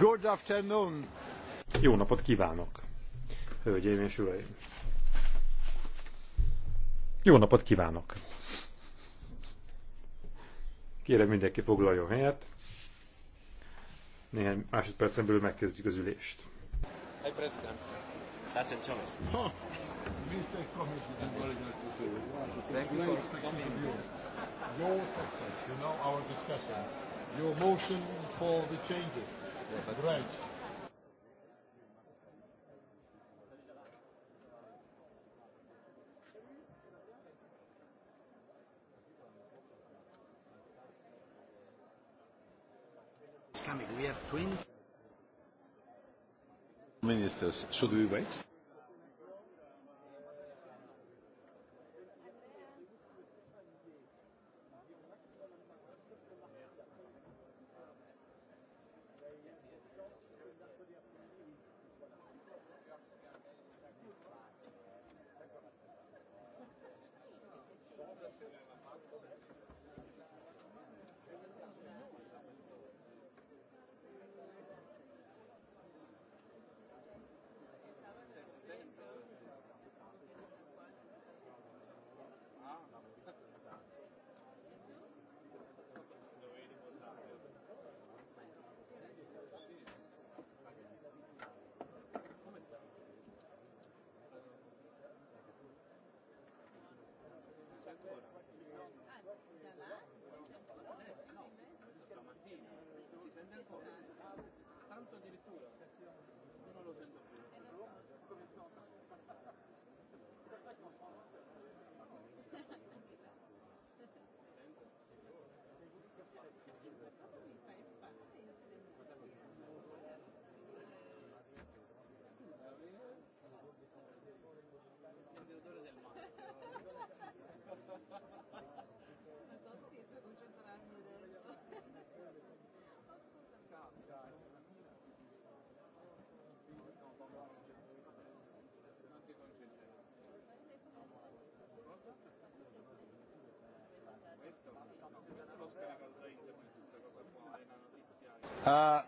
Good afternoon. Jó napot kívánok, hölgyeim és uraim. Jó napot kívánok. Kérem mindenki foglaljon helyet. Néhány másodpercen belül megkezdjük az ülést. Hey, president. That's it, Thomas. Mr. Commissioner, your success, you know, our discussion, your motion for the changes. Right. It's coming. We have twin ministers. Should we wait? Uh,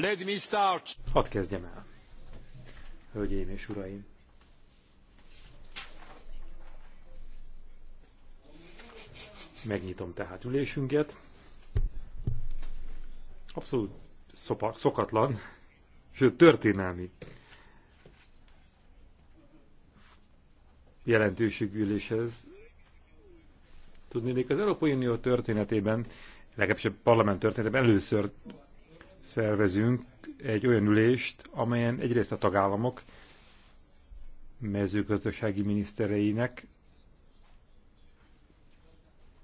let me start. Hadd kezdjem el. Hölgyeim és uraim. Megnyitom tehát ülésünket. Abszolút szopa, szokatlan, sőt történelmi jelentőségű üléshez Tudni, hogy az Európai Unió történetében, legalábbis a parlament történetében először szervezünk egy olyan ülést, amelyen egyrészt a tagállamok mezőgazdasági minisztereinek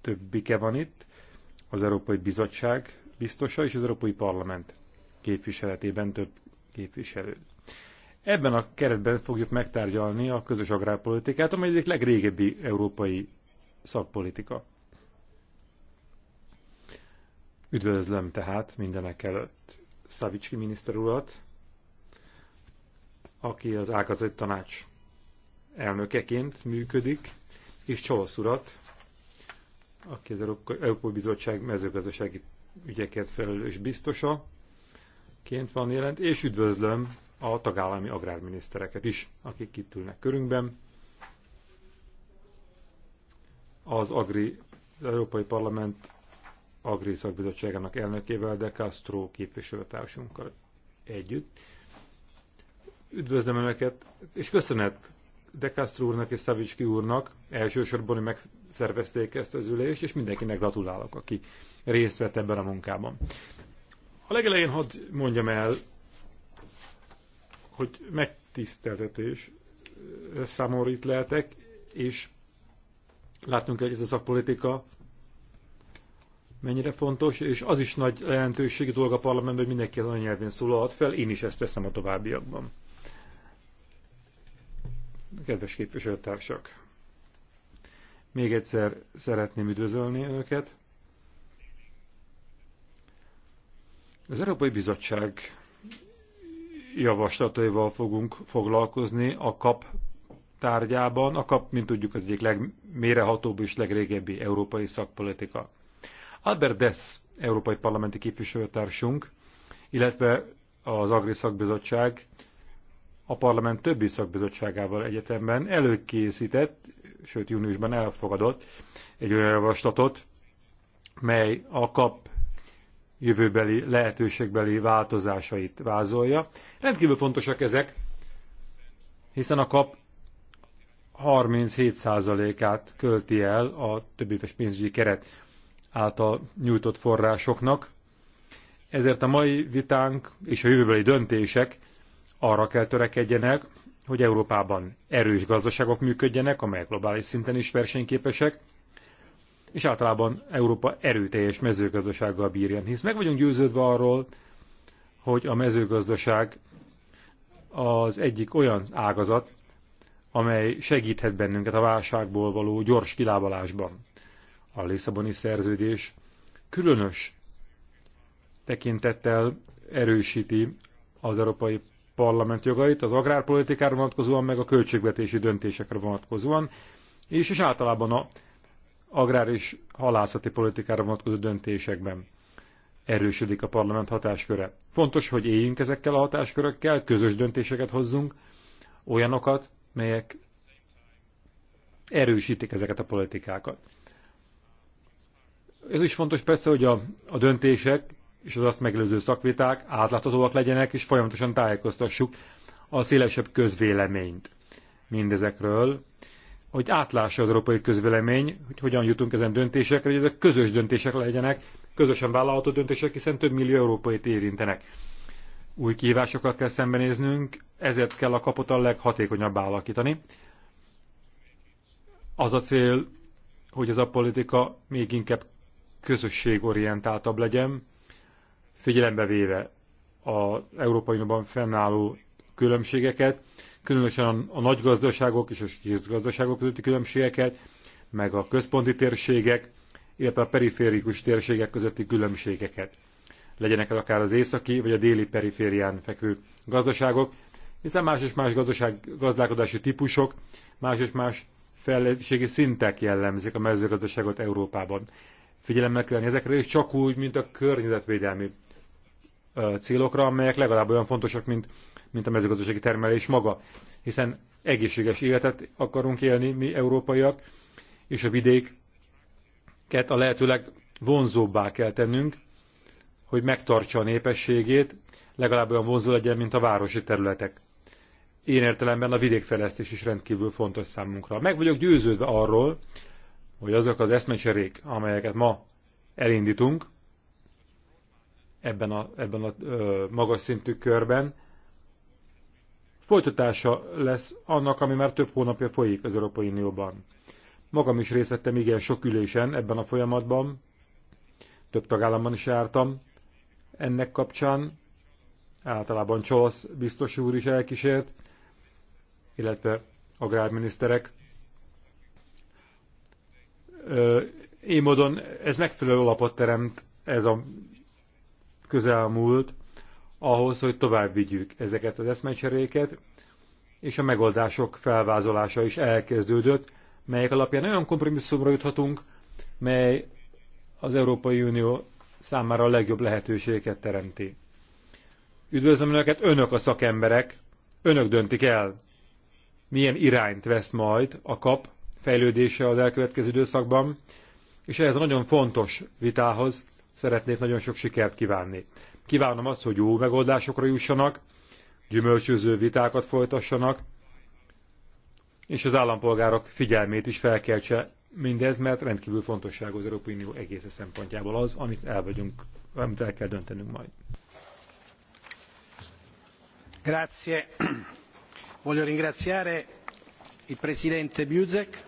többike van itt, az Európai Bizottság biztosa és az Európai Parlament képviseletében több képviselő. Ebben a keretben fogjuk megtárgyalni a közös agrárpolitikát, amely egyik legrégebbi európai szakpolitika. Üdvözlöm tehát mindenek előtt Szavicski miniszter urat, aki az ágazati tanács elnökeként működik, és Csavasz urat, aki az Európai Bizottság mezőgazdasági ügyeket felelős biztosa, ként van jelent, és üdvözlöm a tagállami agrárminisztereket is, akik itt ülnek körünkben az Agri, az Európai Parlament Agri Szakbizottságának elnökével, de Castro képviselőtársunkkal együtt. Üdvözlöm Önöket, és köszönet De Castro úrnak és Szavicski úrnak elsősorban, hogy megszervezték ezt az ülést, és mindenkinek gratulálok, aki részt vett ebben a munkában. A legelején hadd mondjam el, hogy megtiszteltetés számomra itt lehetek, és Látunk, hogy ez a szakpolitika mennyire fontos, és az is nagy lehetőség dolog a parlamentben, hogy mindenki az anyanyelvén szólalhat fel, én is ezt teszem a továbbiakban. Kedves képviselőtársak! Még egyszer szeretném üdvözölni Önöket. Az Európai Bizottság javaslataival fogunk foglalkozni a kap tárgyában, a kap, mint tudjuk, az egyik legmérehatóbb és legrégebbi európai szakpolitika. Albert Dess, európai parlamenti képviselőtársunk, illetve az Agri Szakbizottság a parlament többi szakbizottságával egyetemben előkészített, sőt júniusban elfogadott egy olyan javaslatot, mely a kap jövőbeli lehetőségbeli változásait vázolja. Rendkívül fontosak ezek, hiszen a kap 37%-át költi el a többéves pénzügyi keret által nyújtott forrásoknak. Ezért a mai vitánk és a jövőbeli döntések arra kell törekedjenek, hogy Európában erős gazdaságok működjenek, amelyek globális szinten is versenyképesek, és általában Európa erőteljes mezőgazdasággal bírjen. Hisz meg vagyunk győződve arról, hogy a mezőgazdaság az egyik olyan ágazat, amely segíthet bennünket a válságból való gyors kilábalásban. A Lisszaboni szerződés különös tekintettel erősíti az Európai Parlament jogait, az agrárpolitikára vonatkozóan, meg a költségvetési döntésekre vonatkozóan, és, és általában a agrár és halászati politikára vonatkozó döntésekben erősödik a parlament hatásköre. Fontos, hogy éljünk ezekkel a hatáskörökkel, közös döntéseket hozzunk, olyanokat, melyek erősítik ezeket a politikákat. Ez is fontos persze, hogy a, a döntések és az azt megelőző szakviták átláthatóak legyenek, és folyamatosan tájékoztassuk a szélesebb közvéleményt mindezekről, hogy átlássa az európai közvélemény, hogy hogyan jutunk ezen döntésekre, hogy ezek közös döntések legyenek, közösen vállalható döntések, hiszen több millió európait érintenek új kihívásokkal kell szembenéznünk, ezért kell a kapot a leghatékonyabbá alakítani. Az a cél, hogy ez a politika még inkább közösségorientáltabb legyen, figyelembe véve az Európai Unióban fennálló különbségeket, különösen a nagy gazdaságok és a kis gazdaságok közötti különbségeket, meg a központi térségek, illetve a periférikus térségek közötti különbségeket legyenek ez akár az északi vagy a déli periférián fekvő gazdaságok, hiszen más és más gazdaság, gazdálkodási típusok, más és más fejlettségi szintek jellemzik a mezőgazdaságot Európában. Figyelemmel kell lenni ezekre, és csak úgy, mint a környezetvédelmi célokra, amelyek legalább olyan fontosak, mint, mint a mezőgazdasági termelés maga. Hiszen egészséges életet akarunk élni mi európaiak, és a vidéket a lehetőleg vonzóbbá kell tennünk, hogy megtartsa a népességét, legalább olyan vonzó legyen, mint a városi területek. Én értelemben a vidékfejlesztés is rendkívül fontos számunkra. Meg vagyok győződve arról, hogy azok az eszmecserék, amelyeket ma elindítunk ebben a, ebben a ö, magas szintű körben, folytatása lesz annak, ami már több hónapja folyik az Európai Unióban. Magam is részt vettem igen sok ülésen ebben a folyamatban, több tagállamban is jártam, ennek kapcsán. Általában Csolasz biztos úr is elkísért, illetve agrárminiszterek. Én módon ez megfelelő alapot teremt ez a közelmúlt ahhoz, hogy tovább vigyük ezeket az eszmecseréket, és a megoldások felvázolása is elkezdődött, melyek alapján olyan kompromisszumra juthatunk, mely az Európai Unió számára a legjobb lehetőségeket teremti. Üdvözlöm Önöket, Önök a szakemberek, Önök döntik el, milyen irányt vesz majd a kap fejlődése az elkövetkező időszakban, és ehhez a nagyon fontos vitához szeretnék nagyon sok sikert kívánni. Kívánom azt, hogy jó megoldásokra jussanak, gyümölcsöző vitákat folytassanak, és az állampolgárok figyelmét is felkeltse Mindez, mert rendkívül fontosságú az Európai Unió egész szempontjából az, amit el vagyunk, amit el kell döntenünk majd. Grazie. Voglio ringraziare il Presidente Buzek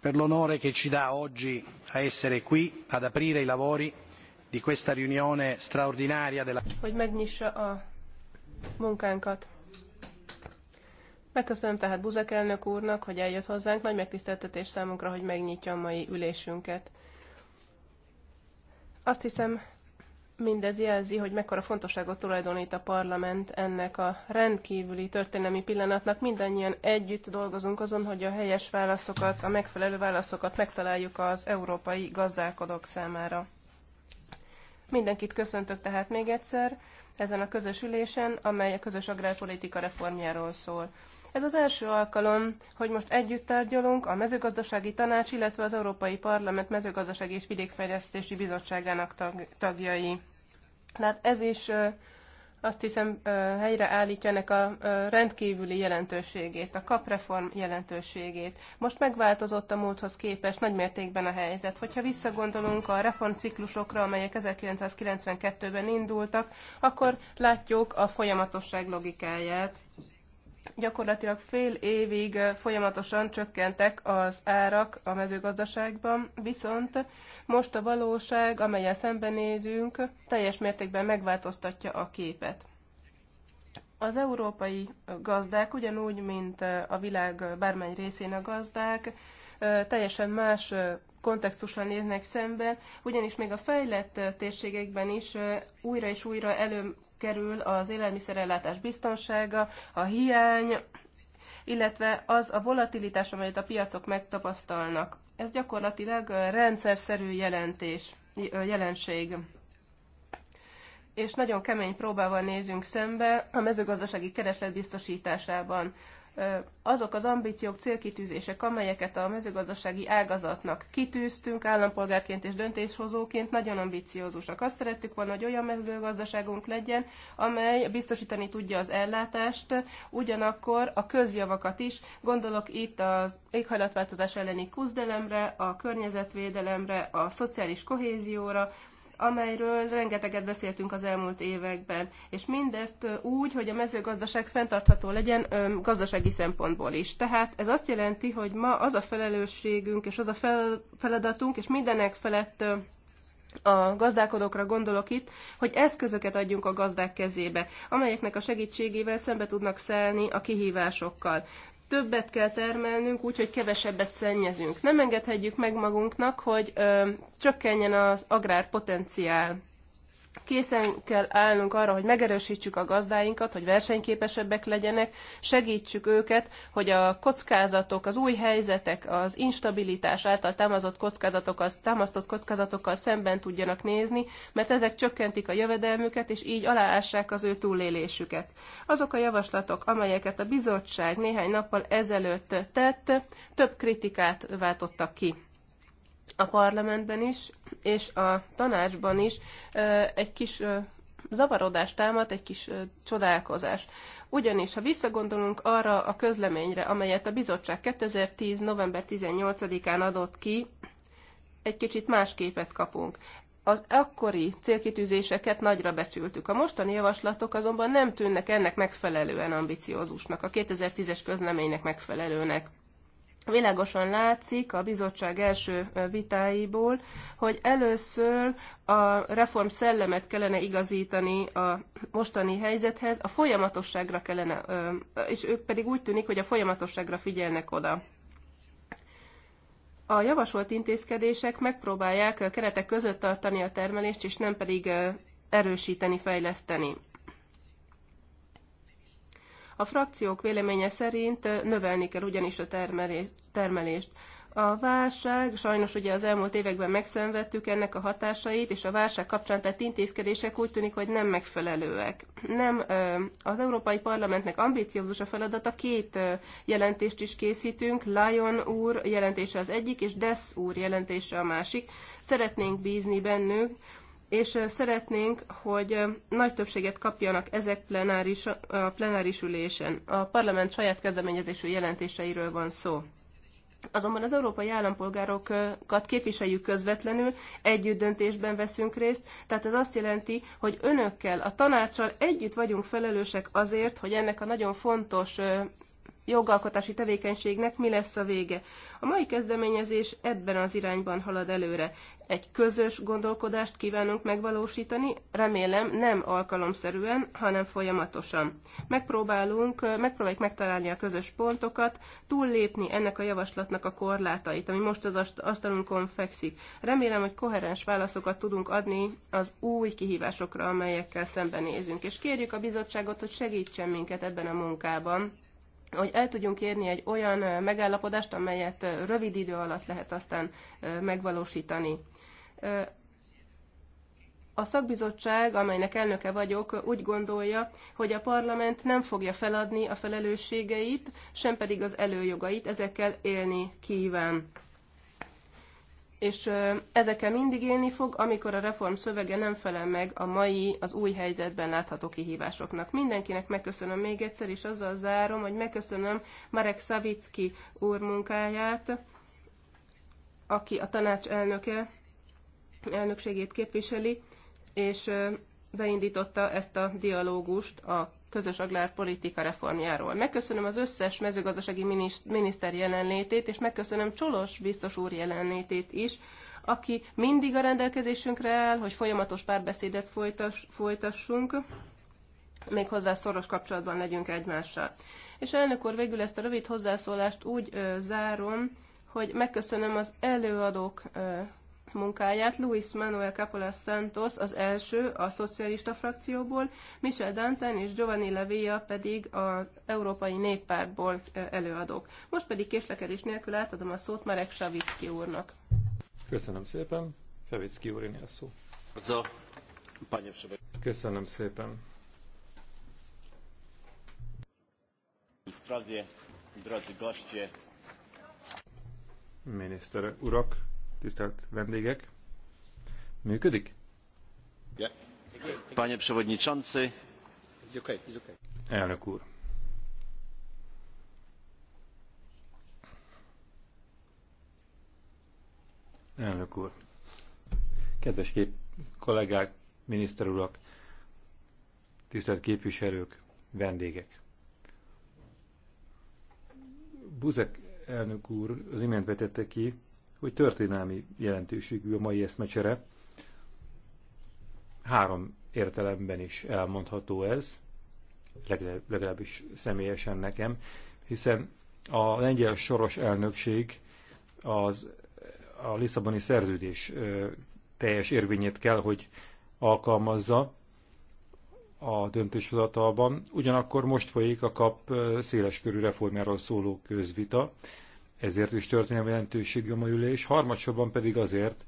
per l'onore che ci dà oggi a essere qui ad aprire i lavori di questa riunione straordinaria della. Hogy megnyissa a munkánkat. Megköszönöm tehát Buzek elnök úrnak, hogy eljött hozzánk. Nagy megtiszteltetés számunkra, hogy megnyitja a mai ülésünket. Azt hiszem, mindez jelzi, hogy mekkora fontosságot tulajdonít a parlament ennek a rendkívüli történelmi pillanatnak. Mindannyian együtt dolgozunk azon, hogy a helyes válaszokat, a megfelelő válaszokat megtaláljuk az európai gazdálkodók számára. Mindenkit köszöntök tehát még egyszer ezen a közös ülésen, amely a közös agrárpolitika reformjáról szól. Ez az első alkalom, hogy most együtt tárgyalunk a mezőgazdasági tanács, illetve az Európai Parlament mezőgazdasági és vidékfejlesztési bizottságának tag, tagjai. Tehát ez is azt hiszem helyre állítja ennek a rendkívüli jelentőségét, a kapreform jelentőségét. Most megváltozott a módhoz képest nagymértékben a helyzet. Hogyha visszagondolunk a reformciklusokra, amelyek 1992-ben indultak, akkor látjuk a folyamatosság logikáját gyakorlatilag fél évig folyamatosan csökkentek az árak a mezőgazdaságban, viszont most a valóság, amelyel szembenézünk, teljes mértékben megváltoztatja a képet. Az európai gazdák, ugyanúgy, mint a világ bármely részén a gazdák, teljesen más kontextusan néznek szemben, ugyanis még a fejlett térségekben is újra és újra előkerül az élelmiszerellátás biztonsága, a hiány, illetve az a volatilitás, amelyet a piacok megtapasztalnak. Ez gyakorlatilag szerű jelentés, jelenség és nagyon kemény próbával nézünk szembe a mezőgazdasági kereslet biztosításában azok az ambíciók, célkitűzések, amelyeket a mezőgazdasági ágazatnak kitűztünk állampolgárként és döntéshozóként, nagyon ambiciózusak. Azt szerettük volna, hogy olyan mezőgazdaságunk legyen, amely biztosítani tudja az ellátást, ugyanakkor a közjavakat is, gondolok itt az éghajlatváltozás elleni küzdelemre, a környezetvédelemre, a szociális kohézióra, amelyről rengeteget beszéltünk az elmúlt években. És mindezt úgy, hogy a mezőgazdaság fenntartható legyen gazdasági szempontból is. Tehát ez azt jelenti, hogy ma az a felelősségünk és az a feladatunk, és mindenek felett a gazdálkodókra gondolok itt, hogy eszközöket adjunk a gazdák kezébe, amelyeknek a segítségével szembe tudnak szállni a kihívásokkal többet kell termelnünk, úgyhogy kevesebbet szennyezünk. Nem engedhetjük meg magunknak, hogy ö, csökkenjen az agrárpotenciál készen kell állnunk arra, hogy megerősítsük a gazdáinkat, hogy versenyképesebbek legyenek, segítsük őket, hogy a kockázatok, az új helyzetek, az instabilitás által támasztott kockázatokkal, támasztott kockázatokkal szemben tudjanak nézni, mert ezek csökkentik a jövedelmüket, és így aláássák az ő túlélésüket. Azok a javaslatok, amelyeket a bizottság néhány nappal ezelőtt tett, több kritikát váltottak ki a parlamentben is, és a tanácsban is egy kis zavarodást támad, egy kis csodálkozás. Ugyanis, ha visszagondolunk arra a közleményre, amelyet a bizottság 2010. november 18-án adott ki, egy kicsit más képet kapunk. Az akkori célkitűzéseket nagyra becsültük. A mostani javaslatok azonban nem tűnnek ennek megfelelően ambiciózusnak, a 2010-es közleménynek megfelelőnek. Világosan látszik a bizottság első vitáiból, hogy először a reform szellemet kellene igazítani a mostani helyzethez, a folyamatosságra kellene, és ők pedig úgy tűnik, hogy a folyamatosságra figyelnek oda. A javasolt intézkedések megpróbálják keretek között tartani a termelést, és nem pedig erősíteni, fejleszteni. A frakciók véleménye szerint növelni kell ugyanis a termelést. A válság, sajnos ugye az elmúlt években megszenvedtük ennek a hatásait, és a válság kapcsán tett intézkedések úgy tűnik, hogy nem megfelelőek. Nem, az Európai Parlamentnek ambíciózus a feladata, két jelentést is készítünk, Lyon úr jelentése az egyik, és Dess úr jelentése a másik. Szeretnénk bízni bennük, és szeretnénk, hogy nagy többséget kapjanak ezek plenáris, a plenáris ülésen. A parlament saját kezdeményezésű jelentéseiről van szó. Azonban az európai állampolgárokat képviseljük közvetlenül, együtt döntésben veszünk részt, tehát ez azt jelenti, hogy önökkel, a tanácssal együtt vagyunk felelősek azért, hogy ennek a nagyon fontos jogalkotási tevékenységnek mi lesz a vége. A mai kezdeményezés ebben az irányban halad előre egy közös gondolkodást kívánunk megvalósítani, remélem nem alkalomszerűen, hanem folyamatosan. Megpróbálunk, megpróbáljuk megtalálni a közös pontokat, túllépni ennek a javaslatnak a korlátait, ami most az asztalunkon fekszik. Remélem, hogy koherens válaszokat tudunk adni az új kihívásokra, amelyekkel szembenézünk, és kérjük a bizottságot, hogy segítsen minket ebben a munkában hogy el tudjunk érni egy olyan megállapodást, amelyet rövid idő alatt lehet aztán megvalósítani. A szakbizottság, amelynek elnöke vagyok, úgy gondolja, hogy a parlament nem fogja feladni a felelősségeit, sem pedig az előjogait, ezekkel élni kíván és ezekkel mindig élni fog, amikor a reform szövege nem felel meg a mai, az új helyzetben látható kihívásoknak. Mindenkinek megköszönöm még egyszer, és azzal zárom, hogy megköszönöm Marek Szavicki úr munkáját, aki a tanács elnöke, elnökségét képviseli, és beindította ezt a dialógust a közös agrárpolitika reformjáról. Megköszönöm az összes mezőgazdasági miniszter jelenlétét, és megköszönöm Csolos biztos úr jelenlétét is, aki mindig a rendelkezésünkre áll, hogy folyamatos párbeszédet folytass, folytassunk, méghozzá szoros kapcsolatban legyünk egymással. És elnök úr, végül ezt a rövid hozzászólást úgy ö, zárom, hogy megköszönöm az előadók ö, munkáját. Luis Manuel Capola Santos az első a szocialista frakcióból, Michel Danten és Giovanni Levia pedig az Európai Néppártból előadók. Most pedig késlekedés nélkül átadom a szót Marek Savicki úrnak. Köszönöm szépen. Savicki úr, a szó. Köszönöm szépen. Miniszter urak, tisztelt vendégek! Működik? Panie Przewodniczący! Elnök úr! Elnök úr! Kedves kép kollégák, miniszter urak, tisztelt képviselők, vendégek! Buzek elnök úr az imént vetette ki, hogy történelmi jelentőségű a mai eszmecsere. Három értelemben is elmondható ez, legalábbis személyesen nekem, hiszen a lengyel soros elnökség az a Lisszaboni szerződés teljes érvényét kell, hogy alkalmazza a döntéshozatalban. Ugyanakkor most folyik a kap széleskörű reformjáról szóló közvita, ezért is történelmi jelentőségű a mai ülés, harmadsorban pedig azért,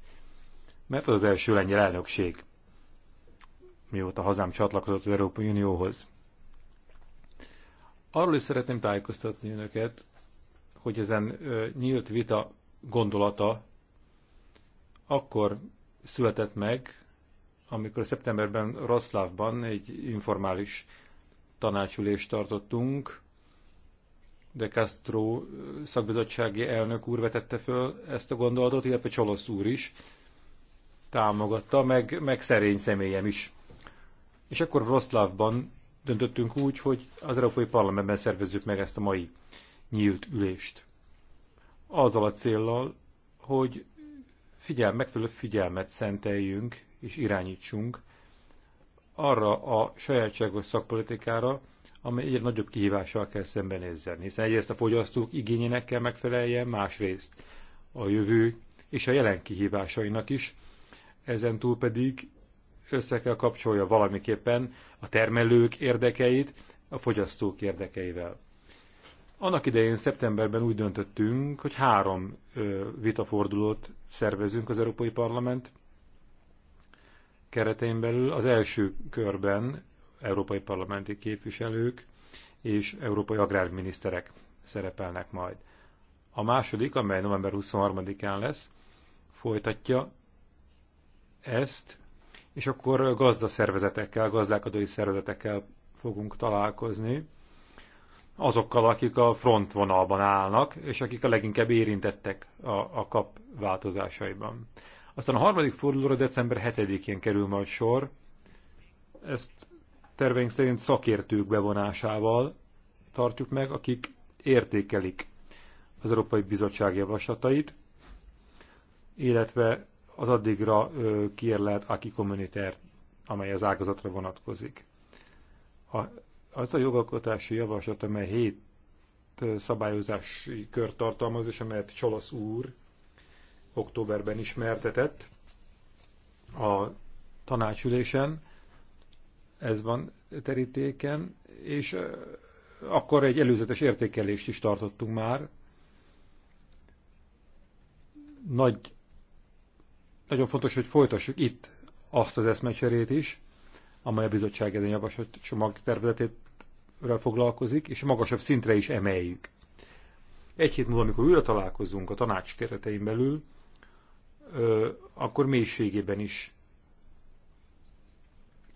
mert az, az első lengyel elnökség, mióta hazám csatlakozott az Európai Unióhoz. Arról is szeretném tájékoztatni önöket, hogy ezen ö, nyílt vita gondolata akkor született meg, amikor szeptemberben Roszlávban egy informális tanácsülést tartottunk, de Castro szakbizottsági elnök úr vetette föl ezt a gondolatot, illetve Csolosz úr is támogatta, meg, meg szerény személyem is. És akkor Vroszlávban döntöttünk úgy, hogy az Európai Parlamentben szervezzük meg ezt a mai nyílt ülést. Azzal a célral, hogy figyel, megfelelő figyelmet szenteljünk és irányítsunk arra a sajátságos szakpolitikára, amely egyre nagyobb kihívással kell szembenézzen, hiszen egyrészt a fogyasztók igényének kell megfeleljen, másrészt a jövő és a jelen kihívásainak is, ezen túl pedig össze kell kapcsolja valamiképpen a termelők érdekeit a fogyasztók érdekeivel. Annak idején szeptemberben úgy döntöttünk, hogy három vitafordulót szervezünk az Európai Parlament keretein belül. Az első körben európai parlamenti képviselők és európai agrárminiszterek szerepelnek majd. A második, amely november 23-án lesz, folytatja ezt, és akkor gazdaszervezetekkel, gazdálkodói szervezetekkel fogunk találkozni, azokkal, akik a frontvonalban állnak, és akik a leginkább érintettek a, a kap változásaiban. Aztán a harmadik fordulóra december 7-én kerül majd sor, ezt terveink szerint szakértők bevonásával tartjuk meg, akik értékelik az Európai Bizottság javaslatait, illetve az addigra kiérlelt aki kommuniter, amely az ágazatra vonatkozik. A, az a jogalkotási javaslat, amely hét szabályozási kör tartalmaz, és amelyet Csolasz úr októberben ismertetett a tanácsülésen, ez van terítéken, és akkor egy előzetes értékelést is tartottunk már. Nagy, nagyon fontos, hogy folytassuk itt azt az eszmecserét is, amely a bizottság ezen javasolt csomag tervezetétről foglalkozik, és magasabb szintre is emeljük. Egy hét múlva, amikor újra találkozunk a tanács keretein belül, akkor mélységében is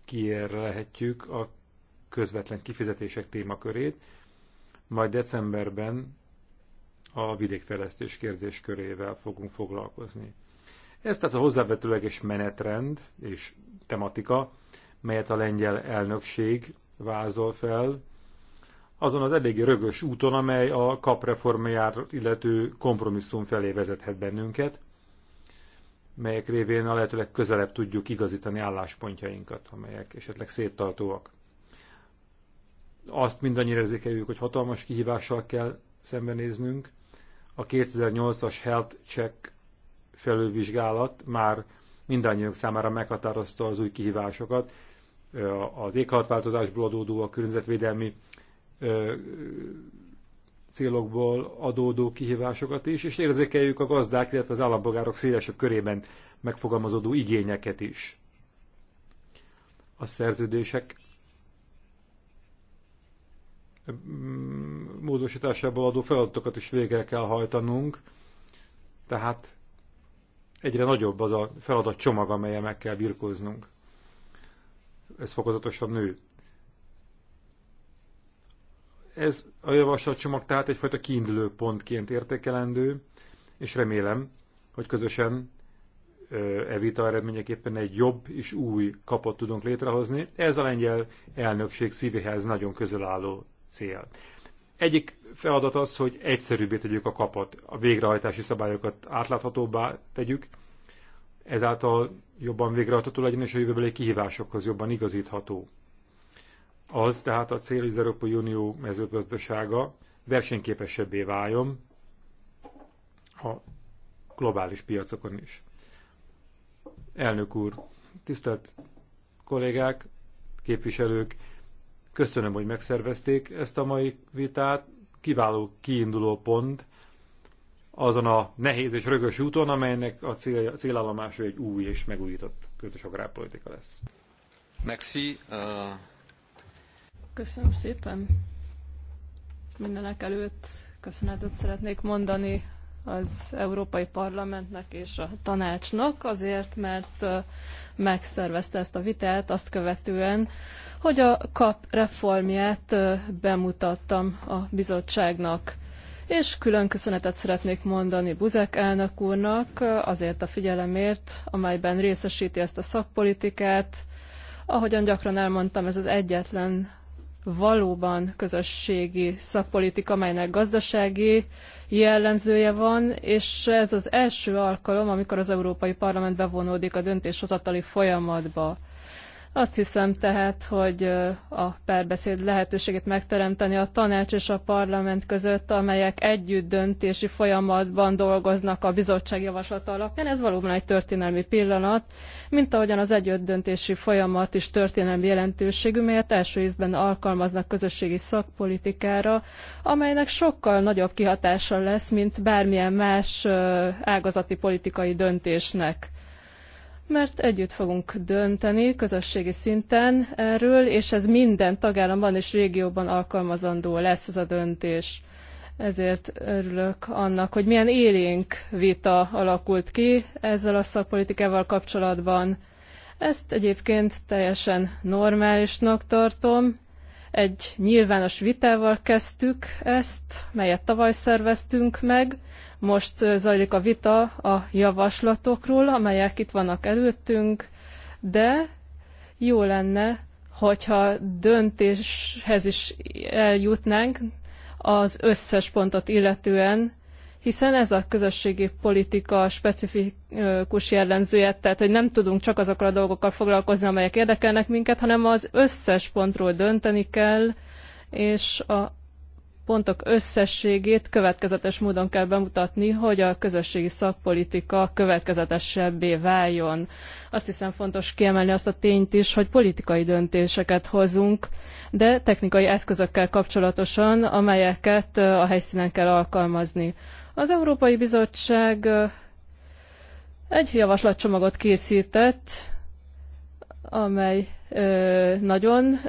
kiérlehetjük a közvetlen kifizetések témakörét, majd decemberben a vidékfejlesztés kérdéskörével fogunk foglalkozni. Ez tehát a hozzávetőleges menetrend és tematika, melyet a lengyel elnökség vázol fel, azon az eléggé rögös úton, amely a kapreformját illető kompromisszum felé vezethet bennünket, melyek révén a lehetőleg közelebb tudjuk igazítani álláspontjainkat, amelyek esetleg széttartóak. Azt mindannyira érzékeljük, hogy hatalmas kihívással kell szembenéznünk. A 2008-as Health Check felülvizsgálat már mindannyiunk számára meghatározta az új kihívásokat, az éghajlatváltozásból adódó a környezetvédelmi célokból adódó kihívásokat is, és érzékeljük a gazdák, illetve az állampolgárok szélesebb körében megfogalmazódó igényeket is. A szerződések mm, módosításából adó feladatokat is végre kell hajtanunk, tehát egyre nagyobb az a feladatcsomag, amelyel meg kell birkóznunk. Ez fokozatosan nő. Ez a javaslatcsomag tehát egyfajta kiinduló pontként értékelendő, és remélem, hogy közösen e vita eredményeképpen egy jobb és új kapot tudunk létrehozni. Ez a lengyel elnökség szívéhez nagyon közel álló cél. Egyik feladat az, hogy egyszerűbbé tegyük a kapot, a végrehajtási szabályokat átláthatóbbá tegyük, ezáltal jobban végrehajtható legyen, és a jövőbeli kihívásokhoz jobban igazítható. Az tehát a cél, hogy az Európai Unió mezőgazdasága versenyképesebbé váljon a globális piacokon is. Elnök úr, tisztelt kollégák, képviselők, köszönöm, hogy megszervezték ezt a mai vitát. Kiváló kiinduló pont azon a nehéz és rögös úton, amelynek a cél, célállomása egy új és megújított közös agrárpolitika lesz. Merci. Uh... Köszönöm szépen. Mindenek előtt köszönetet szeretnék mondani az Európai Parlamentnek és a tanácsnak azért, mert megszervezte ezt a vitát azt követően, hogy a KAP reformját bemutattam a bizottságnak. És külön köszönetet szeretnék mondani Buzek elnök úrnak azért a figyelemért, amelyben részesíti ezt a szakpolitikát. Ahogyan gyakran elmondtam, ez az egyetlen valóban közösségi szakpolitika, amelynek gazdasági jellemzője van, és ez az első alkalom, amikor az Európai Parlament bevonódik a döntéshozatali folyamatba. Azt hiszem tehát, hogy a párbeszéd lehetőségét megteremteni a tanács és a parlament között, amelyek együtt döntési folyamatban dolgoznak a bizottság javaslata alapján. Ez valóban egy történelmi pillanat, mint ahogyan az együtt döntési folyamat is történelmi jelentőségű, melyet első ízben alkalmaznak közösségi szakpolitikára, amelynek sokkal nagyobb kihatása lesz, mint bármilyen más ágazati politikai döntésnek mert együtt fogunk dönteni közösségi szinten erről, és ez minden tagállamban és régióban alkalmazandó lesz ez a döntés. Ezért örülök annak, hogy milyen élénk vita alakult ki ezzel a szakpolitikával kapcsolatban. Ezt egyébként teljesen normálisnak tartom. Egy nyilvános vitával kezdtük ezt, melyet tavaly szerveztünk meg, most zajlik a vita a javaslatokról, amelyek itt vannak előttünk, de jó lenne, hogyha döntéshez is eljutnánk az összes pontot illetően, hiszen ez a közösségi politika specifikus jellemzője, tehát hogy nem tudunk csak azokra a dolgokkal foglalkozni, amelyek érdekelnek minket, hanem az összes pontról dönteni kell, és a pontok összességét következetes módon kell bemutatni, hogy a közösségi szakpolitika következetesebbé váljon. Azt hiszem fontos kiemelni azt a tényt is, hogy politikai döntéseket hozunk, de technikai eszközökkel kapcsolatosan, amelyeket a helyszínen kell alkalmazni. Az Európai Bizottság egy javaslatcsomagot készített, amely nagyon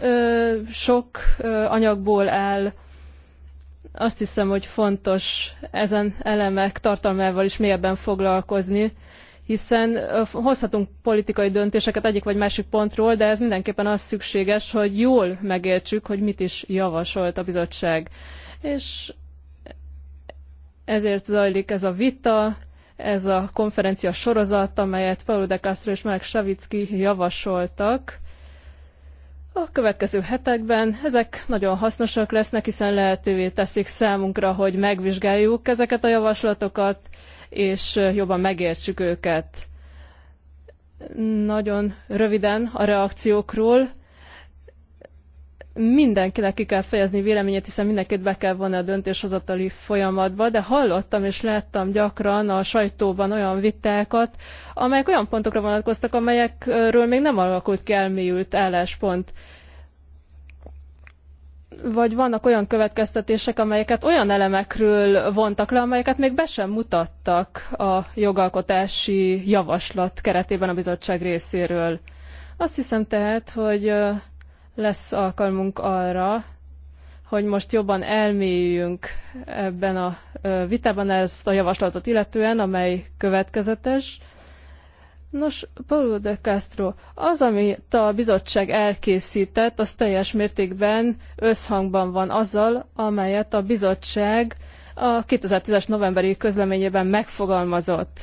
sok anyagból áll, azt hiszem, hogy fontos ezen elemek tartalmával is mélyebben foglalkozni, hiszen hozhatunk politikai döntéseket egyik vagy másik pontról, de ez mindenképpen az szükséges, hogy jól megértsük, hogy mit is javasolt a bizottság. És ezért zajlik ez a vita, ez a konferencia sorozat, amelyet Paul de Castro és Marek Savicki javasoltak a következő hetekben ezek nagyon hasznosak lesznek, hiszen lehetővé teszik számunkra, hogy megvizsgáljuk ezeket a javaslatokat, és jobban megértsük őket. Nagyon röviden a reakciókról mindenkinek ki kell fejezni véleményét, hiszen mindenkit be kell vonni a döntéshozatali folyamatba, de hallottam és láttam gyakran a sajtóban olyan vitákat, amelyek olyan pontokra vonatkoztak, amelyekről még nem alakult ki elmélyült álláspont. Vagy vannak olyan következtetések, amelyeket olyan elemekről vontak le, amelyeket még be sem mutattak a jogalkotási javaslat keretében a bizottság részéről. Azt hiszem tehát, hogy lesz alkalmunk arra, hogy most jobban elmélyüljünk ebben a vitában ezt a javaslatot illetően, amely következetes. Nos, Paulo de Castro, az, amit a bizottság elkészített, az teljes mértékben összhangban van azzal, amelyet a bizottság a 2010-es novemberi közleményében megfogalmazott.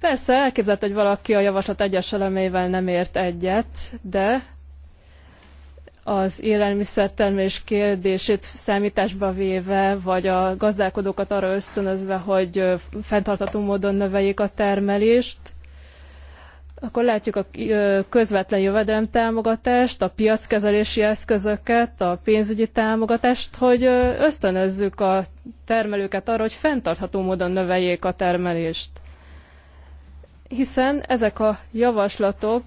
Persze elképzelt hogy valaki a javaslat egyes elemével nem ért egyet, de az élelmiszertermés kérdését számításba véve, vagy a gazdálkodókat arra ösztönözve, hogy fenntartható módon növeljék a termelést, akkor látjuk a közvetlen jövedelem támogatást, a piackezelési eszközöket, a pénzügyi támogatást, hogy ösztönözzük a termelőket arra, hogy fenntartható módon növeljék a termelést. Hiszen ezek a javaslatok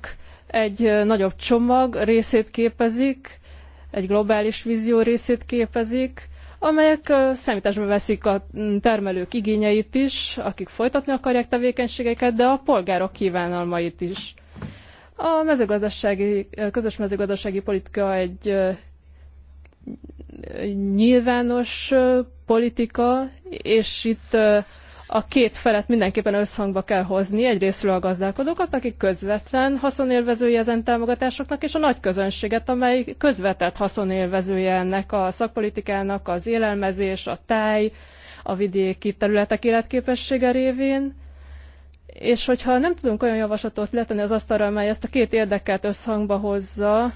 egy nagyobb csomag részét képezik, egy globális vízió részét képezik, amelyek számításba veszik a mm, termelők igényeit is, akik folytatni akarják tevékenységeket, de a polgárok kívánalmait is. A mezőgazdasági, közös mezőgazdasági politika egy nyilvános politika, és itt a két felet mindenképpen összhangba kell hozni, egyrésztről a gazdálkodókat, akik közvetlen haszonélvezői ezen támogatásoknak, és a nagy közönséget, amely közvetett haszonélvezője ennek a szakpolitikának, az élelmezés, a táj, a vidéki területek életképessége révén. És hogyha nem tudunk olyan javaslatot letenni az asztalra, amely ezt a két érdeket összhangba hozza,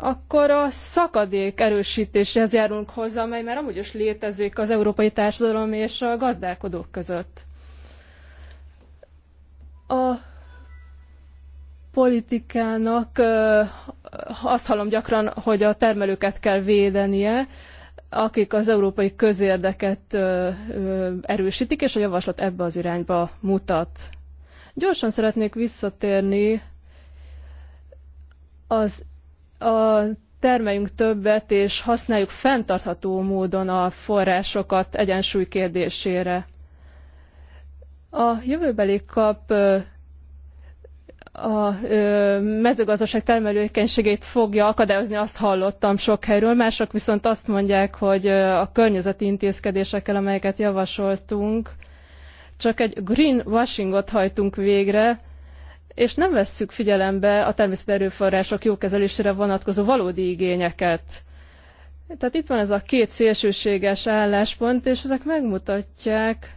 akkor a szakadék erősítéséhez járunk hozzá, amely már amúgy is létezik az európai társadalom és a gazdálkodók között. A politikának azt hallom gyakran, hogy a termelőket kell védenie, akik az európai közérdeket erősítik, és a javaslat ebbe az irányba mutat. Gyorsan szeretnék visszatérni az a termeljünk többet, és használjuk fenntartható módon a forrásokat egyensúly kérdésére. A jövőbeli kap a mezőgazdaság termelőkenységét fogja akadályozni, azt hallottam sok helyről. Mások viszont azt mondják, hogy a környezeti intézkedésekkel, amelyeket javasoltunk, csak egy greenwashingot hajtunk végre, és nem vesszük figyelembe a természeti erőforrások jó kezelésére vonatkozó valódi igényeket. Tehát itt van ez a két szélsőséges álláspont, és ezek megmutatják,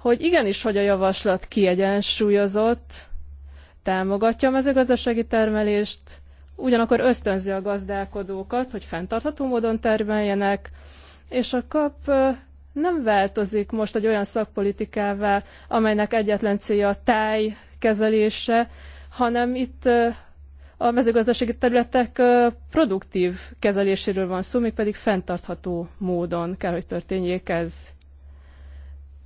hogy igenis, hogy a javaslat kiegyensúlyozott, támogatja a mezőgazdasági termelést, ugyanakkor ösztönzi a gazdálkodókat, hogy fenntartható módon termeljenek, és a kap nem változik most egy olyan szakpolitikává, amelynek egyetlen célja a táj kezelése, hanem itt a mezőgazdasági területek produktív kezeléséről van szó, mégpedig fenntartható módon kell, hogy történjék ez.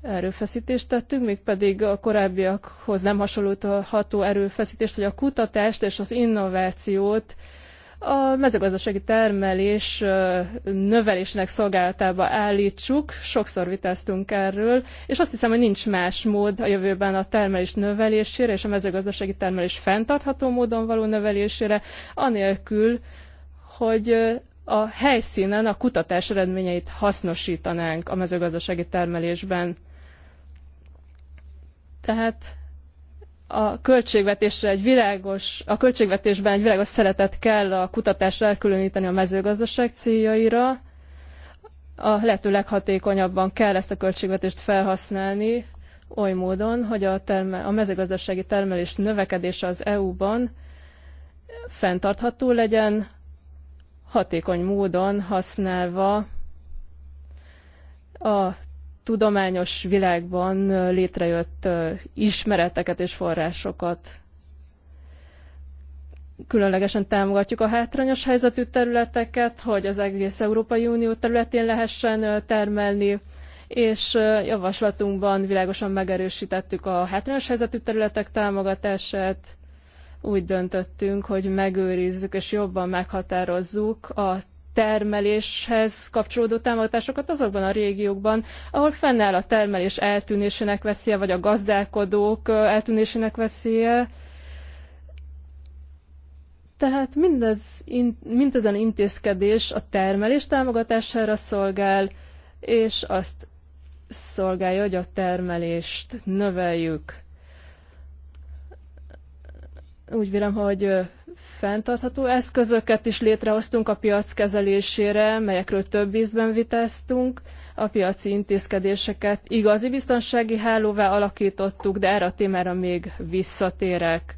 Erőfeszítést tettünk, mégpedig a korábbiakhoz nem hasonlítható erőfeszítést, hogy a kutatást és az innovációt a mezőgazdasági termelés növelésnek szolgálatába állítsuk. Sokszor vitáztunk erről, és azt hiszem, hogy nincs más mód a jövőben a termelés növelésére és a mezőgazdasági termelés fenntartható módon való növelésére, anélkül, hogy a helyszínen a kutatás eredményeit hasznosítanánk a mezőgazdasági termelésben. Tehát a költségvetésre egy világos, a költségvetésben egy világos szeretet kell a kutatásra elkülöníteni a mezőgazdaság céljaira, a lehető leghatékonyabban kell ezt a költségvetést felhasználni, oly módon, hogy a, terme, a mezőgazdasági termelés növekedése az EU-ban fenntartható legyen, hatékony módon használva a tudományos világban létrejött ismereteket és forrásokat. Különlegesen támogatjuk a hátrányos helyzetű területeket, hogy az egész Európai Unió területén lehessen termelni, és javaslatunkban világosan megerősítettük a hátrányos helyzetű területek támogatását, úgy döntöttünk, hogy megőrizzük és jobban meghatározzuk a termeléshez kapcsolódó támogatásokat azokban a régiókban, ahol fennáll a termelés eltűnésének veszélye, vagy a gazdálkodók eltűnésének veszélye. Tehát mindez, mindezen intézkedés a termelés támogatására szolgál, és azt szolgálja, hogy a termelést növeljük. Úgy vélem, hogy Fenntartható eszközöket is létrehoztunk a piac kezelésére, melyekről több ízben vitáztunk. A piaci intézkedéseket igazi biztonsági hálóvá alakítottuk, de erre a témára még visszatérek.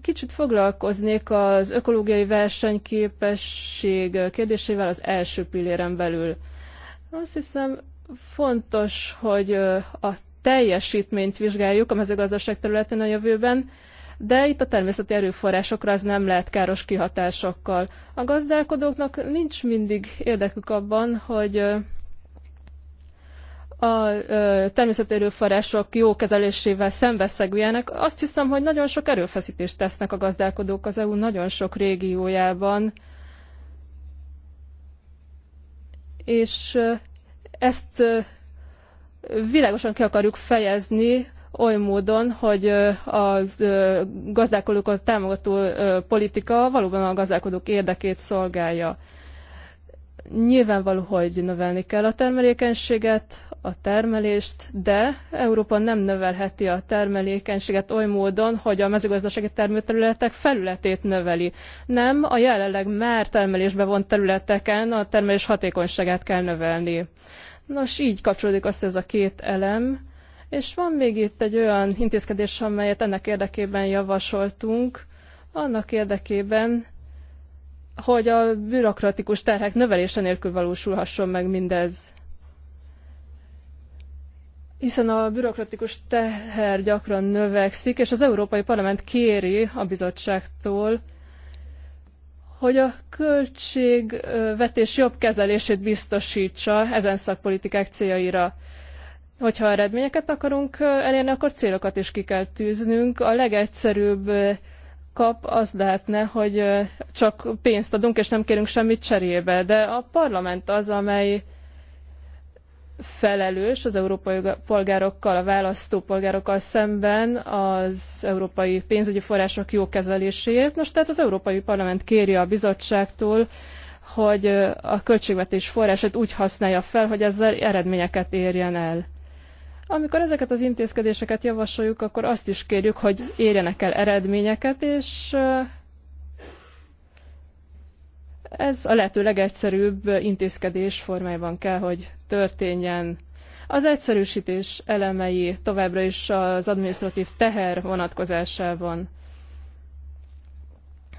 Kicsit foglalkoznék az ökológiai versenyképesség kérdésével az első pilléren belül. Azt hiszem fontos, hogy a teljesítményt vizsgáljuk a mezőgazdaság területén a jövőben, de itt a természeti erőforrásokra ez nem lehet káros kihatásokkal. A gazdálkodóknak nincs mindig érdekük abban, hogy a természeti erőforrások jó kezelésével szembeszegüljenek. Azt hiszem, hogy nagyon sok erőfeszítést tesznek a gazdálkodók az EU nagyon sok régiójában. És ezt világosan ki akarjuk fejezni, oly módon, hogy a gazdálkodókat támogató politika valóban a gazdálkodók érdekét szolgálja. Nyilvánvaló, hogy növelni kell a termelékenységet, a termelést, de Európa nem növelheti a termelékenységet oly módon, hogy a mezőgazdasági termőterületek felületét növeli. Nem, a jelenleg már termelésbe vont területeken a termelés hatékonyságát kell növelni. Nos, így kapcsolódik össze ez a két elem és van még itt egy olyan intézkedés, amelyet ennek érdekében javasoltunk, annak érdekében, hogy a bürokratikus terhek növelése nélkül valósulhasson meg mindez. Hiszen a bürokratikus teher gyakran növekszik, és az Európai Parlament kéri a bizottságtól, hogy a költségvetés jobb kezelését biztosítsa ezen szakpolitikák céljaira. Hogyha eredményeket akarunk elérni, akkor célokat is ki kell tűznünk. A legegyszerűbb kap az lehetne, hogy csak pénzt adunk, és nem kérünk semmit cserébe. De a parlament az, amely felelős az európai polgárokkal, a választópolgárokkal szemben az európai pénzügyi források jó kezeléséért. Nos, tehát az Európai Parlament kéri a bizottságtól, hogy a költségvetés forrását úgy használja fel, hogy ezzel eredményeket érjen el. Amikor ezeket az intézkedéseket javasoljuk, akkor azt is kérjük, hogy érjenek el eredményeket, és eh, ez a lehető legegyszerűbb intézkedés formájában kell, hogy történjen. Az egyszerűsítés elemei továbbra is az administratív teher vonatkozásában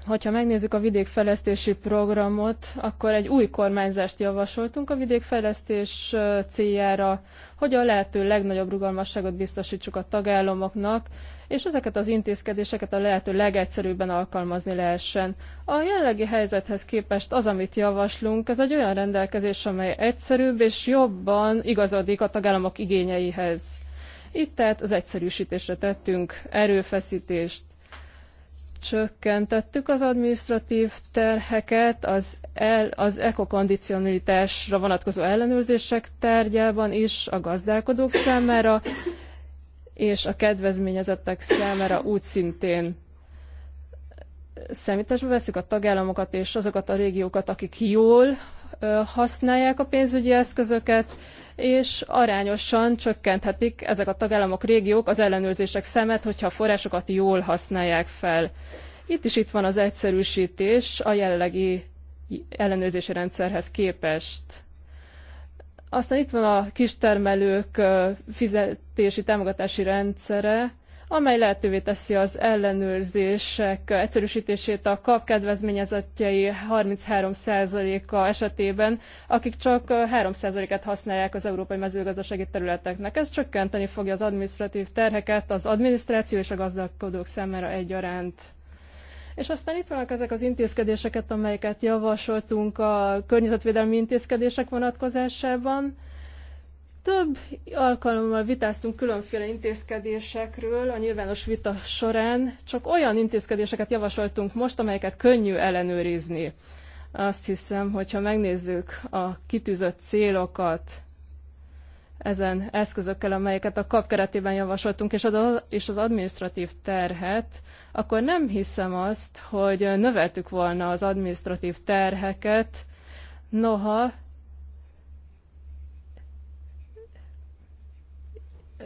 Hogyha megnézzük a vidékfejlesztési programot, akkor egy új kormányzást javasoltunk a vidékfejlesztés céljára, hogy a lehető legnagyobb rugalmasságot biztosítsuk a tagállamoknak, és ezeket az intézkedéseket a lehető legegyszerűbben alkalmazni lehessen. A jelenlegi helyzethez képest az, amit javaslunk, ez egy olyan rendelkezés, amely egyszerűbb és jobban igazodik a tagállamok igényeihez. Itt tehát az egyszerűsítésre tettünk erőfeszítést csökkentettük az administratív terheket, az, el, az ekokondicionalitásra vonatkozó ellenőrzések tárgyában is a gazdálkodók számára, és a kedvezményezettek számára úgy szintén szemításba veszük a tagállamokat és azokat a régiókat, akik jól használják a pénzügyi eszközöket, és arányosan csökkenthetik ezek a tagállamok, régiók az ellenőrzések szemet, hogyha a forrásokat jól használják fel. Itt is itt van az egyszerűsítés a jelenlegi ellenőrzési rendszerhez képest. Aztán itt van a kistermelők fizetési támogatási rendszere, amely lehetővé teszi az ellenőrzések egyszerűsítését a kap kedvezményezettjei 33%-a esetében, akik csak 3%-et használják az európai mezőgazdasági területeknek. Ez csökkenteni fogja az administratív terheket az adminisztráció és a gazdálkodók számára egyaránt. És aztán itt vannak ezek az intézkedéseket, amelyeket javasoltunk a környezetvédelmi intézkedések vonatkozásában több alkalommal vitáztunk különféle intézkedésekről a nyilvános vita során, csak olyan intézkedéseket javasoltunk most, amelyeket könnyű ellenőrizni. Azt hiszem, hogyha megnézzük a kitűzött célokat, ezen eszközökkel, amelyeket a kap keretében javasoltunk, és, az, és az administratív terhet, akkor nem hiszem azt, hogy növeltük volna az administratív terheket, noha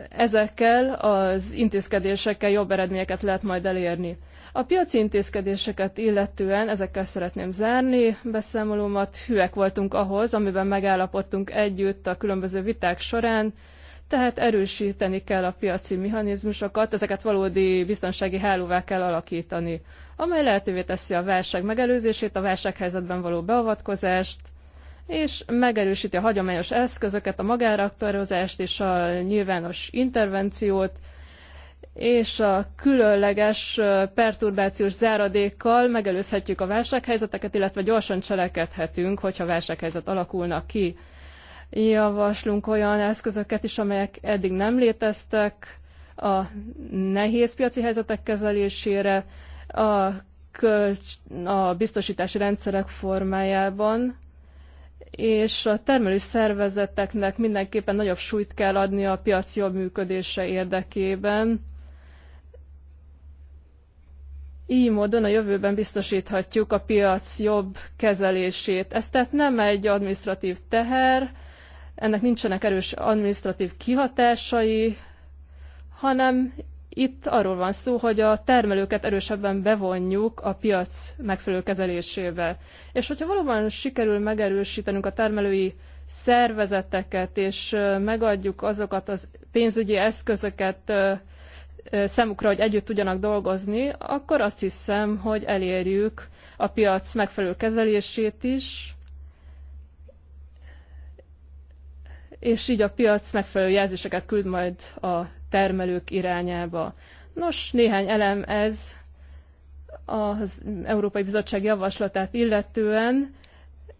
ezekkel az intézkedésekkel jobb eredményeket lehet majd elérni. A piaci intézkedéseket illetően ezekkel szeretném zárni beszámolómat. Hűek voltunk ahhoz, amiben megállapodtunk együtt a különböző viták során, tehát erősíteni kell a piaci mechanizmusokat, ezeket valódi biztonsági hálóvá kell alakítani, amely lehetővé teszi a válság megelőzését, a válsághelyzetben való beavatkozást, és megerősíti a hagyományos eszközöket, a magáraktározást és a nyilvános intervenciót, és a különleges perturbációs záradékkal megelőzhetjük a válsághelyzeteket, illetve gyorsan cselekedhetünk, hogyha válsághelyzet alakulnak ki. Javaslunk olyan eszközöket is, amelyek eddig nem léteztek a nehéz piaci helyzetek kezelésére, a, kölcs, a biztosítási rendszerek formájában, és a termelő szervezeteknek mindenképpen nagyobb súlyt kell adni a piac jobb működése érdekében. Így módon a jövőben biztosíthatjuk a piac jobb kezelését. Ez tehát nem egy administratív teher, ennek nincsenek erős administratív kihatásai, hanem itt arról van szó, hogy a termelőket erősebben bevonjuk a piac megfelelő kezelésébe. És hogyha valóban sikerül megerősítenünk a termelői szervezeteket, és megadjuk azokat az pénzügyi eszközöket számukra, hogy együtt tudjanak dolgozni, akkor azt hiszem, hogy elérjük a piac megfelelő kezelését is, és így a piac megfelelő jelzéseket küld majd a termelők irányába. Nos, néhány elem ez az Európai Bizottság javaslatát illetően.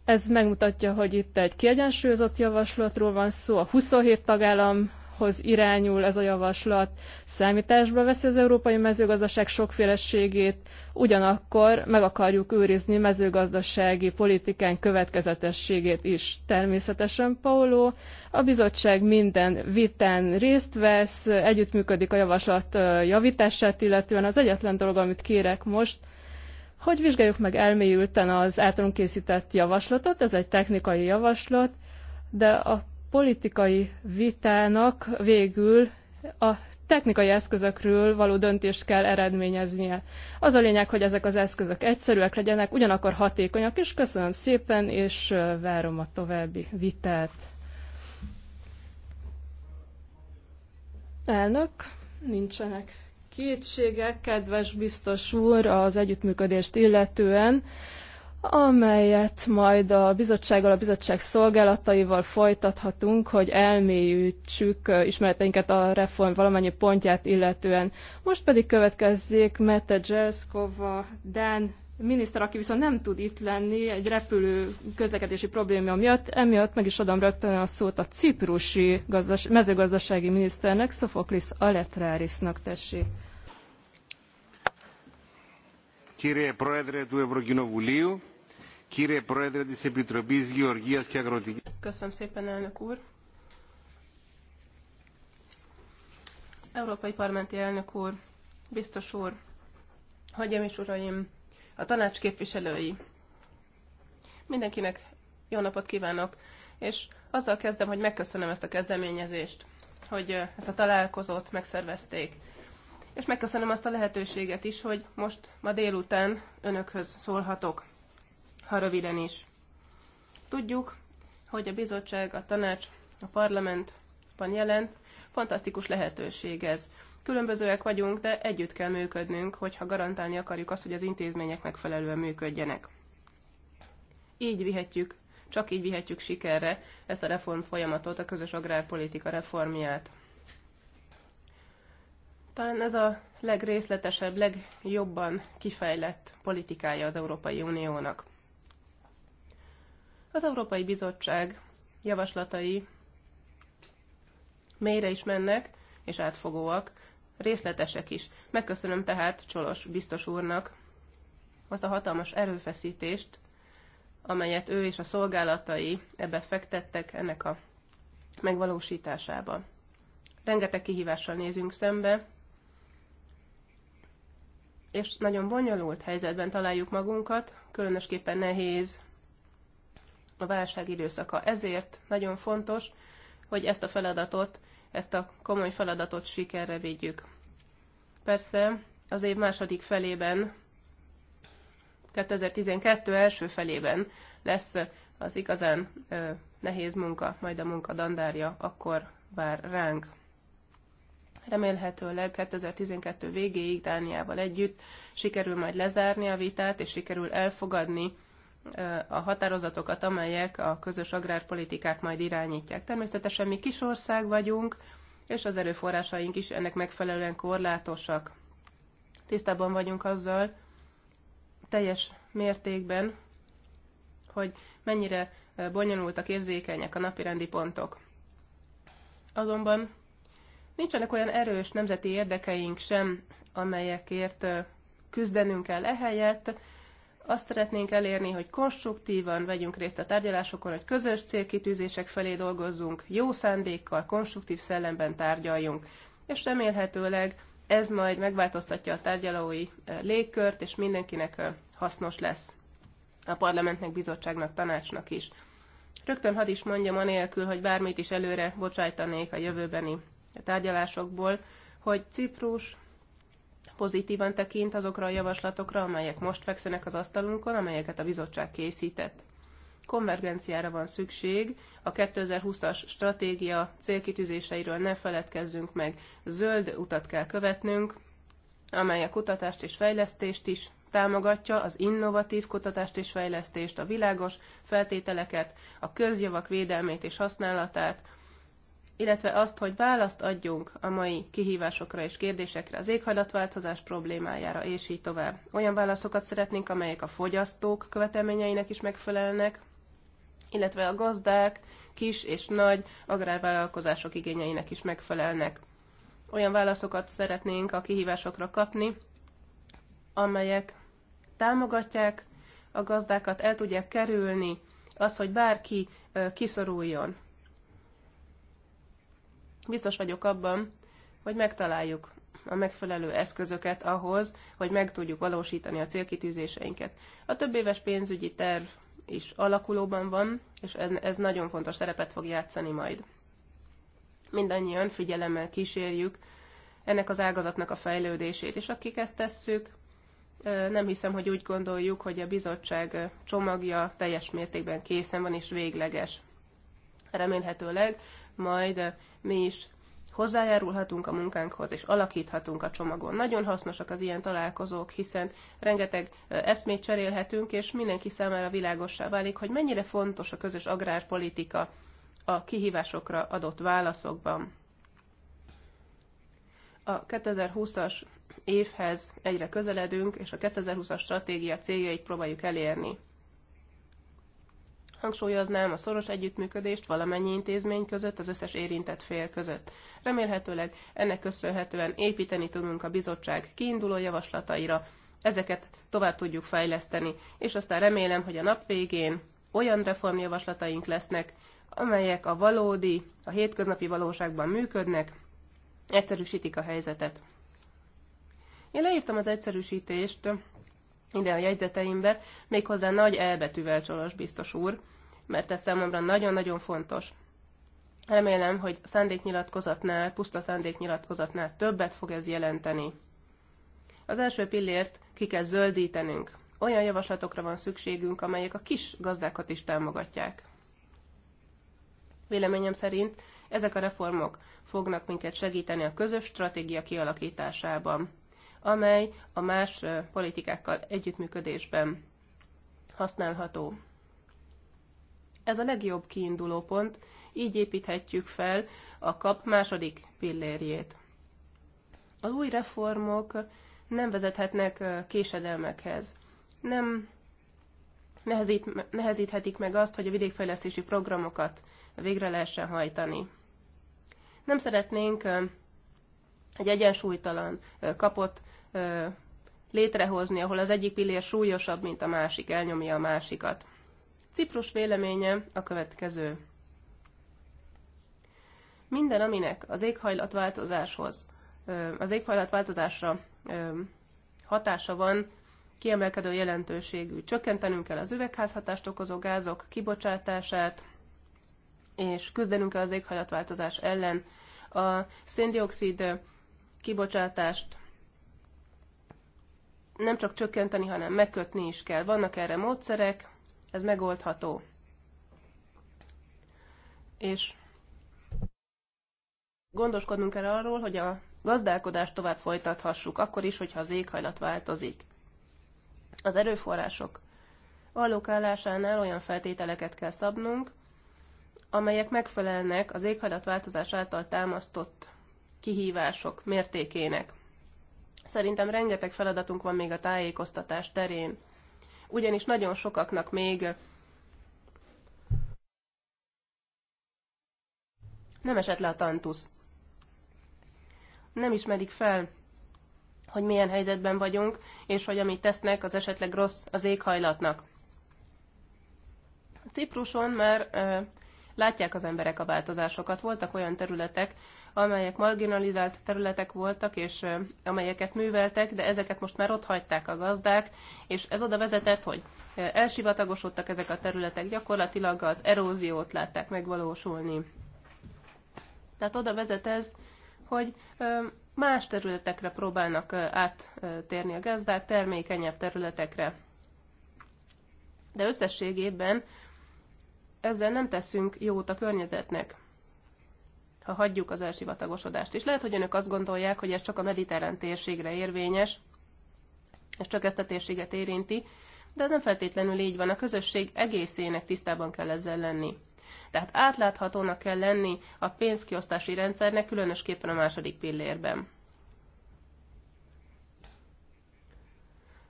Ez megmutatja, hogy itt egy kiegyensúlyozott javaslatról van szó, a 27 tagállam hoz irányul ez a javaslat, számításba veszi az európai mezőgazdaság sokféleségét, ugyanakkor meg akarjuk őrizni mezőgazdasági politikán következetességét is. Természetesen, Paulo a bizottság minden vitán részt vesz, együttműködik a javaslat javítását, illetően az egyetlen dolog, amit kérek most, hogy vizsgáljuk meg elmélyülten az általunk készített javaslatot, ez egy technikai javaslat, de a politikai vitának végül a technikai eszközökről való döntést kell eredményeznie. Az a lényeg, hogy ezek az eszközök egyszerűek legyenek, ugyanakkor hatékonyak, és köszönöm szépen, és várom a további vitát. Elnök, nincsenek kétségek, kedves biztos úr, az együttműködést illetően amelyet majd a bizottsággal, a bizottság szolgálataival folytathatunk, hogy elmélyítsük ismereteinket a reform valamennyi pontját illetően. Most pedig következzék Mette Zserszkova, Dan miniszter, aki viszont nem tud itt lenni egy repülő közlekedési probléma miatt, emiatt meg is adom rögtön a szót a ciprusi gazdas- mezőgazdasági miniszternek, Szofoklis Aletrárisnak tessék. Kérje Proedre du Eurokinovulίου, Köszönöm szépen, úr! Európai Parlamenti elnök úr, biztos úr, hagyjam és uraim, a tanács képviselői. Mindenkinek jó napot kívánok, és azzal kezdem, hogy megköszönöm ezt a kezdeményezést, hogy ezt a találkozót megszervezték. És megköszönöm azt a lehetőséget is, hogy most ma délután önökhöz szólhatok ha röviden is. Tudjuk, hogy a bizottság, a tanács, a parlament van jelent, fantasztikus lehetőség ez. Különbözőek vagyunk, de együtt kell működnünk, hogyha garantálni akarjuk azt, hogy az intézmények megfelelően működjenek. Így vihetjük, csak így vihetjük sikerre ezt a reform folyamatot, a közös agrárpolitika reformját. Talán ez a legrészletesebb, legjobban kifejlett politikája az Európai Uniónak. Az Európai Bizottság javaslatai mélyre is mennek, és átfogóak, részletesek is. Megköszönöm tehát Csolos biztos úrnak az a hatalmas erőfeszítést, amelyet ő és a szolgálatai ebbe fektettek ennek a megvalósításába. Rengeteg kihívással nézünk szembe, és nagyon bonyolult helyzetben találjuk magunkat, különösképpen nehéz a válság időszaka. Ezért nagyon fontos, hogy ezt a feladatot, ezt a komoly feladatot sikerre védjük. Persze az év második felében, 2012 első felében lesz az igazán ö, nehéz munka, majd a munka dandárja akkor vár ránk. Remélhetőleg 2012 végéig Dániával együtt sikerül majd lezárni a vitát, és sikerül elfogadni a határozatokat, amelyek a közös agrárpolitikát majd irányítják. Természetesen mi kis ország vagyunk, és az erőforrásaink is ennek megfelelően korlátosak. Tisztában vagyunk azzal teljes mértékben, hogy mennyire bonyolultak, érzékenyek a napirendi pontok. Azonban nincsenek olyan erős nemzeti érdekeink sem, amelyekért küzdenünk kell ehelyett, azt szeretnénk elérni, hogy konstruktívan vegyünk részt a tárgyalásokon, hogy közös célkitűzések felé dolgozzunk, jó szándékkal, konstruktív szellemben tárgyaljunk, és remélhetőleg ez majd megváltoztatja a tárgyalói e, légkört, és mindenkinek e, hasznos lesz a parlamentnek, bizottságnak, tanácsnak is. Rögtön hadd is mondjam anélkül, hogy bármit is előre bocsájtanék a jövőbeni tárgyalásokból, hogy Ciprus pozitívan tekint azokra a javaslatokra, amelyek most fekszenek az asztalunkon, amelyeket a bizottság készített. Konvergenciára van szükség, a 2020-as stratégia célkitűzéseiről ne feledkezzünk meg, zöld utat kell követnünk, amely a kutatást és fejlesztést is támogatja az innovatív kutatást és fejlesztést, a világos feltételeket, a közjavak védelmét és használatát, illetve azt, hogy választ adjunk a mai kihívásokra és kérdésekre, az éghajlatváltozás problémájára, és így tovább. Olyan válaszokat szeretnénk, amelyek a fogyasztók követelményeinek is megfelelnek, illetve a gazdák, kis és nagy agrárvállalkozások igényeinek is megfelelnek. Olyan válaszokat szeretnénk a kihívásokra kapni, amelyek támogatják a gazdákat, el tudják kerülni azt, hogy bárki kiszoruljon Biztos vagyok abban, hogy megtaláljuk a megfelelő eszközöket ahhoz, hogy meg tudjuk valósítani a célkitűzéseinket. A több éves pénzügyi terv is alakulóban van, és ez nagyon fontos szerepet fog játszani majd. Mindannyian figyelemmel kísérjük ennek az ágazatnak a fejlődését, és akik ezt tesszük, nem hiszem, hogy úgy gondoljuk, hogy a bizottság csomagja teljes mértékben készen van és végleges. Remélhetőleg majd mi is hozzájárulhatunk a munkánkhoz, és alakíthatunk a csomagon. Nagyon hasznosak az ilyen találkozók, hiszen rengeteg eszmét cserélhetünk, és mindenki számára világossá válik, hogy mennyire fontos a közös agrárpolitika a kihívásokra adott válaszokban. A 2020-as évhez egyre közeledünk, és a 2020-as stratégia céljait próbáljuk elérni. Hangsúlyoznám a szoros együttműködést valamennyi intézmény között, az összes érintett fél között. Remélhetőleg ennek köszönhetően építeni tudunk a bizottság kiinduló javaslataira, ezeket tovább tudjuk fejleszteni, és aztán remélem, hogy a nap végén olyan reformjavaslataink lesznek, amelyek a valódi, a hétköznapi valóságban működnek, egyszerűsítik a helyzetet. Én leírtam az egyszerűsítést ide a jegyzeteimbe, méghozzá nagy elbetűvel Csolos biztos úr, mert ez számomra nagyon-nagyon fontos. Remélem, hogy szándéknyilatkozatnál, puszta szándéknyilatkozatnál többet fog ez jelenteni. Az első pillért ki kell zöldítenünk. Olyan javaslatokra van szükségünk, amelyek a kis gazdákat is támogatják. Véleményem szerint ezek a reformok fognak minket segíteni a közös stratégia kialakításában amely a más politikákkal együttműködésben használható. Ez a legjobb kiinduló pont, így építhetjük fel a kap második pillérjét. Az új reformok nem vezethetnek késedelmekhez. Nem nehezít, nehezíthetik meg azt, hogy a vidékfejlesztési programokat végre lehessen hajtani. Nem szeretnénk egy egyensúlytalan kapott létrehozni, ahol az egyik pillér súlyosabb, mint a másik, elnyomja a másikat. Ciprus véleménye a következő. Minden, aminek az éghajlatváltozáshoz, az éghajlatváltozásra hatása van, kiemelkedő jelentőségű. Csökkentenünk kell az üvegházhatást okozó gázok kibocsátását, és küzdenünk kell az éghajlatváltozás ellen. A széndiokszid kibocsátást nem csak csökkenteni, hanem megkötni is kell. Vannak erre módszerek, ez megoldható. És gondoskodnunk kell arról, hogy a gazdálkodást tovább folytathassuk, akkor is, hogyha az éghajlat változik. Az erőforrások allokálásánál olyan feltételeket kell szabnunk, amelyek megfelelnek az éghajlatváltozás által támasztott kihívások mértékének. Szerintem rengeteg feladatunk van még a tájékoztatás terén, ugyanis nagyon sokaknak még nem esett le a tantusz. Nem ismerik fel, hogy milyen helyzetben vagyunk, és hogy amit tesznek, az esetleg rossz az éghajlatnak. Cipruson már ö, látják az emberek a változásokat. Voltak olyan területek, amelyek marginalizált területek voltak, és amelyeket műveltek, de ezeket most már ott hagyták a gazdák, és ez oda vezetett, hogy elsivatagosodtak ezek a területek, gyakorlatilag az eróziót látták megvalósulni. Tehát oda vezet ez, hogy más területekre próbálnak áttérni a gazdák, termékenyebb területekre. De összességében ezzel nem teszünk jót a környezetnek ha hagyjuk az elsivatagosodást. És lehet, hogy önök azt gondolják, hogy ez csak a mediterrán térségre érvényes, és csak ezt a térséget érinti, de ez nem feltétlenül így van. A közösség egészének tisztában kell ezzel lenni. Tehát átláthatónak kell lenni a pénzkiosztási rendszernek, különösképpen a második pillérben.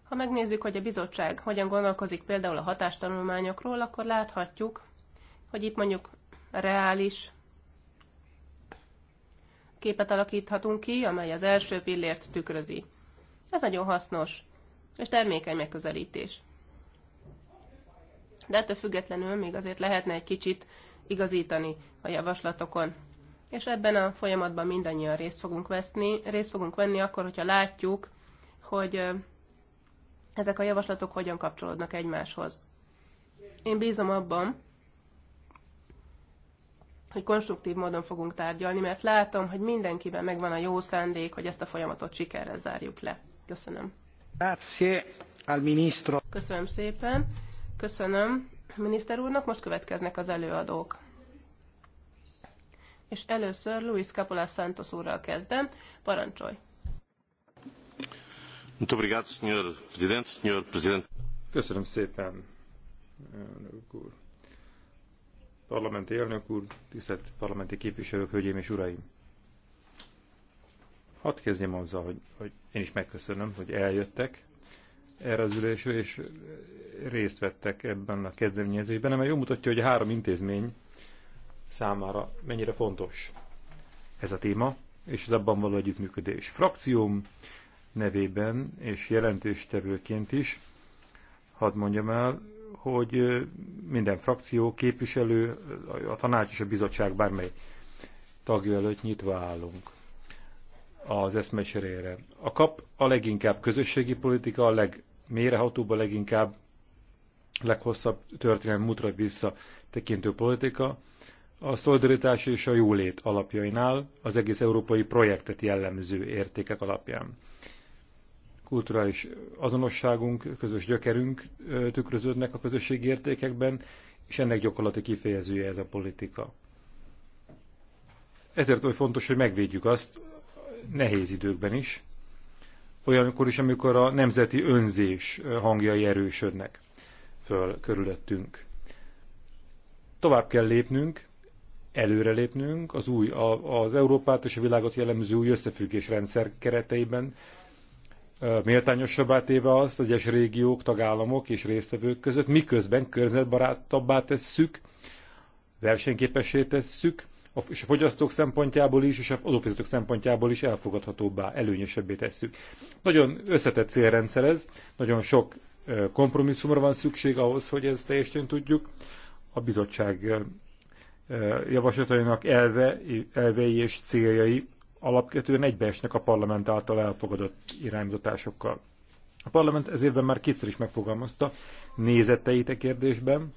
Ha megnézzük, hogy a bizottság hogyan gondolkozik például a hatástanulmányokról, akkor láthatjuk, hogy itt mondjuk reális képet alakíthatunk ki, amely az első pillért tükrözi. Ez nagyon hasznos és termékeny megközelítés. De ettől függetlenül még azért lehetne egy kicsit igazítani a javaslatokon. És ebben a folyamatban mindannyian részt fogunk, veszni, részt fogunk venni akkor, hogyha látjuk, hogy ezek a javaslatok hogyan kapcsolódnak egymáshoz. Én bízom abban, hogy konstruktív módon fogunk tárgyalni, mert látom, hogy mindenkiben megvan a jó szándék, hogy ezt a folyamatot sikerrel zárjuk le. Köszönöm. Grazie al ministro. Köszönöm szépen. Köszönöm miniszter úrnak. Most következnek az előadók. És először Luis Capola Santos úrral kezdem. Parancsolj! Muito obrigado, senhor Presidente, senhor Presidente. Köszönöm szépen, elnök úr parlamenti elnök úr, tisztelt parlamenti képviselők, hölgyeim és uraim! Hadd kezdjem azzal, hogy, hogy én is megköszönöm, hogy eljöttek erre az ülésre, és részt vettek ebben a kezdeményezésben, amely jól mutatja, hogy a három intézmény számára mennyire fontos ez a téma, és az abban való együttműködés. Frakcióm nevében és jelentéstevőként is, hadd mondjam el, hogy minden frakció, képviselő, a tanács és a bizottság bármely tagja előtt nyitva állunk az eszmeserére. A kap a leginkább közösségi politika, a legmérehatóbb, a leginkább leghosszabb történelmi mutra vissza tekintő politika, a szolidaritás és a jólét alapjainál az egész európai projektet jellemző értékek alapján kulturális azonosságunk, közös gyökerünk tükröződnek a közösségi értékekben, és ennek gyakorlati kifejezője ez a politika. Ezért oly fontos, hogy megvédjük azt nehéz időkben is, olyankor is, amikor a nemzeti önzés hangjai erősödnek föl körülöttünk. Tovább kell lépnünk, előre lépnünk az új, az Európát és a világot jellemző új összefüggésrendszer kereteiben, méltányosabbá téve azt egyes régiók, tagállamok és résztvevők között, miközben környezetbarátabbá tesszük, versenyképessé tesszük, és a fogyasztók szempontjából is, és a adófizetők szempontjából is elfogadhatóbbá, előnyösebbé tesszük. Nagyon összetett célrendszer ez, nagyon sok kompromisszumra van szükség ahhoz, hogy ezt teljesen tudjuk. A bizottság javaslatainak elve, elvei és céljai alapvetően egybeesnek a parlament által elfogadott irányzatásokkal. A parlament ez évben már kétszer is megfogalmazta nézeteit a e kérdésben,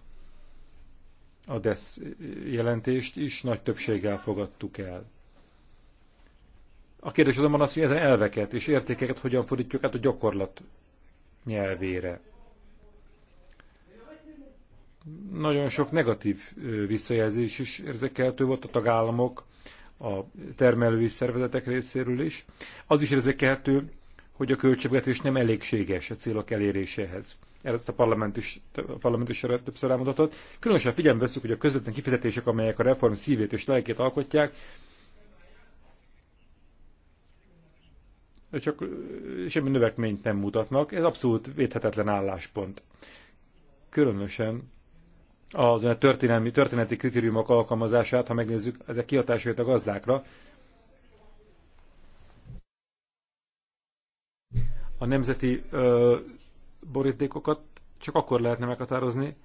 a DESZ jelentést is nagy többséggel fogadtuk el. A kérdés azonban az, hogy ezen elveket és értékeket hogyan fordítjuk át a gyakorlat nyelvére. Nagyon sok negatív visszajelzés is érzekeltő volt a tagállamok, a termelői szervezetek részéről is. Az is érzékelhető, hogy a költségvetés nem elégséges a célok eléréséhez. Ezt a parlament is, a parlament is többször elmondhatott. Különösen figyelembe veszük, hogy a közvetlen kifizetések, amelyek a reform szívét és lelkét alkotják, csak semmi növekményt nem mutatnak. Ez abszolút védhetetlen álláspont. Különösen az a történelmi, történeti kritériumok alkalmazását, ha megnézzük ezek kihatásait a gazdákra. A nemzeti ö, borítékokat csak akkor lehetne meghatározni,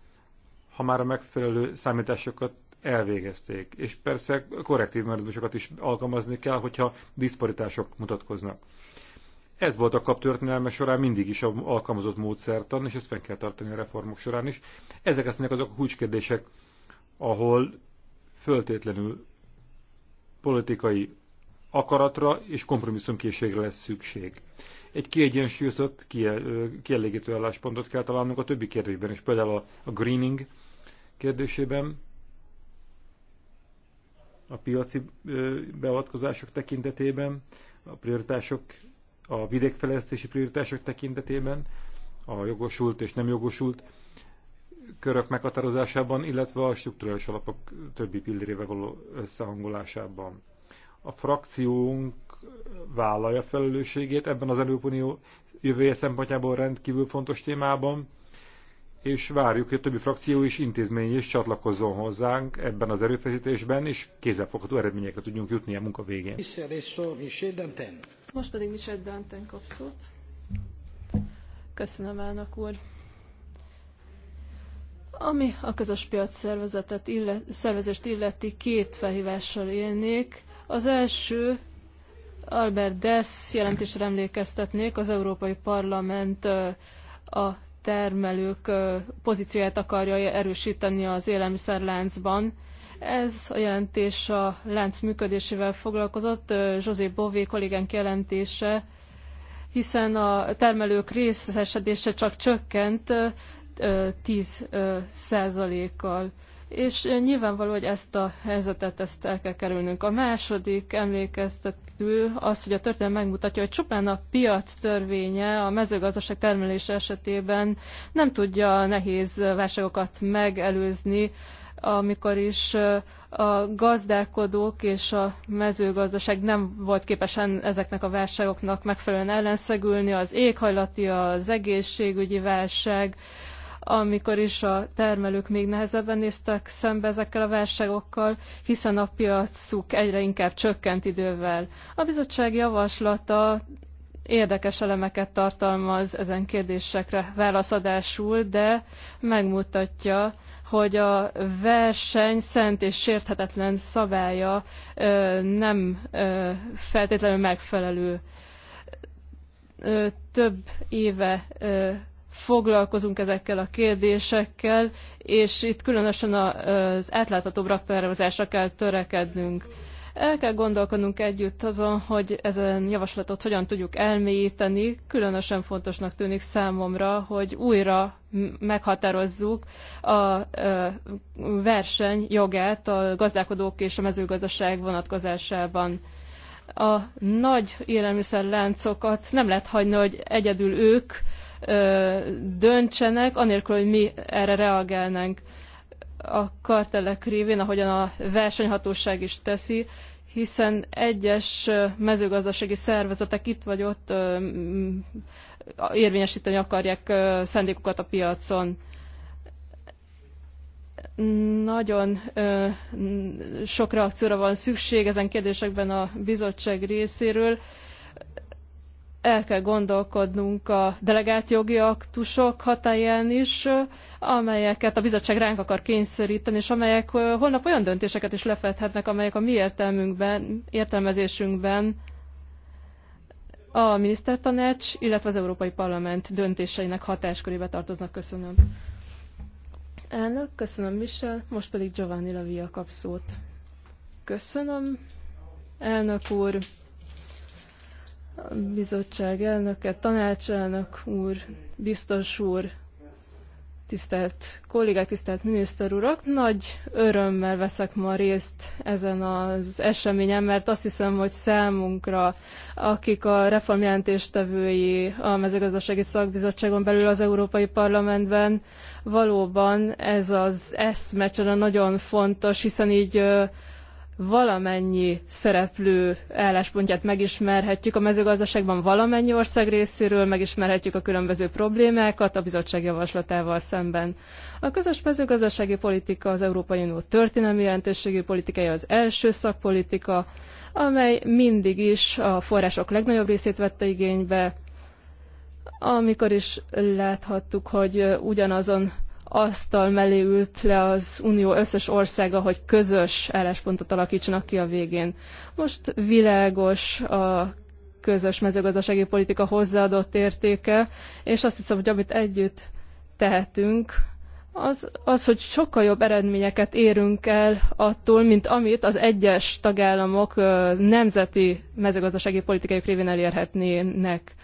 ha már a megfelelő számításokat elvégezték. És persze korrektív mechanizmusokat is alkalmazni kell, hogyha diszparitások mutatkoznak. Ez volt a kap történelme során mindig is alkalmazott módszertan, és ezt fenn kell tartani a reformok során is. Ezek lesznek azok a kulcskérdések, ahol föltétlenül politikai akaratra és kompromisszumkészségre lesz szükség. Egy kiegyensúlyozott, kielégítő álláspontot kell találnunk a többi kérdésben is, például a, a greening kérdésében, a piaci beavatkozások tekintetében, a prioritások a vidékfejlesztési prioritások tekintetében, a jogosult és nem jogosult körök meghatározásában, illetve a struktúrális alapok többi pillérével való összehangolásában. A frakciónk vállalja felelősségét ebben az Unió jövője szempontjából rendkívül fontos témában, és várjuk, hogy a többi frakció és intézmény is csatlakozzon hozzánk ebben az erőfeszítésben, és kézzelfogható eredményekre tudjunk jutni a munka végén. Most pedig Michel Danten kap szót. Köszönöm, elnök úr. Ami a közös piac szervezetet illet, szervezést illeti, két felhívással élnék. Az első Albert Dess jelentésre emlékeztetnék, az Európai Parlament a termelők pozícióját akarja erősíteni az élelmiszerláncban, ez a jelentés a lánc működésével foglalkozott, José Bové kollégánk jelentése, hiszen a termelők részesedése csak csökkent 10 százalékkal. És nyilvánvaló, hogy ezt a helyzetet ezt el kell kerülnünk. A második emlékeztető az, hogy a történet megmutatja, hogy csupán a piac törvénye a mezőgazdaság termelése esetében nem tudja nehéz válságokat megelőzni, amikor is a gazdálkodók és a mezőgazdaság nem volt képesen ezeknek a válságoknak megfelelően ellenszegülni, az éghajlati, az egészségügyi válság, amikor is a termelők még nehezebben néztek szembe ezekkel a válságokkal, hiszen a piacuk egyre inkább csökkent idővel. A bizottság javaslata érdekes elemeket tartalmaz ezen kérdésekre válaszadásul, de megmutatja, hogy a verseny szent és sérthetetlen szabálya nem feltétlenül megfelelő. Több éve foglalkozunk ezekkel a kérdésekkel, és itt különösen az átláthatóbb raktározásra kell törekednünk el kell gondolkodnunk együtt azon, hogy ezen javaslatot hogyan tudjuk elmélyíteni. Különösen fontosnak tűnik számomra, hogy újra meghatározzuk a verseny jogát a gazdálkodók és a mezőgazdaság vonatkozásában a nagy élelmiszerláncokat nem lehet hagyni, hogy egyedül ők döntsenek, anélkül, hogy mi erre reagálnánk a kartelek révén, ahogyan a versenyhatóság is teszi, hiszen egyes mezőgazdasági szervezetek itt vagy ott érvényesíteni akarják szándékukat a piacon. Nagyon sok reakcióra van szükség ezen kérdésekben a bizottság részéről, el kell gondolkodnunk a delegált jogi aktusok hatáján is, amelyeket a bizottság ránk akar kényszeríteni, és amelyek holnap olyan döntéseket is lefedhetnek, amelyek a mi értelmünkben, értelmezésünkben a minisztertanács, illetve az Európai Parlament döntéseinek hatáskörébe tartoznak. Köszönöm. Elnök, köszönöm Michel, most pedig Giovanni Lavia kap szót. Köszönöm, elnök úr bizottság elnöke, tanácselnök úr, biztos úr, tisztelt kollégák, tisztelt miniszter urak! Nagy örömmel veszek ma részt ezen az eseményen, mert azt hiszem, hogy számunkra, akik a reformjelentéstevői a mezőgazdasági szakbizottságon belül az Európai Parlamentben, valóban ez az eszmecsere nagyon fontos, hiszen így valamennyi szereplő álláspontját megismerhetjük a mezőgazdaságban valamennyi ország részéről, megismerhetjük a különböző problémákat a bizottság javaslatával szemben. A közös mezőgazdasági politika az Európai Unió történelmi jelentőségű politikája az első szakpolitika, amely mindig is a források legnagyobb részét vette igénybe, amikor is láthattuk, hogy ugyanazon asztal mellé ült le az unió összes országa, hogy közös álláspontot alakítsanak ki a végén. Most világos a közös mezőgazdasági politika hozzáadott értéke, és azt hiszem, hogy amit együtt tehetünk, az, az, hogy sokkal jobb eredményeket érünk el attól, mint amit az egyes tagállamok nemzeti mezőgazdasági politikájuk révén elérhetnének.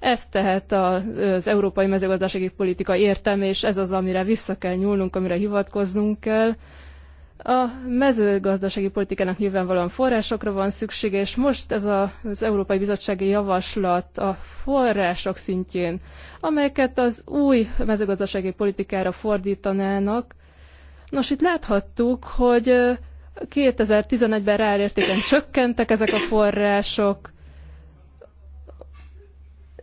Ez tehát az európai mezőgazdasági politika értelme, és ez az, amire vissza kell nyúlnunk, amire hivatkoznunk kell. A mezőgazdasági politikának nyilvánvalóan forrásokra van szüksége, és most ez a, az Európai Bizottsági Javaslat a források szintjén, amelyeket az új mezőgazdasági politikára fordítanának. Nos, itt láthattuk, hogy 2011-ben ráértéken csökkentek ezek a források,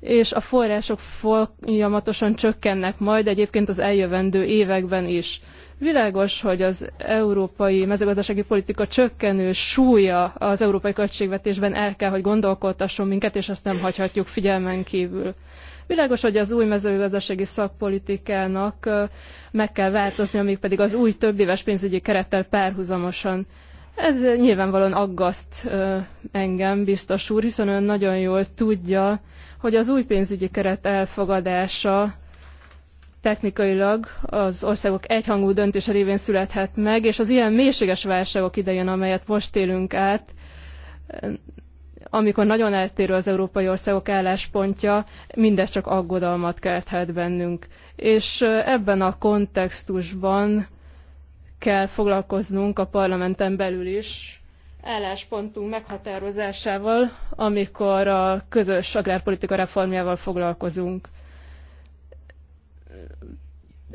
és a források folyamatosan csökkennek majd egyébként az eljövendő években is. Világos, hogy az európai mezőgazdasági politika csökkenő súlya az európai költségvetésben el kell, hogy gondolkodtasson minket, és ezt nem hagyhatjuk figyelmen kívül. Világos, hogy az új mezőgazdasági szakpolitikának meg kell változni, amíg pedig az új többéves pénzügyi kerettel párhuzamosan. Ez nyilvánvalóan aggaszt engem, biztos úr, hiszen ön nagyon jól tudja, hogy az új pénzügyi keret elfogadása technikailag az országok egyhangú döntése révén születhet meg, és az ilyen mélységes válságok idején, amelyet most élünk át, amikor nagyon eltérő az európai országok álláspontja, mindez csak aggodalmat kelthet bennünk. És ebben a kontextusban kell foglalkoznunk a parlamenten belül is álláspontunk meghatározásával, amikor a közös agrárpolitika reformjával foglalkozunk.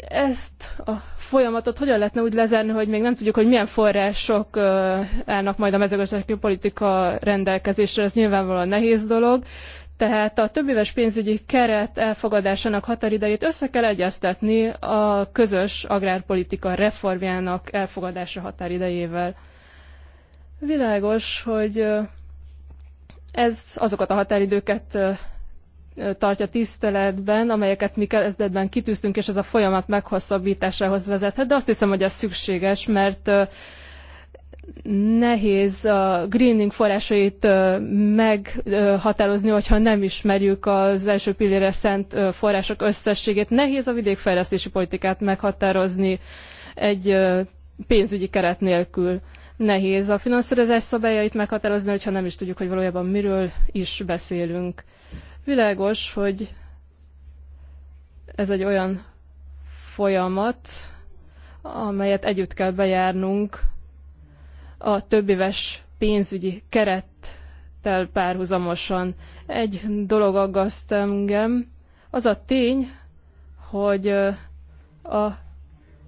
Ezt a folyamatot hogyan lehetne úgy lezárni, hogy még nem tudjuk, hogy milyen források állnak majd a mezőgazdasági politika rendelkezésre, ez nyilvánvalóan nehéz dolog. Tehát a többéves pénzügyi keret elfogadásának határidejét össze kell egyeztetni a közös agrárpolitika reformjának elfogadása határidejével. Világos, hogy ez azokat a határidőket tartja tiszteletben, amelyeket mi kezdetben kitűztünk, és ez a folyamat meghosszabbításához vezethet, de azt hiszem, hogy ez szükséges, mert nehéz a greening forrásait meghatározni, hogyha nem ismerjük az első pillére szent források összességét. Nehéz a vidékfejlesztési politikát meghatározni egy pénzügyi keret nélkül. Nehéz a finanszírozás szabályait meghatározni, hogyha nem is tudjuk, hogy valójában miről is beszélünk. Világos, hogy ez egy olyan folyamat, amelyet együtt kell bejárnunk a többéves pénzügyi kerettel párhuzamosan. Egy dolog aggaszt engem, az a tény, hogy a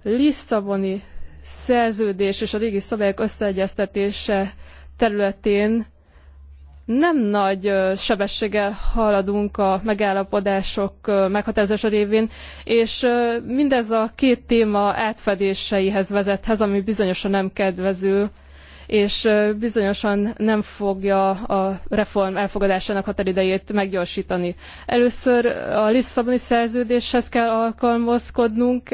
Lisszaboni szerződés és a régi szabályok összeegyeztetése területén nem nagy sebességgel haladunk a megállapodások meghatározása révén, és mindez a két téma átfedéseihez vezethez, ami bizonyosan nem kedvező, és bizonyosan nem fogja a reform elfogadásának határidejét meggyorsítani. Először a Lisszaboni szerződéshez kell alkalmazkodnunk,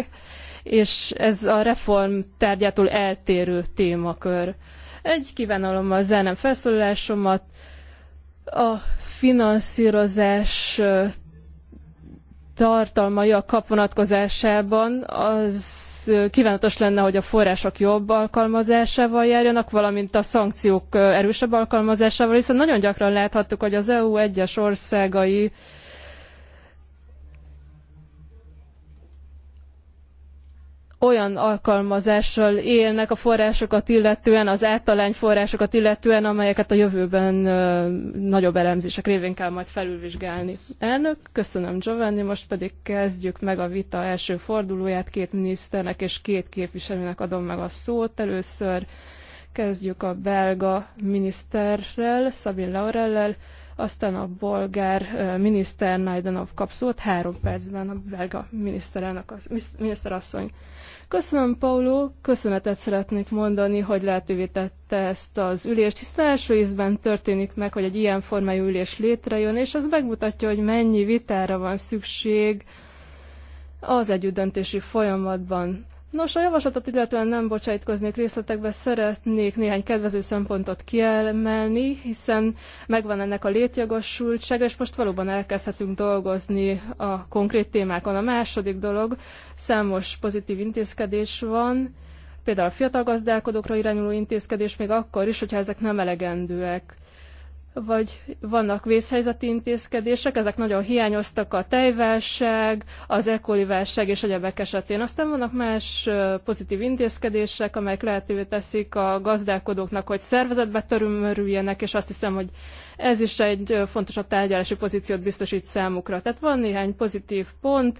és ez a reform tárgyától eltérő témakör. Egy a zárnám felszólalásomat. A finanszírozás tartalmai a kap vonatkozásában az kívánatos lenne, hogy a források jobb alkalmazásával járjanak, valamint a szankciók erősebb alkalmazásával, hiszen nagyon gyakran láthattuk, hogy az EU egyes országai olyan alkalmazással élnek a forrásokat illetően, az általány forrásokat illetően, amelyeket a jövőben nagyobb elemzések révén kell majd felülvizsgálni. Elnök, köszönöm Giovanni, most pedig kezdjük meg a vita első fordulóját. Két miniszternek és két képviselőnek adom meg a szót először. Kezdjük a belga miniszterrel, Sabine Laurellel, aztán a bolgár miniszter Najdanov kap szót, három percben a belga miniszterelnök, miniszterasszony. Köszönöm, Paulo, köszönetet szeretnék mondani, hogy lehetővé tette ezt az ülést, hiszen első ízben történik meg, hogy egy ilyen formájú ülés létrejön, és az megmutatja, hogy mennyi vitára van szükség az együttdöntési folyamatban. Nos, a javaslatot illetően nem bocsájtkoznék részletekbe, szeretnék néhány kedvező szempontot kiemelni, hiszen megvan ennek a létjogosultsága, és most valóban elkezdhetünk dolgozni a konkrét témákon. A második dolog, számos pozitív intézkedés van, például a fiatal gazdálkodókra irányuló intézkedés, még akkor is, hogyha ezek nem elegendőek vagy vannak vészhelyzeti intézkedések, ezek nagyon hiányoztak a tejválság, az ekoli válság és egyebek esetén. Aztán vannak más pozitív intézkedések, amelyek lehetővé teszik a gazdálkodóknak, hogy szervezetbe törülmörüljenek, és azt hiszem, hogy ez is egy fontosabb tárgyalási pozíciót biztosít számukra. Tehát van néhány pozitív pont,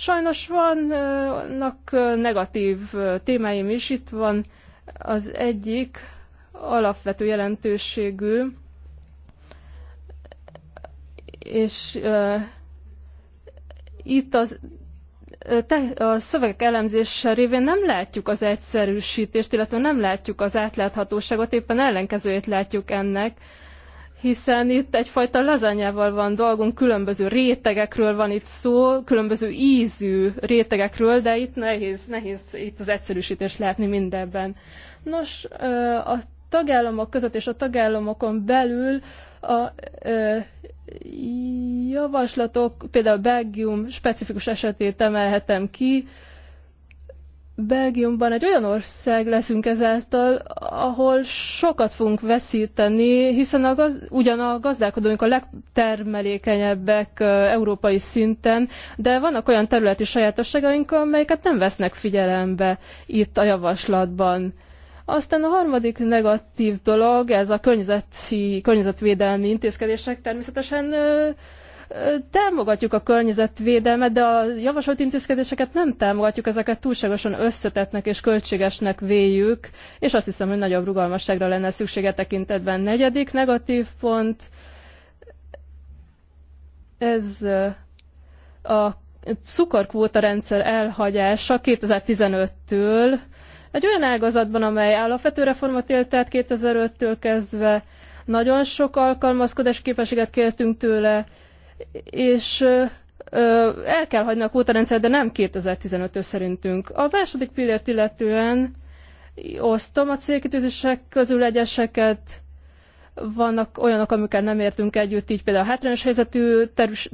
Sajnos vannak negatív témáim is, itt van az egyik alapvető jelentőségű, és uh, itt az te, a szövegek elemzése révén nem látjuk az egyszerűsítést, illetve nem látjuk az átláthatóságot, éppen ellenkezőjét látjuk ennek, hiszen itt egyfajta lazanyával van dolgunk, különböző rétegekről van itt szó, különböző ízű rétegekről, de itt nehéz, nehéz itt az egyszerűsítést látni mindenben. Nos, a tagállamok között és a tagállamokon belül a ö, javaslatok, például Belgium specifikus esetét emelhetem ki, Belgiumban egy olyan ország leszünk ezáltal, ahol sokat fogunk veszíteni, hiszen a gaz, ugyan a gazdálkodóink a legtermelékenyebbek európai szinten, de vannak olyan területi sajátosságaink, amelyeket nem vesznek figyelembe itt a javaslatban. Aztán a harmadik negatív dolog, ez a környezeti, környezetvédelmi intézkedések természetesen ö, ö, támogatjuk a környezetvédelmet, de a javasolt intézkedéseket nem támogatjuk, ezeket túlságosan összetetnek és költségesnek véjük, és azt hiszem, hogy nagyobb rugalmasságra lenne szüksége tekintetben. Negyedik negatív pont, ez a cukorkvóta rendszer elhagyása 2015-től, egy olyan ágazatban, amely alapvető reformot élt, tehát 2005-től kezdve nagyon sok alkalmazkodás képességet kértünk tőle, és el kell hagyni a kótarendszer, de nem 2015-től szerintünk. A második pillért illetően osztom a célkitűzések közül egyeseket, vannak olyanok, amikkel nem értünk együtt, így például a hátrányos helyzetű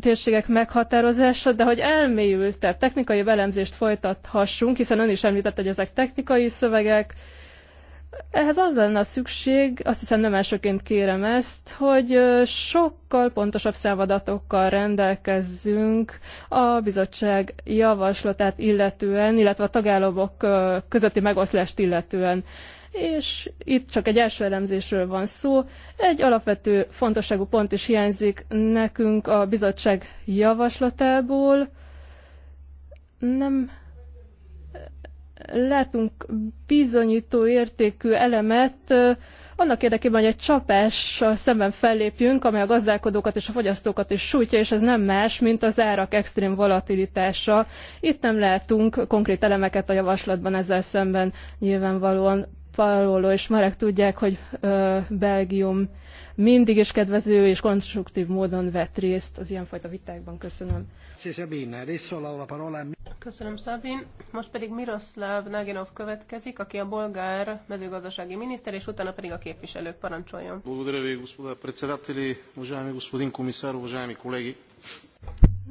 térségek meghatározása, de hogy elmélyültebb technikai elemzést folytathassunk, hiszen ön is említett, hogy ezek technikai szövegek, ehhez az lenne a szükség, azt hiszem nem elsőként kérem ezt, hogy sokkal pontosabb számadatokkal rendelkezzünk a bizottság javaslatát illetően, illetve a tagállamok közötti megoszlást illetően és itt csak egy első elemzésről van szó. Egy alapvető fontosságú pont is hiányzik nekünk a bizottság javaslatából. Nem látunk bizonyító értékű elemet, annak érdekében, hogy egy csapással szemben fellépjünk, amely a gazdálkodókat és a fogyasztókat is sújtja, és ez nem más, mint az árak extrém volatilitása. Itt nem látunk konkrét elemeket a javaslatban ezzel szemben nyilvánvalóan Paolo és Marek tudják, hogy ö, Belgium mindig is kedvező és konstruktív módon vett részt az ilyenfajta vitákban. Köszönöm. Köszönöm, Szabin. Most pedig Miroslav Naginov következik, aki a bolgár mezőgazdasági miniszter, és utána pedig a képviselők parancsoljon.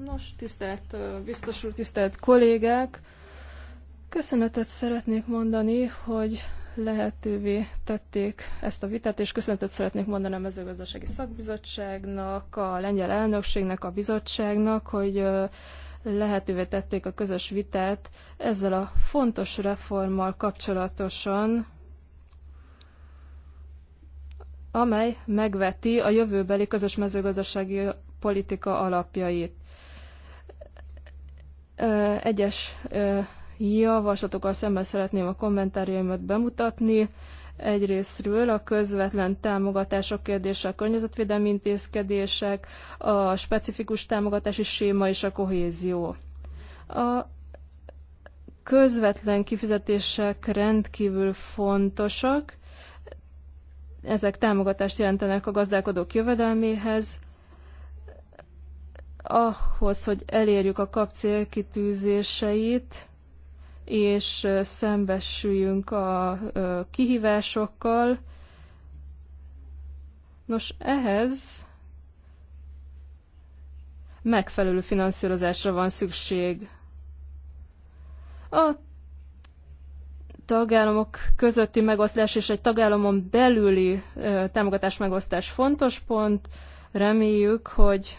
Nos, tisztelt biztos úr, tisztelt kollégák! Köszönetet szeretnék mondani, hogy lehetővé tették ezt a vitát, és köszöntet szeretnék mondani a mezőgazdasági szakbizottságnak, a lengyel elnökségnek, a bizottságnak, hogy lehetővé tették a közös vitát ezzel a fontos reformmal kapcsolatosan, amely megveti a jövőbeli közös mezőgazdasági politika alapjait. Egyes javaslatokkal szemben szeretném a kommentárjaimat bemutatni. Egyrésztről a közvetlen támogatások kérdése, a környezetvédelmi intézkedések, a specifikus támogatási séma és a kohézió. A közvetlen kifizetések rendkívül fontosak, ezek támogatást jelentenek a gazdálkodók jövedelméhez, ahhoz, hogy elérjük a kap célkitűzéseit, és szembesüljünk a kihívásokkal. Nos, ehhez megfelelő finanszírozásra van szükség. A tagállamok közötti megosztás és egy tagállamon belüli támogatás megosztás fontos pont. Reméljük, hogy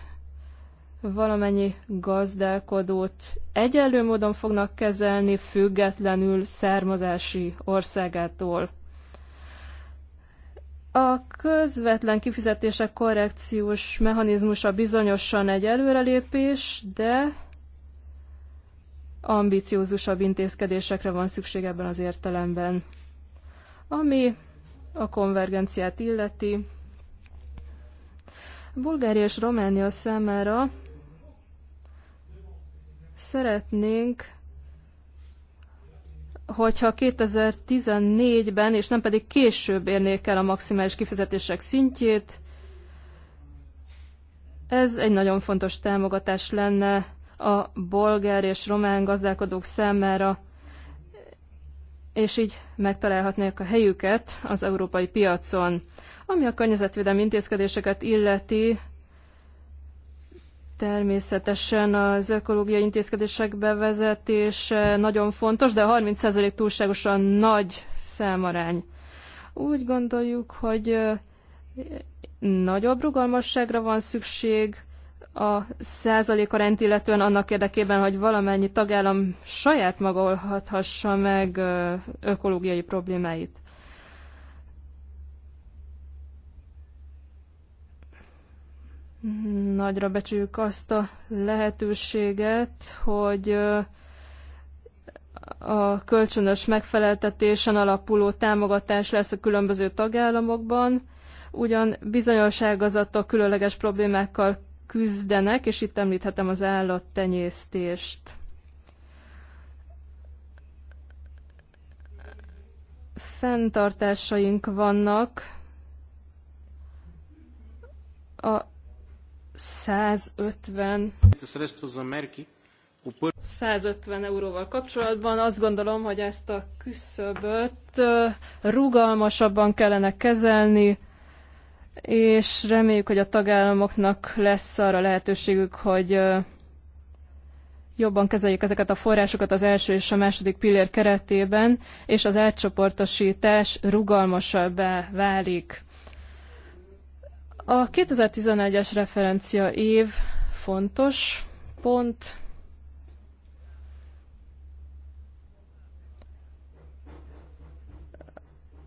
valamennyi gazdálkodót egyenlő módon fognak kezelni, függetlenül származási országától. A közvetlen kifizetések korrekciós mechanizmusa bizonyosan egy előrelépés, de ambiciózusabb intézkedésekre van szükség ebben az értelemben. Ami a konvergenciát illeti, Bulgária és Románia számára Szeretnénk, hogyha 2014-ben, és nem pedig később érnék el a maximális kifizetések szintjét, ez egy nagyon fontos támogatás lenne a bolgár és román gazdálkodók számára, és így megtalálhatnák a helyüket az európai piacon. Ami a környezetvédelmi intézkedéseket illeti, Természetesen az ökológiai intézkedések bevezetése nagyon fontos, de a 30% túlságosan nagy számarány. Úgy gondoljuk, hogy nagyobb rugalmasságra van szükség a százalékarányt, illetően annak érdekében, hogy valamennyi tagállam saját maga olhathassa meg ökológiai problémáit. Nagyra becsüljük azt a lehetőséget, hogy a kölcsönös megfeleltetésen alapuló támogatás lesz a különböző tagállamokban, ugyan bizonyos ágazatok különleges problémákkal küzdenek, és itt említhetem az állattenyésztést. Fentartásaink vannak a 150 150 euróval kapcsolatban azt gondolom, hogy ezt a küszöböt rugalmasabban kellene kezelni, és reméljük, hogy a tagállamoknak lesz arra lehetőségük, hogy jobban kezeljék ezeket a forrásokat az első és a második pillér keretében, és az átcsoportosítás rugalmasabbá válik. A 2011-es referencia év fontos pont.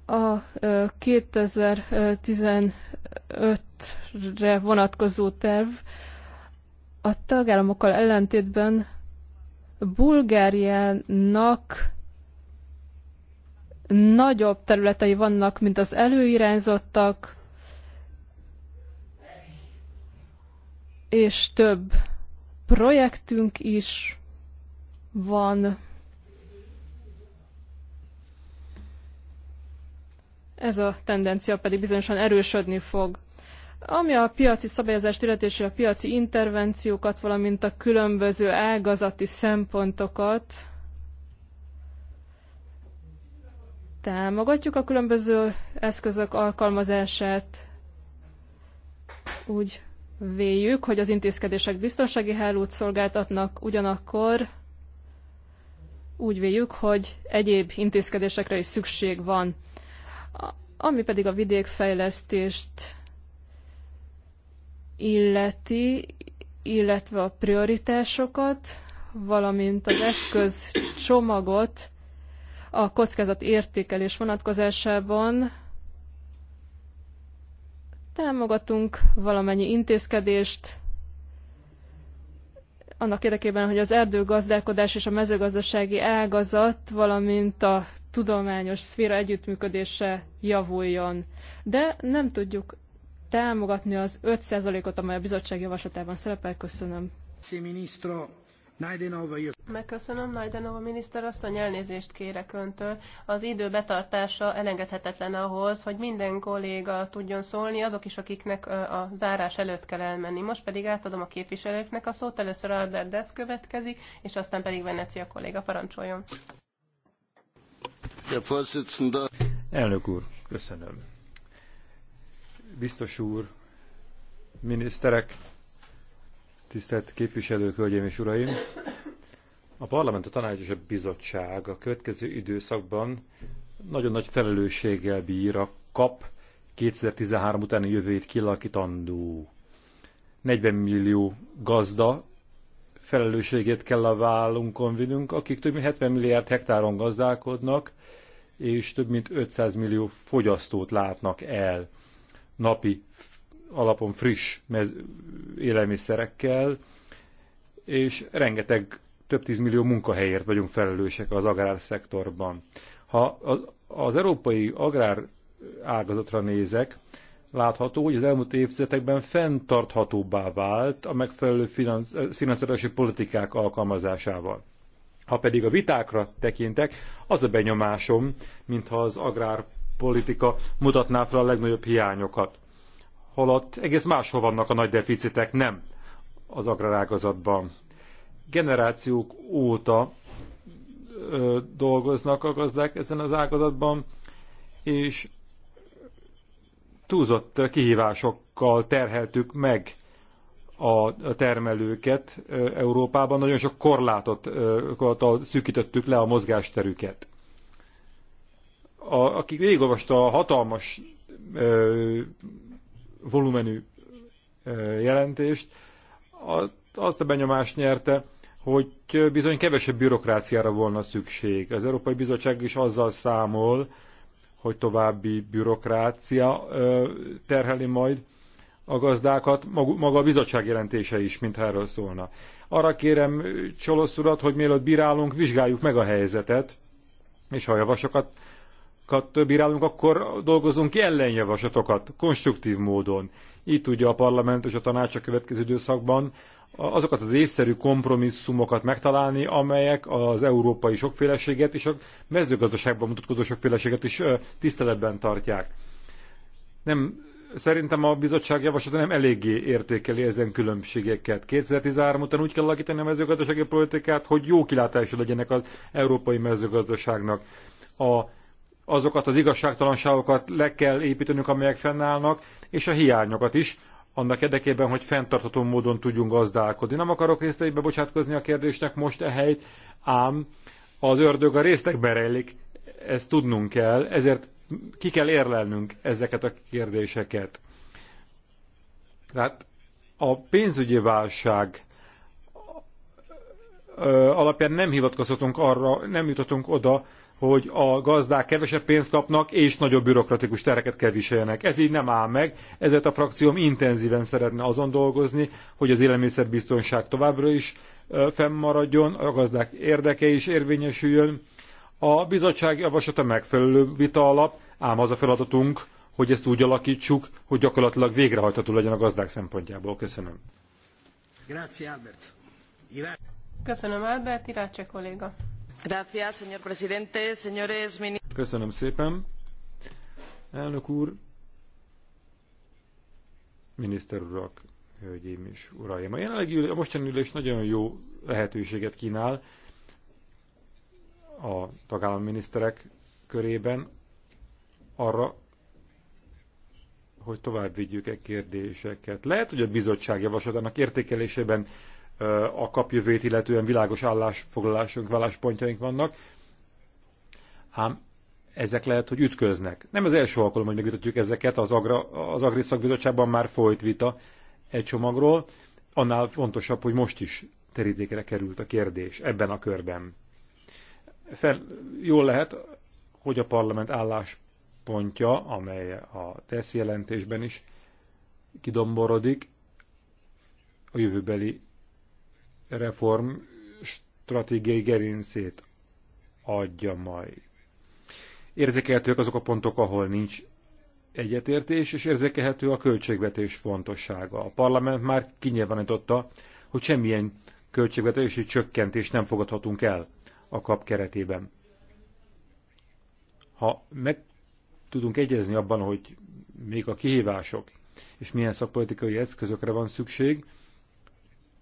A 2015-re vonatkozó terv a tagállamokkal ellentétben Bulgáriának nagyobb területei vannak, mint az előirányzottak, és több projektünk is van. Ez a tendencia pedig bizonyosan erősödni fog. Ami a piaci szabályozást illeti és a piaci intervenciókat, valamint a különböző ágazati szempontokat, támogatjuk a különböző eszközök alkalmazását, úgy véljük, hogy az intézkedések biztonsági hálót szolgáltatnak, ugyanakkor úgy véljük, hogy egyéb intézkedésekre is szükség van. Ami pedig a vidékfejlesztést illeti, illetve a prioritásokat, valamint az eszköz csomagot a kockázat értékelés vonatkozásában Támogatunk valamennyi intézkedést, annak érdekében, hogy az erdőgazdálkodás és a mezőgazdasági ágazat, valamint a tudományos szféra együttműködése javuljon. De nem tudjuk támogatni az 5%-ot, amely a bizottság javaslatában szerepel. Köszönöm. Megköszönöm, Najdenova miniszter asszony, elnézést kérek öntől. Az idő betartása elengedhetetlen ahhoz, hogy minden kolléga tudjon szólni, azok is, akiknek a zárás előtt kell elmenni. Most pedig átadom a képviselőknek a szót, először Albert Desz következik, és aztán pedig Venecia kolléga parancsoljon. Elnök úr, köszönöm. Biztos úr, miniszterek, Tisztelt képviselők, hölgyeim és uraim! A Parlament, a Tanács és a Bizottság a következő időszakban nagyon nagy felelősséggel bír a kap 2013 utáni jövőjét kilakítandó. 40 millió gazda felelősségét kell a vállunkon vinnünk, akik több mint 70 milliárd hektáron gazdálkodnak, és több mint 500 millió fogyasztót látnak el napi alapon friss mez, élelmiszerekkel, és rengeteg több tízmillió munkahelyért vagyunk felelősek az agrárszektorban. Ha az, az európai agrár ágazatra nézek, látható, hogy az elmúlt évtizedekben fenntarthatóbbá vált a megfelelő finansz, finanszírozási politikák alkalmazásával. Ha pedig a vitákra tekintek, az a benyomásom, mintha az agrárpolitika mutatná fel a legnagyobb hiányokat holott egész máshol vannak a nagy deficitek, nem az agrárágazatban. Generációk óta ö, dolgoznak a gazdák ezen az ágazatban, és túlzott kihívásokkal terheltük meg a termelőket Európában, nagyon sok korlátot szűkítettük le a mozgásterüket. A, aki végigolvasta a hatalmas volumenű jelentést, azt a benyomást nyerte, hogy bizony kevesebb bürokráciára volna szükség. Az Európai Bizottság is azzal számol, hogy további bürokrácia terheli majd a gazdákat, maga a bizottság jelentése is, mint erről szólna. Arra kérem Csolosz urat, hogy mielőtt bírálunk, vizsgáljuk meg a helyzetet, és ha javasokat, bírálunk, akkor dolgozunk ki ellenjavaslatokat konstruktív módon. Így tudja a parlament és a tanács a következő időszakban azokat az észszerű kompromisszumokat megtalálni, amelyek az európai sokféleséget és a mezőgazdaságban mutatkozó sokféleséget is tiszteletben tartják. Nem, szerintem a bizottság javaslata nem eléggé értékeli ezen különbségeket. 2013 után úgy kell alakítani a mezőgazdasági politikát, hogy jó kilátású legyenek az európai mezőgazdaságnak. A azokat az igazságtalanságokat le kell építenünk, amelyek fennállnak, és a hiányokat is, annak érdekében, hogy fenntartható módon tudjunk gazdálkodni. Nem akarok részleteibe bocsátkozni a kérdésnek most ehelyt, ám az ördög a részlegben rejlik, ezt tudnunk kell, ezért ki kell érlelnünk ezeket a kérdéseket. Tehát a pénzügyi válság alapján nem hivatkozhatunk arra, nem jutottunk oda, hogy a gazdák kevesebb pénzt kapnak, és nagyobb bürokratikus tereket kell viseljenek. Ez így nem áll meg, ezért a frakcióm intenzíven szeretne azon dolgozni, hogy az élelmiszerbiztonság továbbra is fennmaradjon, a gazdák érdeke is érvényesüljön. A bizottság javaslata megfelelő vita alap, ám az a feladatunk, hogy ezt úgy alakítsuk, hogy gyakorlatilag végrehajtható legyen a gazdák szempontjából. Köszönöm. Grazie, Albert. Köszönöm, Albert. Irácse kolléga. Köszönöm szépen. Elnök úr, miniszter urak, hölgyeim és uraim. A jelenlegi a mostani ülés nagyon jó lehetőséget kínál a tagállami miniszterek körében arra, hogy tovább vigyük e kérdéseket. Lehet, hogy a bizottság javaslatának értékelésében a kapjövét illetően világos állásfoglalásunk, válláspontjaink vannak, ám ezek lehet, hogy ütköznek. Nem az első alkalom, hogy megvitatjuk ezeket, az, Agra, az Agri Szakbizottságban már folyt vita egy csomagról, annál fontosabb, hogy most is terítékre került a kérdés ebben a körben. Fel, jól lehet, hogy a parlament álláspontja, amely a TESZ jelentésben is kidomborodik, a jövőbeli reform stratégiai gerincét adja majd. Érzékelhetők azok a pontok, ahol nincs egyetértés, és érzékelhető a költségvetés fontossága. A parlament már kinyilvánította, hogy semmilyen költségvetési csökkentést nem fogadhatunk el a kap keretében. Ha meg tudunk egyezni abban, hogy még a kihívások és milyen szakpolitikai eszközökre van szükség,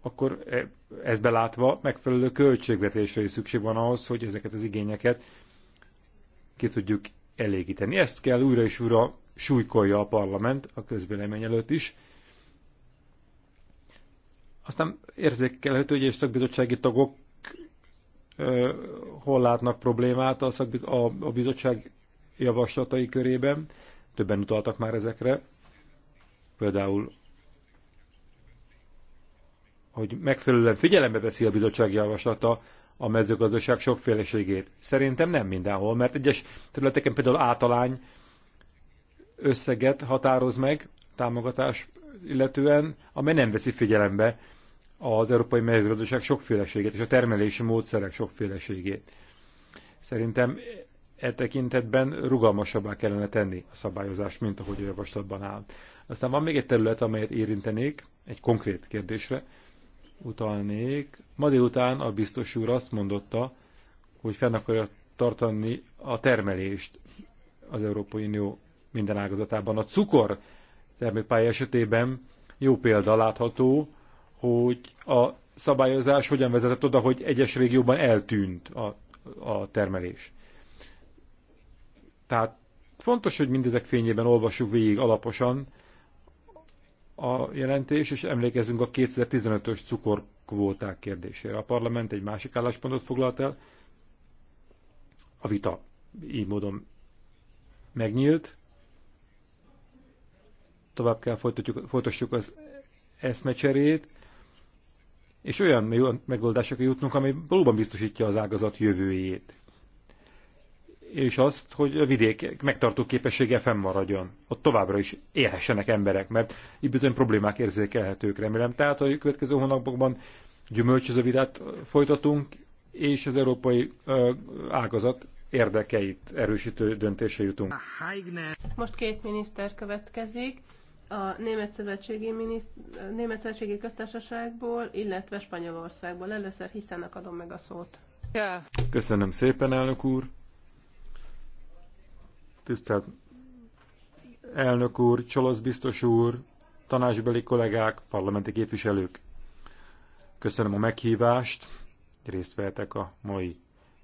akkor e, ezt belátva megfelelő költségvetésre is szükség van ahhoz, hogy ezeket az igényeket ki tudjuk elégíteni. Ezt kell újra és újra súlykolja a parlament a közvélemény előtt is. Aztán érzékelhető, hogy és szakbizottsági tagok ö, hol látnak problémát a, szakbiz, a, a bizottság javaslatai körében. Többen utaltak már ezekre. Például hogy megfelelően figyelembe veszi a bizottság javaslata a mezőgazdaság sokféleségét. Szerintem nem mindenhol, mert egyes területeken például általány összeget határoz meg támogatás illetően, amely nem veszi figyelembe az európai mezőgazdaság sokféleségét és a termelési módszerek sokféleségét. Szerintem e tekintetben rugalmasabbá kellene tenni a szabályozást, mint ahogy a javaslatban áll. Aztán van még egy terület, amelyet érintenék, egy konkrét kérdésre utalnék. Ma délután a biztos úr azt mondotta, hogy fenn akarja tartani a termelést az Európai Unió minden ágazatában. A cukor termékpálya esetében jó példa látható, hogy a szabályozás hogyan vezetett oda, hogy egyes régióban eltűnt a, a termelés. Tehát fontos, hogy mindezek fényében olvassuk végig alaposan a jelentés, és emlékezzünk a 2015-ös cukorkvóták kérdésére. A parlament egy másik álláspontot foglalt el, a vita így módon megnyílt. Tovább kell folytatjuk, folytassuk az eszmecserét, és olyan megoldásokra jutnunk, ami valóban biztosítja az ágazat jövőjét és azt, hogy a vidék megtartó képessége fennmaradjon. Ott továbbra is élhessenek emberek, mert így bizony problémák érzékelhetők, remélem. Tehát a következő hónapokban gyümölcsöző vidát folytatunk, és az európai ö, ágazat érdekeit erősítő döntése jutunk. Most két miniszter következik, a Német Szövetségi, miniszt... Német Szövetségi Köztársaságból, illetve Spanyolországból. Először hiszenek adom meg a szót. Köszönöm szépen, elnök úr! tisztelt elnök úr, Csolosz biztos úr, tanácsbeli kollégák, parlamenti képviselők. Köszönöm a meghívást, részt vehetek a mai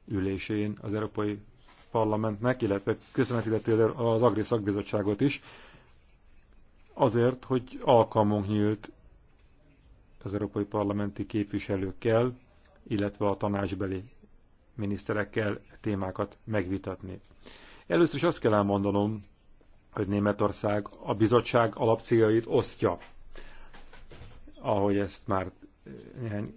ülésén az Európai Parlamentnek, illetve köszönet illetve az Agri Szakbizottságot is, azért, hogy alkalmunk nyílt az Európai Parlamenti képviselőkkel, illetve a tanácsbeli miniszterekkel témákat megvitatni. Először is azt kell elmondanom, hogy Németország a bizottság alapcéljait osztja, ahogy ezt már néhány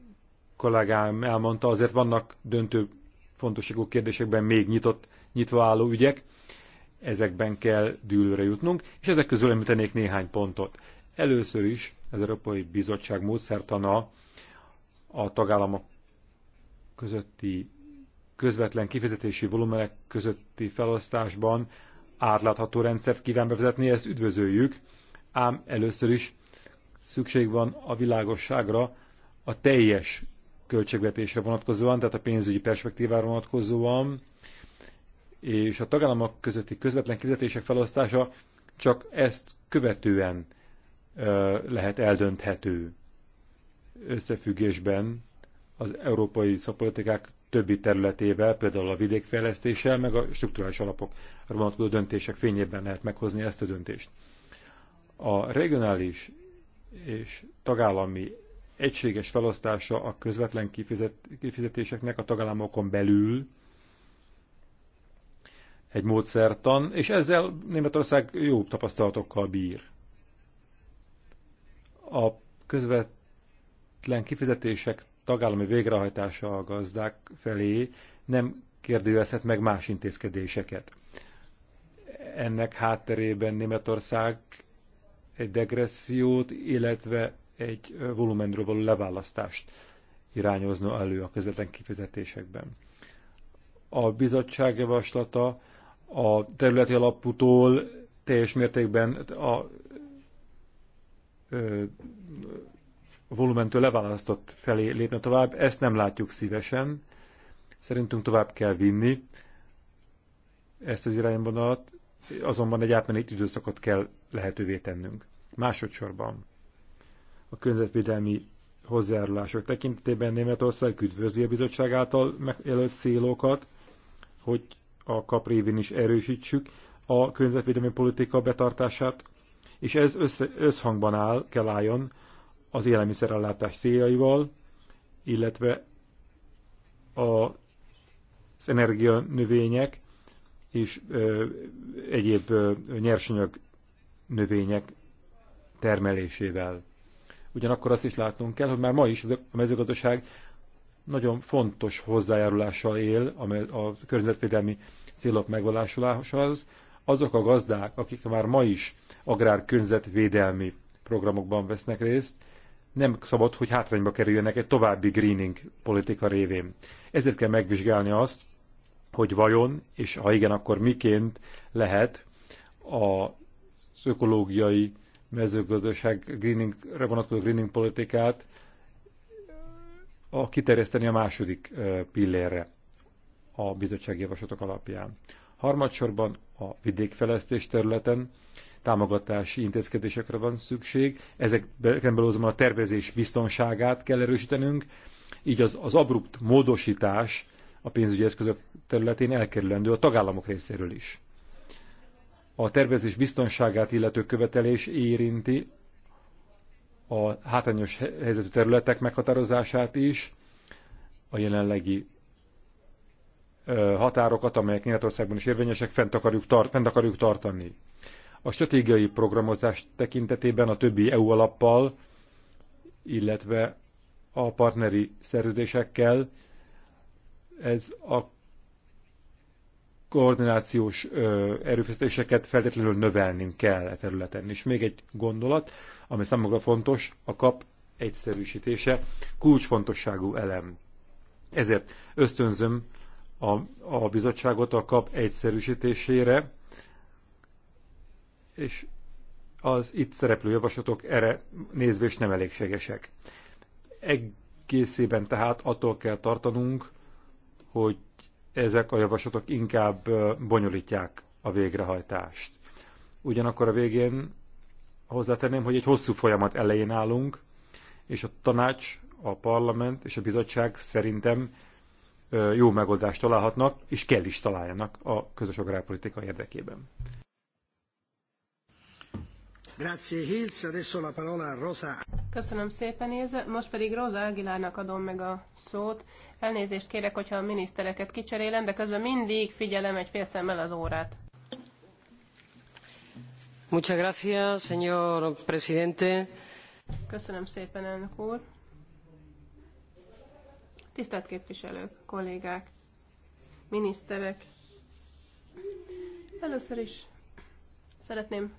kollégám elmondta, azért vannak döntő fontosságú kérdésekben még nyitott, nyitva álló ügyek, ezekben kell dűlőre jutnunk, és ezek közül említenék néhány pontot. Először is az Európai Bizottság módszertana a tagállamok közötti közvetlen kifizetési volumenek közötti felosztásban átlátható rendszert kíván bevezetni, ezt üdvözöljük, ám először is szükség van a világosságra a teljes költségvetésre vonatkozóan, tehát a pénzügyi perspektívára vonatkozóan, és a tagállamok közötti közvetlen kifizetések felosztása csak ezt követően ö, lehet eldönthető összefüggésben az európai szakpolitikák többi területével, például a vidékfejlesztéssel, meg a struktúrális alapok vonatkozó döntések fényében lehet meghozni ezt a döntést. A regionális és tagállami egységes felosztása a közvetlen kifizet, kifizetéseknek a tagállamokon belül egy módszertan, és ezzel Németország jó tapasztalatokkal bír. A közvetlen kifizetések tagállami végrehajtása a gazdák felé nem kérdőjelezhet meg más intézkedéseket. Ennek hátterében Németország egy degressziót, illetve egy volumenről való leválasztást irányozna elő a közvetlen kifizetésekben. A bizottság javaslata a területi alaputól teljes mértékben a ö, volumentől leválasztott felé lépne tovább, ezt nem látjuk szívesen. Szerintünk tovább kell vinni ezt az irányvonalat, azonban egy átmeneti időszakot kell lehetővé tennünk. Másodszorban a környezetvédelmi hozzájárulások tekintetében Németország üdvözli a bizottság által megjelölt célokat, hogy a kap révén is erősítsük a környezetvédelmi politika betartását, és ez össze, összhangban áll, kell álljon az élelmiszerellátás céljaival, illetve az energianövények és ö, egyéb ö, nyersanyag növények termelésével. Ugyanakkor azt is látnunk kell, hogy már ma is a mezőgazdaság nagyon fontos hozzájárulással él a környezetvédelmi célok megvalósulásához. Azok a gazdák, akik már ma is agrár környezetvédelmi programokban vesznek részt, nem szabad, hogy hátrányba kerüljenek egy további greening politika révén. Ezért kell megvizsgálni azt, hogy vajon, és ha igen, akkor miként lehet az ökológiai mezőgazdaság greeningre vonatkozó greening politikát a, kiterjeszteni a második pillérre a bizottsági javaslatok alapján. Harmadsorban a vidékfejlesztés területen támogatási intézkedésekre van szükség. Ezekben belül a tervezés biztonságát kell erősítenünk, így az, az abrupt módosítás a pénzügyi eszközök területén elkerülendő a tagállamok részéről is. A tervezés biztonságát illető követelés érinti a hátrányos helyzetű területek meghatározását is, a jelenlegi határokat, amelyek Németországban is érvényesek, fent akarjuk, tar- fent akarjuk tartani a stratégiai programozás tekintetében a többi EU alappal, illetve a partneri szerződésekkel ez a koordinációs erőfeszítéseket feltétlenül növelnünk kell a e területen. És még egy gondolat, ami számomra fontos, a kap egyszerűsítése, kulcsfontosságú elem. Ezért ösztönzöm a, a bizottságot a kap egyszerűsítésére, és az itt szereplő javaslatok erre nézvés nem elégségesek. Egészében tehát attól kell tartanunk, hogy ezek a javaslatok inkább bonyolítják a végrehajtást. Ugyanakkor a végén hozzátenném, hogy egy hosszú folyamat elején állunk, és a tanács, a parlament és a bizottság szerintem jó megoldást találhatnak, és kell is találjanak a közös agrárpolitika érdekében. Köszönöm szépen, Ilse. Most pedig Rosa Aguilárnak adom meg a szót. Elnézést kérek, hogyha a minisztereket kicserélem, de közben mindig figyelem egy fél szemmel az órát. Muchas gracias, señor presidente. Köszönöm szépen, elnök úr. Tisztelt képviselők, kollégák, miniszterek. Először is szeretném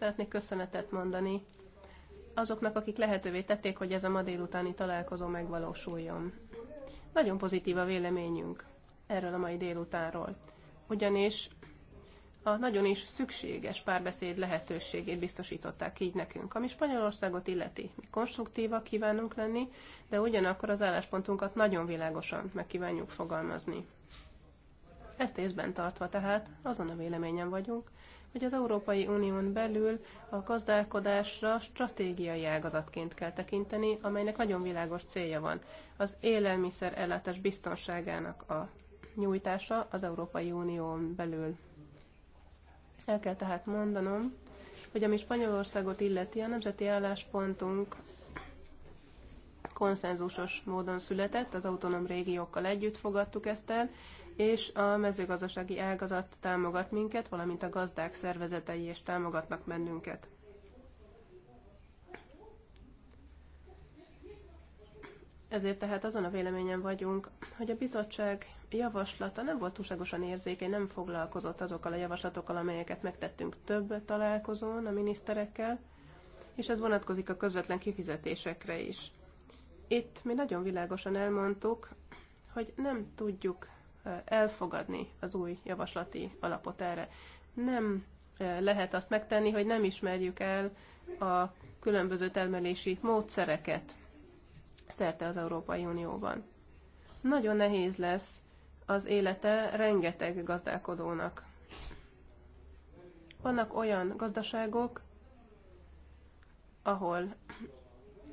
Szeretnék köszönetet mondani azoknak, akik lehetővé tették, hogy ez a ma délutáni találkozó megvalósuljon. Nagyon pozitív a véleményünk erről a mai délutánról, ugyanis a nagyon is szükséges párbeszéd lehetőségét biztosították így nekünk, ami Spanyolországot illeti. Mi konstruktívak kívánunk lenni, de ugyanakkor az álláspontunkat nagyon világosan meg kívánjuk fogalmazni. Ezt észben tartva tehát azon a véleményen vagyunk, hogy az Európai Unión belül a gazdálkodásra stratégiai ágazatként kell tekinteni, amelynek nagyon világos célja van. Az élelmiszer ellátás biztonságának a nyújtása az Európai Unión belül. El kell tehát mondanom, hogy ami Spanyolországot illeti, a nemzeti álláspontunk konszenzusos módon született, az autonóm régiókkal együtt fogadtuk ezt el, és a mezőgazdasági ágazat támogat minket, valamint a gazdák szervezetei is támogatnak bennünket. Ezért tehát azon a véleményen vagyunk, hogy a bizottság javaslata nem volt túlságosan érzékeny, nem foglalkozott azokkal a javaslatokkal, amelyeket megtettünk több találkozón a miniszterekkel, és ez vonatkozik a közvetlen kifizetésekre is. Itt mi nagyon világosan elmondtuk, hogy nem tudjuk elfogadni az új javaslati alapot erre. Nem lehet azt megtenni, hogy nem ismerjük el a különböző termelési módszereket szerte az Európai Unióban. Nagyon nehéz lesz az élete rengeteg gazdálkodónak. Vannak olyan gazdaságok, ahol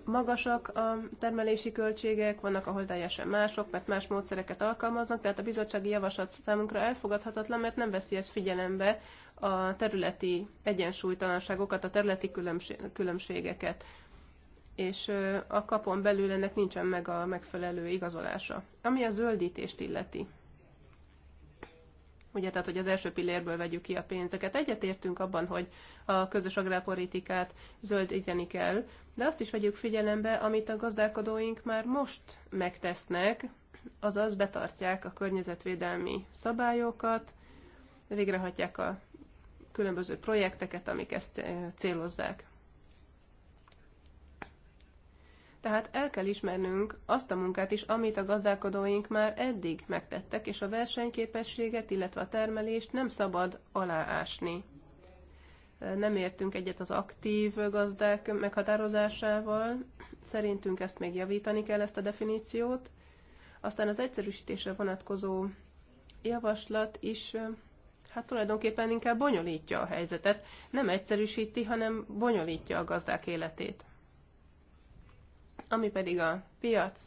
magasak a termelési költségek, vannak, ahol teljesen mások, mert más módszereket alkalmaznak, tehát a bizottsági javaslat számunkra elfogadhatatlan, mert nem veszi ez figyelembe a területi egyensúlytalanságokat, a területi különbségeket és a kapon belül ennek nincsen meg a megfelelő igazolása. Ami a zöldítést illeti. Ugye, tehát, hogy az első pillérből vegyük ki a pénzeket. Egyetértünk abban, hogy a közös agrárpolitikát zöldíteni kell, de azt is vegyük figyelembe, amit a gazdálkodóink már most megtesznek, azaz betartják a környezetvédelmi szabályokat, végrehajtják a különböző projekteket, amik ezt célozzák. Tehát el kell ismernünk azt a munkát is, amit a gazdálkodóink már eddig megtettek, és a versenyképességet, illetve a termelést nem szabad aláásni nem értünk egyet az aktív gazdák meghatározásával, szerintünk ezt még javítani kell, ezt a definíciót. Aztán az egyszerűsítésre vonatkozó javaslat is hát tulajdonképpen inkább bonyolítja a helyzetet, nem egyszerűsíti, hanem bonyolítja a gazdák életét. Ami pedig a piac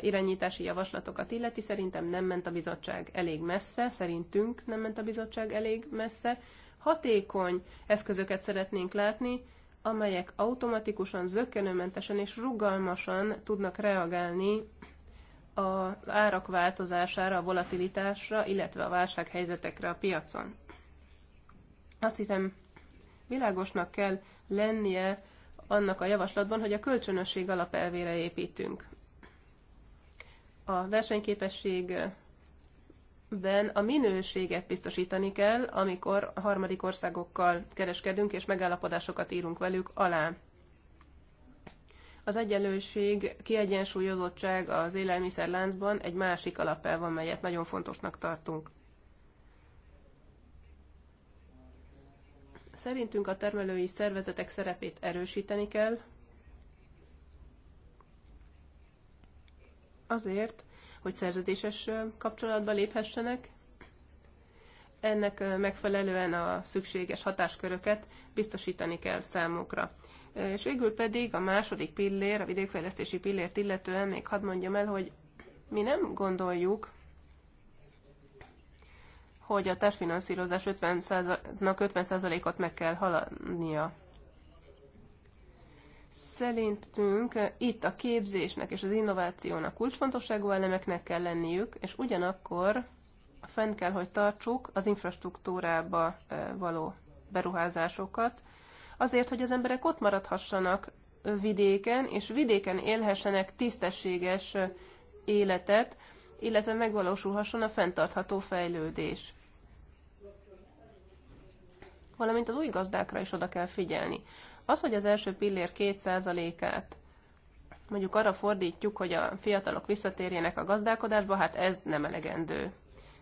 irányítási javaslatokat illeti, szerintem nem ment a bizottság elég messze, szerintünk nem ment a bizottság elég messze, hatékony eszközöket szeretnénk látni, amelyek automatikusan, zöggenőmentesen és rugalmasan tudnak reagálni az árak változására, a volatilitásra, illetve a válsághelyzetekre a piacon. Azt hiszem, világosnak kell lennie annak a javaslatban, hogy a kölcsönösség alapelvére építünk. A versenyképesség ben a minőséget biztosítani kell, amikor a harmadik országokkal kereskedünk és megállapodásokat írunk velük alá. Az egyenlőség, kiegyensúlyozottság az élelmiszerláncban egy másik alapelv, amelyet nagyon fontosnak tartunk. Szerintünk a termelői szervezetek szerepét erősíteni kell, azért, hogy szerződéses kapcsolatba léphessenek. Ennek megfelelően a szükséges hatásköröket biztosítani kell számukra. És végül pedig a második pillér, a vidékfejlesztési pillért illetően még hadd mondjam el, hogy mi nem gondoljuk, hogy a társfinanszírozás 50%-nak 50%-ot meg kell haladnia. Szerintünk eh, itt a képzésnek és az innovációnak kulcsfontosságú elemeknek kell lenniük, és ugyanakkor fenn kell, hogy tartsuk az infrastruktúrába eh, való beruházásokat, azért, hogy az emberek ott maradhassanak vidéken, és vidéken élhessenek tisztességes eh, életet, illetve megvalósulhasson a fenntartható fejlődés. Valamint az új gazdákra is oda kell figyelni. Az, hogy az első pillér 2%-át mondjuk arra fordítjuk, hogy a fiatalok visszatérjenek a gazdálkodásba, hát ez nem elegendő.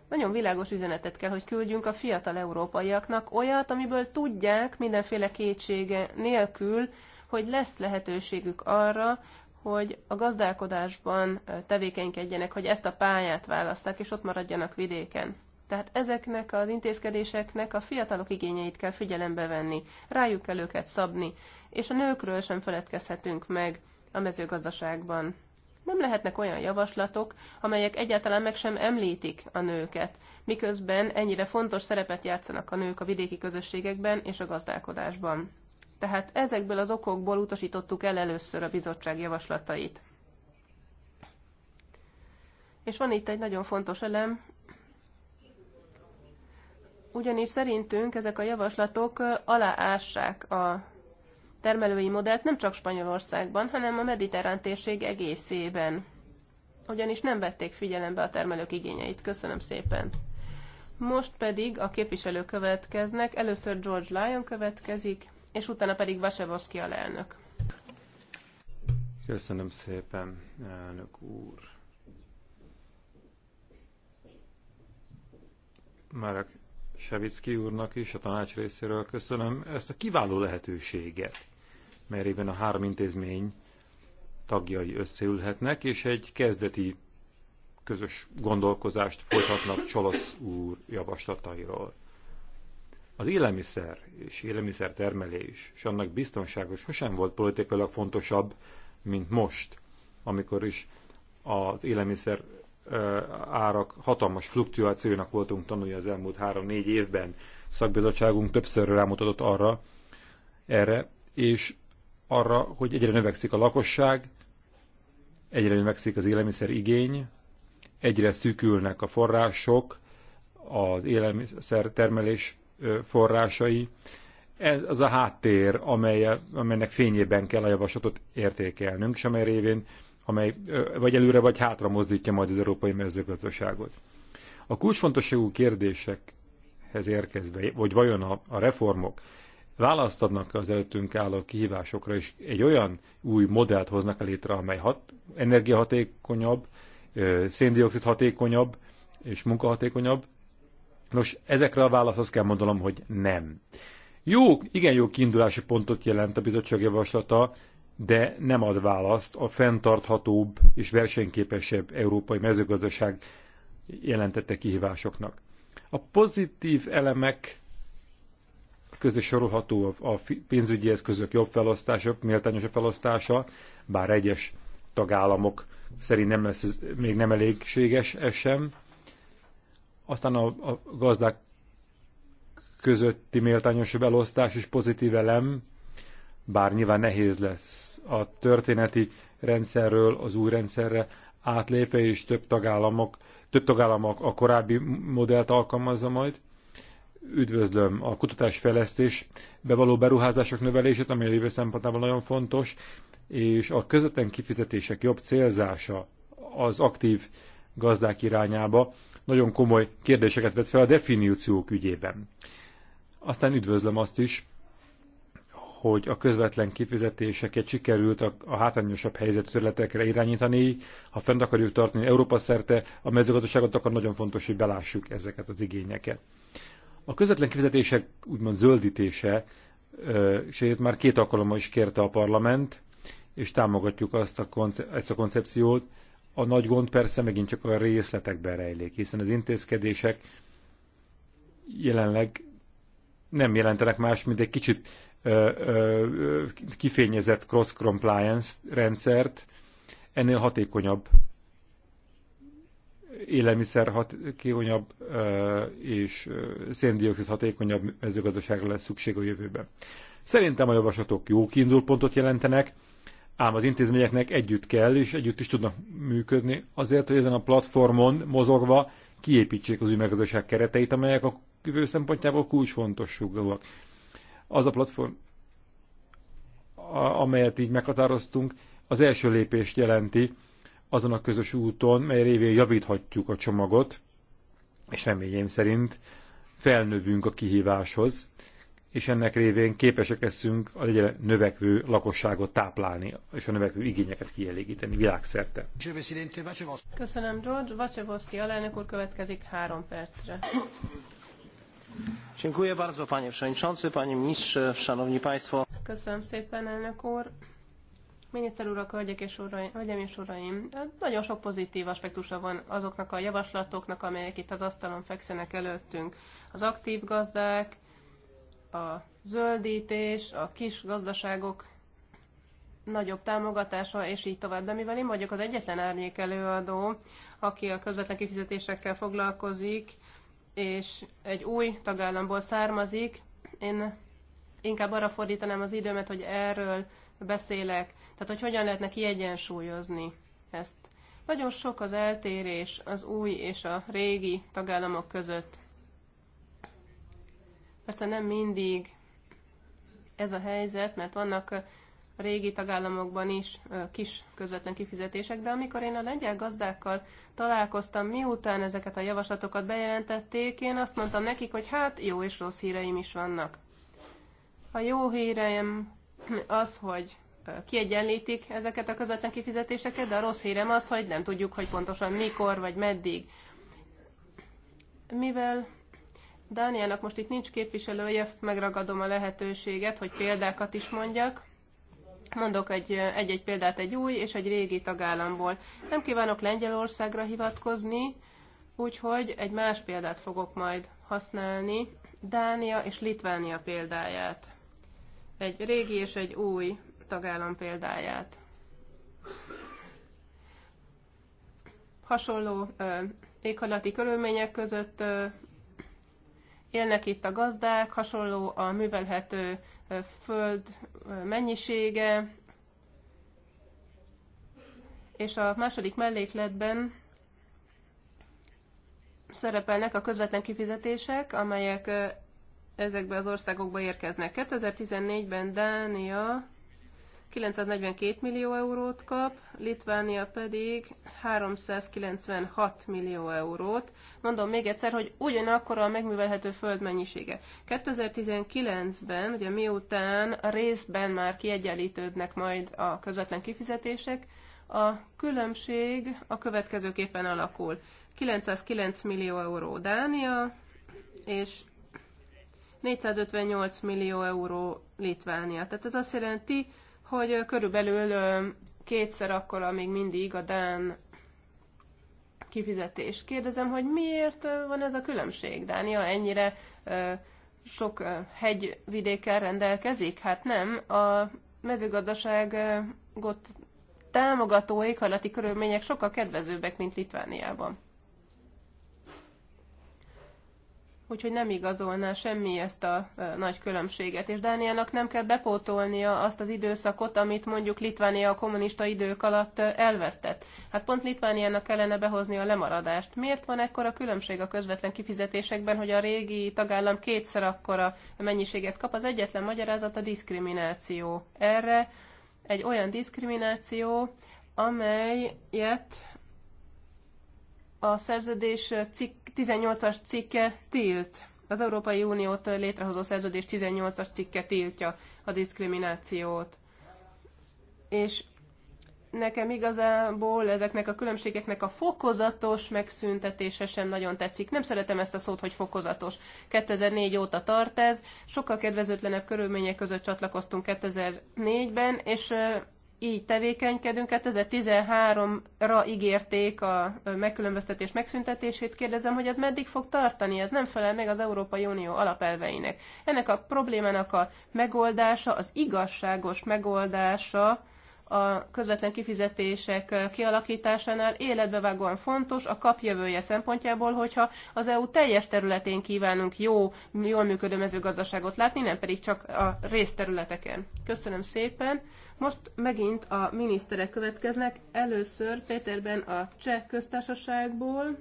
Nagyon világos üzenetet kell, hogy küldjünk a fiatal európaiaknak, olyat, amiből tudják mindenféle kétsége nélkül, hogy lesz lehetőségük arra, hogy a gazdálkodásban tevékenykedjenek, hogy ezt a pályát válasszák, és ott maradjanak vidéken. Tehát ezeknek az intézkedéseknek a fiatalok igényeit kell figyelembe venni, rájuk kell őket szabni, és a nőkről sem feledkezhetünk meg a mezőgazdaságban. Nem lehetnek olyan javaslatok, amelyek egyáltalán meg sem említik a nőket, miközben ennyire fontos szerepet játszanak a nők a vidéki közösségekben és a gazdálkodásban. Tehát ezekből az okokból utasítottuk el először a bizottság javaslatait. És van itt egy nagyon fontos elem, ugyanis szerintünk ezek a javaslatok aláássák a termelői modellt nem csak Spanyolországban, hanem a mediterrán térség egészében. Ugyanis nem vették figyelembe a termelők igényeit. Köszönöm szépen. Most pedig a képviselők következnek. Először George Lyon következik, és utána pedig Vasevoszki lelnök. Köszönöm szépen, elnök úr. a Savicki úrnak is a tanács részéről köszönöm ezt a kiváló lehetőséget, mert éppen a három intézmény tagjai összeülhetnek, és egy kezdeti közös gondolkozást folytatnak Csolosz úr javaslatairól. Az élelmiszer és termelés és annak biztonságos sosem volt politikailag fontosabb, mint most, amikor is az élelmiszer árak hatalmas fluktuációnak voltunk tanulni az elmúlt három-négy évben. Szakbizottságunk többször rámutatott arra, erre, és arra, hogy egyre növekszik a lakosság, egyre növekszik az élelmiszer igény, egyre szűkülnek a források, az élelmiszer termelés forrásai. Ez az a háttér, amely, amelynek fényében kell a javaslatot értékelnünk, és amely révén amely vagy előre vagy hátra mozdítja majd az európai mezőgazdaságot. A kulcsfontosságú kérdésekhez érkezve, vagy vajon a, a reformok választ adnak az előttünk álló kihívásokra, és egy olyan új modellt hoznak létre, amely hat, energiahatékonyabb, széndiokszid hatékonyabb és munkahatékonyabb. Nos, ezekre a választ azt kell mondanom, hogy nem. Jó, igen jó kiindulási pontot jelent a bizottság javaslata, de nem ad választ a fenntarthatóbb és versenyképesebb európai mezőgazdaság jelentette kihívásoknak. A pozitív elemek közé sorolható a pénzügyi eszközök jobb felosztása, méltányosabb felosztása, bár egyes tagállamok szerint nem lesz ez, még nem elégséges ez sem. Aztán a, a gazdák közötti méltányosabb elosztás is pozitív elem, bár nyilván nehéz lesz a történeti rendszerről az új rendszerre átlépe, és több tagállamok, több tagállamok a korábbi modellt alkalmazza majd. Üdvözlöm a kutatásfejlesztés bevaló beruházások növelését, ami a jövő szempontjából nagyon fontos, és a közvetlen kifizetések jobb célzása az aktív gazdák irányába nagyon komoly kérdéseket vet fel a definíciók ügyében. Aztán üdvözlöm azt is, hogy a közvetlen kifizetéseket sikerült a, a hátrányosabb helyzetű területekre irányítani. Ha fent akarjuk tartani Európa szerte a mezőgazdaságot, akkor nagyon fontos, hogy belássuk ezeket az igényeket. A közvetlen kifizetések úgymond zöldítése, sőt már két alkalommal is kérte a parlament, és támogatjuk azt a ezt a koncepciót. A nagy gond persze megint csak a részletekben rejlik, hiszen az intézkedések jelenleg nem jelentenek más, mint egy kicsit kifényezett cross-compliance rendszert, ennél hatékonyabb élelmiszer hatékonyabb és széndiokszid hatékonyabb mezőgazdaságra lesz szükség a jövőben. Szerintem a javaslatok jó kiindulpontot jelentenek, ám az intézményeknek együtt kell, és együtt is tudnak működni azért, hogy ezen a platformon mozogva kiépítsék az új mezőgazdaság kereteit, amelyek a jövő szempontjából kulcsfontosságúak az a platform, amelyet így meghatároztunk, az első lépést jelenti azon a közös úton, mely révén javíthatjuk a csomagot, és reményém szerint felnövünk a kihíváshoz, és ennek révén képesek leszünk a egyre növekvő lakosságot táplálni, és a növekvő igényeket kielégíteni világszerte. Köszönöm, George. Vacsevoszki alelnök úr következik három percre. Dziękuję bardzo panie przewodniczący, panie ministrze, szanowni państwo. Köszönöm szépen, elnök úr. Miniszter urak, hölgyek és uraim, hölgyem és uraim, nagyon sok pozitív aspektusa van azoknak a javaslatoknak, amelyek itt az asztalon fekszenek előttünk. Az aktív gazdák, a zöldítés, a kis gazdaságok nagyobb támogatása, és így tovább. De mivel én vagyok az egyetlen árnyék előadó, aki a közvetlen kifizetésekkel foglalkozik, és egy új tagállamból származik, én inkább arra fordítanám az időmet, hogy erről beszélek. Tehát, hogy hogyan lehetne kiegyensúlyozni ezt. Nagyon sok az eltérés az új és a régi tagállamok között. Persze nem mindig ez a helyzet, mert vannak régi tagállamokban is kis közvetlen kifizetések, de amikor én a lengyel gazdákkal találkoztam, miután ezeket a javaslatokat bejelentették, én azt mondtam nekik, hogy hát jó és rossz híreim is vannak. A jó híreim az, hogy kiegyenlítik ezeket a közvetlen kifizetéseket, de a rossz hírem az, hogy nem tudjuk, hogy pontosan mikor vagy meddig. Mivel Dániának most itt nincs képviselője, megragadom a lehetőséget, hogy példákat is mondjak. Mondok egy-egy példát egy új és egy régi tagállamból. Nem kívánok Lengyelországra hivatkozni, úgyhogy egy más példát fogok majd használni, Dánia és Litvánia példáját. Egy régi és egy új tagállam példáját. Hasonló ö, éghajlati körülmények között ö, Élnek itt a gazdák, hasonló a művelhető föld mennyisége, és a második mellékletben szerepelnek a közvetlen kifizetések, amelyek ezekbe az országokba érkeznek. 2014-ben Dánia 942 millió eurót kap, Litvánia pedig 396 millió eurót. Mondom még egyszer, hogy ugyanakkor a megművelhető föld mennyisége. 2019-ben, ugye miután részben már kiegyenlítődnek majd a közvetlen kifizetések, a különbség a következőképpen alakul. 909 millió euró Dánia, és 458 millió euró Litvánia. Tehát ez azt jelenti, hogy körülbelül kétszer akkora még mindig a Dán kifizetés. Kérdezem, hogy miért van ez a különbség? Dánia ennyire sok hegyvidékkel rendelkezik? Hát nem. A mezőgazdaságot támogató éghajlati körülmények sokkal kedvezőbbek, mint Litvániában. úgyhogy nem igazolná semmi ezt a nagy különbséget. És Dániának nem kell bepótolnia azt az időszakot, amit mondjuk Litvánia a kommunista idők alatt elvesztett. Hát pont Litvániának kellene behozni a lemaradást. Miért van ekkora különbség a közvetlen kifizetésekben, hogy a régi tagállam kétszer akkora mennyiséget kap? Az egyetlen magyarázat a diszkrimináció. Erre egy olyan diszkrimináció, amelyet a szerződés cikk, 18-as cikke tilt. Az Európai Uniót létrehozó szerződés 18-as cikke tiltja a diszkriminációt. És nekem igazából ezeknek a különbségeknek a fokozatos megszüntetése sem nagyon tetszik. Nem szeretem ezt a szót, hogy fokozatos. 2004 óta tart ez, sokkal kedvezőtlenebb körülmények között csatlakoztunk 2004-ben, és így tevékenykedünk. 2013-ra hát ígérték a megkülönböztetés megszüntetését. Kérdezem, hogy ez meddig fog tartani? Ez nem felel meg az Európai Unió alapelveinek. Ennek a problémának a megoldása, az igazságos megoldása, a közvetlen kifizetések kialakításánál életbevágóan fontos a kap jövője szempontjából, hogyha az EU teljes területén kívánunk jó, jól működő mezőgazdaságot látni, nem pedig csak a részterületeken. Köszönöm szépen. Most megint a miniszterek következnek, először Péterben a cseh köztársaságból,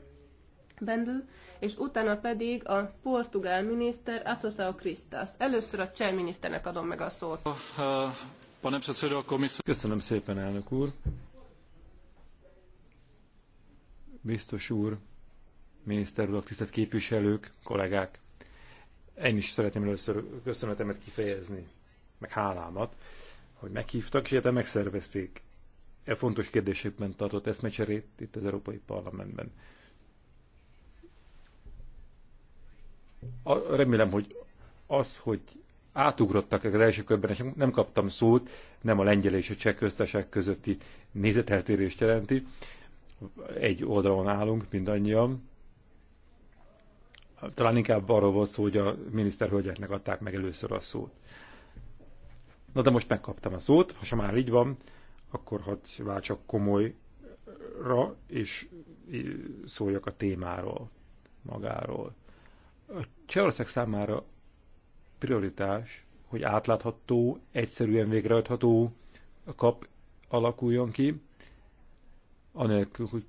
Bendl, és utána pedig a portugál miniszter Assosao Cristas. Először a cseh miniszternek adom meg a szót. Oh, uh, Köszönöm szépen, elnök úr. Biztos úr, miniszter úr, tisztelt képviselők, kollégák. Én is szeretném először köszönetemet kifejezni, meg hálámat hogy meghívtak, és egyáltalán megszervezték e fontos kérdésekben tartott eszmecserét itt az Európai Parlamentben. A, remélem, hogy az, hogy átugrottak az első körben, és nem kaptam szót, nem a lengyel és a cseh köztesek közötti nézeteltérést jelenti. Egy oldalon állunk mindannyian. Talán inkább arról volt szó, hogy a miniszterhölgyeknek adták meg először a szót. Na de most megkaptam a szót, ha már így van, akkor hadd váltsak komolyra, és szóljak a témáról, magáról. A Csehország számára prioritás, hogy átlátható, egyszerűen végrehajtható kap alakuljon ki, anélkül, hogy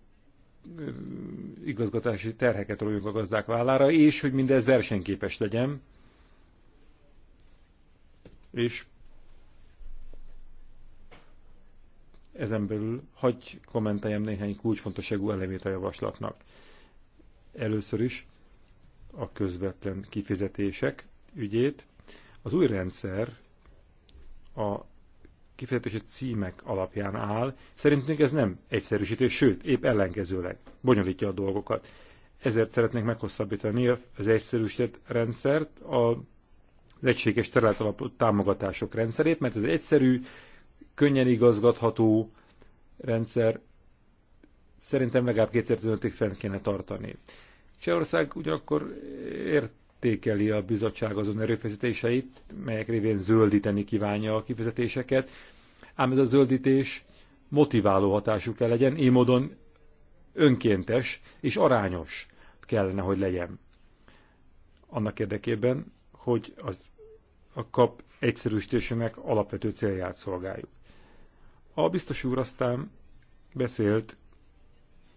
igazgatási terheket rójunk a gazdák vállára, és hogy mindez versenyképes legyen, és Ezen belül hagy kommenteljem néhány kulcsfontosságú elemét a javaslatnak. Először is a közvetlen kifizetések ügyét. Az új rendszer a kifizetési címek alapján áll. Szerintünk ez nem egyszerűsítés, sőt, épp ellenkezőleg bonyolítja a dolgokat. Ezért szeretnék meghosszabbítani az egyszerűsített rendszert, a, az egységes alapú támogatások rendszerét, mert ez egyszerű, könnyen igazgatható rendszer szerintem legalább 2015-ig fent kéne tartani. Csehország ugyanakkor értékeli a bizottság azon erőfeszítéseit, melyek révén zöldíteni kívánja a kifizetéseket, ám ez a zöldítés motiváló hatású kell legyen, így módon önkéntes és arányos kellene, hogy legyen. Annak érdekében, hogy az a kap egyszerűsítésének alapvető célját szolgáljuk. A biztos úr aztán beszélt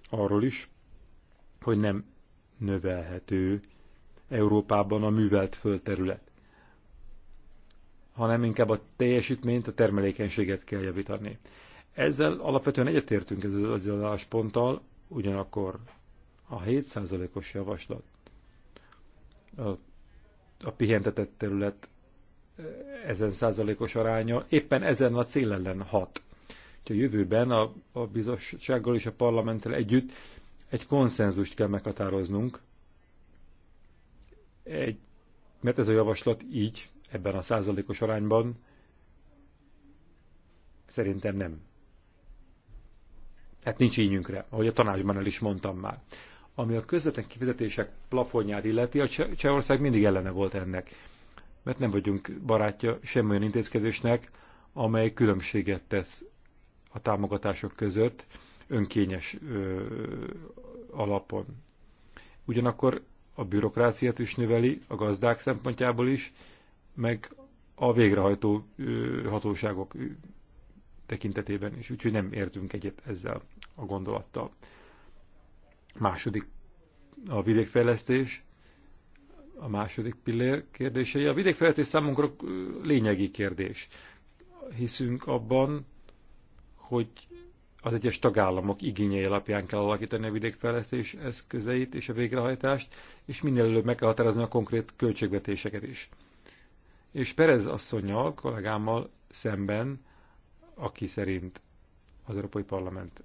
arról is, hogy nem növelhető Európában a művelt földterület, hanem inkább a teljesítményt, a termelékenységet kell javítani. Ezzel alapvetően egyetértünk ezzel az állásponttal, ugyanakkor a 7%-os javaslat a, a pihentetett terület ezen százalékos aránya éppen ezen a cél ellen hat. Úgyhogy a jövőben a, a bizottsággal és a parlamenttel együtt egy konszenzust kell meghatároznunk, egy, mert ez a javaslat így, ebben a százalékos arányban szerintem nem. Hát nincs ínyünkre, ahogy a tanácsban el is mondtam már. Ami a közvetlen kifizetések plafonját illeti, a Csehország mindig ellene volt ennek mert nem vagyunk barátja semmilyen intézkedésnek, amely különbséget tesz a támogatások között önkényes ö, alapon. Ugyanakkor a bürokráciát is növeli, a gazdák szempontjából is, meg a végrehajtó ö, hatóságok tekintetében is, úgyhogy nem értünk egyet ezzel a gondolattal. Második a vidékfejlesztés a második pillér kérdései. A vidékfejlesztés számunkra lényegi kérdés. Hiszünk abban, hogy az egyes tagállamok igényei alapján kell alakítani a vidékfejlesztés eszközeit és a végrehajtást, és minél előbb meg kell határozni a konkrét költségvetéseket is. És Perez asszonyal, kollégámmal szemben, aki szerint az Európai Parlament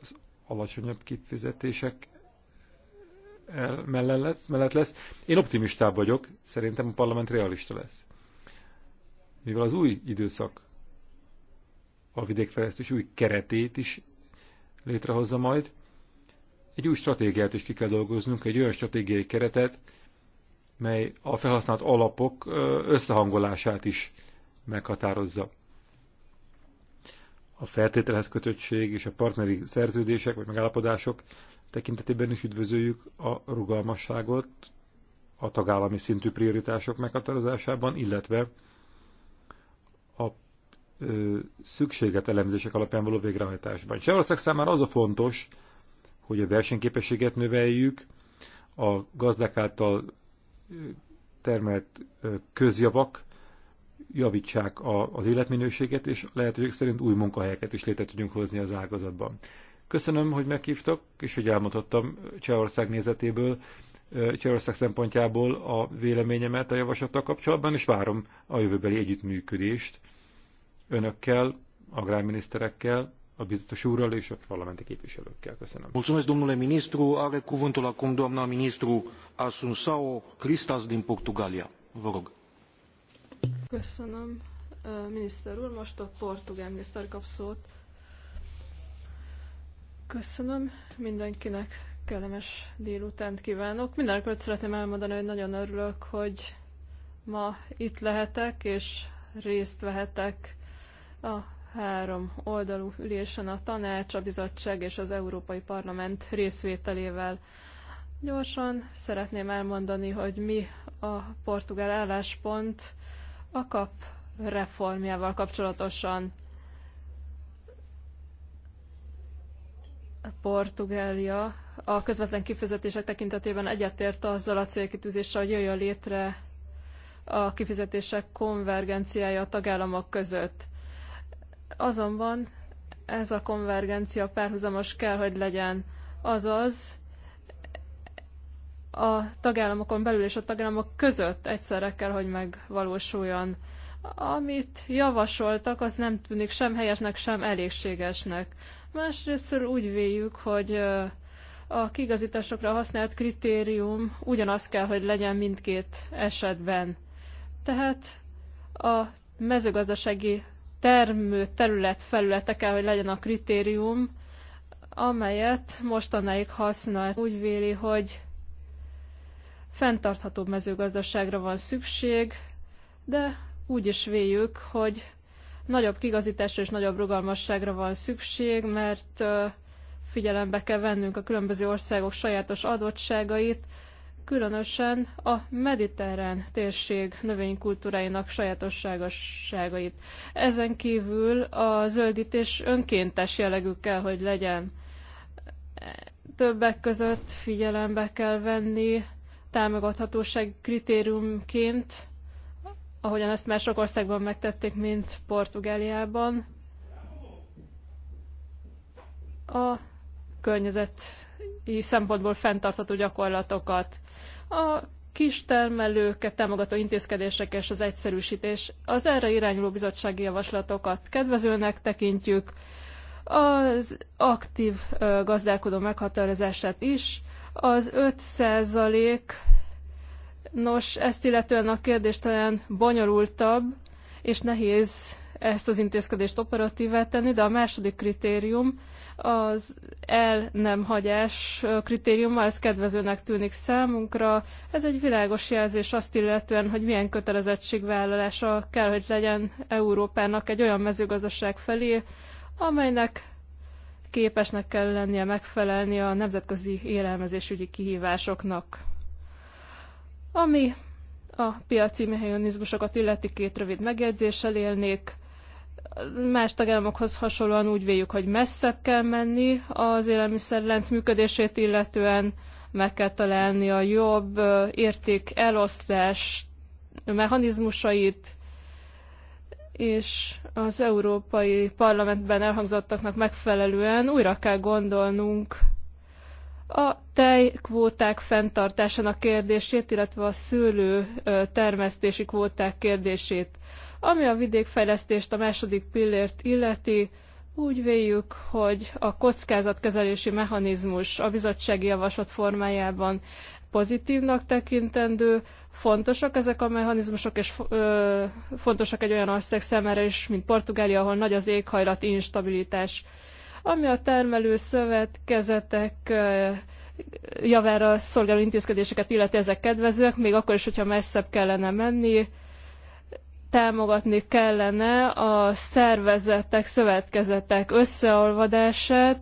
az alacsonyabb kifizetések mellett lesz, mellett lesz. Én optimistább vagyok, szerintem a parlament realista lesz. Mivel az új időszak a vidékfejlesztés új keretét is létrehozza majd, egy új stratégiát is ki kell dolgoznunk, egy olyan stratégiai keretet, mely a felhasznált alapok összehangolását is meghatározza. A feltételhez kötöttség és a partneri szerződések vagy megállapodások tekintetében is üdvözöljük a rugalmasságot a tagállami szintű prioritások meghatározásában, illetve a ö, szükséget elemzések alapján való végrehajtásban. Csehország számára az a fontos, hogy a versenyképességet növeljük, a gazdák által termelt közjavak javítsák a, az életminőséget, és lehetőség szerint új munkahelyeket is létre tudjunk hozni az ágazatban. Köszönöm, hogy meghívtak, és hogy elmondhattam Csehország nézetéből, Csehország szempontjából a véleményemet a javaslattal kapcsolatban, és várom a jövőbeli együttműködést önökkel, agrárminiszterekkel, a biztos úrral és a parlamenti képviselőkkel. Köszönöm. Mulțumesc, domnule ministru. Are cuvântul acum doamna ministru Asunsao Cristas din Portugalia. Vă rog. Köszönöm, miniszter úr. Most a portugál miniszter kap szót. Köszönöm mindenkinek, kellemes délutánt kívánok. mindenkor szeretném elmondani, hogy nagyon örülök, hogy ma itt lehetek és részt vehetek a három oldalú ülésen a tanács, a bizottság és az Európai Parlament részvételével. Gyorsan szeretném elmondani, hogy mi a portugál álláspont a kap reformjával kapcsolatosan. Portugália a közvetlen kifizetések tekintetében egyetért azzal a célkitűzéssel, hogy jöjjön létre a kifizetések konvergenciája a tagállamok között. Azonban ez a konvergencia párhuzamos kell, hogy legyen. Azaz, a tagállamokon belül és a tagállamok között egyszerre kell, hogy megvalósuljon. Amit javasoltak, az nem tűnik sem helyesnek, sem elégségesnek. Másrésztről úgy véljük, hogy a kigazításokra használt kritérium ugyanaz kell, hogy legyen mindkét esetben. Tehát a mezőgazdasági termő terület felülete kell, hogy legyen a kritérium, amelyet mostanáig használ. Úgy véli, hogy fenntarthatóbb mezőgazdaságra van szükség, de úgy is véljük, hogy Nagyobb kigazításra és nagyobb rugalmasságra van szükség, mert figyelembe kell vennünk a különböző országok sajátos adottságait, különösen a mediterrán térség növénykultúráinak sajátosságosságait. Ezen kívül a zöldítés önkéntes jellegű kell, hogy legyen. Többek között figyelembe kell venni támogathatóság kritériumként ahogyan ezt más sok országban megtették, mint Portugáliában. A környezeti szempontból fenntartható gyakorlatokat. A kistermelőket támogató intézkedések és az egyszerűsítés. Az erre irányuló bizottsági javaslatokat kedvezőnek tekintjük, az aktív gazdálkodó meghatározását is, az 5 Nos, ezt illetően a kérdés talán bonyolultabb, és nehéz ezt az intézkedést operatívá tenni, de a második kritérium az el nem hagyás kritériuma, ez kedvezőnek tűnik számunkra. Ez egy világos jelzés azt illetően, hogy milyen kötelezettségvállalása kell, hogy legyen Európának egy olyan mezőgazdaság felé, amelynek képesnek kell lennie megfelelni a nemzetközi élelmezésügyi kihívásoknak. Ami a piaci mechanizmusokat illeti két rövid megjegyzéssel élnék. Más tagállamokhoz hasonlóan úgy véljük, hogy messzebb kell menni az élelmiszerlánc működését illetően, meg kell találni a jobb érték elosztás mechanizmusait, és az Európai Parlamentben elhangzottaknak megfelelően újra kell gondolnunk a tejkvóták fenntartásának kérdését, illetve a szőlő termesztési kvóták kérdését. Ami a vidékfejlesztést, a második pillért illeti, úgy véljük, hogy a kockázatkezelési mechanizmus a bizottsági javaslat formájában pozitívnak tekintendő, fontosak ezek a mechanizmusok, és ö, fontosak egy olyan ország számára is, mint Portugália, ahol nagy az éghajlat instabilitás ami a termelő szövetkezetek eh, javára szolgáló intézkedéseket illeti ezek kedvezőek, még akkor is, hogyha messzebb kellene menni, támogatni kellene a szervezetek, szövetkezetek összeolvadását,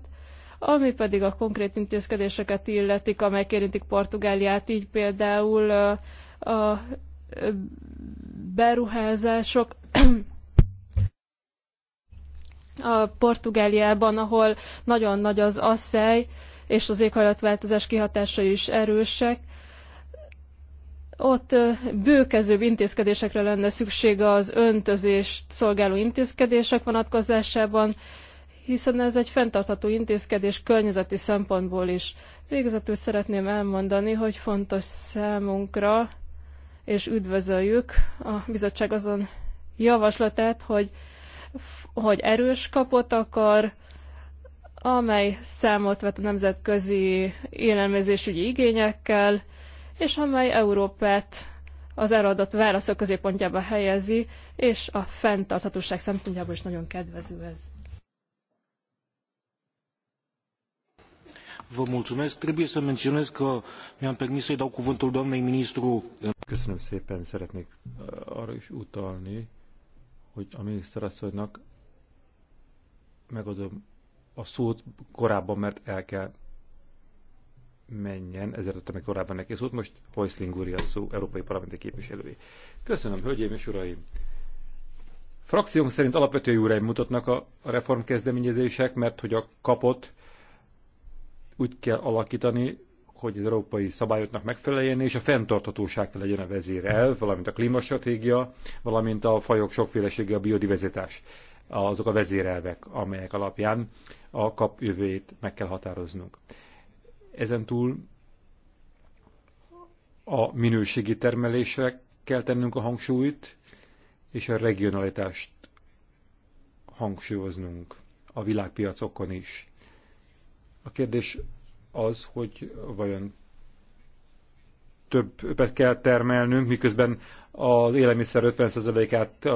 ami pedig a konkrét intézkedéseket illetik, amelyek érintik Portugáliát, így például eh, a eh, beruházások a Portugáliában, ahol nagyon nagy az asszály, és az éghajlatváltozás kihatásai is erősek, ott bőkezőbb intézkedésekre lenne szükség az öntözést szolgáló intézkedések vonatkozásában, hiszen ez egy fenntartható intézkedés környezeti szempontból is. Végezetül szeretném elmondani, hogy fontos számunkra, és üdvözöljük a bizottság azon javaslatát, hogy hogy erős kapot akar, amely számot vett a nemzetközi élelmezésügyi igényekkel, és amely Európát az eladott válaszok középpontjába helyezi, és a fenntarthatóság szempontjából is nagyon kedvező ez. Vă mulțumesc. Trebuie să menționez că mi-am permis să-i dau cuvântul doamnei ministru. Köszönöm szépen, szeretnék uh, arra is utalni, hogy a miniszterasszonynak megadom a szót korábban, mert el kell menjen, ezért adtam meg korábban neki szót, most Hojszling úr a szó, Európai Parlamenti képviselői. Köszönöm, hölgyeim és uraim! Frakciónk szerint alapvető jóreim mutatnak a reformkezdeményezések, mert hogy a kapot úgy kell alakítani, hogy az európai szabályoknak megfeleljen, és a fenntarthatóság legyen a vezérelv, valamint a klímastratégia, valamint a fajok sokfélesége, a biodiverzitás azok a vezérelvek, amelyek alapján a kap jövőjét meg kell határoznunk. Ezen túl a minőségi termelésre kell tennünk a hangsúlyt, és a regionalitást hangsúlyoznunk a világpiacokon is. A kérdés az, hogy vajon többet kell termelnünk, miközben az élelmiszer 50%-át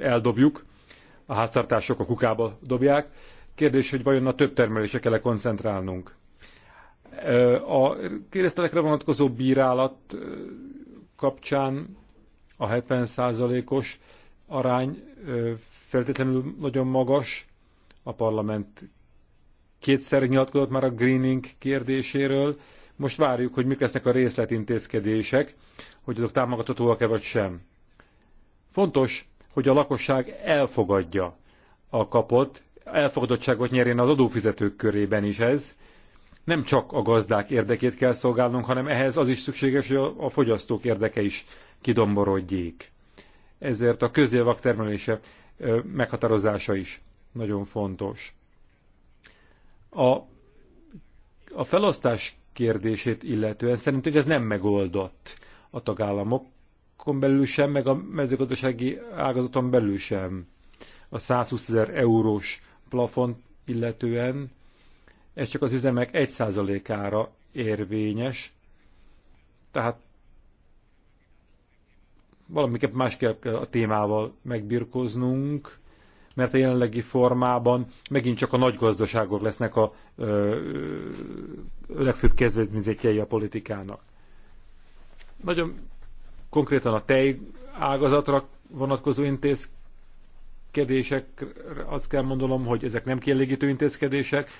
eldobjuk, a háztartások a kukába dobják. Kérdés, hogy vajon a több termelésre kell -e koncentrálnunk. A keresztelekre vonatkozó bírálat kapcsán a 70%-os arány feltétlenül nagyon magas, a parlament kétszer nyilatkozott már a greening kérdéséről, most várjuk, hogy mik lesznek a részletintézkedések, hogy azok támogathatóak-e vagy sem. Fontos, hogy a lakosság elfogadja a kapott, elfogadottságot nyerjen az adófizetők körében is ez. Nem csak a gazdák érdekét kell szolgálnunk, hanem ehhez az is szükséges, hogy a fogyasztók érdeke is kidomborodjék. Ezért a közélvak termelése meghatározása is nagyon fontos. A, a felosztás kérdését illetően szerintük ez nem megoldott a tagállamokon belül sem, meg a mezőgazdasági ágazaton belül sem. A 120 ezer eurós plafont illetően ez csak az üzemek 1%-ára érvényes, tehát valamiképp más kell a témával megbirkoznunk, mert a jelenlegi formában megint csak a nagy gazdaságok lesznek a ö, ö, legfőbb kezdeményezétjei a politikának. Nagyon konkrétan a tej ágazatra vonatkozó intézkedések, azt kell mondanom, hogy ezek nem kielégítő intézkedések,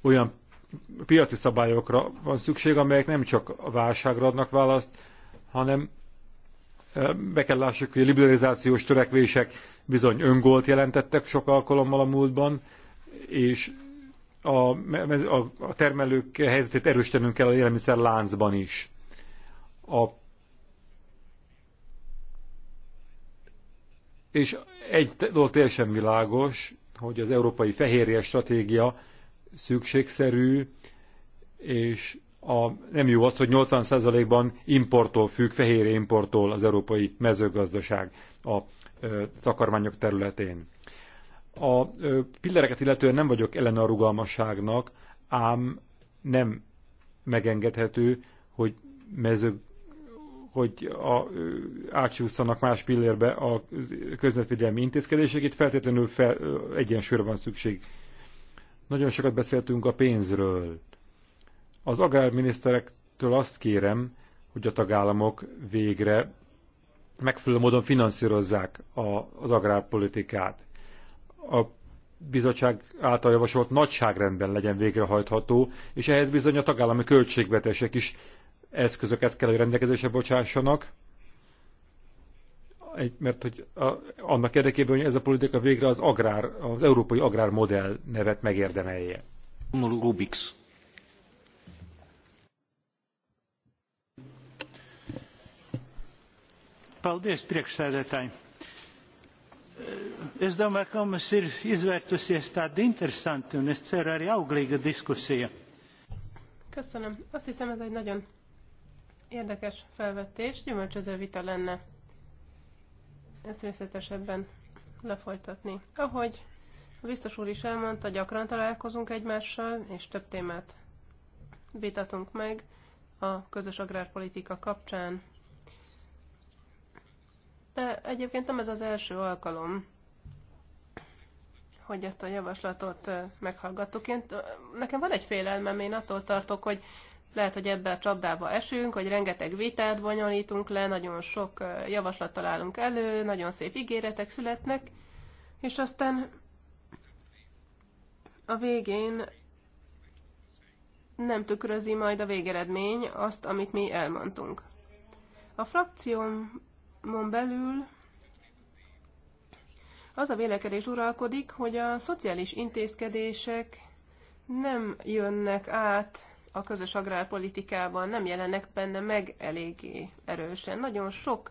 olyan piaci szabályokra van szükség, amelyek nem csak a válságra adnak választ, hanem be kell lássuk, hogy a liberalizációs törekvések bizony öngolt jelentettek sok alkalommal a múltban, és a, a, a termelők helyzetét erősítenünk kell a élelmiszer láncban is. A, és egy dolog teljesen világos, hogy az európai fehérje stratégia szükségszerű, és a, nem jó az, hogy 80%-ban importól függ, fehérje importól az európai mezőgazdaság. A takarmányok területén. A pillereket illetően nem vagyok ellen a rugalmasságnak, ám nem megengedhető, hogy mező, hogy a, átsúszanak más pillérbe a közvetvédelmi intézkedések. Itt feltétlenül fel, egyensúlyra van szükség. Nagyon sokat beszéltünk a pénzről. Az agrárminiszterektől azt kérem, hogy a tagállamok végre megfelelő módon finanszírozzák a, az agrárpolitikát. A bizottság által javasolt nagyságrendben legyen végrehajtható, és ehhez bizony a tagállami költségvetések is eszközöket kell, hogy rendelkezésre bocsássanak, egy, mert hogy a, annak érdekében, hogy ez a politika végre az agrár, az európai agrármodell nevet megérdemelje. Rubiks. Paldies, priekšsēdētāji. Es domāju, ka mums ir izvērtusies tāda interesanta un es ceru arī auglīga diskusija. Köszönöm. Azt hiszem, ez egy nagyon érdekes felvetés, gyümölcsöző vita lenne ezt részletesebben lefolytatni. Ahogy a biztos úr is elmondta, gyakran találkozunk egymással, és több témát vitatunk meg a közös agrárpolitika kapcsán. De egyébként nem ez az első alkalom, hogy ezt a javaslatot meghallgattuk. Én, nekem van egy félelmem, én attól tartok, hogy lehet, hogy ebbe a csapdába esünk, hogy rengeteg vitát bonyolítunk le, nagyon sok javaslat találunk elő, nagyon szép ígéretek születnek, és aztán a végén nem tükrözi majd a végeredmény azt, amit mi elmondtunk. A frakcióm mon belül az a vélekedés uralkodik, hogy a szociális intézkedések nem jönnek át a közös agrárpolitikában, nem jelennek benne meg eléggé erősen. Nagyon sok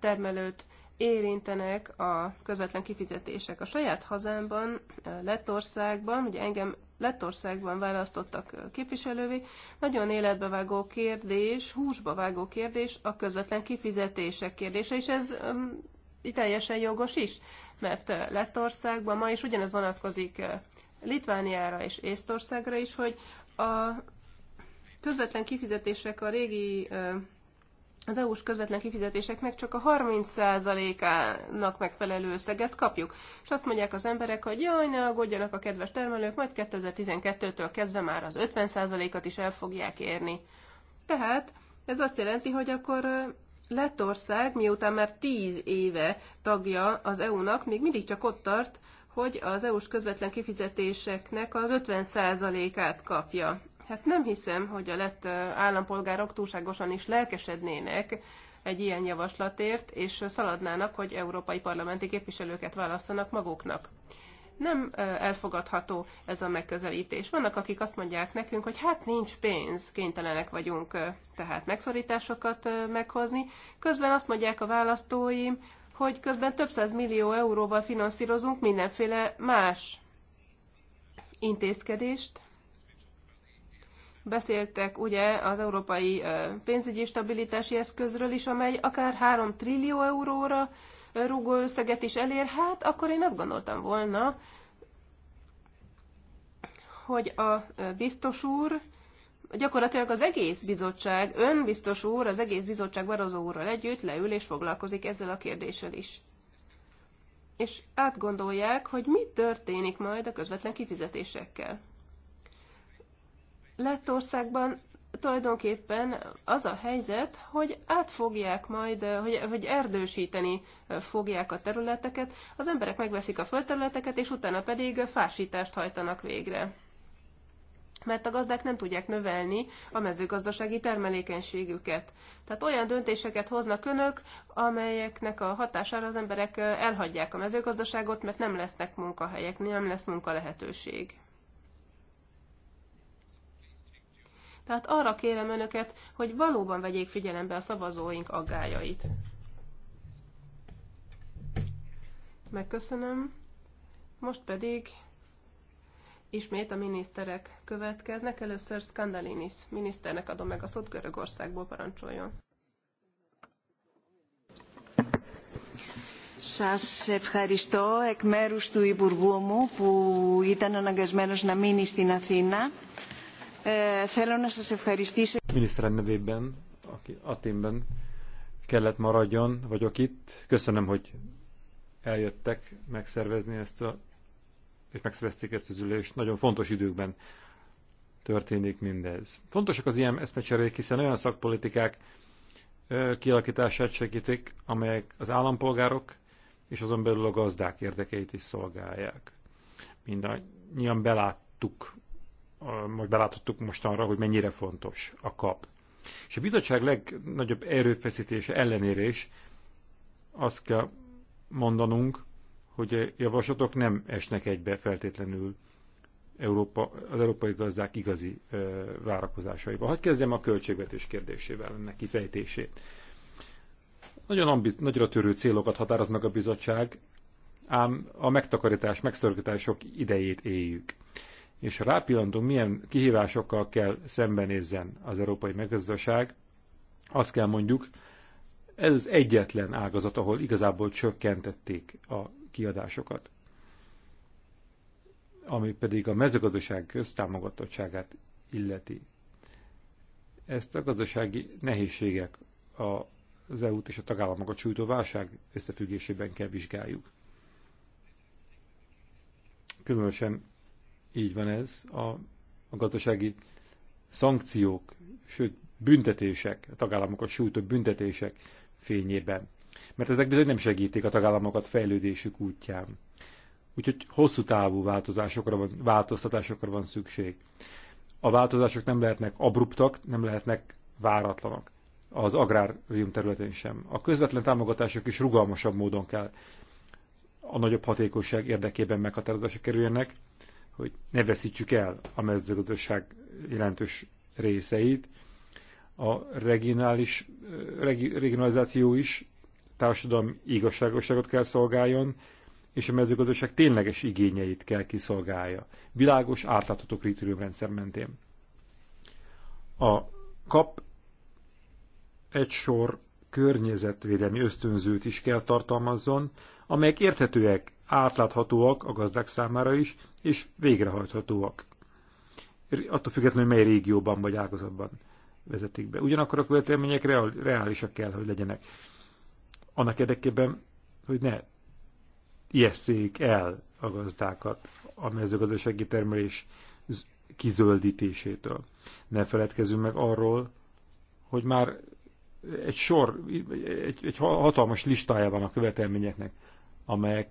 termelőt érintenek a közvetlen kifizetések. A saját hazámban, Lettországban, ugye engem Lettországban választottak képviselővé. Nagyon életbevágó kérdés, húsba vágó kérdés a közvetlen kifizetések kérdése, és ez um, teljesen jogos is, mert Lettországban ma is ugyanez vonatkozik Litvániára és Észtországra is, hogy a közvetlen kifizetések a régi az EU-s közvetlen kifizetéseknek csak a 30%-ának megfelelő összeget kapjuk. És azt mondják az emberek, hogy jaj, ne aggódjanak a kedves termelők, majd 2012-től kezdve már az 50%-at is el fogják érni. Tehát ez azt jelenti, hogy akkor Lettország, miután már 10 éve tagja az EU-nak, még mindig csak ott tart, hogy az EU-s közvetlen kifizetéseknek az 50%-át kapja Hát nem hiszem, hogy a lett állampolgárok túlságosan is lelkesednének egy ilyen javaslatért, és szaladnának, hogy európai parlamenti képviselőket választanak maguknak. Nem elfogadható ez a megközelítés. Vannak, akik azt mondják nekünk, hogy hát nincs pénz, kénytelenek vagyunk tehát megszorításokat meghozni. Közben azt mondják a választóim, hogy közben több száz millió euróval finanszírozunk mindenféle más intézkedést, Beszéltek ugye az európai pénzügyi stabilitási eszközről is, amely akár 3 trillió euróra rúgó összeget is elér, hát akkor én azt gondoltam volna, hogy a biztos úr, gyakorlatilag az egész bizottság, ön biztos úr, az egész bizottság Barozó úrral együtt leül és foglalkozik ezzel a kérdéssel is. És átgondolják, hogy mi történik majd a közvetlen kifizetésekkel. Lettországban tulajdonképpen az a helyzet, hogy át fogják majd, hogy, hogy erdősíteni fogják a területeket, az emberek megveszik a földterületeket, és utána pedig fásítást hajtanak végre mert a gazdák nem tudják növelni a mezőgazdasági termelékenységüket. Tehát olyan döntéseket hoznak önök, amelyeknek a hatására az emberek elhagyják a mezőgazdaságot, mert nem lesznek munkahelyek, nem lesz munka lehetőség. Tehát arra kérem önöket, hogy valóban vegyék figyelembe a szavazóink aggájait. Megköszönöm. Most pedig ismét a miniszterek következnek. Először Skandalinis miniszternek adom meg a szót Görögországból parancsoljon. Σας ευχαριστώ εκ μέρους του Υπουργού μου που ήταν αναγκασμένος να μείνει στην Αθήνα θέλω να σας ευχαριστήσω. Miniszterem nevében, aki Aténben kellett maradjon, vagyok itt. Köszönöm, hogy eljöttek megszervezni ezt a, és megszervezték ezt az ülést. Nagyon fontos időkben történik mindez. Fontosak az ilyen eszmecserék, hiszen olyan szakpolitikák kialakítását segítik, amelyek az állampolgárok és azon belül a gazdák érdekeit is szolgálják. Mindannyian beláttuk majd beláthattuk mostanra, hogy mennyire fontos a kap. És a bizottság legnagyobb erőfeszítése ellenérés azt kell mondanunk, hogy a javaslatok nem esnek egybe feltétlenül Európa, az európai gazdák igazi ö, várakozásaiba. Hadd kezdjem a költségvetés kérdésével, ennek kifejtését. Nagyon ambiz, nagyra törő célokat határoz meg a bizottság, ám a megtakarítás, megszorítások idejét éljük és rápillantunk, milyen kihívásokkal kell szembenézzen az európai meggazdaság, azt kell mondjuk, ez az egyetlen ágazat, ahol igazából csökkentették a kiadásokat. Ami pedig a mezőgazdaság köztámogatottságát illeti. Ezt a gazdasági nehézségek az EU-t és a tagállamokat sújtó válság összefüggésében kell vizsgáljuk. Különösen így van ez. A, a gazdasági szankciók, sőt büntetések, a tagállamokat sújtó büntetések fényében. Mert ezek bizony nem segítik a tagállamokat fejlődésük útján. Úgyhogy hosszú távú változásokra van, változtatásokra van szükség. A változások nem lehetnek abruptak, nem lehetnek váratlanak. Az agrárium területén sem. A közvetlen támogatások is rugalmasabb módon kell a nagyobb hatékonyság érdekében meghatározásra kerüljenek, hogy ne veszítsük el a mezőgazdaság jelentős részeit. A regionális, regi, regionalizáció is társadalmi igazságosságot kell szolgáljon, és a mezőgazdaság tényleges igényeit kell kiszolgálja. Világos, átlátható kritériumrendszer mentén. A kap egy sor környezetvédelmi ösztönzőt is kell tartalmazzon, amelyek érthetőek átláthatóak a gazdák számára is, és végrehajthatóak. Attól függetlenül, mely régióban vagy ágazatban vezetik be. Ugyanakkor a követelmények reálisak kell, hogy legyenek. Annak érdekében, hogy ne ijesszék el a gazdákat a mezőgazdasági termelés kizöldítésétől. Ne feledkezzünk meg arról, hogy már egy sor, egy, egy hatalmas listája van a követelményeknek, amelyek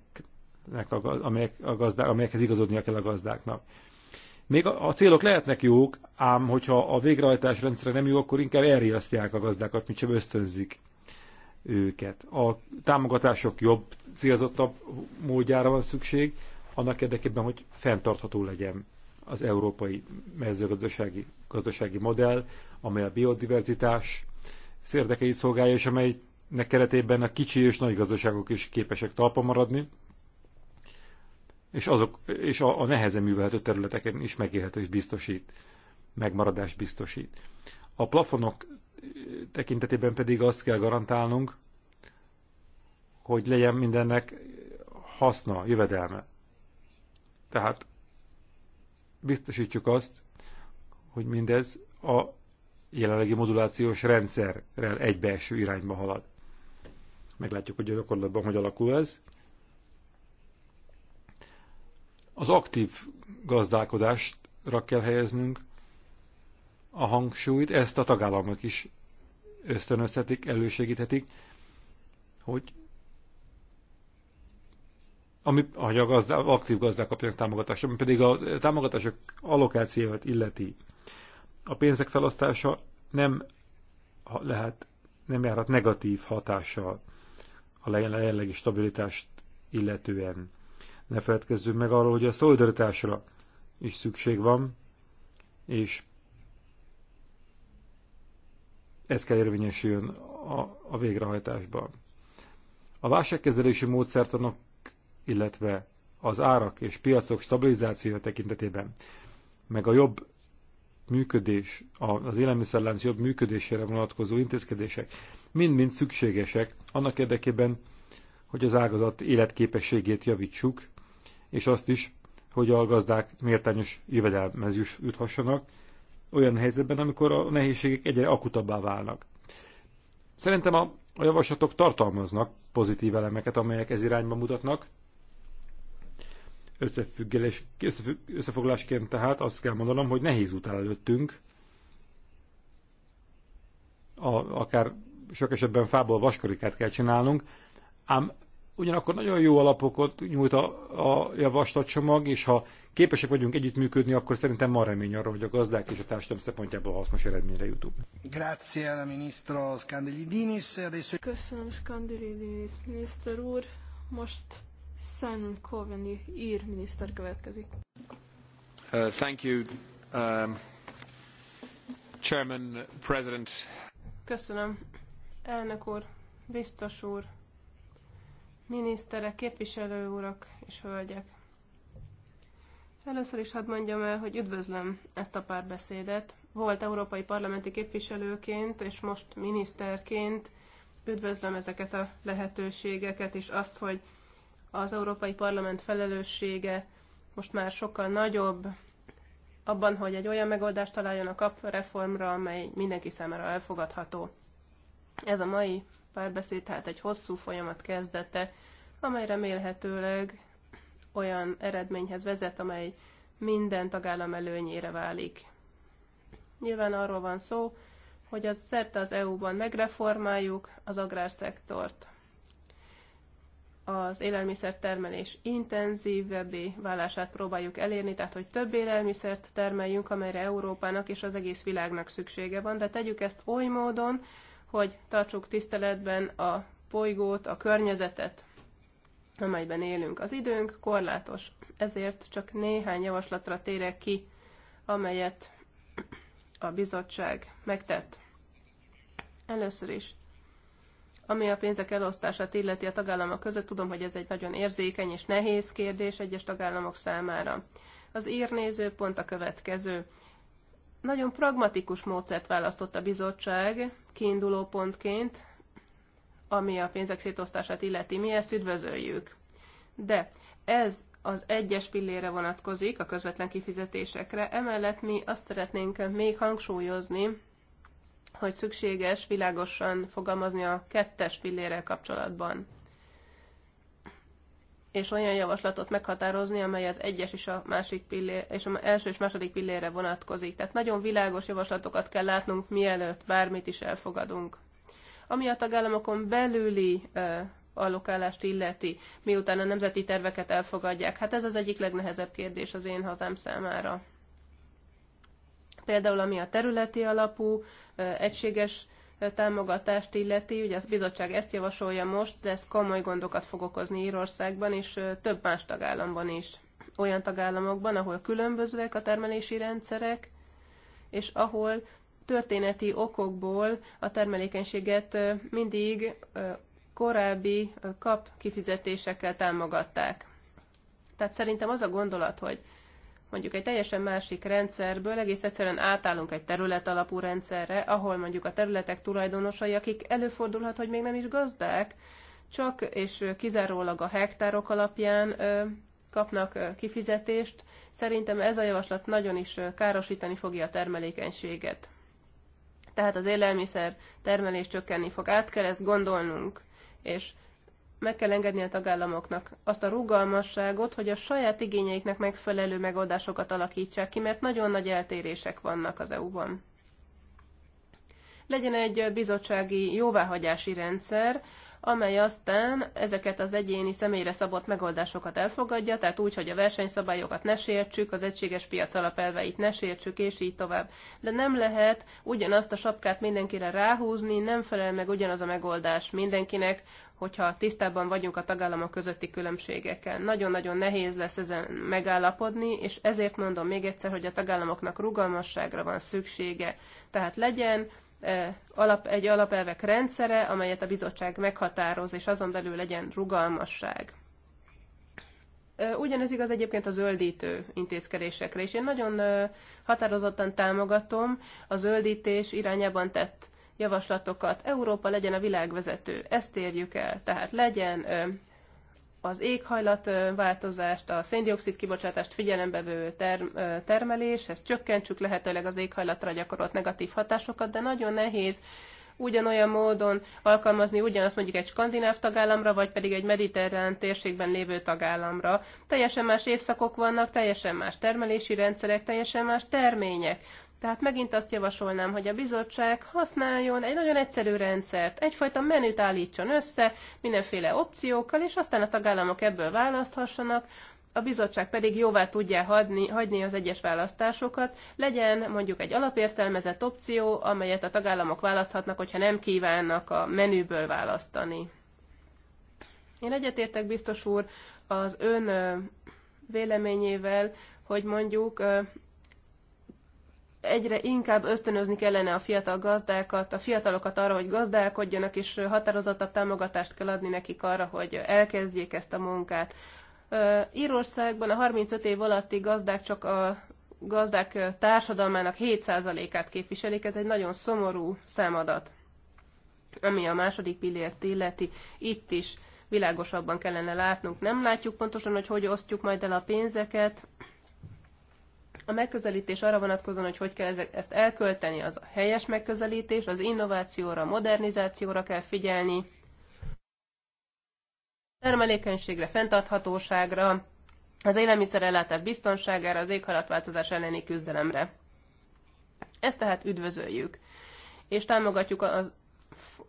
amelyek a gazdák, amelyekhez igazodnia kell a gazdáknak. Még a, a célok lehetnek jók, ám hogyha a végrehajtás rendszere nem jó, akkor inkább elriasztják a gazdákat, mint sem ösztönzik őket. A támogatások jobb, célzottabb módjára van szükség, annak érdekében, hogy fenntartható legyen az európai mezőgazdasági gazdasági modell, amely a biodiverzitás érdekeit szolgálja, és amelynek keretében a kicsi és nagy gazdaságok is képesek talpa maradni, és, azok, és a, a nehezen művelhető területeken is és biztosít, megmaradást biztosít. A plafonok tekintetében pedig azt kell garantálnunk, hogy legyen mindennek haszna, jövedelme. Tehát biztosítjuk azt, hogy mindez a jelenlegi modulációs rendszerrel egybeeső irányba halad. Meglátjuk, hogy a gyakorlatban hogy alakul ez. Az aktív gazdálkodásra kell helyeznünk a hangsúlyt, ezt a tagállamok is ösztönözhetik, elősegíthetik, hogy ami, a gazdá, aktív gazdák kapjanak támogatást, ami pedig a támogatások allokációját illeti. A pénzek felosztása nem lehet, nem járhat negatív hatással a jelenlegi stabilitást illetően. Ne feledkezzünk meg arról, hogy a szolidaritásra is szükség van, és ez kell érvényesüljön a, a végrehajtásban. A válságkezelési módszertanok, illetve az árak és piacok stabilizációja tekintetében, meg a jobb működés, az élelmiszerlánc jobb működésére vonatkozó intézkedések mind-mind szükségesek annak érdekében, hogy az ágazat életképességét javítsuk, és azt is, hogy a gazdák mértányos jövedelmez juthassanak olyan helyzetben, amikor a nehézségek egyre akutabbá válnak. Szerintem a, a javaslatok tartalmaznak pozitív elemeket, amelyek ez irányba mutatnak. Összefüggelés, összefügg, összefoglalásként tehát azt kell mondanom, hogy nehéz út előttünk, a, akár sok esetben fából vaskarikát kell csinálnunk, ám ugyanakkor nagyon jó alapokat nyújt a, a javaslatcsomag, és ha képesek vagyunk együttműködni, akkor szerintem van remény arra, hogy a gazdák és a társadalom szempontjából hasznos eredményre jutunk. Grazie al ministro Scandilidinis. Adesso... Köszönöm Scandilidinis miniszter úr. Most Simon Coveney ír miniszter következik. Uh, thank you, um, Chairman, President. Köszönöm. Elnök úr, biztos úr, miniszterek, képviselő urak és hölgyek! Először is hadd mondjam el, hogy üdvözlöm ezt a párbeszédet. Volt európai parlamenti képviselőként, és most miniszterként üdvözlöm ezeket a lehetőségeket, és azt, hogy az Európai Parlament felelőssége most már sokkal nagyobb abban, hogy egy olyan megoldást találjon a kap reformra, amely mindenki számára elfogadható. Ez a mai párbeszéd, tehát egy hosszú folyamat kezdete, amely remélhetőleg olyan eredményhez vezet, amely minden tagállam előnyére válik. Nyilván arról van szó, hogy az szerte az EU-ban megreformáljuk az agrárszektort. Az élelmiszertermelés intenzívebbé válását próbáljuk elérni, tehát hogy több élelmiszert termeljünk, amelyre Európának és az egész világnak szüksége van, de tegyük ezt oly módon, hogy tartsuk tiszteletben a bolygót, a környezetet, amelyben élünk. Az időnk korlátos, ezért csak néhány javaslatra térek ki, amelyet a bizottság megtett. Először is, ami a pénzek elosztását illeti a tagállamok között, tudom, hogy ez egy nagyon érzékeny és nehéz kérdés egyes tagállamok számára. Az ír pont a következő. Nagyon pragmatikus módszert választott a bizottság kiinduló pontként, ami a pénzek szétosztását illeti. Mi ezt üdvözöljük. De ez az egyes pillére vonatkozik, a közvetlen kifizetésekre. Emellett mi azt szeretnénk még hangsúlyozni, hogy szükséges világosan fogalmazni a kettes pillérrel kapcsolatban és olyan javaslatot meghatározni, amely az egyes és a másik pillér, és a első és második pillére vonatkozik. Tehát nagyon világos javaslatokat kell látnunk, mielőtt bármit is elfogadunk. Ami a tagállamokon belüli allokálást illeti, miután a nemzeti terveket elfogadják. Hát ez az egyik legnehezebb kérdés az én hazám számára. Például ami a területi alapú, egységes támogatást illeti, ugye az bizottság ezt javasolja most, de ez komoly gondokat fog okozni Írországban és több más tagállamban is. Olyan tagállamokban, ahol különbözőek a termelési rendszerek, és ahol történeti okokból a termelékenységet mindig korábbi kap kifizetésekkel támogatták. Tehát szerintem az a gondolat, hogy mondjuk egy teljesen másik rendszerből egész egyszerűen átállunk egy terület alapú rendszerre, ahol mondjuk a területek tulajdonosai, akik előfordulhat, hogy még nem is gazdák, csak és kizárólag a hektárok alapján kapnak kifizetést. Szerintem ez a javaslat nagyon is károsítani fogja a termelékenységet. Tehát az élelmiszer termelés csökkenni fog. Át kell ezt gondolnunk, és meg kell engedni a tagállamoknak azt a rugalmasságot, hogy a saját igényeiknek megfelelő megoldásokat alakítsák ki, mert nagyon nagy eltérések vannak az EU-ban. Legyen egy bizottsági jóváhagyási rendszer, amely aztán ezeket az egyéni személyre szabott megoldásokat elfogadja, tehát úgy, hogy a versenyszabályokat ne sértsük, az egységes piac alapelveit ne sértsük, és így tovább. De nem lehet ugyanazt a sapkát mindenkire ráhúzni, nem felel meg ugyanaz a megoldás mindenkinek, hogyha tisztában vagyunk a tagállamok közötti különbségekkel. Nagyon-nagyon nehéz lesz ezen megállapodni, és ezért mondom még egyszer, hogy a tagállamoknak rugalmasságra van szüksége. Tehát legyen e, alap, egy alapelvek rendszere, amelyet a bizottság meghatároz, és azon belül legyen rugalmasság. E, ugyanez igaz egyébként a zöldítő intézkedésekre, és én nagyon e, határozottan támogatom a zöldítés irányában tett javaslatokat. Európa legyen a világvezető, ezt érjük el. Tehát legyen az éghajlatváltozást, a széndiokszid kibocsátást figyelembe vevő term- termelés, ezt csökkentsük lehetőleg az éghajlatra gyakorolt negatív hatásokat, de nagyon nehéz ugyanolyan módon alkalmazni ugyanazt mondjuk egy skandináv tagállamra, vagy pedig egy mediterrán térségben lévő tagállamra. Teljesen más évszakok vannak, teljesen más termelési rendszerek, teljesen más termények. Tehát megint azt javasolnám, hogy a bizottság használjon egy nagyon egyszerű rendszert, egyfajta menüt állítson össze mindenféle opciókkal, és aztán a tagállamok ebből választhassanak, a bizottság pedig jóvá tudja hagyni, hagyni az egyes választásokat, legyen mondjuk egy alapértelmezett opció, amelyet a tagállamok választhatnak, hogyha nem kívánnak a menüből választani. Én egyetértek biztos úr az ön véleményével, hogy mondjuk egyre inkább ösztönözni kellene a fiatal gazdákat, a fiatalokat arra, hogy gazdálkodjanak, és határozottabb támogatást kell adni nekik arra, hogy elkezdjék ezt a munkát. Írországban a 35 év alatti gazdák csak a gazdák társadalmának 7%-át képviselik, ez egy nagyon szomorú számadat, ami a második pillért illeti. Itt is világosabban kellene látnunk. Nem látjuk pontosan, hogy hogy osztjuk majd el a pénzeket, a megközelítés arra vonatkozóan, hogy hogy kell ezt elkölteni, az a helyes megközelítés, az innovációra, modernizációra kell figyelni, termelékenységre, fenntarthatóságra, az élelmiszerellátás biztonságára, az éghajlatváltozás elleni küzdelemre. Ezt tehát üdvözöljük, és támogatjuk a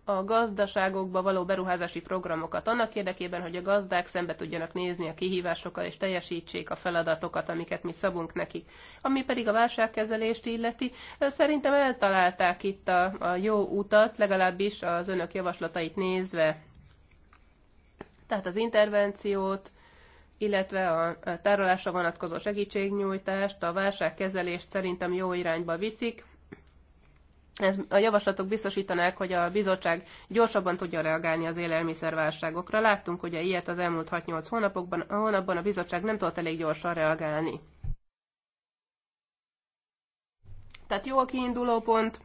a gazdaságokba való beruházási programokat annak érdekében, hogy a gazdák szembe tudjanak nézni a kihívásokkal és teljesítsék a feladatokat, amiket mi szabunk nekik. Ami pedig a válságkezelést illeti, szerintem eltalálták itt a, a jó utat, legalábbis az önök javaslatait nézve. Tehát az intervenciót, illetve a tárolásra vonatkozó segítségnyújtást, a válságkezelést szerintem jó irányba viszik, ez a javaslatok biztosítanák, hogy a bizottság gyorsabban tudja reagálni az élelmiszerválságokra. Láttunk hogy ilyet az elmúlt 6-8 hónapokban, a hónapban a bizottság nem tudott elég gyorsan reagálni. Tehát jó a kiinduló pont.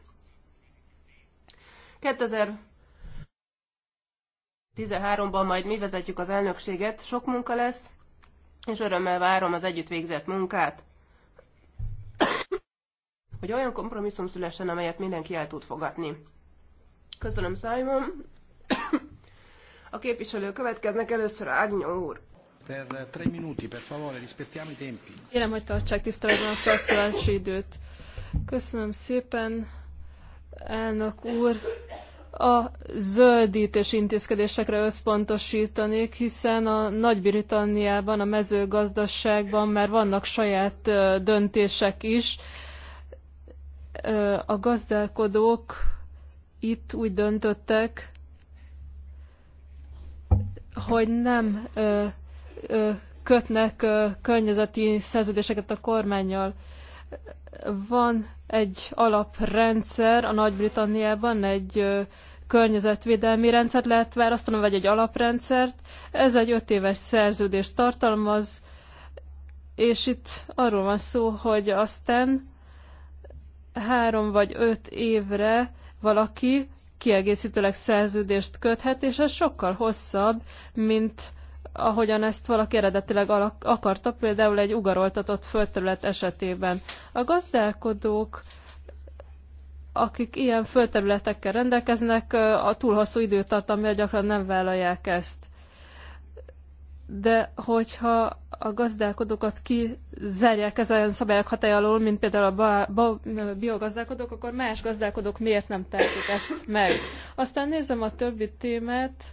2013-ban majd mi vezetjük az elnökséget, sok munka lesz, és örömmel várom az együtt végzett munkát hogy olyan kompromisszum szülessen, amelyet mindenki el tud fogadni. Köszönöm, Simon. A képviselő következnek először Ágnyó úr. Per tre minuti, per favore, rispettiamo i tempi. Kérem, hogy tartsák tiszteletben a felszólási időt. Köszönöm szépen, elnök úr a zöldítés intézkedésekre összpontosítanék, hiszen a Nagy-Britanniában, a mezőgazdaságban már vannak saját döntések is, a gazdálkodók itt úgy döntöttek, hogy nem ö, ö, kötnek ö, környezeti szerződéseket a kormányjal. Van egy alaprendszer a Nagy-Britanniában, egy ö, környezetvédelmi rendszert lehet választani, vagy egy alaprendszert. Ez egy öt éves szerződést tartalmaz, és itt arról van szó, hogy aztán három vagy öt évre valaki kiegészítőleg szerződést köthet, és ez sokkal hosszabb, mint ahogyan ezt valaki eredetileg akarta, például egy ugaroltatott földterület esetében. A gazdálkodók akik ilyen földterületekkel rendelkeznek, a túl hosszú időtartamra gyakran nem vállalják ezt de hogyha a gazdálkodókat kizárják ezen szabályok hatály alól, mint például a biogazdálkodók, akkor más gazdálkodók miért nem tehetik ezt meg? Aztán nézem a többi témát,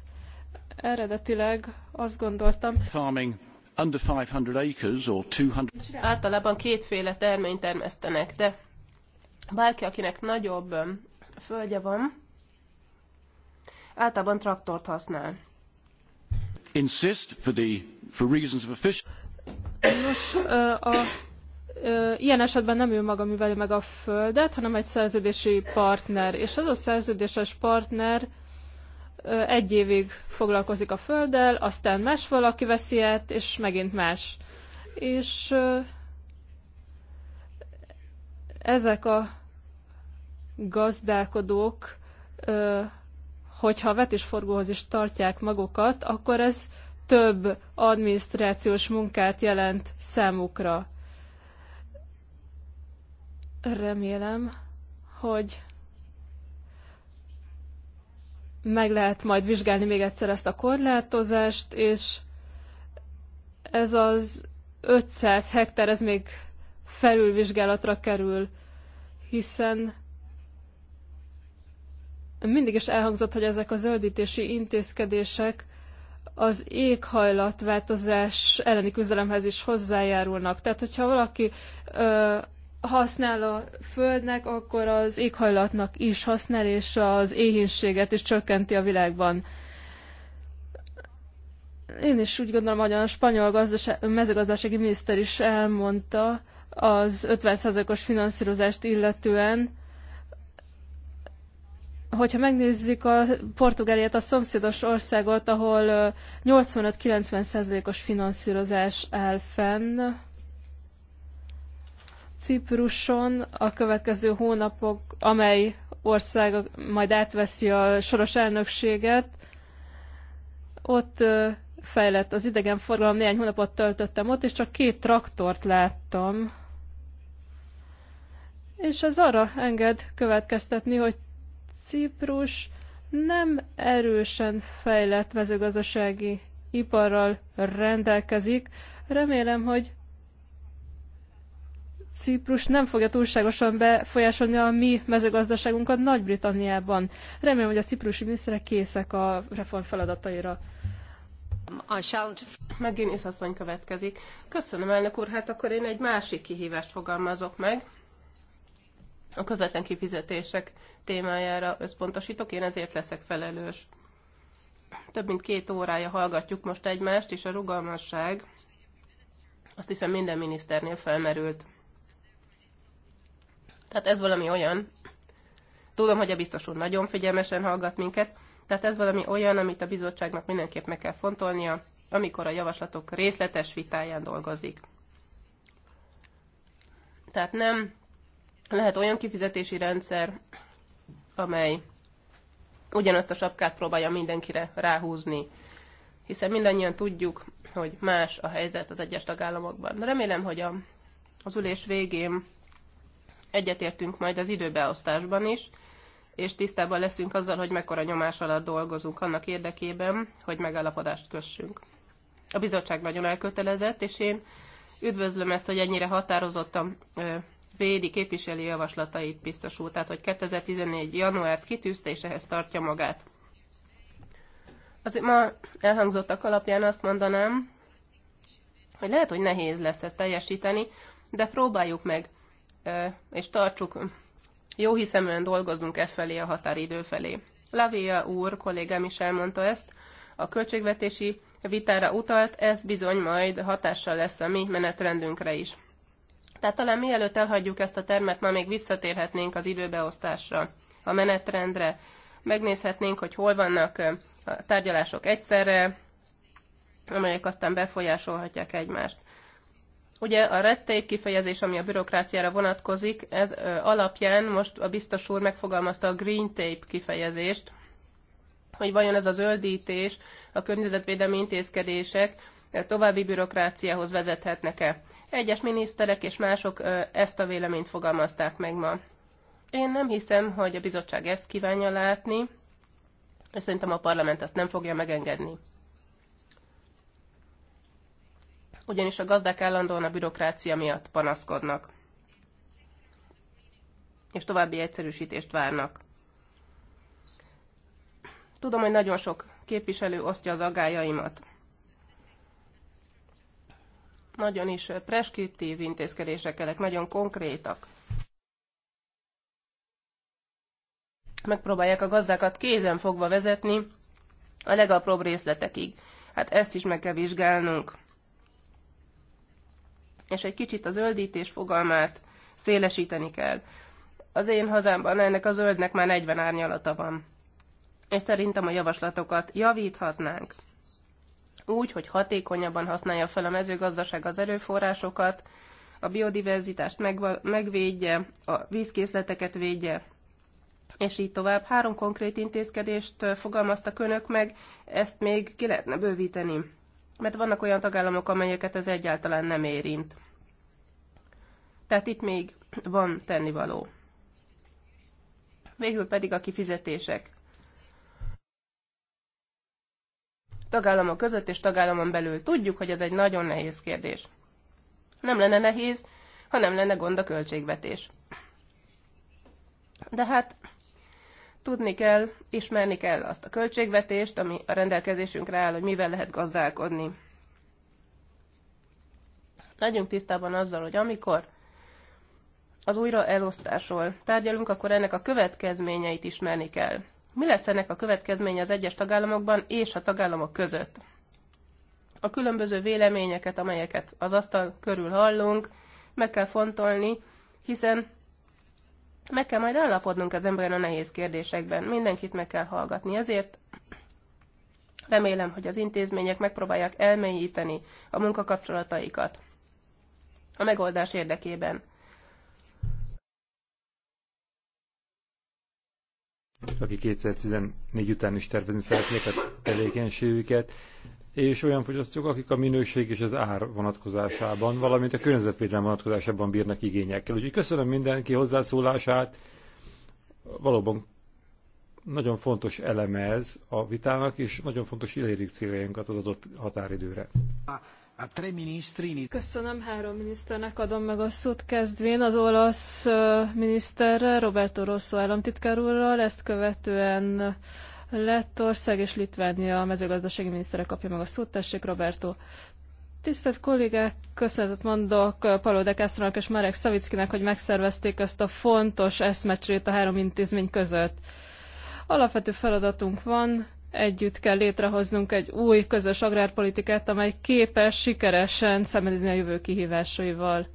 eredetileg azt gondoltam... Farming under 500 acres or 200... Általában kétféle terményt termesztenek, de bárki, akinek nagyobb földje van, általában traktort használ insist for the for reasons of official. Nos, a, a, ilyen esetben nem ő maga műveli meg a földet, hanem egy szerződési partner, és az a szerződéses partner egy évig foglalkozik a földdel, aztán más valaki veszi át, és megint más. És ezek a gazdálkodók hogyha a vetésforgóhoz is tartják magukat, akkor ez több adminisztrációs munkát jelent számukra. Remélem, hogy meg lehet majd vizsgálni még egyszer ezt a korlátozást, és ez az 500 hektár, ez még felülvizsgálatra kerül, hiszen mindig is elhangzott, hogy ezek a zöldítési intézkedések az éghajlatváltozás elleni küzdelemhez is hozzájárulnak. Tehát, hogyha valaki ö, használ a földnek, akkor az éghajlatnak is használ, és az éhénységet is csökkenti a világban. Én is úgy gondolom, hogy a spanyol gazdaság, mezőgazdasági miniszter is elmondta az 50%-os finanszírozást illetően, hogyha megnézzük a Portugáliát, a szomszédos országot, ahol 85-90 százalékos finanszírozás áll fenn, Cipruson a következő hónapok, amely ország majd átveszi a soros elnökséget, ott fejlett az idegenforgalom, néhány hónapot töltöttem ott, és csak két traktort láttam. És ez arra enged következtetni, hogy Ciprus nem erősen fejlett mezőgazdasági iparral rendelkezik. Remélem, hogy Ciprus nem fogja túlságosan befolyásolni a mi mezőgazdaságunkat Nagy-Britanniában. Remélem, hogy a ciprusi miniszterek készek a reform feladataira. Megint asszony következik. Köszönöm, elnök úr, hát akkor én egy másik kihívást fogalmazok meg. A közvetlen kifizetések témájára összpontosítok, én ezért leszek felelős. Több mint két órája hallgatjuk most egymást, és a rugalmasság azt hiszem minden miniszternél felmerült. Tehát ez valami olyan, tudom, hogy a biztos úr nagyon figyelmesen hallgat minket, tehát ez valami olyan, amit a bizottságnak mindenképp meg kell fontolnia, amikor a javaslatok részletes vitáján dolgozik. Tehát nem lehet olyan kifizetési rendszer, amely ugyanazt a sapkát próbálja mindenkire ráhúzni. Hiszen mindannyian tudjuk, hogy más a helyzet az egyes tagállamokban. Remélem, hogy a, az ülés végén egyetértünk majd az időbeosztásban is, és tisztában leszünk azzal, hogy mekkora nyomás alatt dolgozunk annak érdekében, hogy megállapodást kössünk. A bizottság nagyon elkötelezett, és én üdvözlöm ezt, hogy ennyire határozottan védi, képviselő javaslatait biztos úr, tehát hogy 2014. januárt kitűzte, és ehhez tartja magát. Azért ma elhangzottak alapján azt mondanám, hogy lehet, hogy nehéz lesz ezt teljesíteni, de próbáljuk meg, és tartsuk, jó hiszeműen dolgozzunk e felé a határidő felé. Lavia úr, kollégám is elmondta ezt, a költségvetési vitára utalt, ez bizony majd hatással lesz a mi menetrendünkre is. Tehát talán mielőtt elhagyjuk ezt a termet, ma még visszatérhetnénk az időbeosztásra, a menetrendre. Megnézhetnénk, hogy hol vannak a tárgyalások egyszerre, amelyek aztán befolyásolhatják egymást. Ugye a red tape kifejezés, ami a bürokráciára vonatkozik, ez alapján most a biztos úr megfogalmazta a green tape kifejezést, hogy vajon ez a zöldítés, a környezetvédelmi intézkedések további bürokráciához vezethetnek-e. Egyes miniszterek és mások ezt a véleményt fogalmazták meg ma. Én nem hiszem, hogy a bizottság ezt kívánja látni, és szerintem a parlament ezt nem fogja megengedni. Ugyanis a gazdák állandóan a bürokrácia miatt panaszkodnak, és további egyszerűsítést várnak. Tudom, hogy nagyon sok képviselő osztja az agájaimat nagyon is preskriptív intézkedések kellenek, nagyon konkrétak. Megpróbálják a gazdákat kézen fogva vezetni a legapróbb részletekig. Hát ezt is meg kell vizsgálnunk. És egy kicsit a zöldítés fogalmát szélesíteni kell. Az én hazámban ennek a zöldnek már 40 árnyalata van. És szerintem a javaslatokat javíthatnánk úgy, hogy hatékonyabban használja fel a mezőgazdaság az erőforrásokat, a biodiverzitást megvédje, a vízkészleteket védje, és így tovább. Három konkrét intézkedést fogalmaztak önök meg, ezt még ki lehetne bővíteni, mert vannak olyan tagállamok, amelyeket ez egyáltalán nem érint. Tehát itt még van tennivaló. Végül pedig a kifizetések. tagállamok között és tagállamon belül. Tudjuk, hogy ez egy nagyon nehéz kérdés. Nem lenne nehéz, ha nem lenne gond a költségvetés. De hát tudni kell, ismerni kell azt a költségvetést, ami a rendelkezésünkre áll, hogy mivel lehet gazdálkodni. Legyünk tisztában azzal, hogy amikor az újra elosztásról tárgyalunk, akkor ennek a következményeit ismerni kell. Mi lesz ennek a következménye az egyes tagállamokban és a tagállamok között? A különböző véleményeket, amelyeket az asztal körül hallunk, meg kell fontolni, hiszen meg kell majd állapodnunk az emberen a nehéz kérdésekben. Mindenkit meg kell hallgatni. Ezért remélem, hogy az intézmények megpróbálják elmélyíteni a munkakapcsolataikat a megoldás érdekében. aki 2014 után is tervezni szeretnék a tevékenységüket, és olyan fogyasztók, akik a minőség és az ár vonatkozásában, valamint a környezetvédelem vonatkozásában bírnak igényekkel. Úgyhogy köszönöm mindenki hozzászólását. Valóban nagyon fontos eleme ez a vitának, és nagyon fontos elérjük céljainkat az adott határidőre. Köszönöm, három miniszternek adom meg a szót kezdvén. Az olasz miniszterrel, Roberto Rosso államtitkár úrral, ezt követően Lettország és Litvánia a mezőgazdasági minisztere kapja meg a szót. Tessék, Roberto. Tisztelt kollégák, köszönetet mondok Paló de és Marek Szavickinek, hogy megszervezték ezt a fontos eszmecsét a három intézmény között. Alapvető feladatunk van, Együtt kell létrehoznunk egy új közös agrárpolitikát, amely képes sikeresen szembenézni a jövő kihívásaival.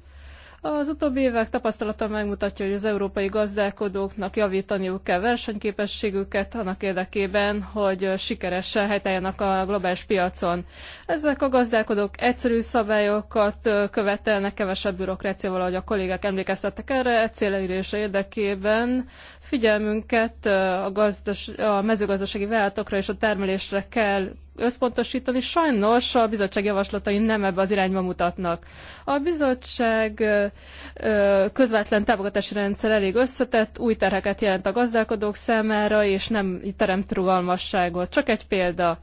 Az utóbbi évek tapasztalata megmutatja, hogy az európai gazdálkodóknak javítaniuk kell versenyképességüket annak érdekében, hogy sikeresen helytálljanak a globális piacon. Ezek a gazdálkodók egyszerű szabályokat követelnek, kevesebb bürokráciával, ahogy a kollégák emlékeztettek erre, célelérés érdekében Figyelmünket a, gazdas, a mezőgazdasági vállalatokra és a termelésre kell összpontosítani. Sajnos a bizottság javaslatai nem ebbe az irányba mutatnak. A bizottság közvetlen támogatási rendszer elég összetett, új terheket jelent a gazdálkodók számára, és nem teremt rugalmasságot. Csak egy példa.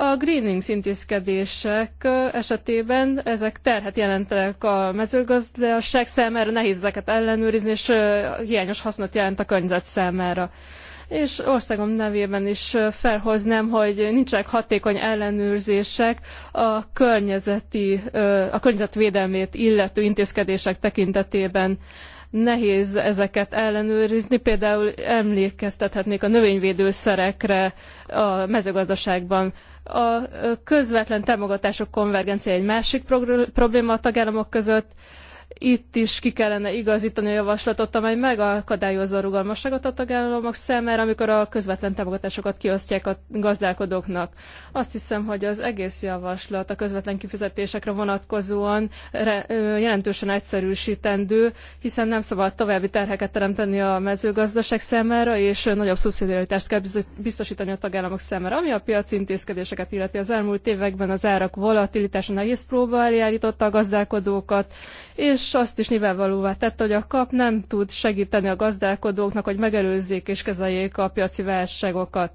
A greenings intézkedések esetében ezek terhet jelentenek a mezőgazdaság számára, nehéz ezeket ellenőrizni, és hiányos hasznot jelent a környezet számára és országom nevében is felhoznám, hogy nincsenek hatékony ellenőrzések a környezeti, a környezetvédelmét illető intézkedések tekintetében. Nehéz ezeket ellenőrizni, például emlékeztethetnék a növényvédőszerekre a mezőgazdaságban. A közvetlen támogatások konvergencia egy másik probléma a tagállamok között itt is ki kellene igazítani a javaslatot, amely megakadályozza a rugalmasságot a tagállamok számára, amikor a közvetlen támogatásokat kiosztják a gazdálkodóknak. Azt hiszem, hogy az egész javaslat a közvetlen kifizetésekre vonatkozóan jelentősen egyszerűsítendő, hiszen nem szabad további terheket teremteni a mezőgazdaság számára, és nagyobb szubszidiaritást kell biztosítani a tagállamok számára. Ami a piaci intézkedéseket illeti, az elmúlt években az árak volatilitása nehéz próba eljárította a gazdálkodókat, és és azt is nyilvánvalóvá tette, hogy a kap nem tud segíteni a gazdálkodóknak, hogy megelőzzék és kezeljék a piaci válságokat.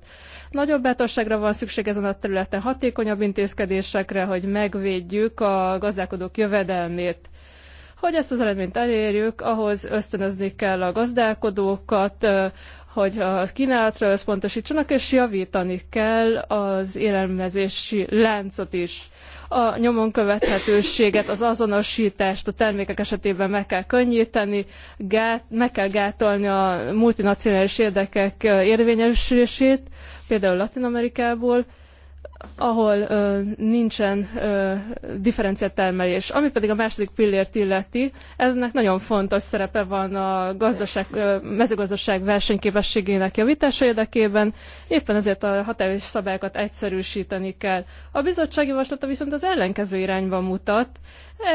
Nagyobb bátorságra van szükség ezen a területen, hatékonyabb intézkedésekre, hogy megvédjük a gazdálkodók jövedelmét. Hogy ezt az eredményt elérjük, ahhoz ösztönözni kell a gazdálkodókat, hogy a kínálatra összpontosítsanak, és javítani kell az élelmezési láncot is. A nyomon követhetőséget, az azonosítást a termékek esetében meg kell könnyíteni, gát, meg kell gátolni a multinacionális érdekek érvényesülését, például Latin Amerikából, ahol ö, nincsen differenciált termelés. Ami pedig a második pillért illeti, eznek nagyon fontos szerepe van a gazdaság, ö, mezőgazdaság versenyképességének javítása érdekében, éppen ezért a hatályos szabályokat egyszerűsíteni kell. A bizottság javaslata viszont az ellenkező irányba mutat,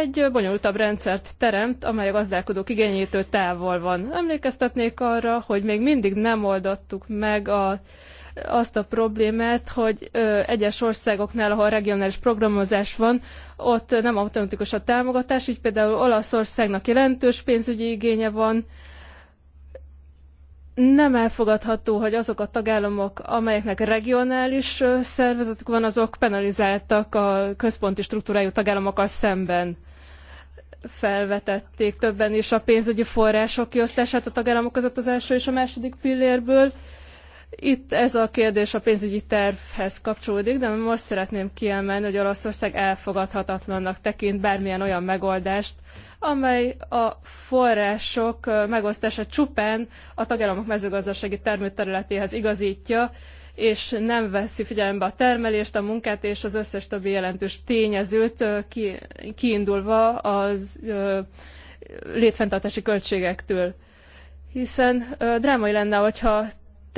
egy bonyolultabb rendszert teremt, amely a gazdálkodók igényétől távol van. Emlékeztetnék arra, hogy még mindig nem oldottuk meg a azt a problémát, hogy egyes országoknál, ahol regionális programozás van, ott nem automatikus a támogatás, így például Olaszországnak jelentős pénzügyi igénye van. Nem elfogadható, hogy azok a tagállamok, amelyeknek regionális szervezetük van, azok penalizáltak a központi struktúrájú tagállamokkal szemben felvetették többen is a pénzügyi források kiosztását a tagállamok között az első és a második pillérből, itt ez a kérdés a pénzügyi tervhez kapcsolódik, de most szeretném kiemelni, hogy Olaszország elfogadhatatlannak tekint bármilyen olyan megoldást, amely a források megosztása csupán a tagállamok mezőgazdasági termőterületéhez igazítja, és nem veszi figyelembe a termelést, a munkát és az összes többi jelentős tényezőt, kiindulva az létfenntartási költségektől. Hiszen drámai lenne, hogyha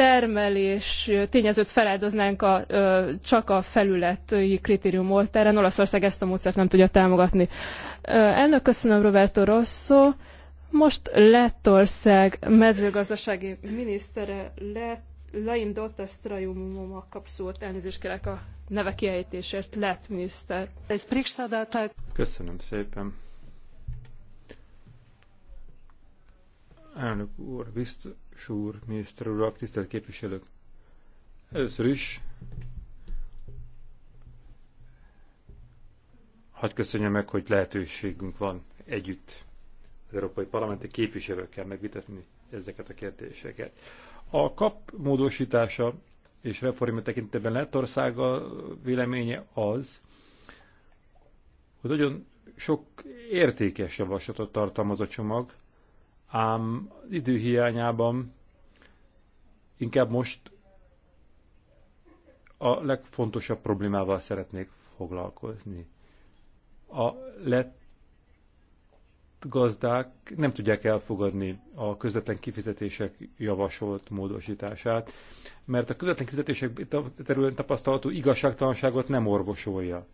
termelés tényezőt feláldoznánk a, ö, csak a felületi kritérium oltárán. Olaszország ezt a módszert nem tudja támogatni. Ö, ennek köszönöm Roberto Rosso. Most Lettország mezőgazdasági minisztere lett Laim Dotta Strajumoma kap szót, elnézést kérek a neve kiejtésért, lett miniszter. Köszönöm szépen. Elnök úr, biztos úr, miniszter urak, tisztelt képviselők! Először is hagyd köszönjem meg, hogy lehetőségünk van együtt az Európai Parlamenti képviselőkkel megvitatni ezeket a kérdéseket. A kap módosítása és reformja tekintetben Lettország a véleménye az, hogy nagyon sok értékes javaslatot tartalmaz a csomag, ám időhiányában inkább most a legfontosabb problémával szeretnék foglalkozni. A lett gazdák nem tudják elfogadni a közvetlen kifizetések javasolt módosítását, mert a közvetlen kifizetések területen tapasztalható igazságtalanságot nem orvosolja.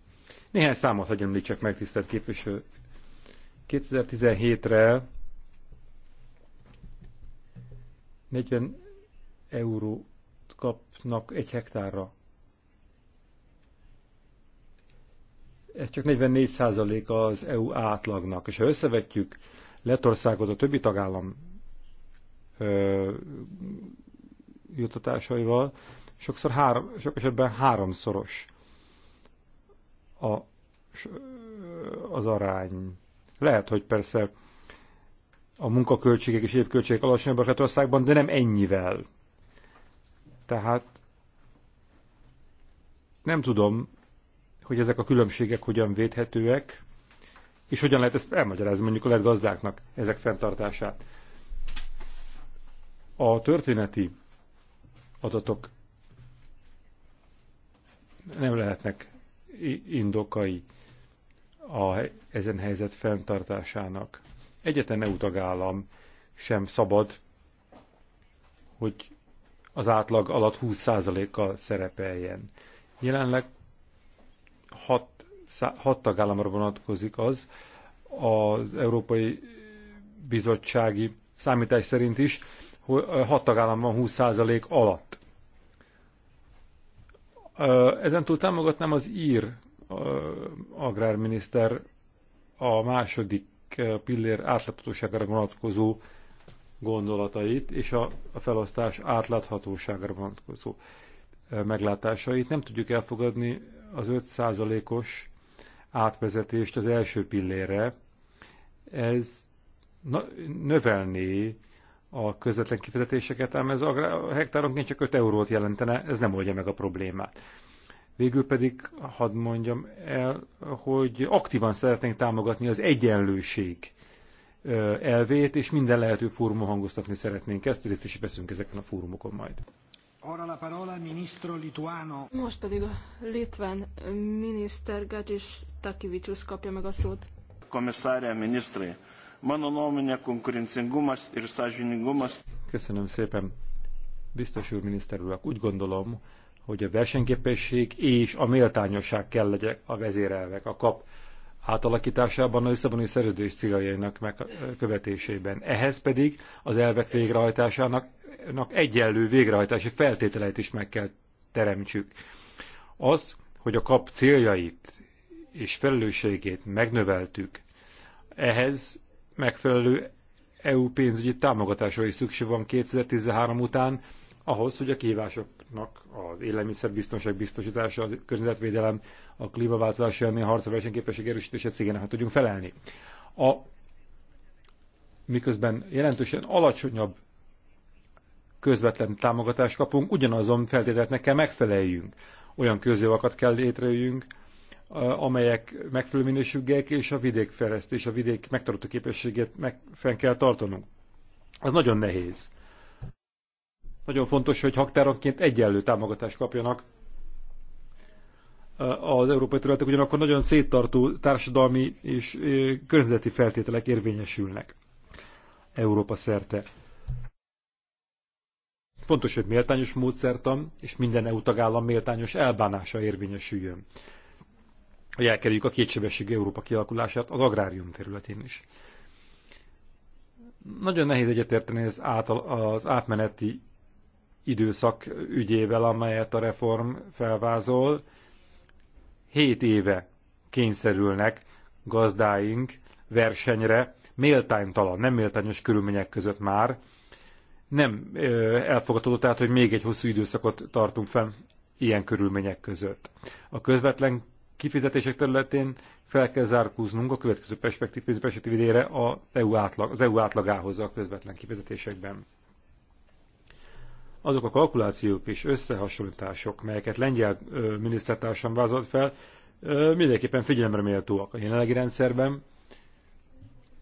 Néhány számot hagyom csak megtisztelt képviselő. 2017-re 40 eurót kapnak egy hektárra. Ez csak 44% az EU átlagnak. És ha összevetjük Letországot a többi tagállam ö, jutatásaival, sokszor három, sok esetben háromszoros a, az arány. Lehet, hogy persze a munkaköltségek és évköltségek alacsonyabbak országban, de nem ennyivel. Tehát nem tudom, hogy ezek a különbségek hogyan védhetőek, és hogyan lehet ezt elmagyarázni mondjuk a lett gazdáknak ezek fenntartását. A történeti adatok nem lehetnek indokai a ezen helyzet fenntartásának egyetlen EU tagállam sem szabad, hogy az átlag alatt 20%-kal szerepeljen. Jelenleg 6, tagállamra vonatkozik az, az Európai Bizottsági számítás szerint is, hogy 6 tagállam van 20% alatt. Ezen túl támogatnám az ír agrárminiszter a második Eh, pillér átláthatóságára vonatkozó gondolatait és a, a felosztás átláthatóságára vonatkozó eh, meglátásait. Nem tudjuk elfogadni az 5%-os átvezetést az első pillére. Ez növelné a közvetlen kifizetéseket, ám ez a hektáronként csak 5 eurót jelentene, ez nem oldja meg a problémát. Végül pedig hadd mondjam el, hogy aktívan szeretnénk támogatni az egyenlőség elvét, és minden lehető fórumon hangoztatni szeretnénk ezt, részt is veszünk ezeken a fórumokon majd. Most pedig a litván miniszter Gadzis Takivicius kapja meg a szót. Komisszárja, minisztri, mano nuomonė konkurencingumas ir Köszönöm szépen, biztos úr miniszter úr, Úgy gondolom, hogy a versenyképesség és a méltányosság kell legyek a vezérelvek a kap átalakításában a Lisszaboni szerződés céljainak követésében. Ehhez pedig az elvek végrehajtásának egyenlő végrehajtási feltételeit is meg kell teremtsük. Az, hogy a kap céljait és felelősségét megnöveltük, ehhez megfelelő EU pénzügyi támogatásra is szükség van 2013 után, ahhoz, hogy a kihívásoknak az élelmiszerbiztonság biztosítása, a környezetvédelem, a klímaváltozás elleni harc, a versenyképesség erősítése cégének hát tudjunk felelni. A, miközben jelentősen alacsonyabb közvetlen támogatást kapunk, ugyanazon feltételeknek kell megfeleljünk. Olyan közjavakat kell létrejöjjünk, amelyek megfelelő minőségűek, és a vidékfejlesztés, a vidék megtartó képességét meg, fenn kell tartanunk. Az nagyon nehéz nagyon fontos, hogy haktáronként egyenlő támogatást kapjanak eh, az európai területek, ugyanakkor nagyon széttartó társadalmi és eh, környezeti feltételek érvényesülnek Európa szerte. Fontos, hogy méltányos módszertan és minden EU tagállam méltányos elbánása érvényesüljön, hogy elkerüljük a kétsebességű Európa kialakulását az agrárium területén is. Nagyon nehéz egyetérteni az, át, az átmeneti időszak ügyével, amelyet a reform felvázol. Hét éve kényszerülnek gazdáink versenyre, méltánytalan, nem méltányos körülmények között már. Nem elfogadható tehát, hogy még egy hosszú időszakot tartunk fenn ilyen körülmények között. A közvetlen kifizetések területén fel kell zárkóznunk a következő perspektív, perspektív idére a EU átlag, az EU átlagához a közvetlen kifizetésekben azok a kalkulációk és összehasonlítások, melyeket lengyel minisztertársam vázolt fel, mindenképpen figyelemre méltóak a jelenlegi rendszerben.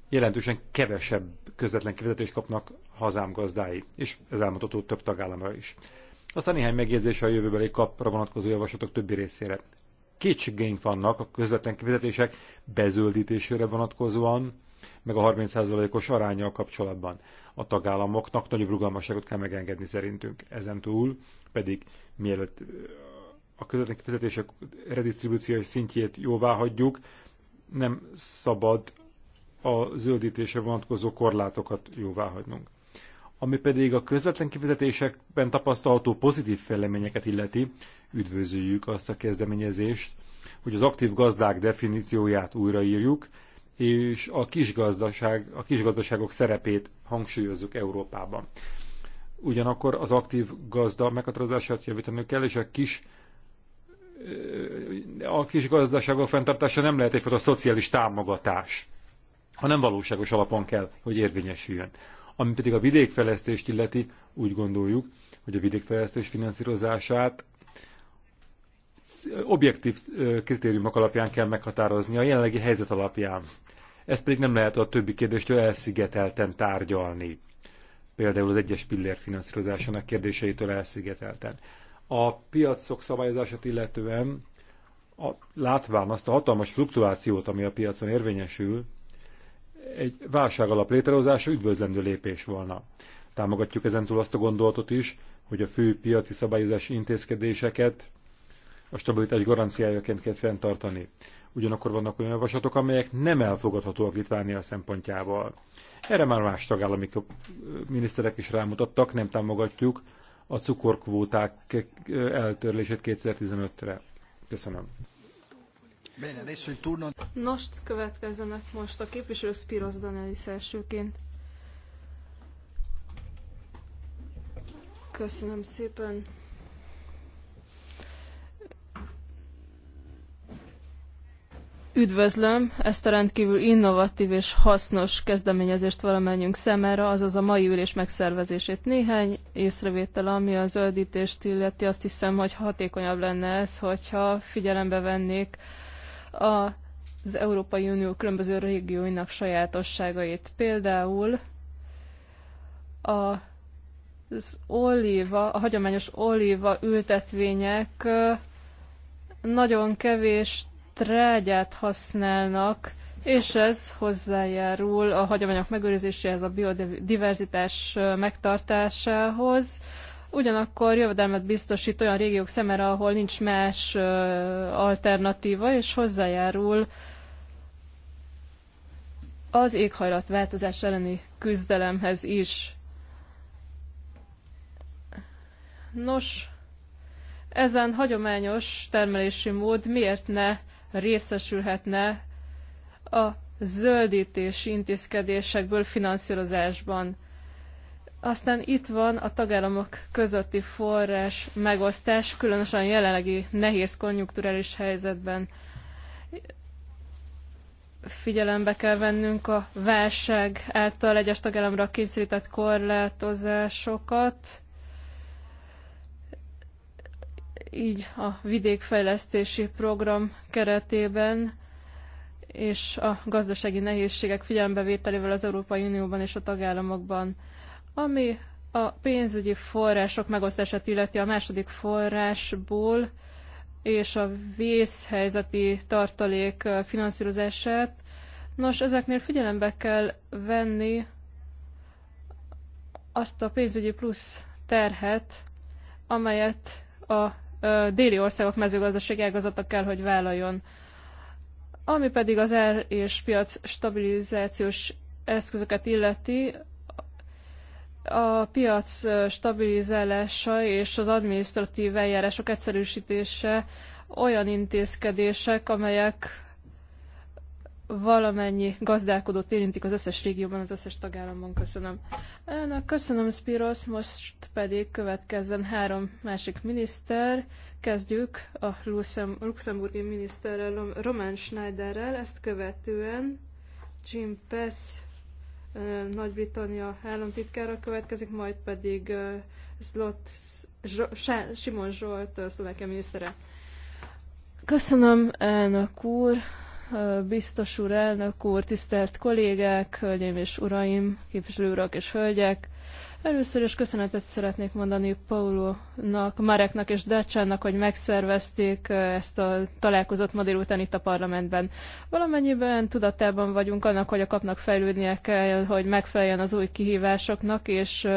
Jelentősen kevesebb közvetlen kifizetést kapnak hazám gazdái, és ez elmondható több tagállamra is. Aztán néhány megjegyzés a jövőbeli kapra vonatkozó javaslatok többi részére. Kétségeink vannak a közvetlen kifizetések bezöldítésére vonatkozóan, meg a 30%-os arányjal kapcsolatban. A tagállamoknak nagyobb rugalmasságot kell megengedni szerintünk. Ezen túl pedig mielőtt eh, a közvetlen fizetések redistribúciós szintjét jóvá hagyjuk, nem szabad a zöldítésre vonatkozó korlátokat jóvá hagynunk. Ami pedig a közvetlen kifizetésekben tapasztalható pozitív fejleményeket illeti, üdvözöljük azt a kezdeményezést, hogy az aktív gazdák definícióját újraírjuk, és a kisgazdaság, a kisgazdaságok szerepét hangsúlyozzuk Európában. Ugyanakkor az aktív gazda meghatározását javítani kell, és a kis a kis gazdaságok fenntartása nem lehet egyfajta szociális támogatás, hanem valóságos alapon kell, hogy érvényesüljön. Ami pedig a vidékfejlesztést illeti, úgy gondoljuk, hogy a vidékfejlesztés finanszírozását objektív kritériumok alapján kell meghatározni, a jelenlegi helyzet alapján. Ez pedig nem lehet a többi kérdéstől elszigetelten tárgyalni. Például az egyes pillér finanszírozásának kérdéseitől elszigetelten. A piacok szabályozását illetően a, látván azt a hatalmas fluktuációt, ami a piacon érvényesül, egy válság alap létrehozása üdvözlendő lépés volna. Támogatjuk ezentúl azt a gondolatot is, hogy a fő piaci szabályozási intézkedéseket a stabilitás garanciájaként kell fenntartani. Ugyanakkor vannak olyan javaslatok, amelyek nem elfogadhatóak Litvánia szempontjából. Erre már más tagállami miniszterek is rámutattak, nem támogatjuk a cukorkvóták eltörlését 2015-re. Köszönöm. Nos, következzenek most a képviselő Spiros Danelis elsőként. Köszönöm szépen. Üdvözlöm ezt a rendkívül innovatív és hasznos kezdeményezést valamennyünk szemére, azaz a mai ülés megszervezését. Néhány észrevétel, ami a zöldítést illeti, azt hiszem, hogy hatékonyabb lenne ez, hogyha figyelembe vennék az Európai Unió különböző régióinak sajátosságait. Például a az olíva, a hagyományos olíva ültetvények nagyon kevés trágyát használnak, és ez hozzájárul a hagyományok megőrzéséhez, a biodiverzitás megtartásához. Ugyanakkor jövedelmet biztosít olyan régiók szemére, ahol nincs más alternatíva, és hozzájárul az éghajlatváltozás elleni küzdelemhez is. Nos, ezen hagyományos termelési mód miért ne részesülhetne a zöldítési intézkedésekből finanszírozásban. Aztán itt van a tagállamok közötti forrás megosztás, különösen a jelenlegi nehéz konjunkturális helyzetben figyelembe kell vennünk a válság által egyes tagállamra kényszerített korlátozásokat, így a vidékfejlesztési program keretében és a gazdasági nehézségek figyelembevételével az Európai Unióban és a tagállamokban. Ami a pénzügyi források megosztását illeti a második forrásból és a vészhelyzeti tartalék finanszírozását. Nos, ezeknél figyelembe kell venni azt a pénzügyi plusz terhet, amelyet a déli országok mezőgazdasági ágazata kell, hogy vállaljon. Ami pedig az ár és piac stabilizációs eszközöket illeti, a piac stabilizálása és az administratív eljárások egyszerűsítése olyan intézkedések, amelyek valamennyi gazdálkodót érintik az összes régióban, az összes tagállamban. Köszönöm. Na köszönöm, Spiros, most pedig következzen három másik miniszter. Kezdjük a Luxem, luxemburgi miniszterrel, Roman Schneiderrel, ezt követően Jim Pess, Nagy-Britannia államtitkára következik, majd pedig Zlot, Zs- Simon Zsolt, szlovákia minisztere. Köszönöm, elnök úr, biztos úr, elnök úr, tisztelt kollégák, hölgyeim és uraim, képviselő urak és hölgyek! Először is köszönetet szeretnék mondani Paulónak, Mareknak és Dacsának, hogy megszervezték ezt a találkozót ma délután itt a parlamentben. Valamennyiben tudatában vagyunk annak, hogy a kapnak fejlődnie kell, hogy megfeleljen az új kihívásoknak, és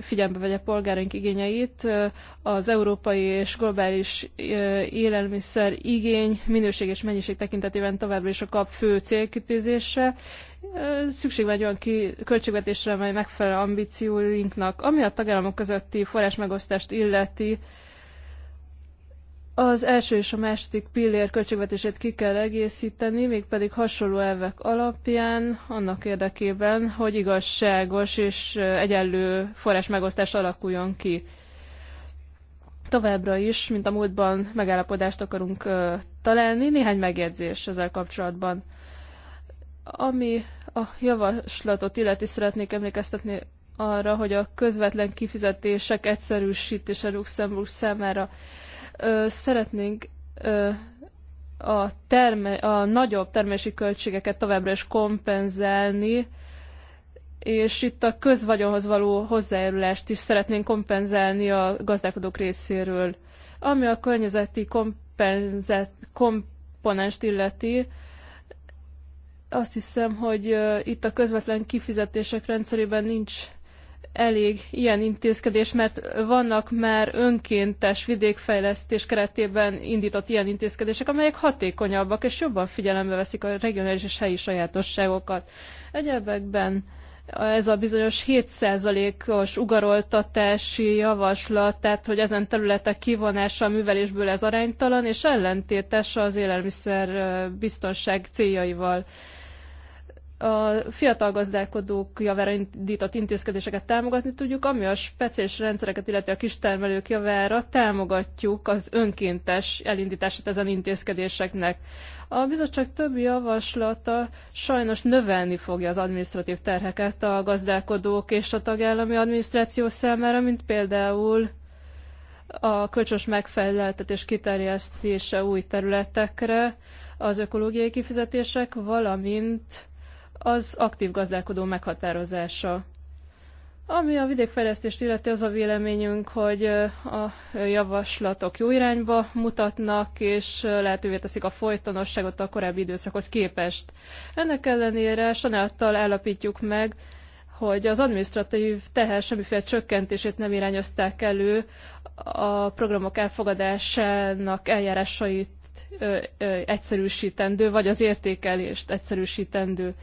figyelembe vegye polgáraink igényeit. Az európai és globális élelmiszer igény minőség és mennyiség tekintetében továbbra is a kap fő célkitűzése, Szükség van egy olyan ki, költségvetésre, amely megfelel ambícióinknak. Ami a tagállamok közötti forrásmegosztást illeti, az első és a második pillér költségvetését ki kell egészíteni, mégpedig hasonló elvek alapján, annak érdekében, hogy igazságos és egyenlő forrásmegosztás alakuljon ki. Továbbra is, mint a múltban megállapodást akarunk találni, néhány megjegyzés ezzel kapcsolatban. Ami a javaslatot illeti, szeretnék emlékeztetni arra, hogy a közvetlen kifizetések egyszerűsítése Luxemburg számára ö, szeretnénk ö, a, terme, a nagyobb termési költségeket továbbra is kompenzálni, és itt a közvagyonhoz való hozzájárulást is szeretnénk kompenzálni a gazdálkodók részéről. Ami a környezeti kompenzát, komponenst illeti, azt hiszem, hogy itt a közvetlen kifizetések rendszerében nincs elég ilyen intézkedés, mert vannak már önkéntes vidékfejlesztés keretében indított ilyen intézkedések, amelyek hatékonyabbak és jobban figyelembe veszik a regionális és helyi sajátosságokat. Egyebekben ez a bizonyos 7%-os ugaroltatási javaslat, tehát hogy ezen területek kivonása a művelésből ez aránytalan, és ellentétes az élelmiszer biztonság céljaival a fiatal gazdálkodók javára indított intézkedéseket támogatni tudjuk, ami a speciális rendszereket, illetve a kistermelők javára támogatjuk az önkéntes elindítását ezen intézkedéseknek. A bizottság többi javaslata sajnos növelni fogja az administratív terheket a gazdálkodók és a tagállami adminisztráció számára, mint például a kölcsös megfeleltetés kiterjesztése új területekre, az ökológiai kifizetések, valamint az aktív gazdálkodó meghatározása. Ami a vidékfejlesztést illeti, az a véleményünk, hogy a javaslatok jó irányba mutatnak, és lehetővé teszik a folytonosságot a korábbi időszakhoz képest. Ennek ellenére sanáltal állapítjuk meg, hogy az administratív teher semmiféle csökkentését nem irányozták elő a programok elfogadásának eljárásait egyszerűsítendő, vagy az értékelést egyszerűsítendő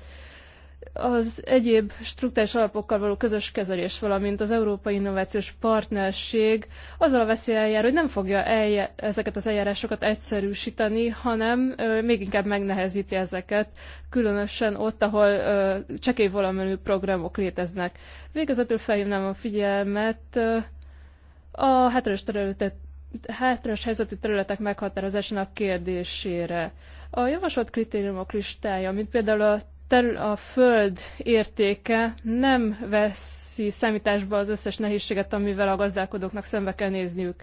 az egyéb struktúrás alapokkal való közös kezelés, valamint az Európai Innovációs Partnerség azzal a veszélyen jár, hogy nem fogja elje, ezeket az eljárásokat egyszerűsíteni, hanem ö, még inkább megnehezíti ezeket, különösen ott, ahol ö, csekély valamenű programok léteznek. Végezetül felhívnám a figyelmet ö, a hátrányos területet hátrányos helyzetű területek meghatározásának kérdésére. A javasolt kritériumok listája, mint például a terül a föld értéke nem veszi számításba az összes nehézséget, amivel a gazdálkodóknak szembe kell nézniük.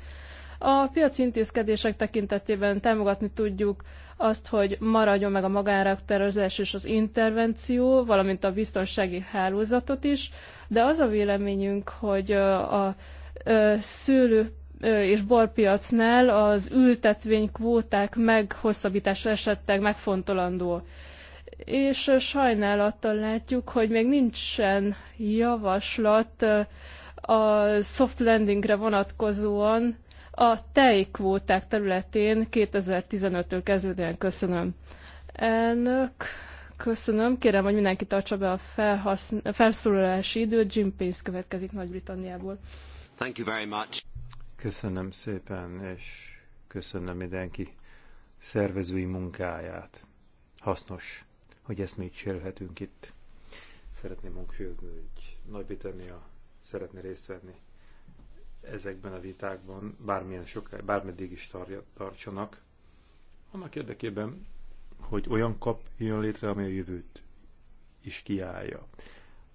A piaci intézkedések tekintetében támogatni tudjuk azt, hogy maradjon meg a magánraktározás és az intervenció, valamint a biztonsági hálózatot is, de az a véleményünk, hogy a szőlő és borpiacnál az ültetvénykvóták meghosszabbítása esetleg megfontolandó és sajnálattal látjuk, hogy még nincsen javaslat a soft landingre vonatkozóan a tejkvóták területén 2015-től kezdődően. Köszönöm. Elnök, köszönöm. Kérem, hogy mindenki tartsa be a felhaszn- felszólalási időt. Jim Pace következik Nagy-Britanniából. Thank you very much. Köszönöm szépen, és köszönöm mindenki szervezői munkáját. Hasznos hogy ezt még sérülhetünk itt. Szeretném hangsúlyozni, hogy Nagy-Britannia szeretne részt venni ezekben a vitákban, bármilyen soká, bármeddig is tarja, tartsanak, annak érdekében, hogy olyan kap jön létre, ami a jövőt is kiállja.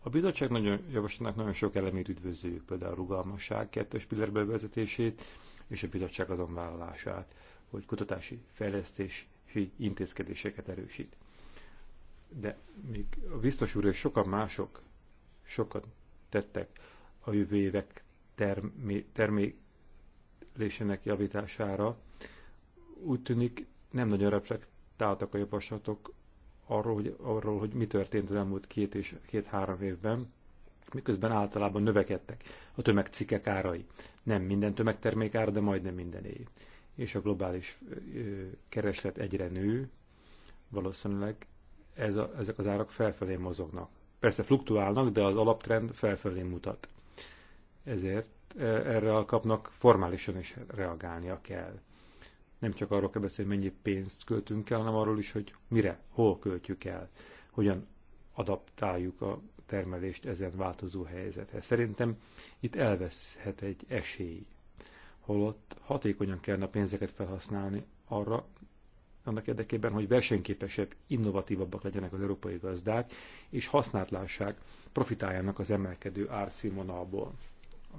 A bizottság nagyon javaslatnak nagyon sok elemét üdvözöljük, például a rugalmasság kettős pillérbe vezetését és a bizottság azon vállalását, hogy kutatási, fejlesztési intézkedéseket erősít de még a biztos úr és sokan mások sokat tettek a jövő évek termé, termélésének javítására. Úgy tűnik, nem nagyon reflektáltak a javaslatok arról, hogy, arról, hogy mi történt az elmúlt két és két-három évben, miközben általában növekedtek a tömegcikkek árai. Nem minden tömegtermék ára, de majdnem mindené. És a globális kereslet egyre nő, valószínűleg ez a, ezek az árak felfelé mozognak. Persze fluktuálnak, de az alaptrend felfelé mutat. Ezért e, erre a kapnak formálisan is reagálnia kell. Nem csak arról kell beszélni, mennyi pénzt költünk el, hanem arról is, hogy mire, hol költjük el, hogyan adaptáljuk a termelést ezen változó helyzethez. Szerintem itt elveszhet egy esély, holott hatékonyan kellene a pénzeket felhasználni arra, annak érdekében, hogy versenyképesebb, innovatívabbak legyenek az európai gazdák, és használt lássák, profitáljanak az emelkedő árszínvonalból,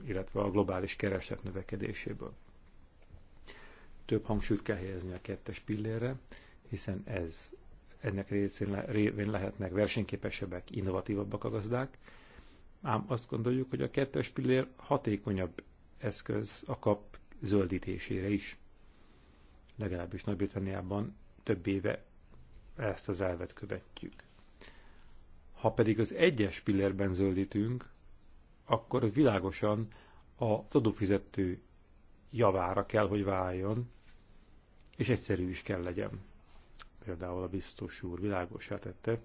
illetve a globális kereslet növekedéséből. Több hangsúlyt kell helyezni a kettes pillérre, hiszen ez ennek részén, révén lehetnek versenyképesebbek, innovatívabbak a gazdák, ám azt gondoljuk, hogy a kettes pillér hatékonyabb eszköz a kap zöldítésére is legalábbis Nagy-Britanniában több éve ezt az elvet követjük. Ha pedig az egyes pillérben zöldítünk, akkor az világosan az adófizető javára kell, hogy váljon, és egyszerű is kell legyen. Például a biztos úr világosá tette,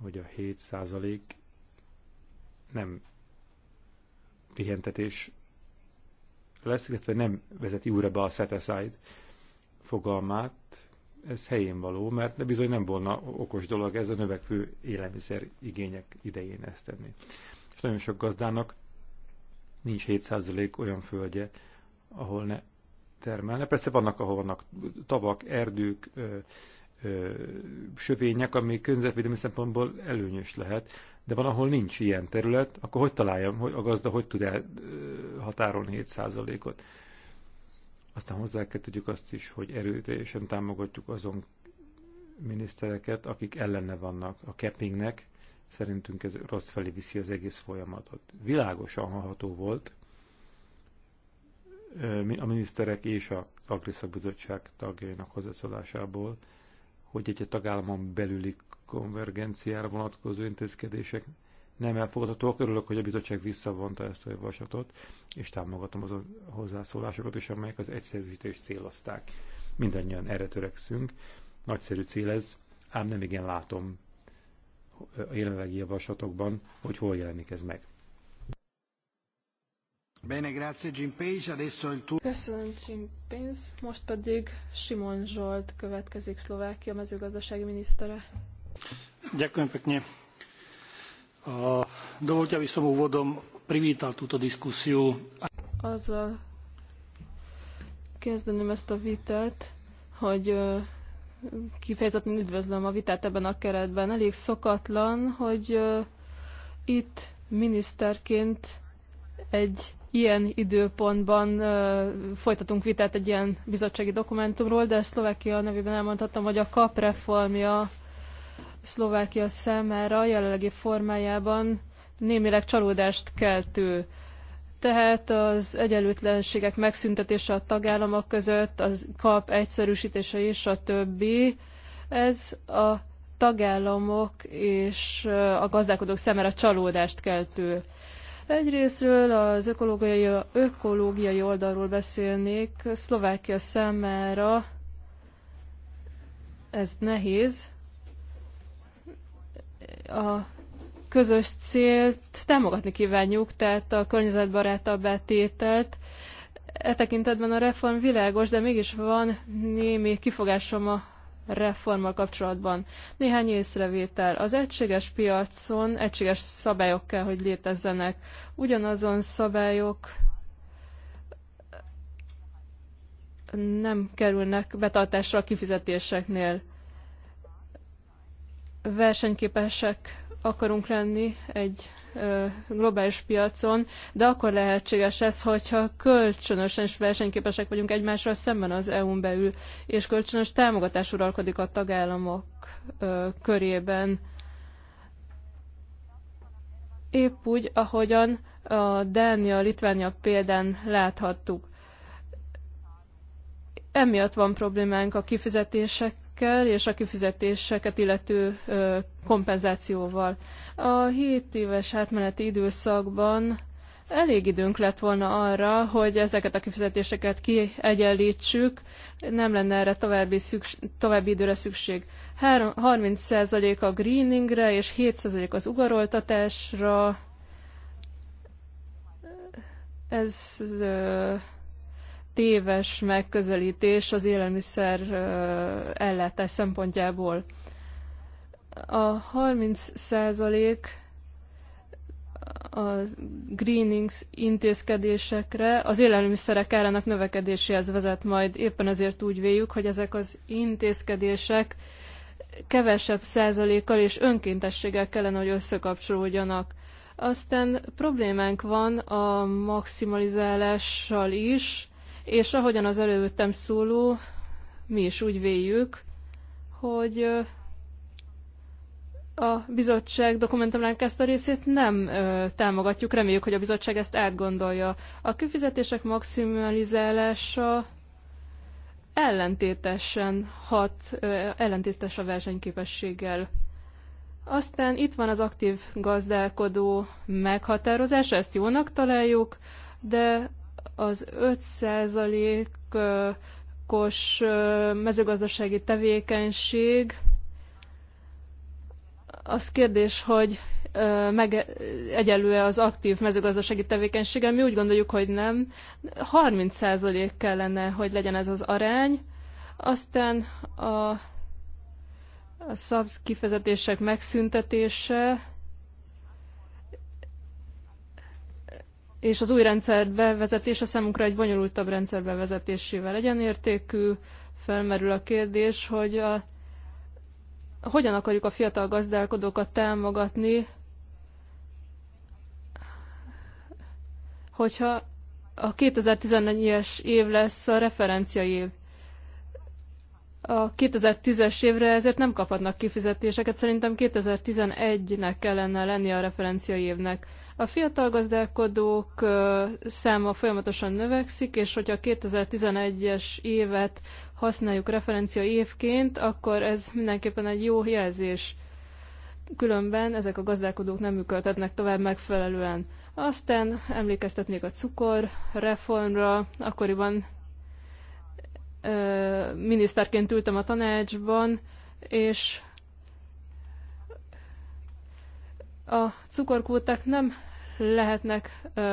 hogy a 7% nem pihentetés lesz, illetve nem vezeti újra be a set aside fogalmát, ez helyén való, mert bizony nem volna okos dolog ez a növekvő élelmiszer igények idején ezt tenni. És nagyon sok gazdának nincs 7% olyan földje, ahol ne termelne. Persze vannak, ahol vannak tavak, erdők, ö, ö, sövények, ami környezetvédelmi szempontból előnyös lehet, de van, ahol nincs ilyen terület, akkor hogy találjam, hogy a gazda hogy tud elhatárolni 7%-ot? Aztán hozzá kell tudjuk azt is, hogy erőteljesen támogatjuk azon minisztereket, akik ellene vannak a keppingnek, szerintünk ez rossz felé viszi az egész folyamatot. Világosan hallható volt a miniszterek és a Bizottság tagjainak hozzászólásából, hogy egy tagállamon belüli konvergenciára vonatkozó intézkedések nem elfogadhatóak. Örülök, hogy a bizottság visszavonta ezt a javaslatot, és támogatom azon hozzászólásokat is, amelyek az egyszerűsítést célozták. Mindannyian erre törekszünk. Nagyszerű cél ez, ám nem igen látom a jelenlegi javaslatokban, hogy hol jelenik ez meg. Bene, grazie Jim Pace. Adesso il tuo... Köszönöm Jim Pace. Most pedig Simon Zsolt következik Szlovákia mezőgazdasági minisztere. Ďakujem pekne. Dovolte, aby som úvodom privítal túto diskusiu. Azzal kezdeném ezt a vitát, hogy kifejezetten üdvözlöm a vitát ebben a keretben. Elég szokatlan, hogy itt miniszterként egy ilyen időpontban ö, folytatunk vitát egy ilyen bizottsági dokumentumról, de Szlovákia nevében elmondhatom, hogy a kap reformja Szlovákia számára jelenlegi formájában némileg csalódást keltő. Tehát az egyenlőtlenségek megszüntetése a tagállamok között, az kap egyszerűsítése és a többi, ez a tagállamok és a gazdálkodók számára csalódást keltő. Egyrésztről az ökológiai, ökológiai oldalról beszélnék. Szlovákia számára ez nehéz, a közös célt támogatni kívánjuk, tehát a környezetbarátabb tételt. E tekintetben a reform világos, de mégis van némi kifogásom a reformmal kapcsolatban. Néhány észrevétel. Az egységes piacon egységes szabályok kell, hogy létezzenek. Ugyanazon szabályok nem kerülnek betartásra a kifizetéseknél versenyképesek akarunk lenni egy globális piacon, de akkor lehetséges ez, hogyha kölcsönösen is versenyképesek vagyunk egymással szemben az EU-n belül, és kölcsönös támogatás uralkodik a tagállamok körében. Épp úgy, ahogyan a Dánia, Litvánia példán láthattuk. Emiatt van problémánk a kifizetések pénzekkel és a kifizetéseket illető kompenzációval. A 7 éves átmeneti időszakban elég időnk lett volna arra, hogy ezeket a kifizetéseket kiegyenlítsük, nem lenne erre további, szükség, további időre szükség. 30% a greeningre és 7% az ugaroltatásra. Ez téves megközelítés az élelmiszer ellátás szempontjából. A 30 százalék a greenings intézkedésekre az élelmiszerek árának növekedéséhez vezet majd. Éppen ezért úgy véljük, hogy ezek az intézkedések kevesebb százalékkal és önkéntességgel kellene, hogy összekapcsolódjanak. Aztán problémánk van a maximalizálással is, és ahogyan az előttem szóló, mi is úgy véljük, hogy a bizottság dokumentumának ezt a részét nem ö, támogatjuk. Reméljük, hogy a bizottság ezt átgondolja. A kifizetések maximalizálása ellentétesen hat, ö, ellentétes a versenyképességgel. Aztán itt van az aktív gazdálkodó meghatározása, ezt jónak találjuk, de az 5%-os mezőgazdasági tevékenység, az kérdés, hogy meg egyelő az aktív mezőgazdasági tevékenységgel, mi úgy gondoljuk, hogy nem. 30% kellene, hogy legyen ez az arány. Aztán a, a szabsz kifezetések megszüntetése, és az új rendszer bevezetése számunkra egy bonyolultabb rendszer bevezetésével egyenértékű. Felmerül a kérdés, hogy a, hogyan akarjuk a fiatal gazdálkodókat támogatni, hogyha a 2014-es év lesz a referencia év. A 2010-es évre ezért nem kaphatnak kifizetéseket, szerintem 2011-nek kellene lenni a referencia évnek. A fiatal gazdálkodók száma folyamatosan növekszik, és hogyha a 2011-es évet használjuk referencia évként, akkor ez mindenképpen egy jó jelzés. Különben ezek a gazdálkodók nem működhetnek tovább megfelelően. Aztán emlékeztetnék a cukor reformra, akkoriban ö, miniszterként ültem a tanácsban, és a cukorkvóták nem lehetnek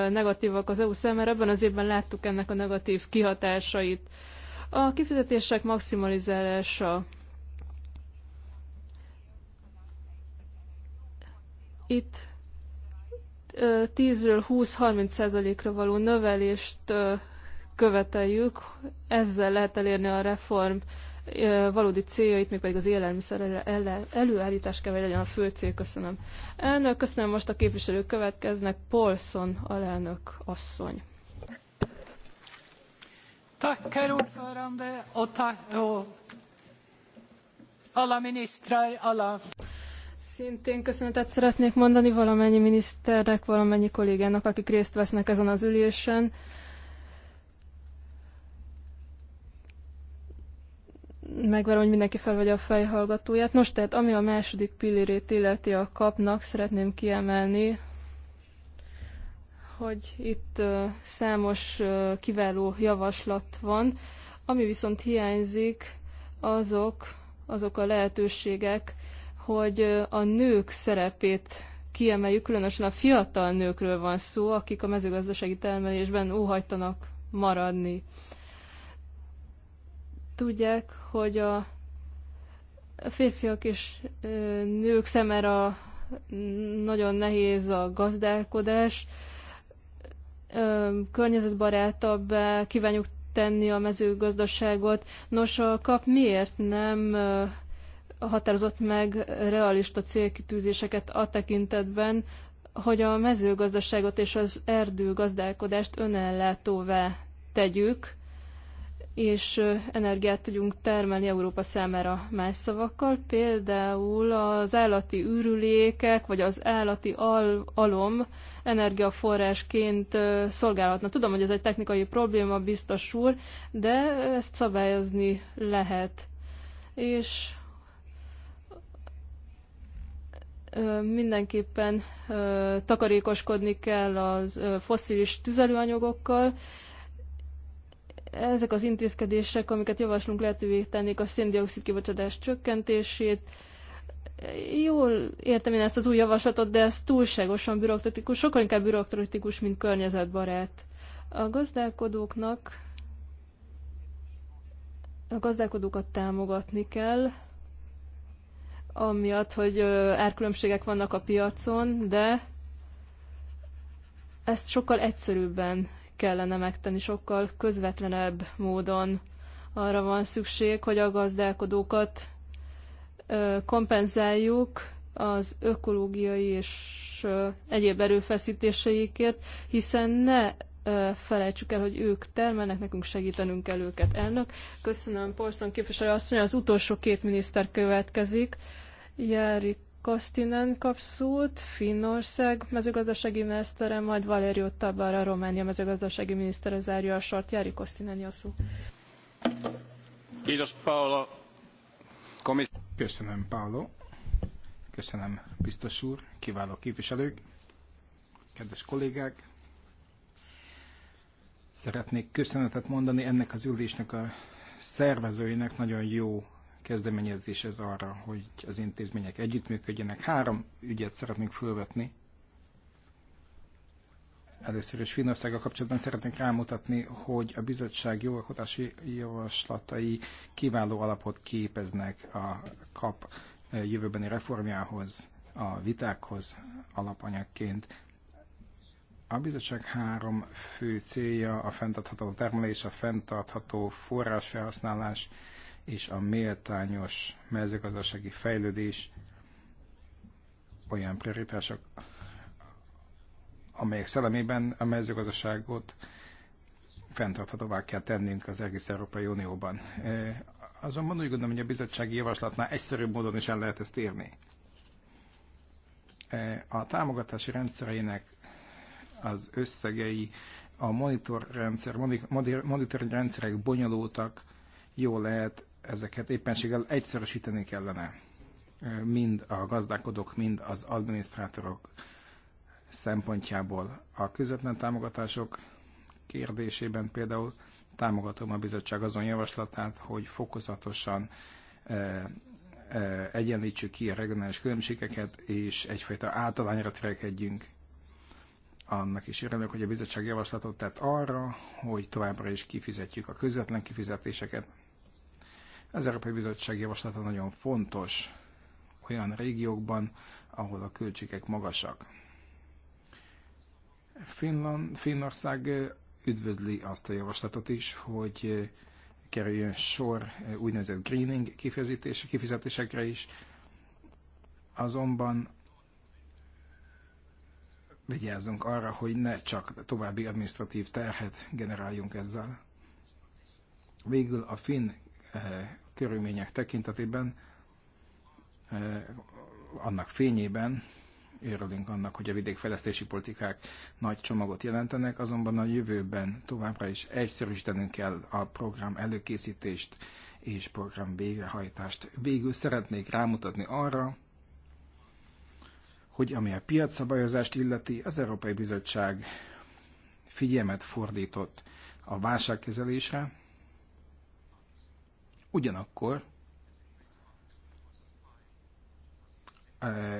negatívak az EU számára. Ebben az évben láttuk ennek a negatív kihatásait. A kifizetések maximalizálása. Itt 10-ről 20-30%-ra való növelést követeljük, ezzel lehet elérni a reform valódi céljait, még pedig az élelmiszer előállítás kell, hogy legyen a fő cél. Köszönöm. Elnök, köszönöm, most a képviselők következnek. Polson alelnök asszony. Tack, herr ordförande, och tack, och alla ministrar, alla... Szintén köszönetet szeretnék mondani valamennyi miniszternek, valamennyi kollégának, akik részt vesznek ezen az ülésen. megvárom, hogy mindenki felvegye a fejhallgatóját. Nos, tehát ami a második pillérét illeti a kapnak, szeretném kiemelni, hogy itt számos kiváló javaslat van. Ami viszont hiányzik, azok, azok a lehetőségek, hogy a nők szerepét kiemeljük, különösen a fiatal nőkről van szó, akik a mezőgazdasági termelésben óhajtanak maradni. Tudják, hogy a férfiak és nők szemére nagyon nehéz a gazdálkodás, környezetbarátabb, kívánjuk tenni a mezőgazdaságot. Nos, a kap miért nem határozott meg realista célkitűzéseket a tekintetben, hogy a mezőgazdaságot és az erdőgazdálkodást önellátóvá tegyük, és energiát tudjunk termelni Európa számára más szavakkal, például az állati űrülékek, vagy az állati al- alom energiaforrásként szolgálhatna. Tudom, hogy ez egy technikai probléma, biztos úr, de ezt szabályozni lehet. És mindenképpen takarékoskodni kell az foszilis tüzelőanyagokkal, ezek az intézkedések, amiket javaslunk, lehetővé tennék a széndiokszid kibocsátás csökkentését. Jól értem én ezt az új javaslatot, de ez túlságosan bürokratikus, sokkal inkább bürokratikus, mint környezetbarát. A gazdálkodóknak a gazdálkodókat támogatni kell, amiatt, hogy árkülönbségek vannak a piacon, de ezt sokkal egyszerűbben kellene megtenni sokkal közvetlenebb módon. Arra van szükség, hogy a gazdálkodókat kompenzáljuk az ökológiai és egyéb erőfeszítéseikért, hiszen ne felejtsük el, hogy ők termelnek, nekünk segítenünk kell őket. Elnök, köszönöm Polszon képviselő asszony, az utolsó két miniszter következik. Járik Kostinen kap szót, Finnország mezőgazdasági minisztere, majd Valerio Tabara, Románia mezőgazdasági minisztere zárja a sort. Jári Kostinen, jó szó. Köszönöm, Paolo. Köszönöm, biztos úr, kiváló képviselők, kedves kollégák. Szeretnék köszönetet mondani ennek az ülésnek a szervezőinek, nagyon jó kezdeményezés ez arra, hogy az intézmények együttműködjenek. Három ügyet szeretnénk fölvetni. Először is Finnországgal kapcsolatban szeretnénk rámutatni, hogy a bizottság jogalkotási javaslatai kiváló alapot képeznek a kap eh, jövőbeni reformjához, a vitákhoz alapanyagként. A bizottság három fő célja a fenntartható termelés, a fenntartható forrásfelhasználás, és a méltányos mezőgazdasági fejlődés olyan prioritások, amelyek szellemében a mezőgazdaságot fenntarthatóvá kell tennünk az egész Európai Unióban. E, azonban úgy gondolom, hogy a bizottsági javaslatnál egyszerűbb módon is el lehet ezt érni. E, a támogatási rendszereinek az összegei, a monitor rendszer, monitor rendszerek bonyolultak, jó lehet ezeket éppenséggel egyszerűsíteni kellene mind a gazdálkodók, mind az adminisztrátorok szempontjából. A közvetlen támogatások kérdésében például támogatom a bizottság azon javaslatát, hogy fokozatosan egyenlítsük ki a regionális különbségeket, és egyfajta általányra törekedjünk. Annak is örülök, hogy a bizottság javaslatot tett arra, hogy továbbra is kifizetjük a közvetlen kifizetéseket, az Európai Bizottság javaslata nagyon fontos olyan régiókban, ahol a költségek magasak. Finland, Finnország üdvözli azt a javaslatot is, hogy kerüljön sor úgynevezett greening kifizetése, kifizetésekre is, azonban vigyázzunk arra, hogy ne csak további administratív terhet generáljunk ezzel. Végül a finn Eh, körülmények tekintetében, eh, annak fényében érülünk annak, hogy a vidékfejlesztési politikák nagy csomagot jelentenek, azonban a jövőben továbbra is egyszerűsítenünk kell a program előkészítést és program végrehajtást. Végül szeretnék rámutatni arra, hogy ami a piacszabályozást illeti, az Európai Bizottság figyelmet fordított a válságkezelésre, Ugyanakkor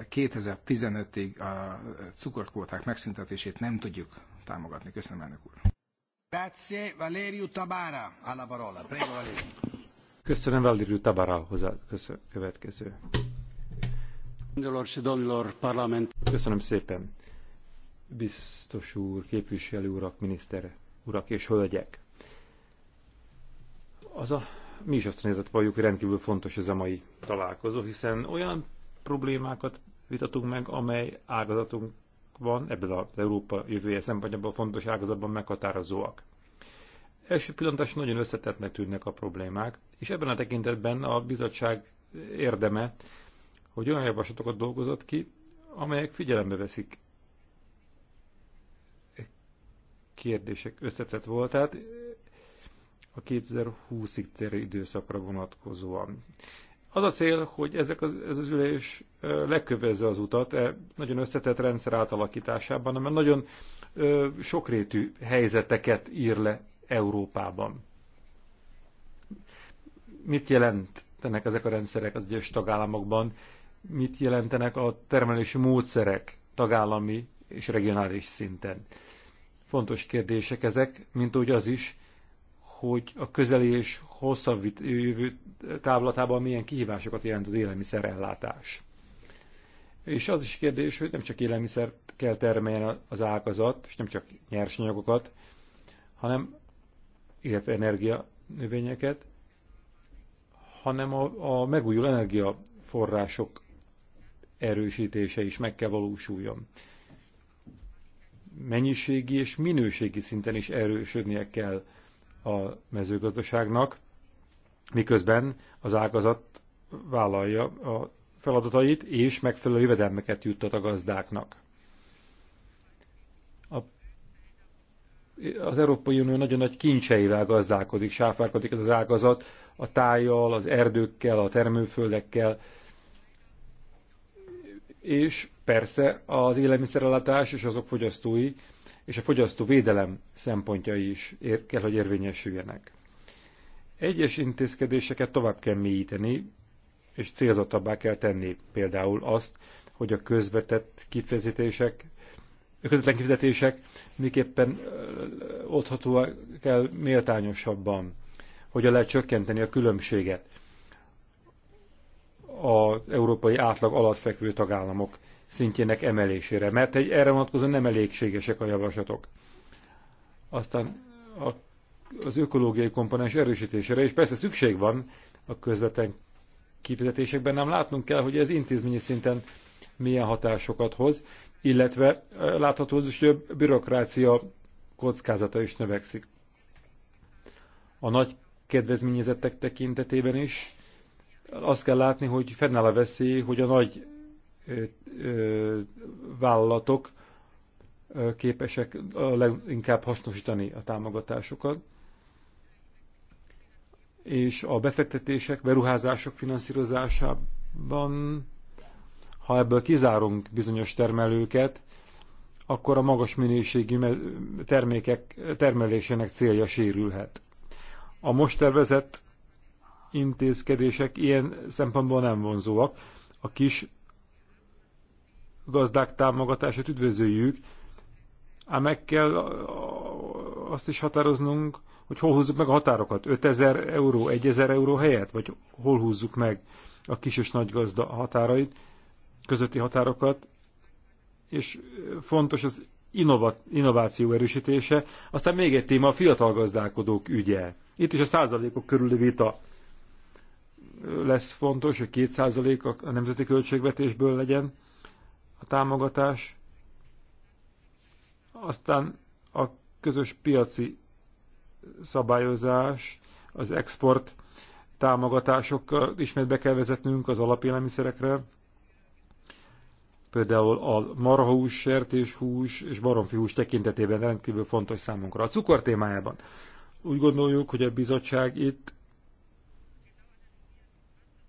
2015-ig eh, a cukorkvóták megszüntetését nem tudjuk támogatni. Köszönöm, elnök úr. Grazie, Valerio Tabara, alla parola. Prego, Valerio. Köszönöm, Valerio Tabara, hozzá következő. Köszönöm szépen. Biztos úr, képviselő urak, miniszter urak és hölgyek. Az a mi is azt nézett valljuk, hogy rendkívül fontos ez a mai találkozó, hiszen olyan problémákat vitatunk meg, amely ágazatunk van, ebben az Európa jövője szempontjából fontos ágazatban meghatározóak. Első pillanatban nagyon összetettnek tűnnek a problémák, és ebben a tekintetben a bizottság érdeme, hogy olyan javaslatokat dolgozott ki, amelyek figyelembe veszik e kérdések összetett voltát, a 2020-ig terő időszakra vonatkozóan. Az a cél, hogy ezek az, ez az ülés lekövezze az utat e nagyon összetett rendszer átalakításában, mert nagyon ö, sokrétű helyzeteket ír le Európában. Mit jelentenek ezek a rendszerek az egyes tagállamokban? Mit jelentenek a termelési módszerek tagállami és regionális szinten? Fontos kérdések ezek, mint úgy az is, hogy a közeli és hosszabb jövő távlatában milyen kihívásokat jelent az élelmiszerellátás. És az is kérdés, hogy nem csak élelmiszert kell termeljen az ágazat, és nem csak nyersanyagokat, hanem, illetve energia növényeket, hanem a, a megújuló energiaforrások erősítése is meg kell valósuljon. Mennyiségi és minőségi szinten is erősödnie kell a mezőgazdaságnak, miközben az ágazat vállalja a feladatait, és megfelelő jövedelmeket juttat a gazdáknak. A, az Európai Unió nagyon nagy kincseivel gazdálkodik, sáfárkodik ez az ágazat, a tájjal, az erdőkkel, a termőföldekkel, és persze az élelmiszerellátás és azok fogyasztói és a fogyasztó védelem szempontjai is ér, kell, hogy érvényesüljenek. Egyes intézkedéseket tovább kell mélyíteni, és célzottabbá kell tenni például azt, hogy a közvetett kifizetések, a közvetlen kifizetések miképpen oldhatóak kell méltányosabban, hogyan lehet csökkenteni a különbséget az európai átlag alatt fekvő tagállamok szintjének emelésére, mert egy erre vonatkozóan nem elégségesek a javaslatok. Aztán a, az ökológiai komponens erősítésére, és persze szükség van a közvetlen kifizetésekben, nem látnunk kell, hogy ez intézményi szinten milyen hatásokat hoz, illetve eh, látható, hogy a bürokrácia kockázata is növekszik. A nagy kedvezményezettek tekintetében is azt kell látni, hogy fennáll a veszély, hogy a nagy vállalatok képesek leginkább hasznosítani a támogatásokat. És a befektetések, beruházások finanszírozásában, ha ebből kizárunk bizonyos termelőket, akkor a magas minőségű termékek termelésének célja sérülhet. A most tervezett intézkedések ilyen szempontból nem vonzóak. A kis gazdák támogatását üdvözöljük, ám meg kell azt is határoznunk, hogy hol húzzuk meg a határokat. 5000 euró, 1000 euró helyett, vagy hol húzzuk meg a kis és nagy gazda határait, közötti határokat, és fontos az innováció erősítése. Aztán még egy téma, a fiatal gazdálkodók ügye. Itt is a százalékok körüli vita lesz fontos, hogy két százalék a nemzeti költségvetésből legyen a támogatás, aztán a közös piaci szabályozás, az export támogatások ismét be kell vezetnünk az alapélelmiszerekre, például a marhahús, sertéshús és baromfihús tekintetében rendkívül fontos számunkra. A cukor témájában úgy gondoljuk, hogy a bizottság itt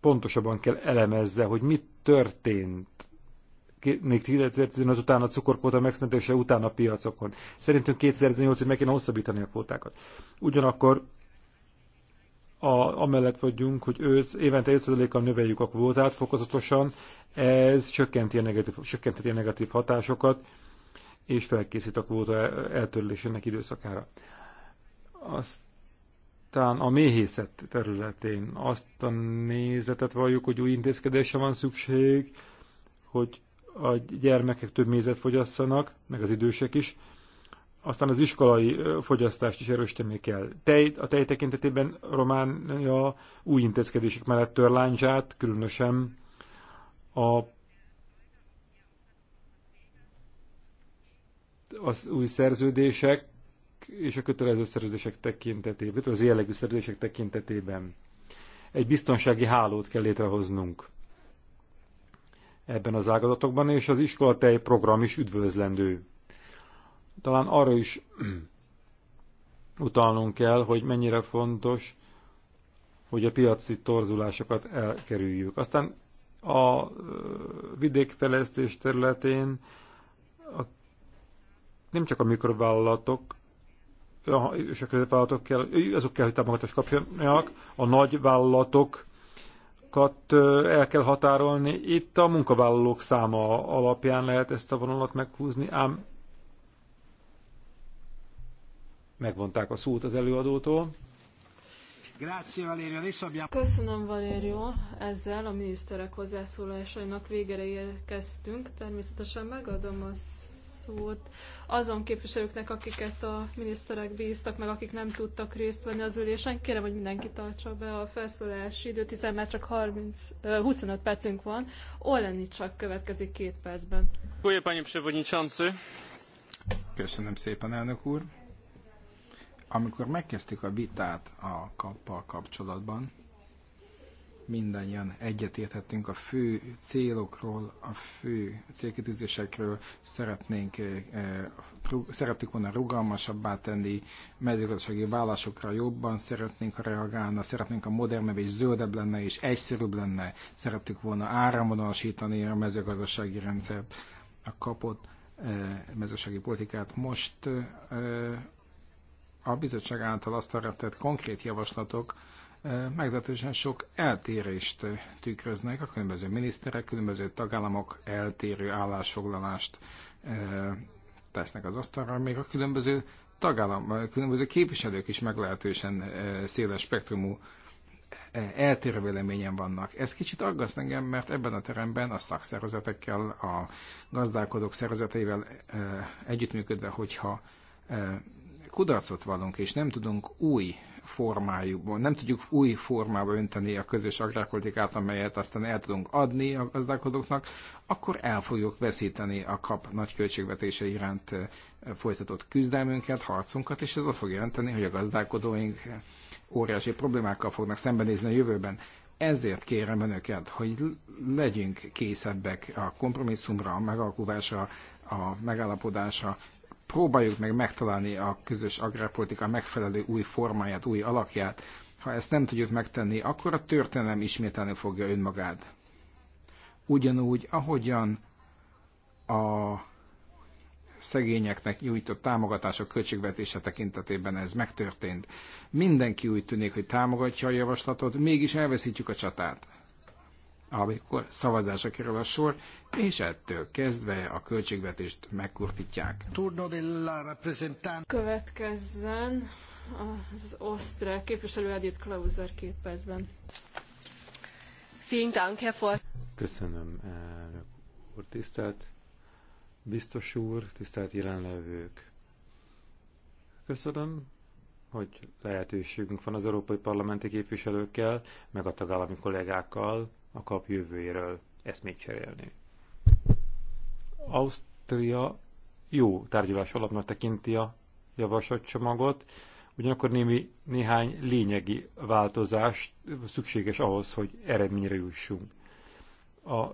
pontosabban kell elemezze, hogy mit történt még 2015 után a cukorkvóta megszüntetése után a piacokon. Szerintünk 2018-ig meg kéne hosszabbítani a kvótákat. Ugyanakkor a, amellett vagyunk, hogy ősz évente 5%-kal növeljük a kvótát fokozatosan, ez csökkenti a negatív, csökkenteti a negatív hatásokat, és felkészít a kvóta eltörlésének időszakára. Aztán a méhészet területén azt a nézetet valljuk, hogy új intézkedésre van szükség, hogy a gyermekek több mézet fogyasszanak, meg az idősek is, aztán az iskolai fogyasztást is erősíteni kell. Tej, a tej tekintetében Románia új intézkedések mellett törláncsát, különösen a az új szerződések és a kötelező szerződések tekintetében, az jellegű szerződések tekintetében egy biztonsági hálót kell létrehoznunk ebben az ágazatokban, és az iskolatej program is üdvözlendő. Talán arra is utalnunk kell, hogy mennyire fontos, hogy a piaci torzulásokat elkerüljük. Aztán a vidékfejlesztés területén a, nem csak a mikrovállalatok és a középvállalatok kell, azok kell, hogy támogatást kapjanak, a nagy vállalatok vonalat el kell határolni. Itt a munkavállalók száma alapján lehet ezt a vonalat meghúzni, ám megvonták a szót az előadótól. Köszönöm, Valério. Ezzel a miniszterek hozzászólásainak végére érkeztünk. Természetesen megadom a szót azon képviselőknek, akiket a miniszterek bíztak meg, akik nem tudtak részt venni az ülésen. Kérem, hogy mindenki tartsa be a felszólalási időt, hiszen már csak 30, 25 percünk van. Olleni csak következik két percben. Köszönöm szépen, elnök úr. Amikor megkezdtük a vitát a kappal kapcsolatban, mindannyian egyetérthettünk a fő célokról, a fő célkitűzésekről, szeretnénk, eh, eh, szerettük volna rugalmasabbá tenni, mezőgazdasági vállásokra jobban szeretnénk, reagálni, reagálna, szeretnénk a modernebb és zöldebb lenne és egyszerűbb lenne, szerettük volna áramvonalasítani a mezőgazdasági rendszert, a kapott eh, mezőgazdasági politikát. Most a bizottság által azt tett konkrét javaslatok, meglehetősen sok eltérést tükröznek a különböző miniszterek, különböző tagállamok eltérő állásfoglalást tesznek az asztalra, még a különböző tagállam, a különböző képviselők is meglehetősen széles spektrumú eltérő véleményen vannak. Ez kicsit aggaszt engem, mert ebben a teremben a szakszervezetekkel, a gazdálkodók szervezeteivel együttműködve, hogyha kudarcot vallunk, és nem tudunk új formájúban. Nem tudjuk új formába önteni a közös agrárpolitikát, amelyet aztán el tudunk adni a gazdálkodóknak, akkor el fogjuk veszíteni a kap nagy költségvetése iránt folytatott küzdelmünket, harcunkat, és ez azt fog jelenteni, hogy a gazdálkodóink óriási problémákkal fognak szembenézni a jövőben. Ezért kérem önöket, hogy legyünk készebbek a kompromisszumra, a megalkuvásra, a megállapodásra, próbáljuk meg megtalálni a közös agrárpolitika megfelelő új formáját, új alakját. Ha ezt nem tudjuk megtenni, akkor a történelem ismételni fogja önmagát. Ugyanúgy, ahogyan a szegényeknek nyújtott támogatások költségvetése tekintetében ez megtörtént. Mindenki úgy tűnik, hogy támogatja a javaslatot, mégis elveszítjük a csatát amikor szavazásra kerül a sor, és ettől kezdve a költségvetést megkurtítják. Következzen az osztrák képviselő Edith Klauser képezben. Köszönöm, elnök úr, tisztelt biztos úr, tisztelt jelenlevők. Köszönöm, hogy lehetőségünk van az európai parlamenti képviselőkkel, meg a tagállami kollégákkal, a kap jövőjéről eszmét cserélni. Ausztria jó tárgyalás alapnak tekinti a csomagot, ugyanakkor némi, néhány lényegi változás szükséges ahhoz, hogy eredményre jussunk. A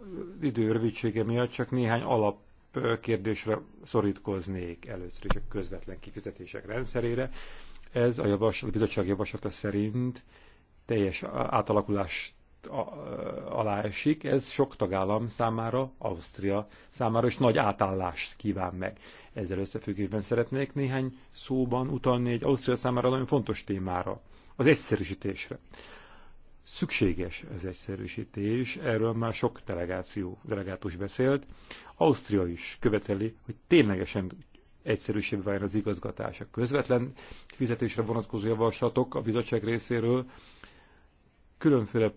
idő rövidsége miatt csak néhány alap kérdésre szorítkoznék először is a közvetlen kifizetések rendszerére. Ez a, javaslat, a bizottság javaslata szerint teljes átalakulás alá esik, ez sok tagállam számára, Ausztria számára is nagy átállást kíván meg. Ezzel összefüggésben szeretnék néhány szóban utalni egy Ausztria számára nagyon fontos témára, az egyszerűsítésre. Szükséges az egyszerűsítés, erről már sok delegáció, delegátus beszélt. Ausztria is követeli, hogy ténylegesen egyszerűsébb váljon az igazgatás. A közvetlen fizetésre vonatkozó javaslatok a bizottság részéről különféle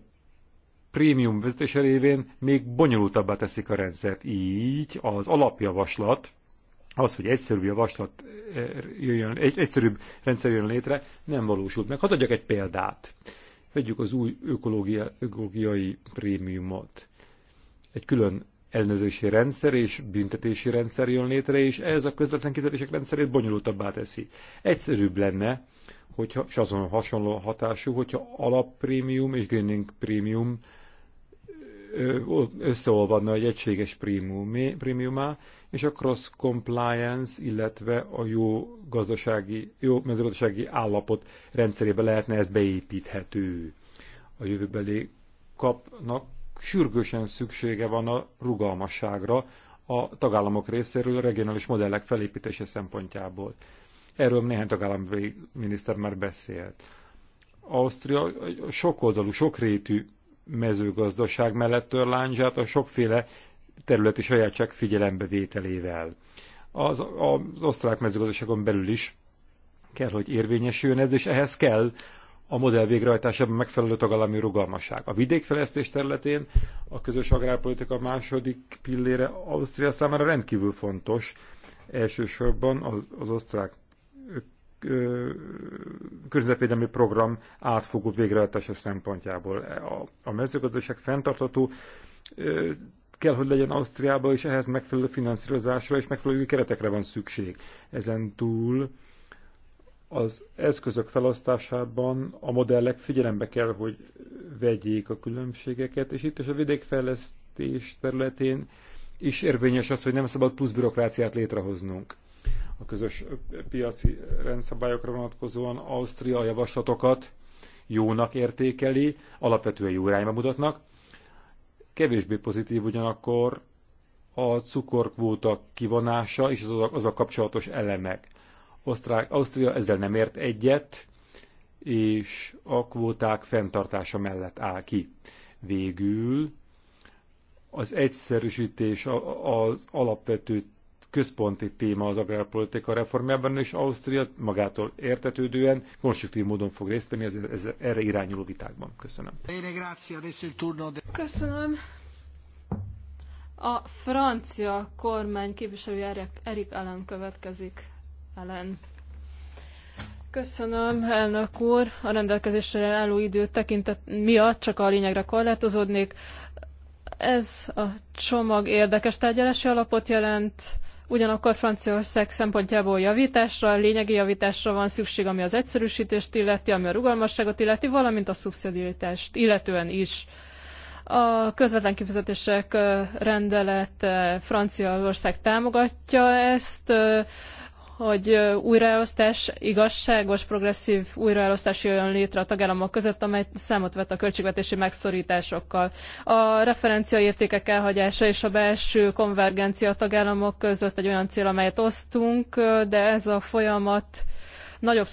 prémium vezetése révén még bonyolultabbá teszik a rendszert. Így az alapjavaslat, az, hogy egyszerűbb javaslat eh, jöjjön, egy, egyszerűbb rendszer jön létre, nem valósult meg. Hadd adjak egy példát. Vegyük az új ökológia, ökológiai prémiumot. Egy külön ellenőrzési rendszer és büntetési rendszer jön létre, és ez a közvetlen kizetések rendszerét bonyolultabbá teszi. Egyszerűbb lenne, hogyha, és azon hasonló hatású, hogyha alapprémium és greening prémium összeolvadna egy egységes prémiumá, és a cross compliance, illetve a jó, gazdasági, jó mezőgazdasági állapot rendszerébe lehetne ez beépíthető. A jövőbeli kapnak sürgősen szüksége van a rugalmasságra a tagállamok részéről a regionális modellek felépítése szempontjából. Erről néhány tagállami miniszter már beszélt. Ausztria sokoldalú, sokrétű mezőgazdaság mellett tör a sokféle területi sajátság figyelembevételével. Az, az osztrák mezőgazdaságon belül is kell, hogy érvényesüljön ez, és ehhez kell a modell végrehajtásában megfelelő tagállami rugalmasság. A vidékfejlesztés területén a közös agrárpolitika második pillére Ausztria számára rendkívül fontos, elsősorban az, az osztrák környezetvédelmi program átfogó végrehajtása szempontjából. A, a mezőgazdaság fenntartható kell, hogy legyen Ausztriába, és ehhez megfelelő finanszírozásra és megfelelő keretekre van szükség. Ezen túl az eszközök felosztásában a modellek figyelembe kell, hogy vegyék a különbségeket, és itt is a vidékfejlesztés területén is érvényes az, hogy nem szabad plusz bürokráciát létrehoznunk a közös piaci rendszabályokra vonatkozóan Ausztria a javaslatokat jónak értékeli, alapvetően jó irányba mutatnak. Kevésbé pozitív ugyanakkor a cukorkvóta kivonása és az a, az a kapcsolatos elemek. Osztrák, Ausztria ezzel nem ért egyet, és a kvóták fenntartása mellett áll ki. Végül az egyszerűsítés az alapvető központi téma az agrárpolitika reformjában, és Ausztria magától értetődően konstruktív módon fog részt venni ez, erre irányuló vitákban. Köszönöm. Köszönöm. A francia kormány képviselője Erik Allen következik. Allen. Köszönöm, elnök úr. A rendelkezésre álló idő tekintet miatt csak a lényegre korlátozódnék. Ez a csomag érdekes tárgyalási alapot jelent ugyanakkor Franciaország szempontjából javításra, lényegi javításra van szükség, ami az egyszerűsítést illeti, ami a rugalmasságot illeti, valamint a szubszidiaritást illetően is. A közvetlen kifizetések rendelet Franciaország támogatja ezt, hogy újraelosztás, igazságos, progresszív újraelosztás jöjjön létre a tagállamok között, amely számot vett a költségvetési megszorításokkal. A referenciaértékek elhagyása és a belső konvergencia a tagállamok között egy olyan cél, amelyet osztunk, de ez a folyamat nagyobb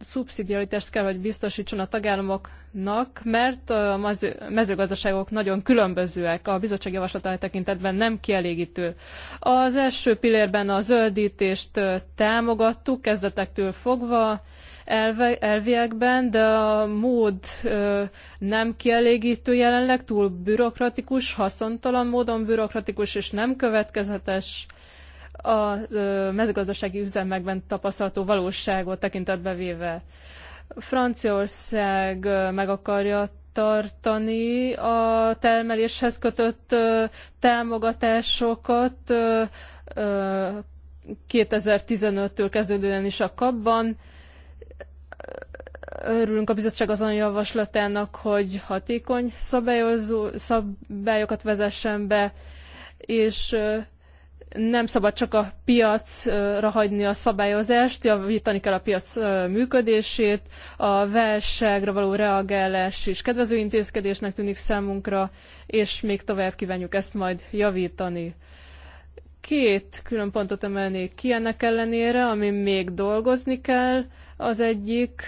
szubszidiaritást kell, hogy biztosítson a tagállamoknak, mert a mezőgazdaságok nagyon különbözőek, a bizottság javaslata tekintetben nem kielégítő. Az első pillérben a zöldítést támogattuk kezdetektől fogva, elve, elviekben, de a mód ö, nem kielégítő jelenleg, túl bürokratikus, haszontalan módon bürokratikus és nem következetes. Ö, a mezőgazdasági üzemekben tapasztalható valóságot tekintetbe véve. Franciaország meg akarja tartani a termeléshez kötött támogatásokat 2015-től kezdődően is a kapban. Örülünk a bizottság azon javaslatának, hogy hatékony szabályozó, szabályokat vezessen be, és nem szabad csak a piacra hagyni a szabályozást, javítani kell a piac működését, a válságra való reagálás is kedvező intézkedésnek tűnik számunkra, és még tovább kívánjuk ezt majd javítani. Két külön pontot emelnék ki ennek ellenére, amin még dolgozni kell. Az egyik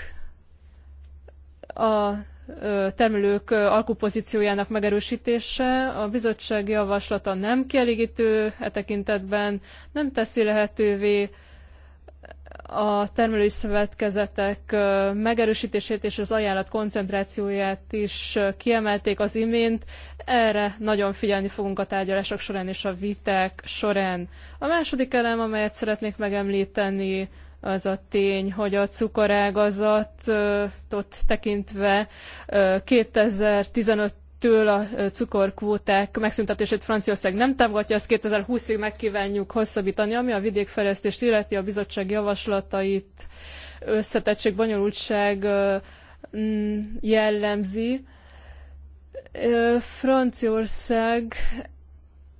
a termelők alkupozíciójának megerősítése. A bizottság javaslata nem kielégítő e tekintetben, nem teszi lehetővé a termelői szövetkezetek megerősítését és az ajánlat koncentrációját is kiemelték az imént. Erre nagyon figyelni fogunk a tárgyalások során és a viták során. A második elem, amelyet szeretnék megemlíteni, az a tény, hogy a cukorágazatot tekintve 2015 től a cukorkvóták megszüntetését Franciaország nem támogatja, ezt 2020-ig megkívánjuk hosszabbítani, ami a vidékfejlesztést illeti a bizottság javaslatait összetettség, bonyolultság mm, jellemzi. Franciaország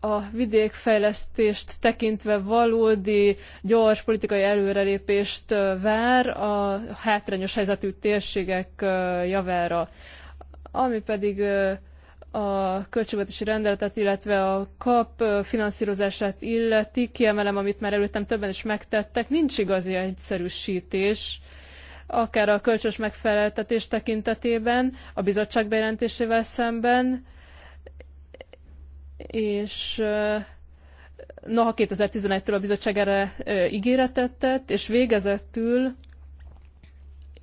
a vidékfejlesztést tekintve valódi, gyors politikai előrelépést vár a hátrányos helyzetű térségek javára. Ami pedig a költségvetési rendeletet, illetve a kap finanszírozását illeti, kiemelem, amit már előttem többen is megtettek, nincs igazi egyszerűsítés, akár a kölcsös megfeleltetés tekintetében, a bizottság bejelentésével szemben, és noha 2011-től a bizottság erre ígéretet tett, és végezettül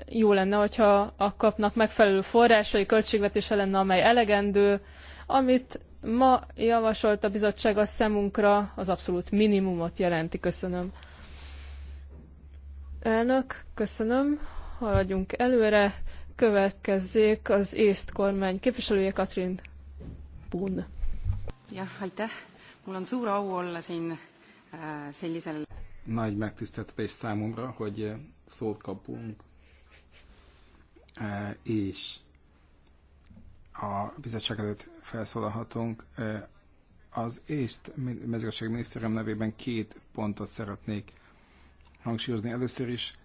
jó lenne, hogyha a kapnak megfelelő forrásai, költségvetése lenne, amely elegendő, amit ma javasolt a bizottság a szemünkre, az abszolút minimumot jelenti. Köszönöm. Elnök, köszönöm. Haladjunk előre. Következzék az észt kormány képviselője Katrin Pun jah, aitäh. Mul on suur au olla siin äh, sellisel... Nagy megtiszteltetés számomra, hogy äh, szót kapunk, äh, és a bizottság előtt felszólalhatunk. Az észt mezőgazdasági miniszterem nevében két pontot szeretnék hangsúlyozni. Először is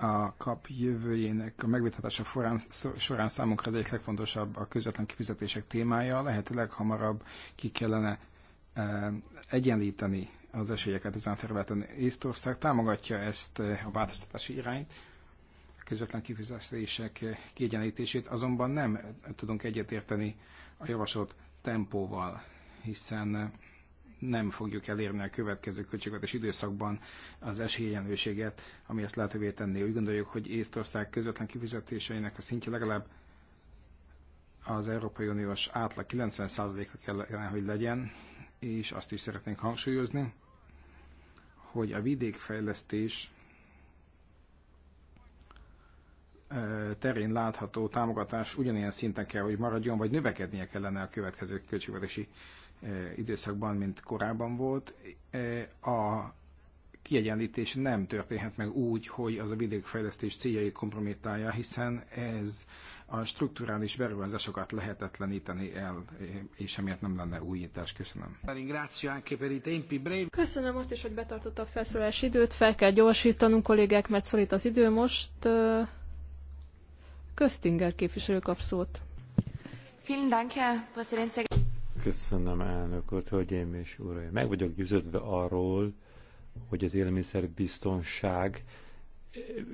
a kap jövőjének a megvitatása forán, során számunkra az egyik legfontosabb a közvetlen kifizetések témája. Lehetőleg hamarabb ki kellene e, egyenlíteni az esélyeket ezen a területen. Észtország támogatja ezt e, a változtatási irányt, a közvetlen kifizetések kiegyenlítését, azonban nem tudunk egyetérteni a javasolt tempóval, hiszen e, nem fogjuk elérni a következő költségvetés időszakban az esélyenlőséget, ami ezt lehetővé tenné. Úgy gondoljuk, hogy Észtország közvetlen kifizetéseinek a szintje legalább az Európai Uniós átlag 90%-a kellene, hogy legyen, és azt is szeretnénk hangsúlyozni, hogy a vidékfejlesztés terén látható támogatás ugyanilyen szinten kell, hogy maradjon, vagy növekednie kellene a következő költségvetési időszakban, mint korábban volt. A kiegyenlítés nem történhet meg úgy, hogy az a vidékfejlesztés céljait kompromittálja, hiszen ez a strukturális beruházásokat lehetetleníteni el, és emiatt nem lenne újítás. Köszönöm. Köszönöm azt is, hogy betartotta a felszólás időt. Fel kell gyorsítanunk, kollégák, mert szorít az idő most. Köztinger képviselő kap szót. Köszönöm, elnök úr, hölgyeim és uraim. Meg vagyok győződve arról, hogy az élelmiszerbiztonság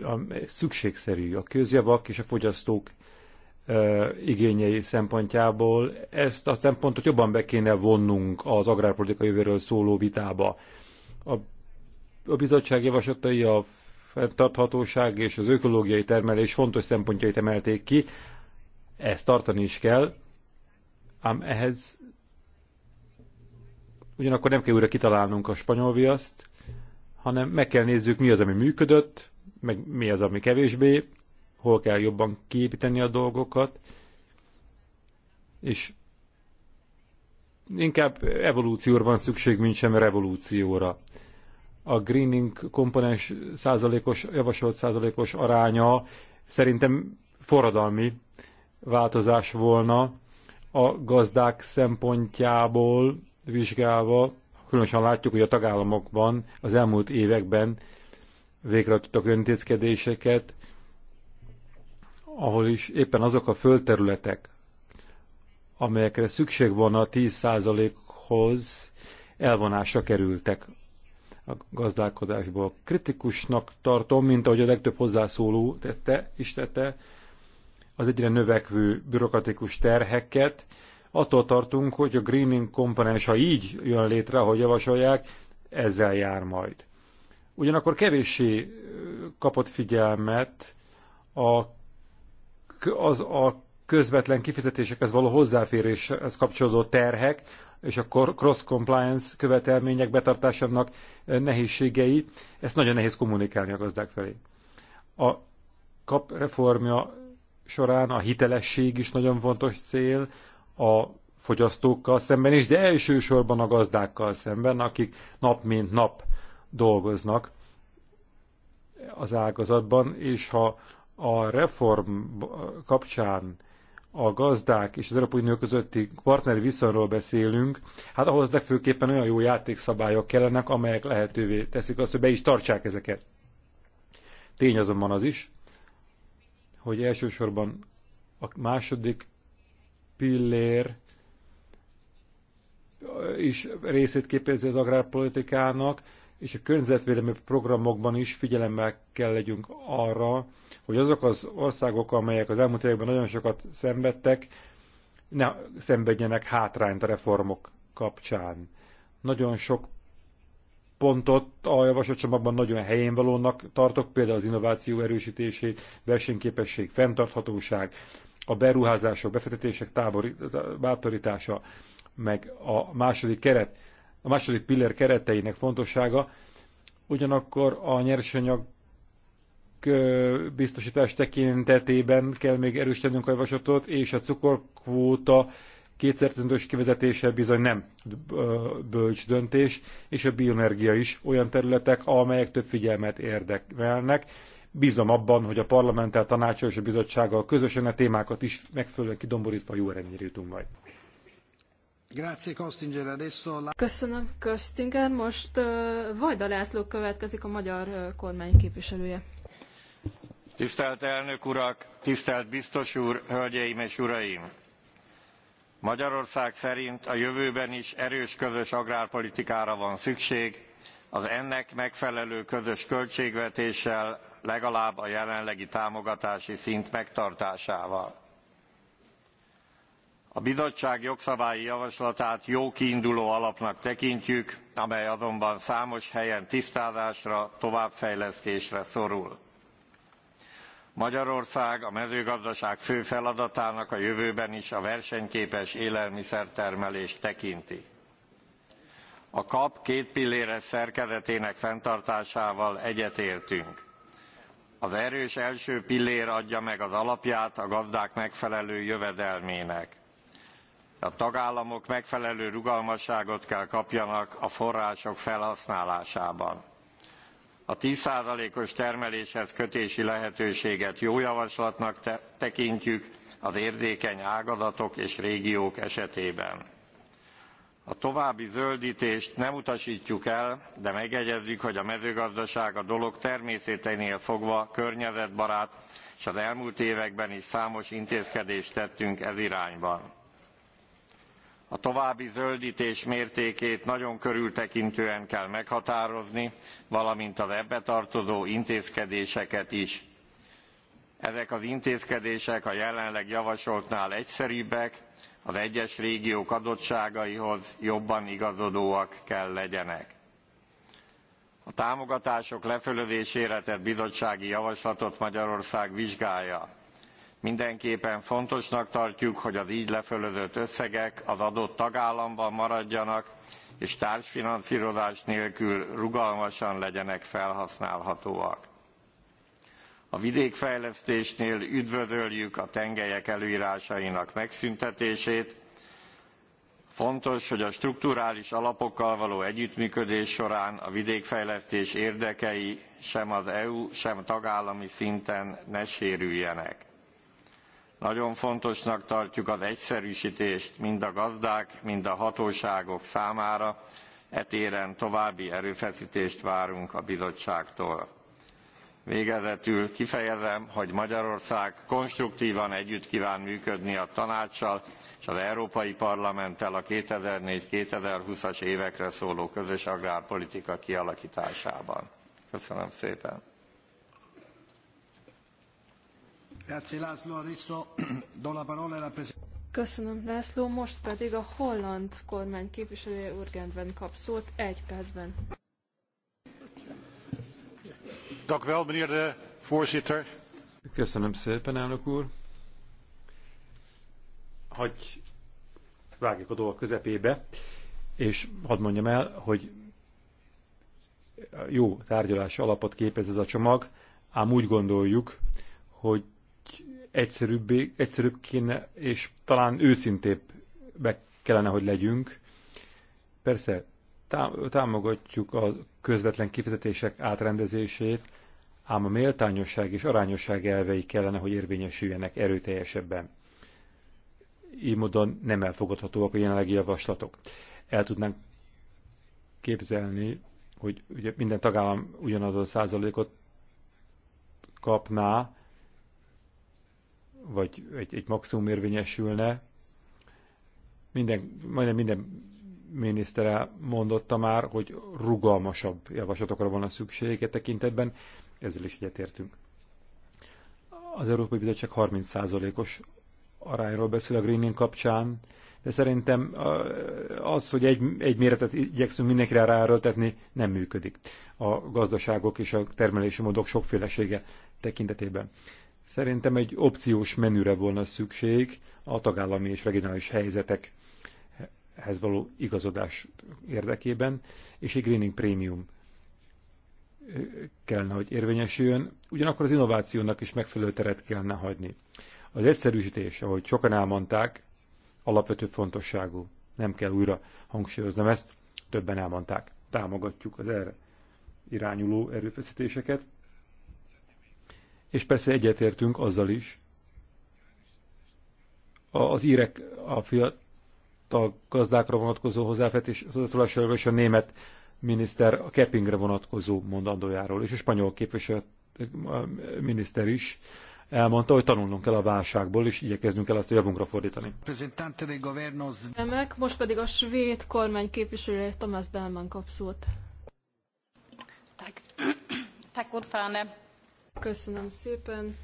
eh, eh, szükségszerű a közjavak és a fogyasztók eh, igényei szempontjából. Ezt a szempontot jobban be kéne vonnunk az agrárpolitika jövőről szóló vitába. A, a bizottság javaslatai a fenntarthatóság és az ökológiai termelés fontos szempontjait emelték ki, ezt tartani is kell, ám ehhez ugyanakkor nem kell újra kitalálnunk a spanyol viaszt, hanem meg kell nézzük, mi az, ami működött, meg mi az, ami kevésbé, hol kell jobban kiépíteni a dolgokat, és inkább evolúcióra van szükség, mint sem revolúcióra. A greening komponens százalékos, javasolt százalékos aránya szerintem forradalmi változás volna a gazdák szempontjából, vizsgálva, különösen látjuk, hogy a tagállamokban az elmúlt években végre tudtak öntézkedéseket, ahol is éppen azok a földterületek, amelyekre szükség van a 10%-hoz, elvonásra kerültek a gazdálkodásból. Kritikusnak tartom, mint ahogy a legtöbb hozzászóló tette, is tette, az egyre növekvő bürokratikus terheket, Attól tartunk, hogy a greening komponens, ha így jön létre, ahogy javasolják, ezzel jár majd. Ugyanakkor kevéssé kapott figyelmet a, az a közvetlen kifizetésekhez való hozzáféréshez kapcsolódó terhek, és a cross-compliance követelmények betartásának nehézségei, ezt nagyon nehéz kommunikálni a gazdák felé. A kap reformja során a hitelesség is nagyon fontos cél, a fogyasztókkal szemben is, de elsősorban a gazdákkal szemben, akik nap mint nap dolgoznak az ágazatban, és ha a reform kapcsán a gazdák és az Európai Unió közötti partneri viszonyról beszélünk, hát ahhoz legfőképpen olyan jó játékszabályok kellenek, amelyek lehetővé teszik azt, hogy be is tartsák ezeket. Tény azonban az is, hogy elsősorban a második pillér is részét képezi az agrárpolitikának, és a környezetvédelmi programokban is figyelemmel kell legyünk arra, hogy azok az országok, amelyek az elmúlt években nagyon sokat szenvedtek, ne szenvedjenek hátrányt a reformok kapcsán. Nagyon sok pontot a javaslatcsomagban nagyon helyén valónak tartok, például az innováció erősítését, versenyképesség, fenntarthatóság, a beruházások, befektetések tábori, bátorítása, meg a második keret, a második pillér kereteinek fontossága, ugyanakkor a nyersanyag biztosítás tekintetében kell még erősítenünk a javaslatot, és a cukorkvóta kétszerzendős kivezetése bizony nem bölcs döntés, és a bioenergia is olyan területek, amelyek több figyelmet érdekelnek, Bízom abban, hogy a parlamenttel, tanácsal és a bizottsággal közösen a témákat is megfelelően kidomborítva jó eredményre jutunk majd. Köszönöm, Köztinger. Most uh, Vajda László következik a magyar uh, kormány képviselője. Tisztelt elnök urak, tisztelt biztos úr, hölgyeim és uraim! Magyarország szerint a jövőben is erős közös agrárpolitikára van szükség, az ennek megfelelő közös költségvetéssel, legalább a jelenlegi támogatási szint megtartásával. A bizottság jogszabályi javaslatát jó kiinduló alapnak tekintjük, amely azonban számos helyen tisztázásra, továbbfejlesztésre szorul. Magyarország a mezőgazdaság fő feladatának a jövőben is a versenyképes élelmiszertermelést tekinti. A kap két pilléres szerkezetének fenntartásával egyetértünk. Az erős első pillér adja meg az alapját a gazdák megfelelő jövedelmének. A tagállamok megfelelő rugalmasságot kell kapjanak a források felhasználásában. A 10%-os termeléshez kötési lehetőséget jó javaslatnak te tekintjük az érzékeny ágazatok és régiók esetében a további zöldítést nem utastjuk el, de megjegyezzük hogy a mezőgazdaság a dolog természeténél fogva környezetbarát, és az elmúlt években is számos intézkedést tettünk ez irányban. A további zöldítés mértékét nagyon körültekintően kell meghatározni, valamint az ebbe tartozó intézkedéseket is. Ezek az intézkedések a jelenleg javasoltnál egyszerűbbek, az egyes régiók adottságaihoz jobban igazodóak kell legyenek. A támogatások lefölözésére tett bizottsági javaslatot Magyarország vizsgálja. Mindenképpen fontosnak tartjuk, hogy az így lefölözött összegek az adott tagállamban maradjanak, és társfinanszírozás nélkül rugalmasan legyenek felhasználhatóak a vidékfejlesztésnél üdvözöljük a tengelyek előírásainak megszüntetését. Fontos, hogy a strukturális alapokkal való együttműködés során a vidékfejlesztés érdekei sem az EU, sem tagállami szinten ne sérüljenek. Nagyon fontosnak tartjuk az egyszerűsítést mind a gazdák, mind a hatóságok számára, etéren további erőfeszítést várunk a bizottságtól. Végezetül kifejezem, hogy Magyarország konstruktívan együtt kíván működni a tanácssal és az Európai Parlamenttel a 2004-2020-as évekre szóló közös agrárpolitika kialakításában. Köszönöm szépen! Köszönöm, László. Most pedig a holland kormány képviselője Urgentben kap szót egy percben voorzitter. Köszönöm szépen, elnök úr. Hagy vágjuk a dolgok közepébe, és hadd mondjam el, hogy jó tárgyalási alapot képez ez a csomag, ám úgy gondoljuk, hogy egyszerűbb, egyszerűbb kéne, és talán őszintébb be kellene, hogy legyünk. Persze támogatjuk a közvetlen kifizetések átrendezését, ám a méltányosság és arányosság elvei kellene, hogy érvényesüljenek erőteljesebben. Így módon nem elfogadhatóak a jelenlegi javaslatok. El tudnánk képzelni, hogy ugye minden tagállam ugyanazon százalékot kapná, vagy egy, egy maximum érvényesülne, minden, majdnem minden miniszter mondotta már, hogy rugalmasabb javaslatokra van a szükségeket tekintetben, ezzel is egyetértünk. Az Európai Bizottság 30%-os arányról beszél a greening kapcsán, de szerintem az, hogy egy, egy méretet igyekszünk mindenkire ráerőltetni, nem működik a gazdaságok és a termelési módok sokfélesége tekintetében. Szerintem egy opciós menüre volna szükség a tagállami és regionális helyzetek ehhez való igazodás érdekében, és egy greening prémium kellene, hogy érvényesüljön, ugyanakkor az innovációnak is megfelelő teret kellene hagyni. Az egyszerűsítés, ahogy sokan elmondták, alapvető fontosságú. Nem kell újra hangsúlyoznom ezt, többen elmondták. Támogatjuk az erre irányuló erőfeszítéseket. És persze egyetértünk azzal is, az írek a fiatal a gazdákra vonatkozó hozzáfetés hozzászólásáról és a német miniszter a Keppingre vonatkozó mondandójáról, és a spanyol képviselő miniszter is elmondta, hogy tanulnunk kell a válságból, és igyekeznünk kell ezt a javunkra fordítani. most pedig a svéd kormány képviselője Tomás Delman kap szót. Köszönöm szépen.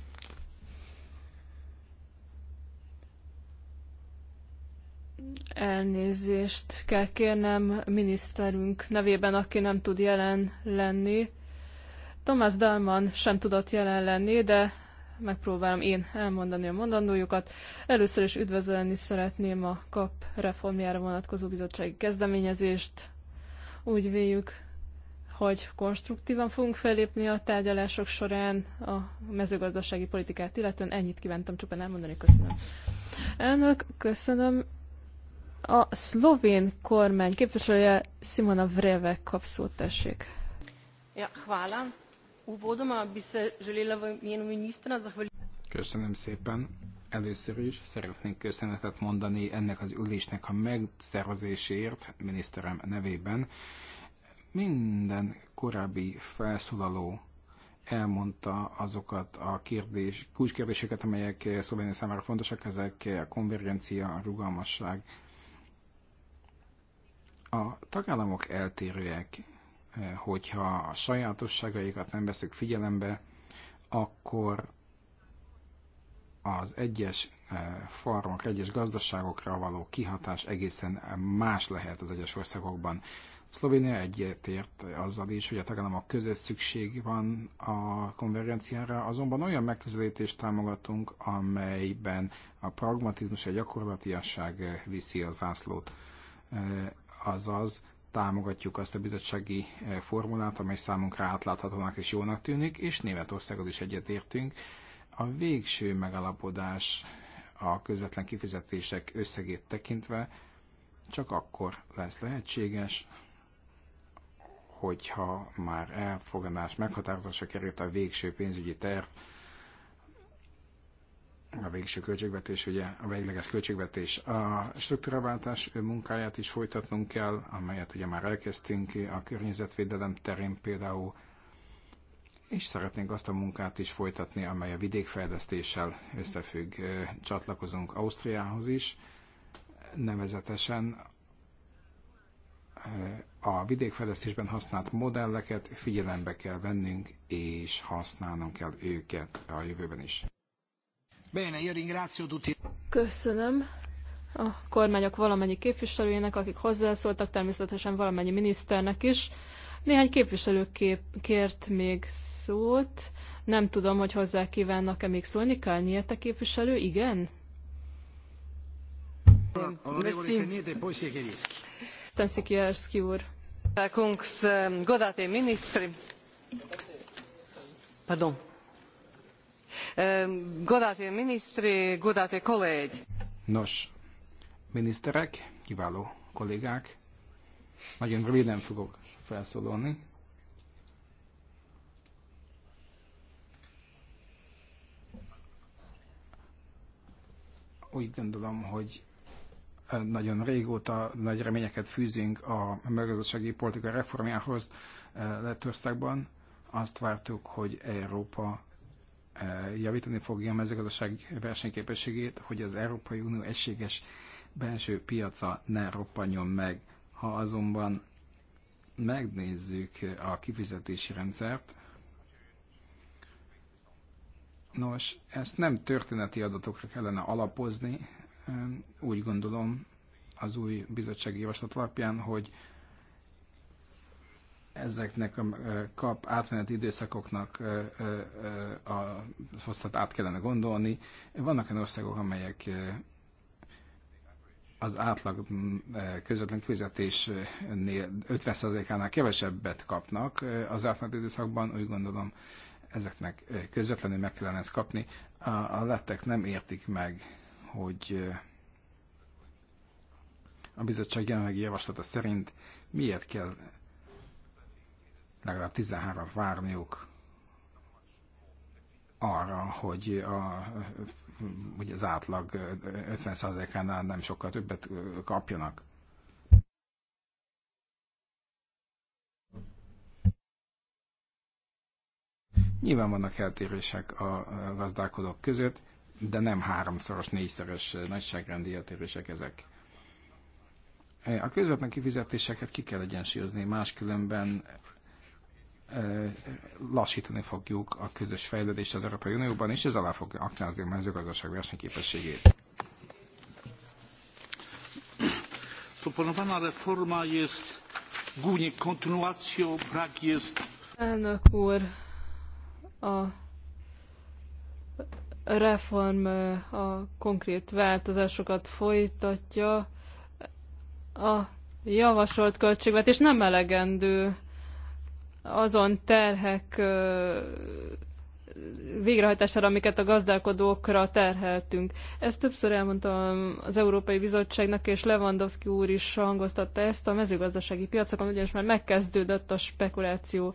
Elnézést kell kérnem miniszterünk nevében, aki nem tud jelen lenni. Thomas Dalman sem tudott jelen lenni, de megpróbálom én elmondani a mondandójukat. Először is üdvözölni szeretném a KAP reformjára vonatkozó bizottsági kezdeményezést. Úgy véljük, hogy konstruktívan fogunk felépni a tárgyalások során a mezőgazdasági politikát illetően. Ennyit kívántam csupán elmondani. Köszönöm. Elnök, köszönöm. A szlovén kormány képviselője Simona Vreve kap szót, tessék. Ja, hvala. Uvodoma bi se želela v imenu ministra zahvaliti. Köszönöm szépen. Először is szeretnék köszönetet mondani ennek az ülésnek a megszervezéséért miniszterem nevében. Minden korábbi felszólaló elmondta azokat a kérdés, kulcskérdéseket, amelyek Szlovénia számára fontosak, ezek a konvergencia, a rugalmasság, a tagállamok eltérőek, eh, hogyha a sajátosságaikat nem veszük figyelembe, akkor az egyes eh, farmok, egyes gazdaságokra való kihatás egészen más lehet az egyes országokban. Szlovénia egyetért azzal is, hogy a tagállamok között szükség van a konvergenciára, azonban olyan megközelítést támogatunk, amelyben a pragmatizmus, a gyakorlatiasság eh, viszi a zászlót azaz támogatjuk azt a bizottsági eh, formulát, amely számunkra átláthatónak és jónak tűnik, és Németországot is egyetértünk. A végső megalapodás a közvetlen kifizetések összegét tekintve csak akkor lesz lehetséges, hogyha már elfogadás meghatározása került a végső pénzügyi terv, a végső költségvetés, ugye a végleges költségvetés. A struktúraváltás munkáját is folytatnunk kell, amelyet ugye már elkezdtünk a környezetvédelem terén például, és szeretnénk azt a munkát is folytatni, amely a vidékfejlesztéssel összefügg. Csatlakozunk Ausztriához is, nevezetesen a vidékfejlesztésben használt modelleket figyelembe kell vennünk, és használnunk kell őket a jövőben is. Köszönöm a kormányok valamennyi képviselőjének, akik hozzászóltak, természetesen valamennyi miniszternek is. Néhány képviselő kép kért még szót. Nem tudom, hogy hozzá kívánnak-e még szólni. Kálniete képviselő, igen? Stenszikierski úr. Kungs, eh, godātie pardon, Ehm, godáté minisztri, godáté kollégy! Nos, miniszterek, kiváló kollégák, nagyon röviden fogok felszólalni. Úgy gondolom, hogy eh, nagyon régóta nagy reményeket fűzünk a mezőgazdasági politika reformjához eh, Lettországban. Azt vártuk, hogy Európa Eh, javítani fogja a mezőgazdaság versenyképességét, hogy az Európai Unió egységes belső piaca ne roppanjon meg. Ha azonban megnézzük a kifizetési rendszert, Nos, ezt nem történeti adatokra kellene alapozni. Úgy gondolom az új bizottsági javaslat alapján, hogy ezeknek a kap átmeneti időszakoknak a hosszat át kellene gondolni. Vannak olyan országok, amelyek az átlag közvetlen kifizetésnél 50%-ánál kevesebbet kapnak az átmeneti időszakban, úgy gondolom ezeknek közvetlenül meg kellene ezt kapni. A, a lettek nem értik meg, hogy a bizottság jelenlegi javaslata szerint miért kell legalább 13 várniuk arra, hogy a, hogy az átlag 50%-ánál nem sokkal többet kapjanak. Nyilván vannak eltérések a gazdálkodók között, de nem háromszoros, négyszeres nagyságrendi eltérések ezek. A közvetlen kifizetéseket ki kell egyensúlyozni, máskülönben Eh, lassítani fogjuk a közös fejlődést az Európai Unióban, és ez alá fogja aknázni a mezőgazdaság versenyképességét. Proponowana reforma jest głównie kontynuacją, brak jest... Elnök úr, a reform eh, a konkrét változásokat folytatja. A javasolt költségvetés nem elegendő azon terhek végrehajtására, amiket a gazdálkodókra terheltünk. Ezt többször elmondtam az Európai Bizottságnak, és Lewandowski úr is hangoztatta ezt a mezőgazdasági piacokon, ugyanis már megkezdődött a spekuláció,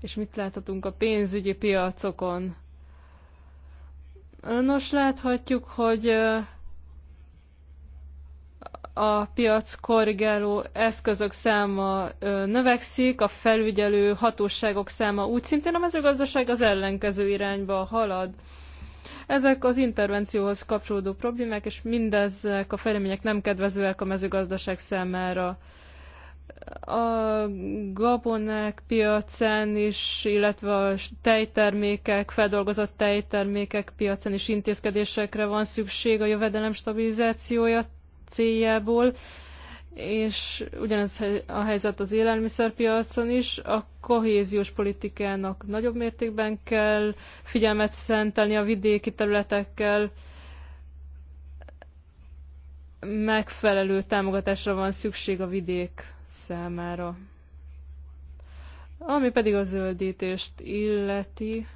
és mit láthatunk a pénzügyi piacokon. Nos, láthatjuk, hogy a piac korrigáló eszközök száma növekszik, a felügyelő hatóságok száma úgy szintén a mezőgazdaság az ellenkező irányba halad. Ezek az intervencióhoz kapcsolódó problémák, és mindezek a fejlemények nem kedvezőek a mezőgazdaság számára. A gabonák piacán is, illetve a tejtermékek, feldolgozott tejtermékek piacán is intézkedésekre van szükség a jövedelem stabilizációja céljából, és ugyanez a helyzet az élelmiszerpiacon is, a kohéziós politikának nagyobb mértékben kell figyelmet szentelni a vidéki területekkel, megfelelő támogatásra van szükség a vidék számára. Ami pedig a zöldítést illeti,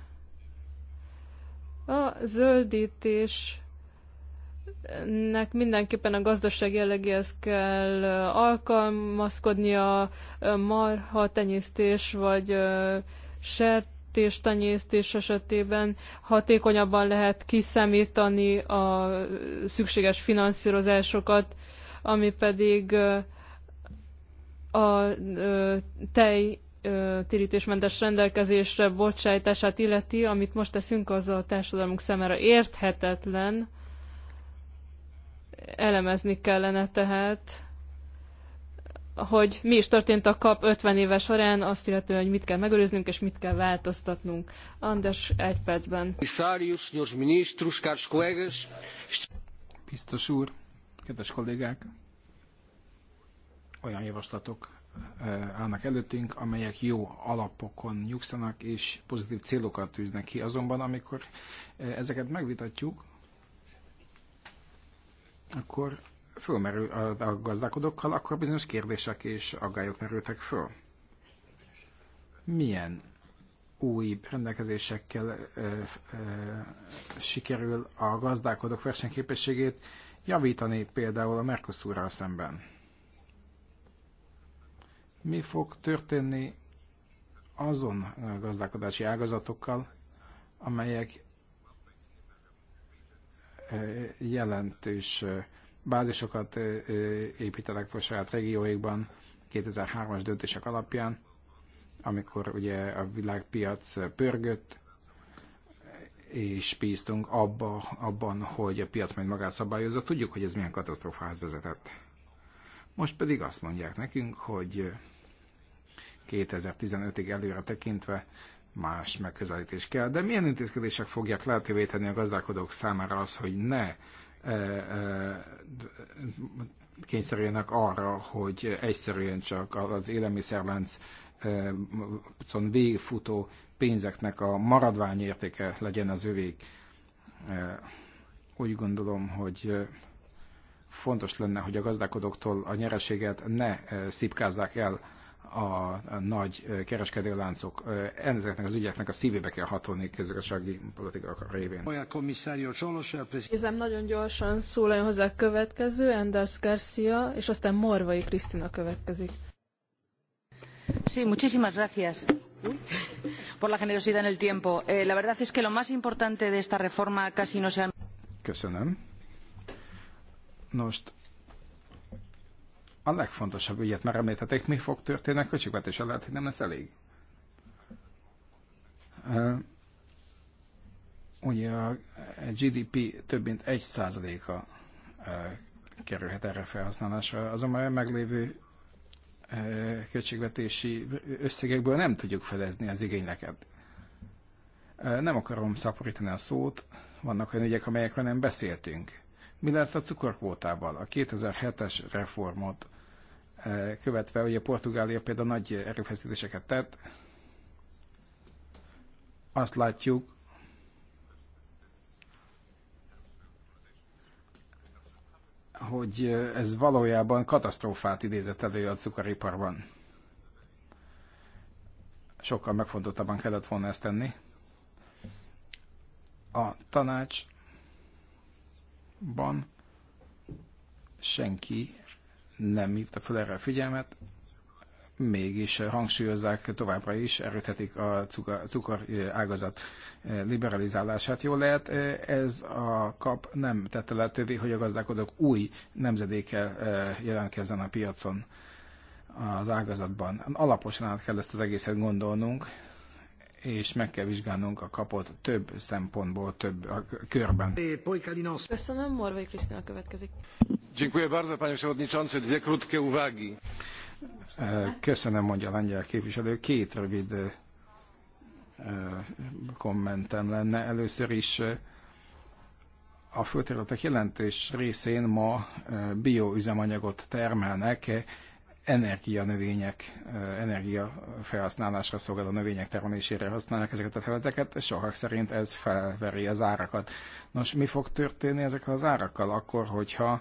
a zöldítés nek mindenképpen a gazdaság jellegéhez kell alkalmazkodni a marha tenyésztés vagy sertés tenyésztés esetében hatékonyabban lehet kiszámítani a szükséges finanszírozásokat, ami pedig a tej tirítésmentes rendelkezésre bocsájtását illeti, amit most teszünk, az a társadalmunk számára érthetetlen, Elemezni kellene tehát, hogy mi is történt a kap 50 éve során, azt illetően, hogy mit kell megőriznünk és mit kell változtatnunk. Anders, egy percben. Biztos úr, kedves kollégák, olyan javaslatok eh, állnak előttünk, amelyek jó alapokon nyugszanak és pozitív célokat tűznek ki. Azonban, amikor eh, ezeket megvitatjuk, akkor fölmerül a gazdálkodókkal, akkor bizonyos kérdések és aggályok merültek föl. Milyen új rendelkezésekkel ö, ö, sikerül a gazdálkodók versenyképességét javítani például a Mercosurral szemben? Mi fog történni azon gazdálkodási ágazatokkal, amelyek jelentős bázisokat építenek a saját régióikban 2003-as döntések alapján, amikor ugye a világpiac pörgött, és bíztunk abba, abban, hogy a piac majd magát szabályozza. Tudjuk, hogy ez milyen katasztrófához vezetett. Most pedig azt mondják nekünk, hogy 2015-ig előre tekintve más megközelítés kell. De milyen intézkedések fogják lehetővé tenni a gazdálkodók számára az, hogy ne e, e, kényszerüljenek arra, hogy egyszerűen csak az élelmiszerlánc e, szóval végigfutó pénzeknek a maradványértéke legyen az övék. E, úgy gondolom, hogy e, fontos lenne, hogy a gazdálkodóktól a nyereséget ne e, szipkázzák el a, a nagy kereskedőláncok, ezeknek az ügyeknek a szívébe kell hatolni közösségi politika révén. Kézem nagyon gyorsan szólaljon hozzá a következő, Anders Garcia, és aztán Morvai Krisztina következik. Sí, muchísimas gracias por la generosidad en el tiempo. Eh, la verdad es que lo más importante de esta reforma casi no se ha... Köszönöm. Nos a legfontosabb ügyet már említették, mi fog történni a költségvetéssel, lehet, hogy nem lesz elég. Ugye a GDP több mint 1%-a kerülhet erre felhasználásra, azonban a meglévő költségvetési összegekből nem tudjuk fedezni az igényeket. Nem akarom szaporítani a szót, vannak olyan ügyek, amelyekről nem beszéltünk. Mi lesz a cukorkvótával? A 2007-es reformot követve, hogy a Portugália például nagy erőfeszítéseket tett, azt látjuk, hogy ez valójában katasztrófát idézett elő a cukoriparban. Sokkal megfontoltabban kellett volna ezt tenni. A tanácsban senki nem hívta fel erre a figyelmet, mégis hangsúlyozzák továbbra is, erőthetik a cukor, cukor ágazat liberalizálását. Jól lehet, ez a kap nem tette lehetővé, hogy a gazdálkodók új nemzedéke jelentkezzen a piacon az ágazatban. Alaposan át kell ezt az egészet gondolnunk, és meg kell vizsgálnunk a kapot több szempontból, több körben. Köszönöm, Morvai Krisztina következik. Dziękuję bardzo, panie przewodniczący. Dwie krótkie uwagi. E, köszönöm, mondja a lengyel képviselő. Két rövid e, kommentem lenne. Először is e, a földterületek jelentős részén ma bioüzemanyagot termelnek, energianövények, energiafelhasználásra szolgáló növények termelésére használnak ezeket a területeket, és sokak szerint ez felveri az árakat. Nos, mi fog történni ezekkel az árakkal akkor, hogyha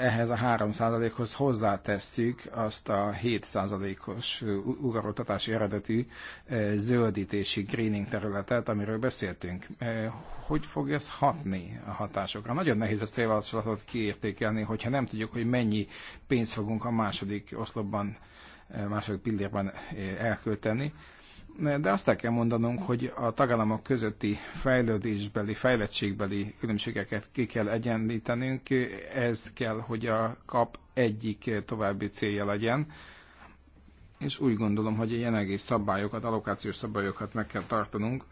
ehhez a 3%-hoz hozzátesszük azt a 7%-os ugaroltatási eredetű eh, zöldítési greening területet, amiről beszéltünk. Eh, hogy fog ez hatni a hatásokra? Nagyon nehéz ezt a javaslatot kiértékelni, hogyha nem tudjuk, hogy mennyi pénzt fogunk a második oszlopban, eh, második pillérben elkölteni de azt el kell mondanunk, hogy a tagállamok közötti fejlődésbeli, fejlettségbeli különbségeket ki kell egyenlítenünk. Ez kell, hogy a kap egyik további célja legyen. És úgy gondolom, hogy a jelenlegi szabályokat, allokációs szabályokat meg kell tartanunk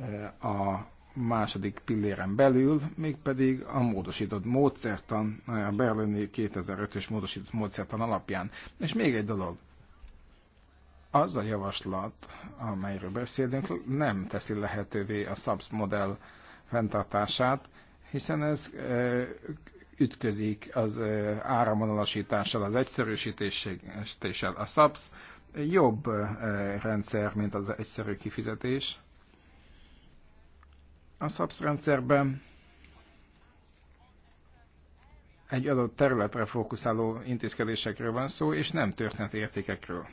eh, a második pilléren belül, mégpedig a módosított módszertan, a berlini 2005-ös módosított módszertan alapján. És még egy dolog, az a javaslat, amelyről beszélünk, nem teszi lehetővé a SAPS modell fenntartását, hiszen ez ütközik az áramonalasítással, az egyszerűsítéssel. A SAPS jobb rendszer, mint az egyszerű kifizetés. A SAPS rendszerben egy adott területre fókuszáló intézkedésekről van szó, és nem történt értékekről.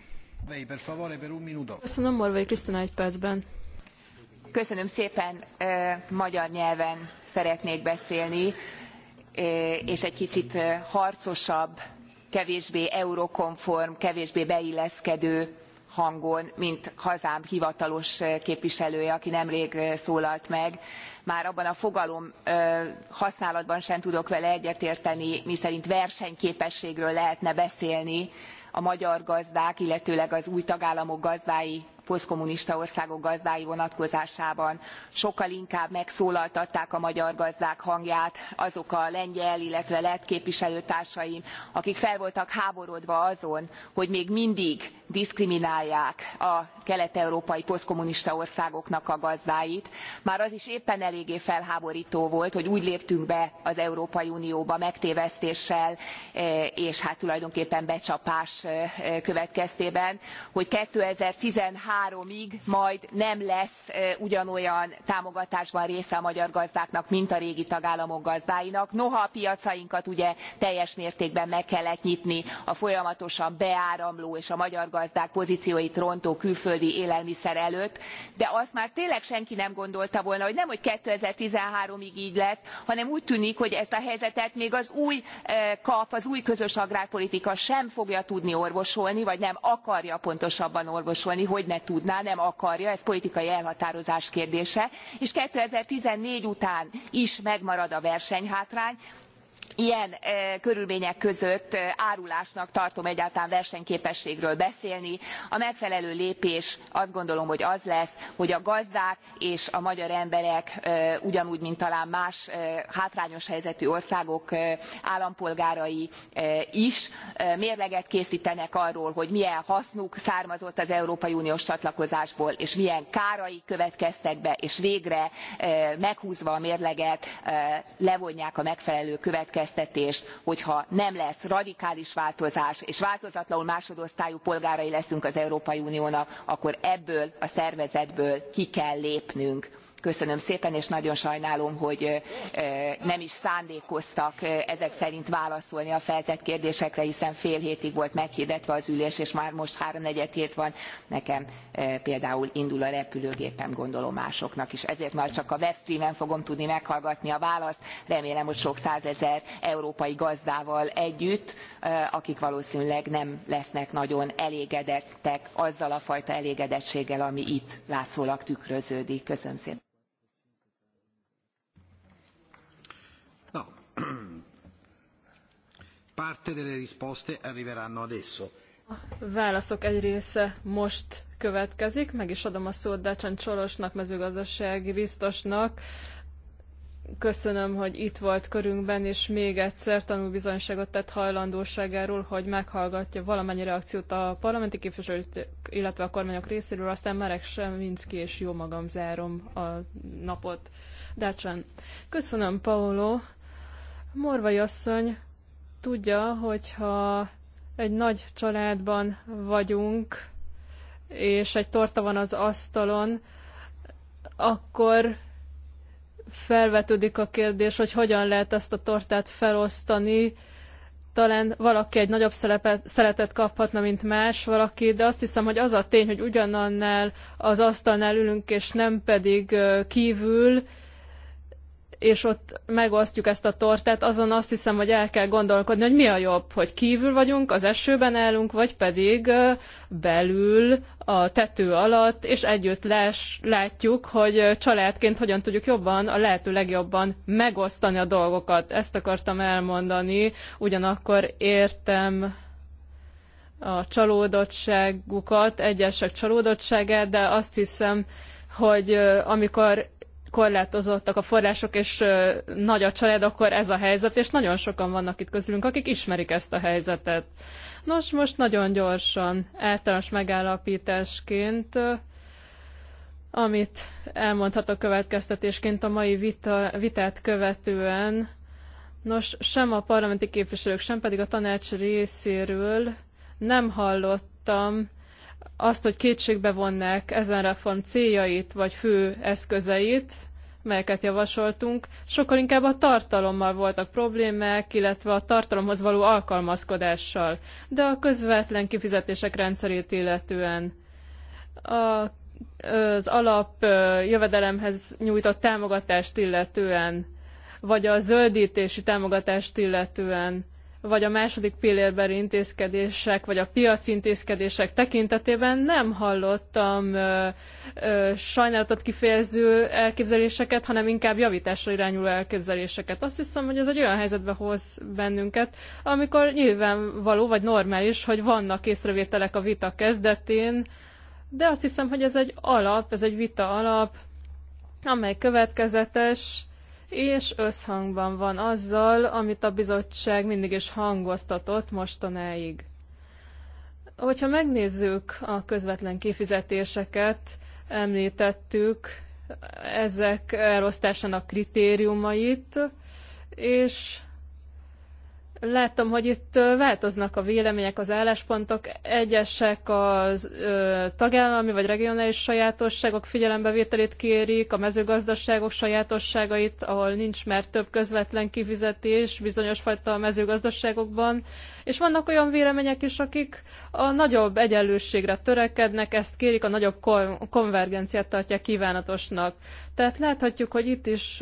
Köszönöm, Morvai Krisztina egy percben. Köszönöm szépen, magyar nyelven szeretnék beszélni, és egy kicsit harcosabb, kevésbé eurokonform, kevésbé beilleszkedő hangon mint hazám hivatalos képviselője aki nemrég szólalt meg már abban a fogalom használatban sem tudok vele egyetérteni miszerint versenyképességről lehetne beszélni a magyar gazdák illetőleg az új tagállamok gazdái posztkommunista országok gazdái vonatkozásában sokkal inkább megszólaltatták a magyar gazdák hangját azok a lengyel illetve lett képviselőtársaim akik fel voltak háborodva azon hogy még mindig diszkriminálják a kelet európai posztkommunista országoknak a gazdáit már az is éppen eléggé felhábortó volt hogy úgy léptünk be az európai unióba megtévesztéssel eh, és hát tulajdonképpen becsapás eh, eh, következtében hogy two thousand and thirteen ig majd nem lesz ugyanolyan támogatásban része a magyar gazdáknak mint a régi tagállamok gazdáinak noha a piacainkat ugye teljes mértékben meg kellett nyitni a folyamatosan beáramló és a magyar gazdák pozcióit rontó külföldi élelmiszer előtt de azt már tényleg senki nem gondolta volna hogy nemhogy two thousand and thirteen ig gy lesz hanem úgy tűnik hogy ezt a helyzetet még az új kap az új közös agrárpolitika sem fogja tudni orvosolni vagy nem akarja pontosabban orvosolni hogy ne tudná nem akarja ez politikai elhatározás kérdése és two thousand and fourteen után is megmarad a versenyhátrány ilyen körülmények között árulásnak tartom egyáltalán versenyképességről beszélni a megfelelő lépés azt gondolom hogy az lesz hogy a gazdák és a magyar emberek ugyanúgy mint talán más hátrányos helyzetű országok állampolgárai is mérleget késztenek arról hogy milyen hasznuk származott az európai uniós csatlakozásból és milyen kárai következtek be és végre meghúzva a mérleget levonják a megfelelő következtetéseket következtetést hogyha nem lesz radikális változás és változatlanul másodosztályú polgárai leszünk az európai uniónak akkor ebből a szervezetből ki kell lépnünk köszönöm szépen és nagyon sajnálom hogy nem is szándékoztak ezek szerint válaszolni a feltett kérdésekre hiszen fél hétig volt meghirdetve az ülés és már most háromnegyed hét van nekem például indul a repülőgépem gondolom másoknak is ezért már csak a webstreamen fogom tudni meghallgatni a választ remélem hogy sok százezer európai gazdával együtt akik valószínűleg nem lesznek nagyon elégedettek azzal a fajta elégedettséggel ami itt látszólag tükröződik. köszönöm szépen. Parte delle risposte arriveranno adesso. A válaszok egy része most következik, meg is adom a szót Dacsan Csolosnak, mezőgazdasági biztosnak. Köszönöm, hogy itt volt körünkben, és még egyszer tanulbizonyságot tett hajlandóságáról, hogy meghallgatja valamennyi reakciót a parlamenti képviselők, illetve a kormányok részéről, aztán Marek Seminski és jó magam zárom a napot. Dacsan, köszönöm, Paolo. Morvai asszony tudja, hogyha egy nagy családban vagyunk, és egy torta van az asztalon, akkor felvetődik a kérdés, hogy hogyan lehet ezt a tortát felosztani. Talán valaki egy nagyobb szelepet, szeletet kaphatna, mint más valaki, de azt hiszem, hogy az a tény, hogy ugyanannál az asztalnál ülünk, és nem pedig kívül, és ott megosztjuk ezt a tortát, azon azt hiszem, hogy el kell gondolkodni, hogy mi a jobb, hogy kívül vagyunk, az esőben állunk, vagy pedig belül, a tető alatt, és együtt les, látjuk, hogy családként hogyan tudjuk jobban, a lehető legjobban megosztani a dolgokat. Ezt akartam elmondani, ugyanakkor értem a csalódottságukat, egyesek csalódottságát, de azt hiszem, hogy amikor korlátozottak a források, és nagy a család, akkor ez a helyzet, és nagyon sokan vannak itt közülünk, akik ismerik ezt a helyzetet. Nos, most nagyon gyorsan, általános megállapításként, amit elmondhatok következtetésként a mai vita, vitát követően, nos, sem a parlamenti képviselők, sem pedig a tanács részéről nem hallottam, azt, hogy kétségbe vonnák ezen reform céljait vagy fő eszközeit, melyeket javasoltunk, sokkal inkább a tartalommal voltak problémák, illetve a tartalomhoz való alkalmazkodással, de a közvetlen kifizetések rendszerét illetően. A, az alap jövedelemhez nyújtott támogatást illetően, vagy a zöldítési támogatást illetően vagy a második pillérbeli intézkedések, vagy a piaci intézkedések tekintetében nem hallottam ö, ö, sajnálatot kifejező elképzeléseket, hanem inkább javításra irányuló elképzeléseket. Azt hiszem, hogy ez egy olyan helyzetbe hoz bennünket, amikor nyilvánvaló vagy normális, hogy vannak észrevételek a vita kezdetén, de azt hiszem, hogy ez egy alap, ez egy vita alap, amely következetes, és összhangban van azzal, amit a bizottság mindig is hangoztatott mostanáig. Hogyha megnézzük a közvetlen kifizetéseket, említettük ezek elosztásának kritériumait, és Látom, hogy itt változnak a vélemények, az álláspontok. Egyesek a tagállami vagy regionális sajátosságok figyelembevételét kérik, a mezőgazdaságok sajátosságait, ahol nincs már több közvetlen kifizetés bizonyos fajta mezőgazdaságokban. És vannak olyan vélemények is, akik a nagyobb egyenlőségre törekednek, ezt kérik, a nagyobb konvergenciát tartják kívánatosnak. Tehát láthatjuk, hogy itt is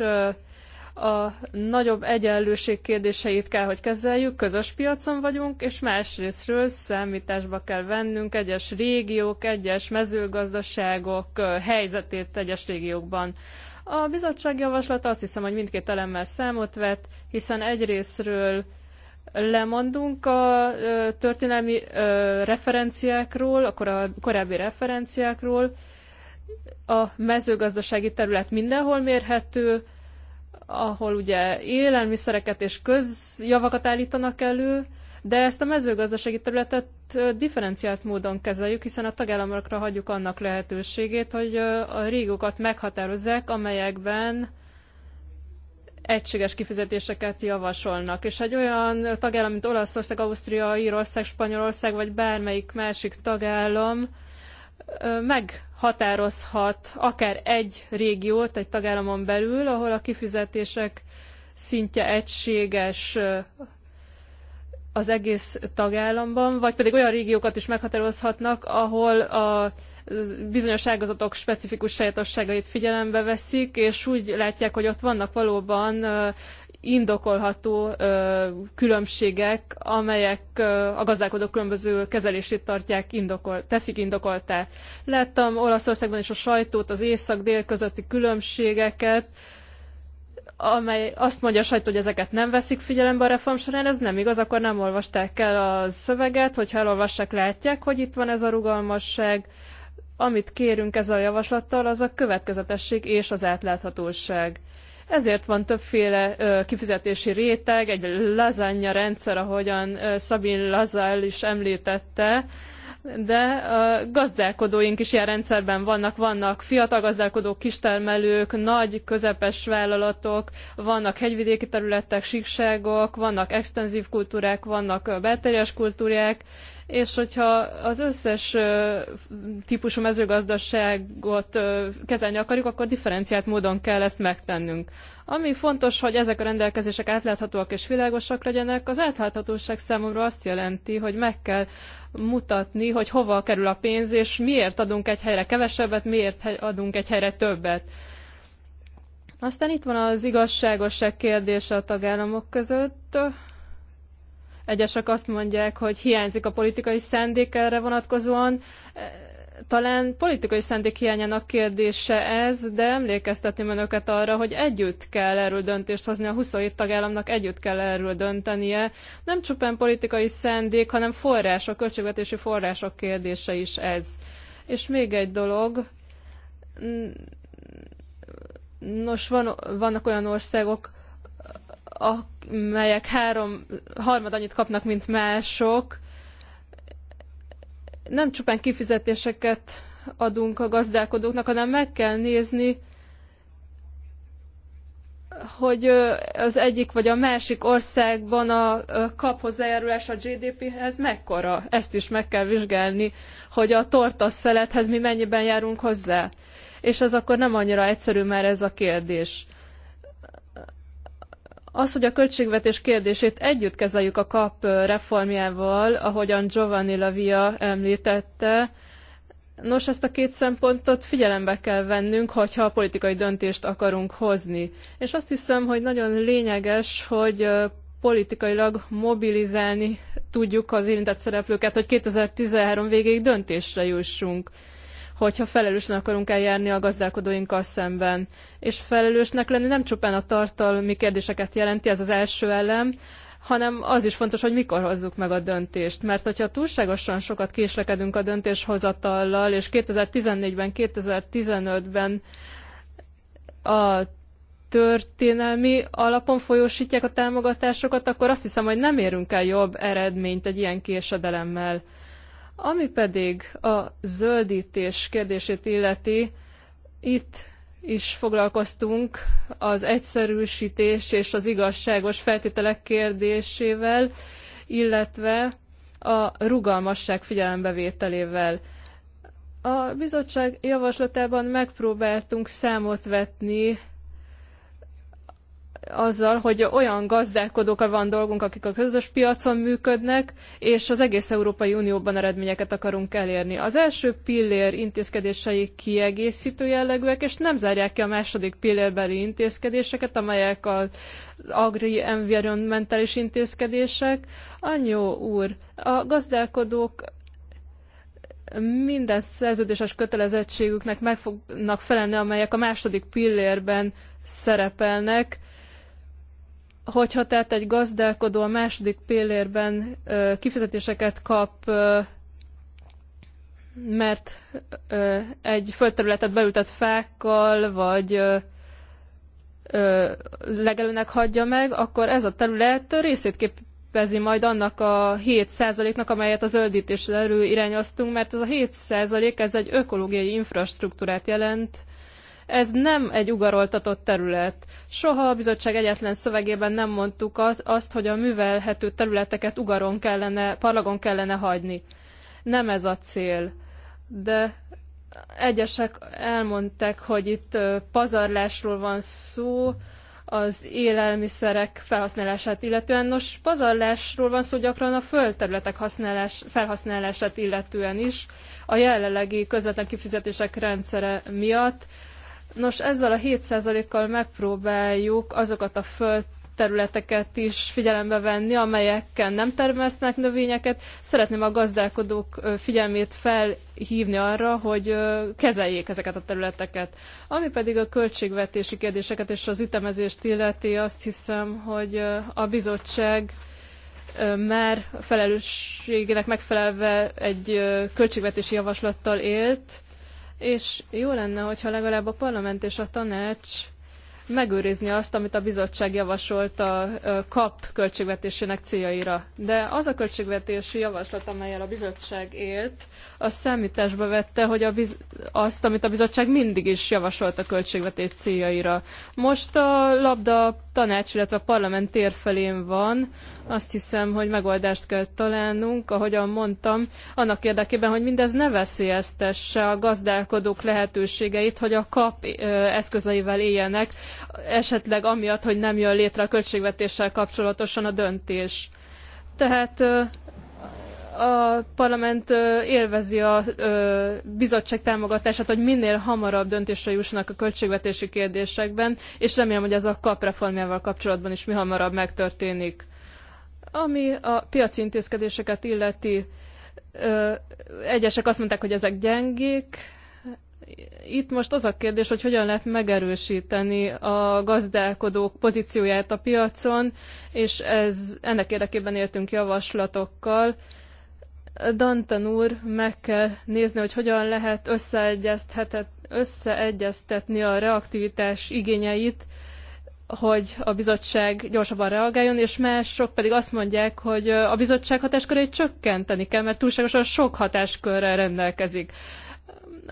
a nagyobb egyenlőség kérdéseit kell, hogy kezeljük, közös piacon vagyunk, és másrésztről számításba kell vennünk egyes régiók, egyes mezőgazdaságok helyzetét egyes régiókban. A bizottság javaslata azt hiszem, hogy mindkét elemmel számot vett, hiszen egyrésztről lemondunk a történelmi referenciákról, a korábbi referenciákról, a mezőgazdasági terület mindenhol mérhető, ahol ugye élelmiszereket és közjavakat állítanak elő, de ezt a mezőgazdasági területet differenciált módon kezeljük, hiszen a tagállamokra hagyjuk annak lehetőségét, hogy a régokat meghatározzák, amelyekben egységes kifizetéseket javasolnak. És egy olyan tagállam, mint Olaszország, Ausztria, Írország, Spanyolország, vagy bármelyik másik tagállam meg határozhat akár egy régiót egy tagállamon belül, ahol a kifizetések szintje egységes az egész tagállamban, vagy pedig olyan régiókat is meghatározhatnak, ahol a bizonyos ágazatok specifikus sajátosságait figyelembe veszik, és úgy látják, hogy ott vannak valóban indokolható különbségek, amelyek a gazdálkodók különböző kezelését tartják indokol, teszik indokoltá. Láttam Olaszországban is a sajtót, az észak-dél közötti különbségeket, amely azt mondja a sajtó, hogy ezeket nem veszik figyelembe a reform során, ez nem igaz, akkor nem olvasták el a szöveget, hogyha elolvassák, látják, hogy itt van ez a rugalmasság, amit kérünk ezzel a javaslattal, az a következetesség és az átláthatóság. Ezért van többféle kifizetési réteg, egy lazánya rendszer, ahogyan Szabin Lazell is említette, de a gazdálkodóink is ilyen rendszerben vannak. Vannak fiatal gazdálkodók, kistermelők, nagy, közepes vállalatok, vannak hegyvidéki területek, síkságok, vannak extenzív kultúrák, vannak belterjes kultúrák, és hogyha az összes típusú mezőgazdaságot kezelni akarjuk, akkor differenciált módon kell ezt megtennünk. Ami fontos, hogy ezek a rendelkezések átláthatóak és világosak legyenek, az átláthatóság számomra azt jelenti, hogy meg kell mutatni, hogy hova kerül a pénz, és miért adunk egy helyre kevesebbet, miért adunk egy helyre többet. Aztán itt van az igazságosság kérdése a tagállamok között. Egyesek azt mondják, hogy hiányzik a politikai szándék erre vonatkozóan. E, talán politikai szándék hiányának kérdése ez, de emlékeztetném önöket arra, hogy együtt kell erről döntést hozni, a 27 tagállamnak együtt kell erről döntenie. Nem csupán politikai szándék, hanem források, költségvetési források kérdése is ez. És még egy dolog, nos, van, vannak olyan országok, a, melyek három, harmad annyit kapnak, mint mások. Nem csupán kifizetéseket adunk a gazdálkodóknak, hanem meg kell nézni, hogy az egyik vagy a másik országban a kap hozzájárulás a GDP-hez mekkora. Ezt is meg kell vizsgálni, hogy a torta szelethez mi mennyiben járunk hozzá. És az akkor nem annyira egyszerű már ez a kérdés. Az, hogy a költségvetés kérdését együtt kezeljük a kap reformjával, ahogyan Giovanni Lavia említette, Nos, ezt a két szempontot figyelembe kell vennünk, hogyha a politikai döntést akarunk hozni. És azt hiszem, hogy nagyon lényeges, hogy politikailag mobilizálni tudjuk az érintett szereplőket, hogy 2013 végéig döntésre jussunk hogyha felelősen akarunk eljárni a gazdálkodóinkkal szemben. És felelősnek lenni nem csupán a tartalmi kérdéseket jelenti, ez az első elem, hanem az is fontos, hogy mikor hozzuk meg a döntést. Mert hogyha túlságosan sokat késlekedünk a döntéshozatallal, és 2014-ben, 2015-ben a történelmi alapon folyósítják a támogatásokat, akkor azt hiszem, hogy nem érünk el jobb eredményt egy ilyen késedelemmel. Ami pedig a zöldítés kérdését illeti, itt is foglalkoztunk az egyszerűsítés és az igazságos feltételek kérdésével, illetve a rugalmasság figyelembevételével. A bizottság javaslatában megpróbáltunk számot vetni azzal, hogy olyan gazdálkodókkal van dolgunk, akik a közös piacon működnek, és az egész Európai Unióban eredményeket akarunk elérni. Az első pillér intézkedései kiegészítő jellegűek, és nem zárják ki a második pillérbeli intézkedéseket, amelyek az agri-environmentális intézkedések. Anyó úr, a gazdálkodók minden szerződéses kötelezettségüknek meg fognak felelni, amelyek a második pillérben szerepelnek, Hogyha tehát egy gazdálkodó a második pillérben kifizetéseket kap, mert egy földterületet beültet fákkal, vagy legelőnek hagyja meg, akkor ez a terület részét képezi majd annak a 7%-nak, amelyet a zöldítés erő irányoztunk, mert ez a 7% ez egy ökológiai infrastruktúrát jelent, ez nem egy ugaroltatott terület. Soha a bizottság egyetlen szövegében nem mondtuk azt, hogy a művelhető területeket ugaron kellene, parlagon kellene hagyni. Nem ez a cél. De egyesek elmondták, hogy itt pazarlásról van szó, az élelmiszerek felhasználását illetően. Nos, pazarlásról van szó gyakran a földterületek használás, felhasználását illetően is. A jelenlegi közvetlen kifizetések rendszere miatt Nos, ezzel a 7%-kal megpróbáljuk azokat a föld területeket is figyelembe venni, amelyeken nem termesznek növényeket. Szeretném a gazdálkodók figyelmét felhívni arra, hogy kezeljék ezeket a területeket. Ami pedig a költségvetési kérdéseket és az ütemezést illeti, azt hiszem, hogy a bizottság már felelősségének megfelelve egy költségvetési javaslattal élt, és jó lenne, hogyha legalább a parlament és a tanács megőrizni azt, amit a bizottság javasolt a kap költségvetésének céljaira. De az a költségvetési javaslat, amelyel a bizottság élt, az számításba vette, hogy a biz- azt, amit a bizottság mindig is javasolt a költségvetés céljaira. Most a labda tanács, illetve a parlament tér felén van. Azt hiszem, hogy megoldást kell találnunk, ahogyan mondtam, annak érdekében, hogy mindez ne veszélyeztesse a gazdálkodók lehetőségeit, hogy a kap eszközeivel éljenek, esetleg amiatt, hogy nem jön létre a költségvetéssel kapcsolatosan a döntés. Tehát a parlament élvezi a bizottság támogatását, hogy minél hamarabb döntésre jussanak a költségvetési kérdésekben, és remélem, hogy ez a kap reformjával kapcsolatban is mi hamarabb megtörténik. Ami a piaci intézkedéseket illeti, egyesek azt mondták, hogy ezek gyengék, itt most az a kérdés, hogy hogyan lehet megerősíteni a gazdálkodók pozícióját a piacon, és ez, ennek érdekében éltünk javaslatokkal. Dantan úr, meg kell nézni, hogy hogyan lehet összeegyeztetni a reaktivitás igényeit, hogy a bizottság gyorsabban reagáljon, és mások pedig azt mondják, hogy a bizottság hatáskörét csökkenteni kell, mert túlságosan sok hatáskörrel rendelkezik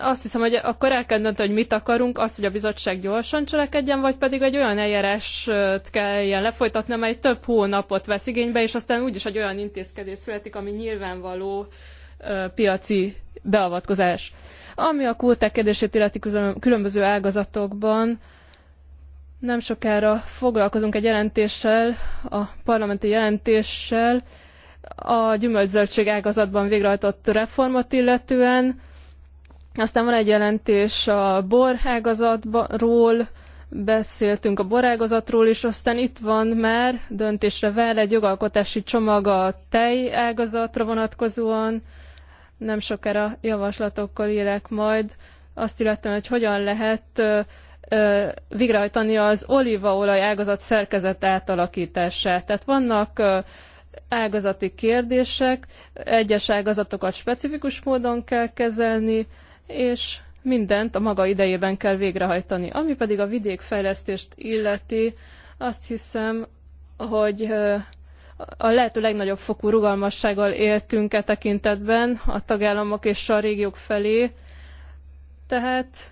azt hiszem, hogy akkor el kell dönteni, hogy mit akarunk, azt, hogy a bizottság gyorsan cselekedjen, vagy pedig egy olyan eljárást kelljen lefolytatni, amely több hónapot vesz igénybe, és aztán úgyis egy olyan intézkedés születik, ami nyilvánvaló ö, piaci beavatkozás. Ami a kultek kérdését illeti különböző ágazatokban, nem sokára foglalkozunk egy jelentéssel, a parlamenti jelentéssel, a gyümölcszöldség ágazatban végrehajtott reformot illetően, aztán van egy jelentés a borhágazatról, beszéltünk a borágazatról is, aztán itt van már döntésre vár egy jogalkotási csomag a tejágazatra vonatkozóan. Nem sokára javaslatokkal élek majd. Azt illetően, hogy hogyan lehet végrehajtani az olívaolaj ágazat szerkezet átalakítását. Tehát vannak ágazati kérdések, egyes ágazatokat specifikus módon kell kezelni, és mindent a maga idejében kell végrehajtani. Ami pedig a vidékfejlesztést illeti, azt hiszem, hogy a lehető legnagyobb fokú rugalmassággal éltünk e tekintetben a tagállamok és a régiók felé, tehát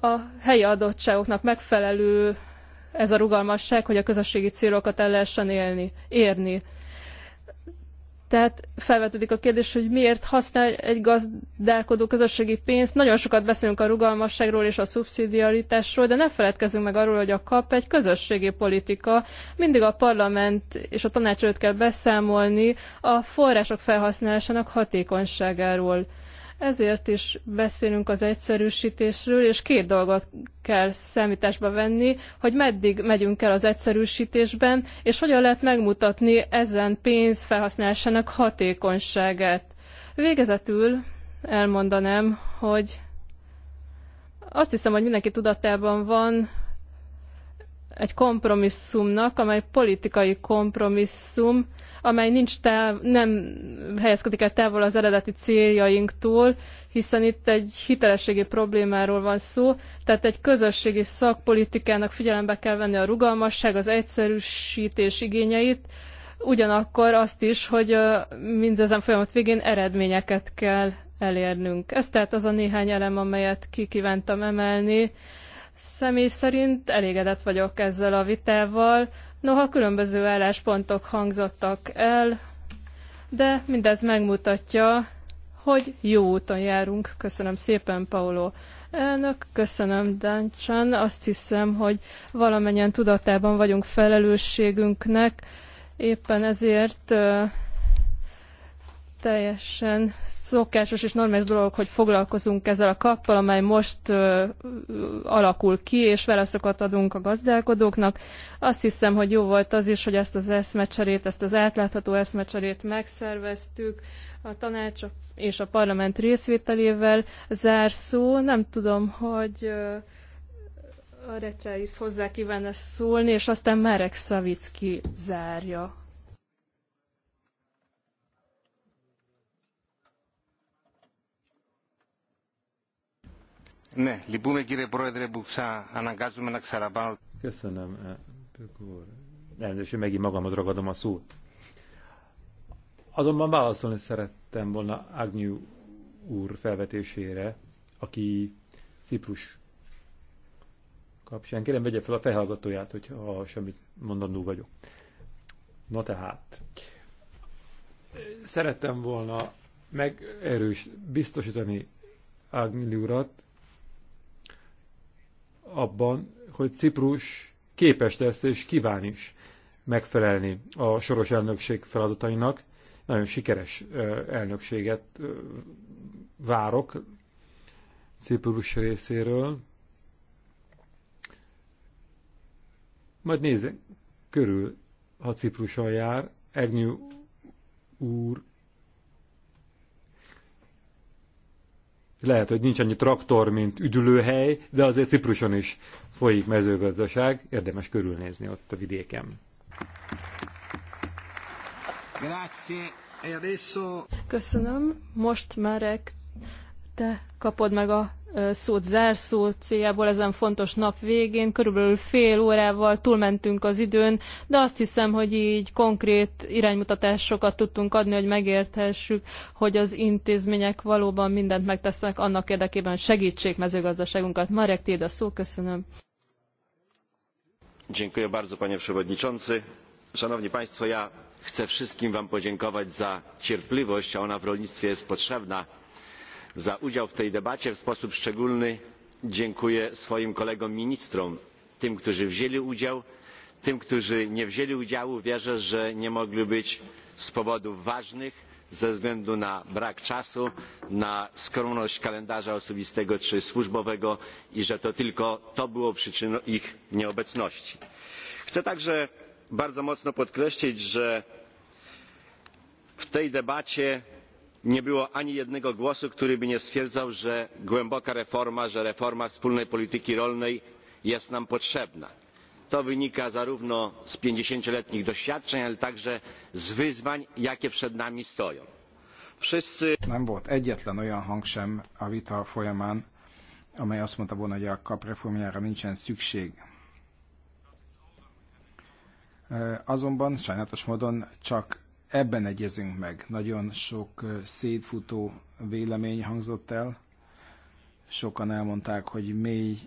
a helyi adottságoknak megfelelő ez a rugalmasság, hogy a közösségi célokat el lehessen élni, érni. Tehát felvetődik a kérdés, hogy miért használ egy gazdálkodó közösségi pénzt. Nagyon sokat beszélünk a rugalmasságról és a szubszidiaritásról, de ne feledkezzünk meg arról, hogy a kap egy közösségi politika. Mindig a parlament és a tanács előtt kell beszámolni a források felhasználásának hatékonyságáról. Ezért is beszélünk az egyszerűsítésről, és két dolgot kell számításba venni, hogy meddig megyünk el az egyszerűsítésben, és hogyan lehet megmutatni ezen pénz felhasználásának hatékonyságát. Végezetül elmondanám, hogy azt hiszem, hogy mindenki tudatában van egy kompromisszumnak, amely politikai kompromisszum, amely nincs nem helyezkedik el távol az eredeti céljainktól, hiszen itt egy hitelességi problémáról van szó, tehát egy közösségi szakpolitikának figyelembe kell venni a rugalmasság, az egyszerűsítés igényeit, ugyanakkor azt is, hogy mindezen folyamat végén eredményeket kell elérnünk. Ez tehát az a néhány elem, amelyet ki kívántam emelni. Személy szerint elégedett vagyok ezzel a vitával. Noha különböző álláspontok hangzottak el, de mindez megmutatja, hogy jó úton járunk. Köszönöm szépen, Paulo. Elnök, köszönöm, Dancsan. Azt hiszem, hogy valamennyien tudatában vagyunk felelősségünknek, éppen ezért teljesen szokásos és normális dolog, hogy foglalkozunk ezzel a kappal, amely most ö, alakul ki, és válaszokat adunk a gazdálkodóknak. Azt hiszem, hogy jó volt az is, hogy ezt az eszmecserét, ezt az átlátható eszmecserét megszerveztük a tanács és a parlament részvételével. Zárszó, nem tudom, hogy ö, a Retreis hozzá kívánna szólni, és aztán Marek Szavicki zárja. Ναι, λυπούμε κύριε Πρόεδρε που ξαναγκάζουμε να ξαναπάνω. Köszönöm, de hogy megint magamat ragadom a szót. Azonban válaszolni szerettem volna Agnew úr felvetésére, aki Ciprus kapcsán. Kérem, vegye fel a fejhallgatóját, hogyha semmit mondandó vagyok. Na tehát, szerettem volna megerős biztosítani Agnew urat, abban, hogy Ciprus képes lesz és kíván is megfelelni a soros elnökség feladatainak. Nagyon sikeres elnökséget várok Ciprus részéről. Majd nézzük körül, ha Cipruson jár, Egnyú úr lehet, hogy nincs annyi traktor, mint üdülőhely, de azért Cipruson is folyik mezőgazdaság, érdemes körülnézni ott a vidéken. E Köszönöm. Most Marek, te kapod meg a szót zárszó céljából ezen fontos nap végén. Körülbelül fél órával túlmentünk az időn, de azt hiszem, hogy így konkrét iránymutatásokat tudtunk adni, hogy megérthessük, hogy az intézmények valóban mindent megtesznek annak érdekében, hogy segítsék mezőgazdaságunkat. Marek, tiéd a szó, köszönöm. Dziękuję bardzo, panie przewodniczący. Szanowni Państwo, ja chcę wszystkim Wam podziękować za cierpliwość, a ona w rolnictwie jest potrzebna za udział w tej debacie. w sposób szczególny dziękuję swoim kolegom ministrom tym którzy wzięli udział tym którzy nie wzięli udziału wierzę że nie mogli być z powodów ważnych ze względu na brak czasu na skromność kalendarza osobistego czy służbowego i że to tylko to było przyczyną ich nieobecności. chcę także bardzo mocno podkreślić że w tej debacie nie było ani jednego głosu który by nie stwierdzał że głęboka reforma że reforma wspólnej polityki rolnej jest nam potrzebna. to wynika zarówno z pięćdziesięcioletnich doświadczeń ale także z wyzwań jakie przed nami stoją. wszyscy. nem volt egyetlen olyan hang a vita folyamán amely azt mondta volna hogy a kap reformjára nincsen szükség. azonban sajnálatos módon csak Ebben egyezünk meg. Nagyon sok szétfutó vélemény hangzott el. Sokan elmondták, hogy mély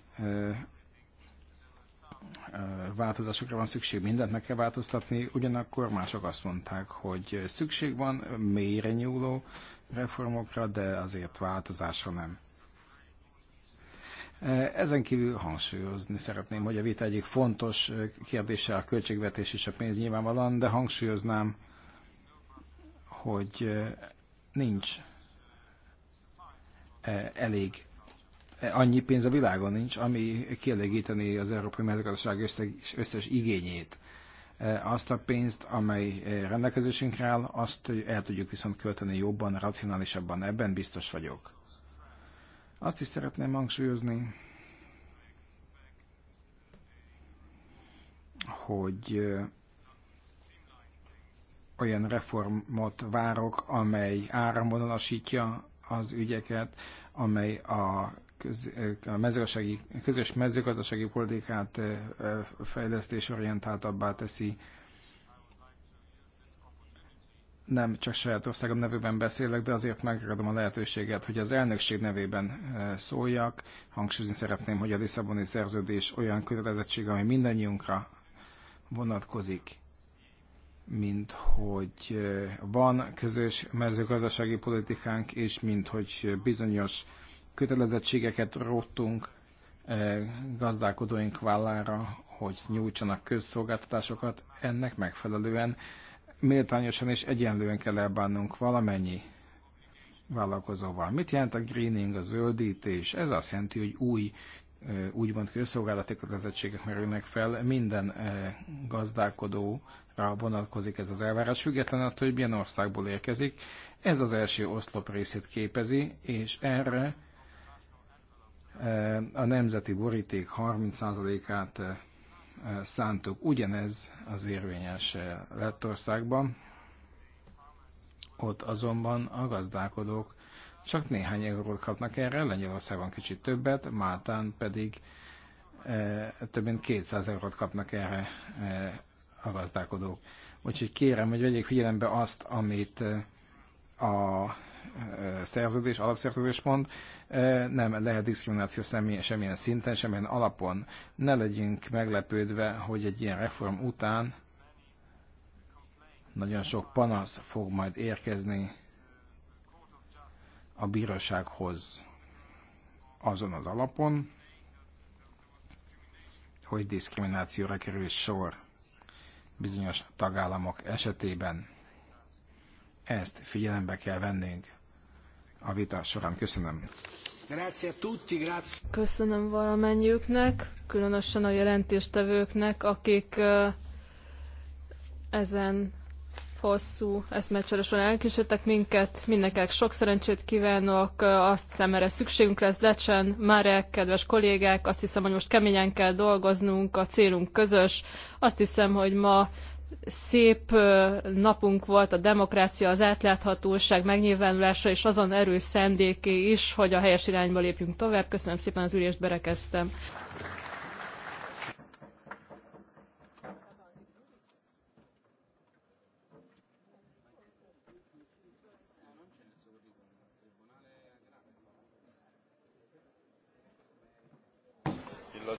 változásokra van szükség, mindent meg kell változtatni, ugyanakkor mások azt mondták, hogy szükség van mélyre nyúló reformokra, de azért változásra nem. Ezen kívül hangsúlyozni szeretném, hogy a vita egyik fontos kérdése a költségvetés és a pénz nyilvánvalóan, de hangsúlyoznám hogy nincs elég annyi pénz a világon nincs, ami kielégíteni az európai mezőgazdaság összes, összes igényét. Azt a pénzt, amely rendelkezésünkre áll, azt el tudjuk viszont költeni jobban, racionálisabban, ebben biztos vagyok. Azt is szeretném hangsúlyozni, hogy olyan reformot várok, amely áramvonalasítja az ügyeket, amely a, köz, a mezőgazdasági, közös mezőgazdasági politikát orientáltabbá teszi. Nem csak saját országom nevében beszélek, de azért megragadom a lehetőséget, hogy az elnökség nevében szóljak. Hangsúlyozni szeretném, hogy a Lisszaboni szerződés olyan kötelezettség, ami mindannyiunkra vonatkozik mint hogy van közös mezőgazdasági politikánk, és mint hogy bizonyos kötelezettségeket róttunk gazdálkodóink vállára, hogy nyújtsanak közszolgáltatásokat, ennek megfelelően méltányosan és egyenlően kell elbánnunk valamennyi vállalkozóval. Mit jelent a greening, a zöldítés? Ez azt jelenti, hogy új úgymond közszolgálati kötelezettségek merülnek fel minden gazdálkodó vonatkozik ez az elvárás, független attól, hogy milyen országból érkezik. Ez az első oszlop részét képezi, és erre e, a nemzeti boríték 30%-át e, e, szántuk. Ugyanez az érvényes Lettországban, ott azonban a gazdálkodók csak néhány eurót kapnak erre, Lengyelországban kicsit többet, Máltán pedig több mint 200 eurót kapnak erre a gazdálkodók. Úgyhogy kérem, hogy vegyék figyelembe azt, amit eh, a eh, szerződés, alapszerződés mond, eh, nem lehet diszkrimináció semmilyen, semmilyen szinten, semmilyen alapon. Ne legyünk meglepődve, hogy egy ilyen reform után nagyon sok panasz fog majd érkezni a bírósághoz azon az alapon, hogy diszkriminációra kerül sor bizonyos tagállamok esetében. Ezt figyelembe kell vennünk a vita során. Köszönöm. Köszönöm valamennyiüknek, különösen a jelentéstevőknek, akik ezen hosszú eszmecsere során elkísértek minket. Mindenkinek sok szerencsét kívánok, azt hiszem erre szükségünk lesz. Lecsen, Marek, kedves kollégák, azt hiszem, hogy most keményen kell dolgoznunk, a célunk közös. Azt hiszem, hogy ma szép napunk volt a demokrácia, az átláthatóság megnyilvánulása és azon erős szendéké is, hogy a helyes irányba lépjünk tovább. Köszönöm szépen az ülést, berekeztem.